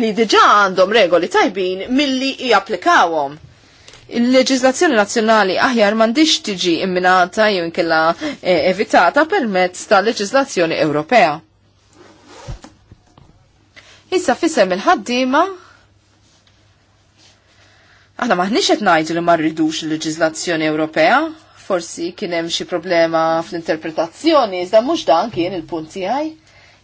li diġa għandhom regoli tajbin milli japplikawhom. Il-leġizlazzjoni nazzjonali aħjar m'għandix tiġi imminata jew inkella eh, evitata permezz ta' leġizlazzjoni Ewropea. Issa fisem il-ħaddiema Aħna maħniex qed ngħidu li ma rridux il Ewropea, forsi kien hemm xi problema fl-interpretazzjoni, iżda mhux dan kien il-punt tiegħi.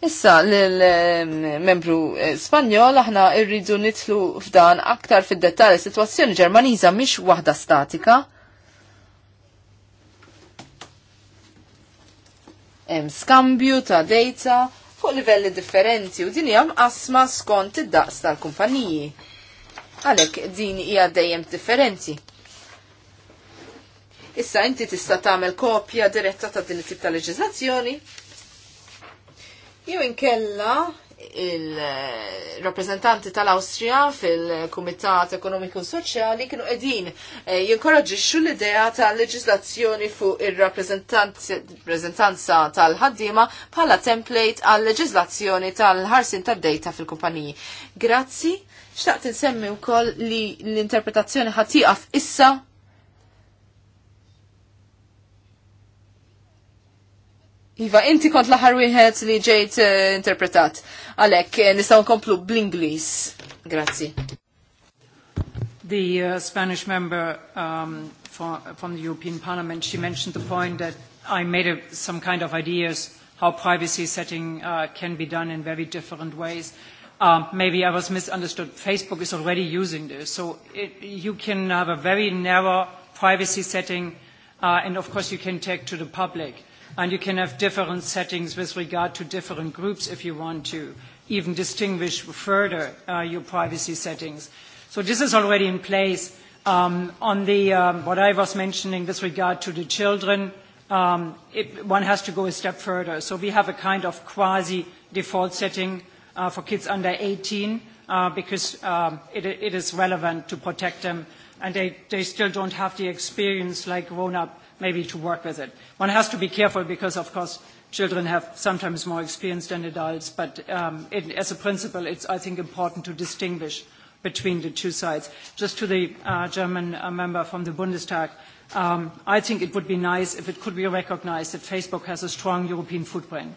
Issa l-membru ehm, eh, Spanjol aħna rridu nitlu f'dan aktar fid-dettall is-sitwazzjoni Ġermaniża mhix waħda statika. Hemm skambju ta' data fuq livelli differenti u din hija asma skont id-daqs tal-kumpaniji Għalek din hija dejjem differenti. Issa inti tista' tagħmel kopja diretta ta' din it-tip ta' leġiżlazzjoni jew inkella il-rappresentanti tal-Austria fil-Kumitat Ekonomiku Soċjali kienu qegħdin eh, jinkoraġixxu l-idea tal leġiżlazzjoni fuq ir-rappreżentanza tal-ħaddiema bħala template għal leġiżlazzjoni tal-ħarsin tad-dejta fil-kumpaniji. Grazzi, Xtaqt insemmi koll li l-interpretazzjoni ħatiqaf issa Iva, inti kont laħar wieħed li ġejt eh, interpretat. Għalek, eh, nistaw nkomplu bl-Inglis. Grazzi. The uh, Spanish member um, for, from the European Parliament, she mentioned the point that I made a, some kind of ideas how privacy setting uh, can be done in very different ways. Um, maybe I was misunderstood. Facebook is already using this. So it, you can have a very narrow privacy setting, uh, and of course you can take to the public. And you can have different settings with regard to different groups if you want to even distinguish further uh, your privacy settings. So this is already in place. Um, on the, um, what I was mentioning with regard to the children, um, it, one has to go a step further. So we have a kind of quasi-default setting uh, for kids under 18 uh, because um, it, it is relevant to protect them and they, they still don't have the experience like grown-up maybe to work with it. One has to be careful because, of course, children have sometimes more experience than adults, but um, it, as a principle, it's, I think, important to distinguish between the two sides. Just to the uh, German uh, member from the Bundestag, um, I think it would be nice if it could be recognized that Facebook has a strong European footprint.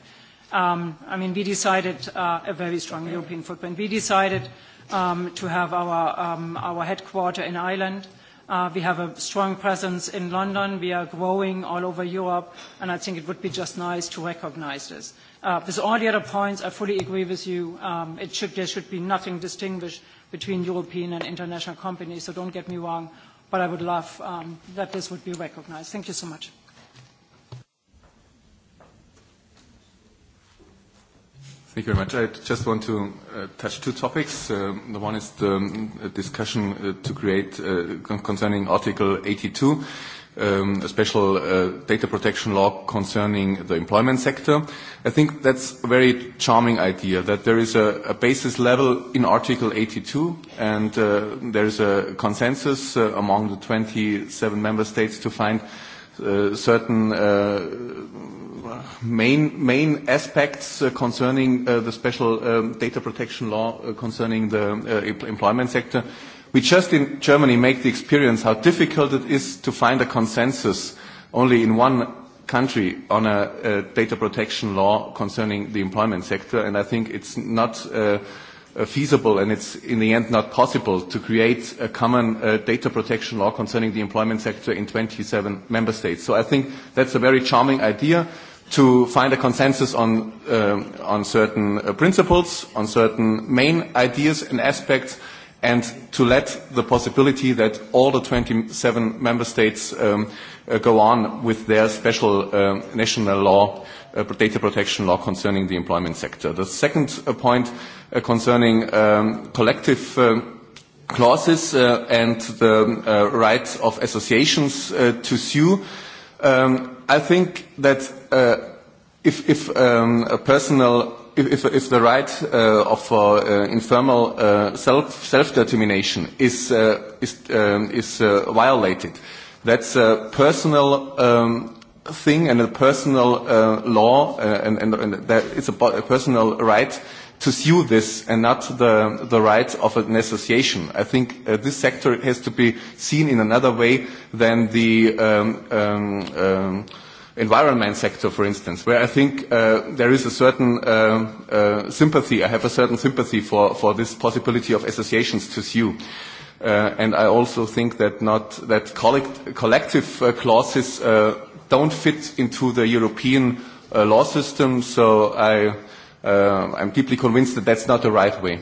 Um, I mean, we decided uh, a very strong European footprint. We decided um, to have our, um, our headquarter in Ireland. Uh, we have a strong presence in London. We are growing all over Europe, and I think it would be just nice to recognize this. Uh, with all the other points, I fully agree with you. Um, it should, there should be nothing distinguished between European and international companies, so don't get me wrong, but I would love um, that this would be recognized. Thank you so much. Thank you very much. I just want to uh, touch two topics. Um, the one is the um, discussion uh, to create uh, con concerning Article 82, um, a special uh, data protection law concerning the employment sector. I think that's a very charming idea that there is a, a basis level in Article 82 and uh, there is a consensus uh, among the 27 member states to find uh, certain uh, main, main aspects uh, concerning uh, the special um, data protection law uh, concerning the uh, employment sector. We just in Germany make the experience how difficult it is to find a consensus only in one country on a, a data protection law concerning the employment sector, and I think it's not uh, uh, feasible and it's in the end not possible to create a common uh, data protection law concerning the employment sector in 27 member states. So I think that's a very charming idea to find a consensus on, um, on certain uh, principles, on certain main ideas and aspects, and to let the possibility that all the 27 member states um, uh, go on with their special uh, national law uh, data protection law concerning the employment sector. The second uh, point uh, concerning um, collective um, clauses uh, and the uh, rights of associations uh, to sue, um, I think that uh, if, if um, a personal if, if, if the right uh, of uh, informal uh, self self-determination is uh, is um, is uh, violated, that's a personal um, thing and a personal uh, law, uh, and, and, and that it's a, a personal right to sue this and not the, the right of an association. I think uh, this sector has to be seen in another way than the um, um, um, environment sector, for instance, where I think uh, there is a certain uh, uh, sympathy, I have a certain sympathy for, for this possibility of associations to sue. Uh, and I also think that not that collect, collective uh, clauses uh, don't fit into the European uh, law system, so I, uh, I'm deeply convinced that that's not the right way.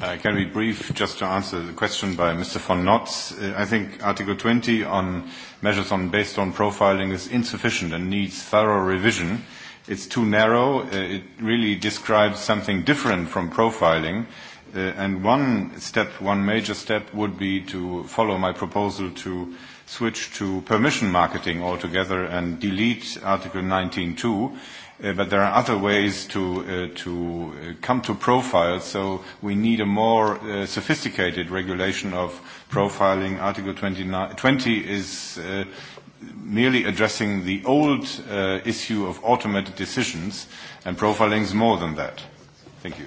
I uh, can be brief just to answer the question by Mr. von Notz. Uh, I think Article 20 on measures on based on profiling is insufficient and needs thorough revision. It's too narrow. Uh, it really describes something different from profiling. Uh, Uh, and one step, one major step would be to follow my proposal to switch to permission marketing altogether and delete Article 19.2. Uh, but there are other ways to, uh, to uh, come to profiles, so we need a more uh, sophisticated regulation of profiling. Article 29, 20 is uh, merely addressing the old uh, issue of automated decisions, and profiling is more than that. Thank you.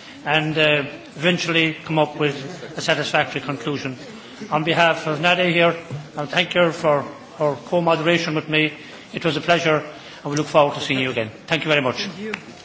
and uh, eventually come up with a satisfactory conclusion. On behalf of Nadia here, I thank you for her co-moderation with me. It was a pleasure and we look forward to seeing you again. Thank you very much. Thank you.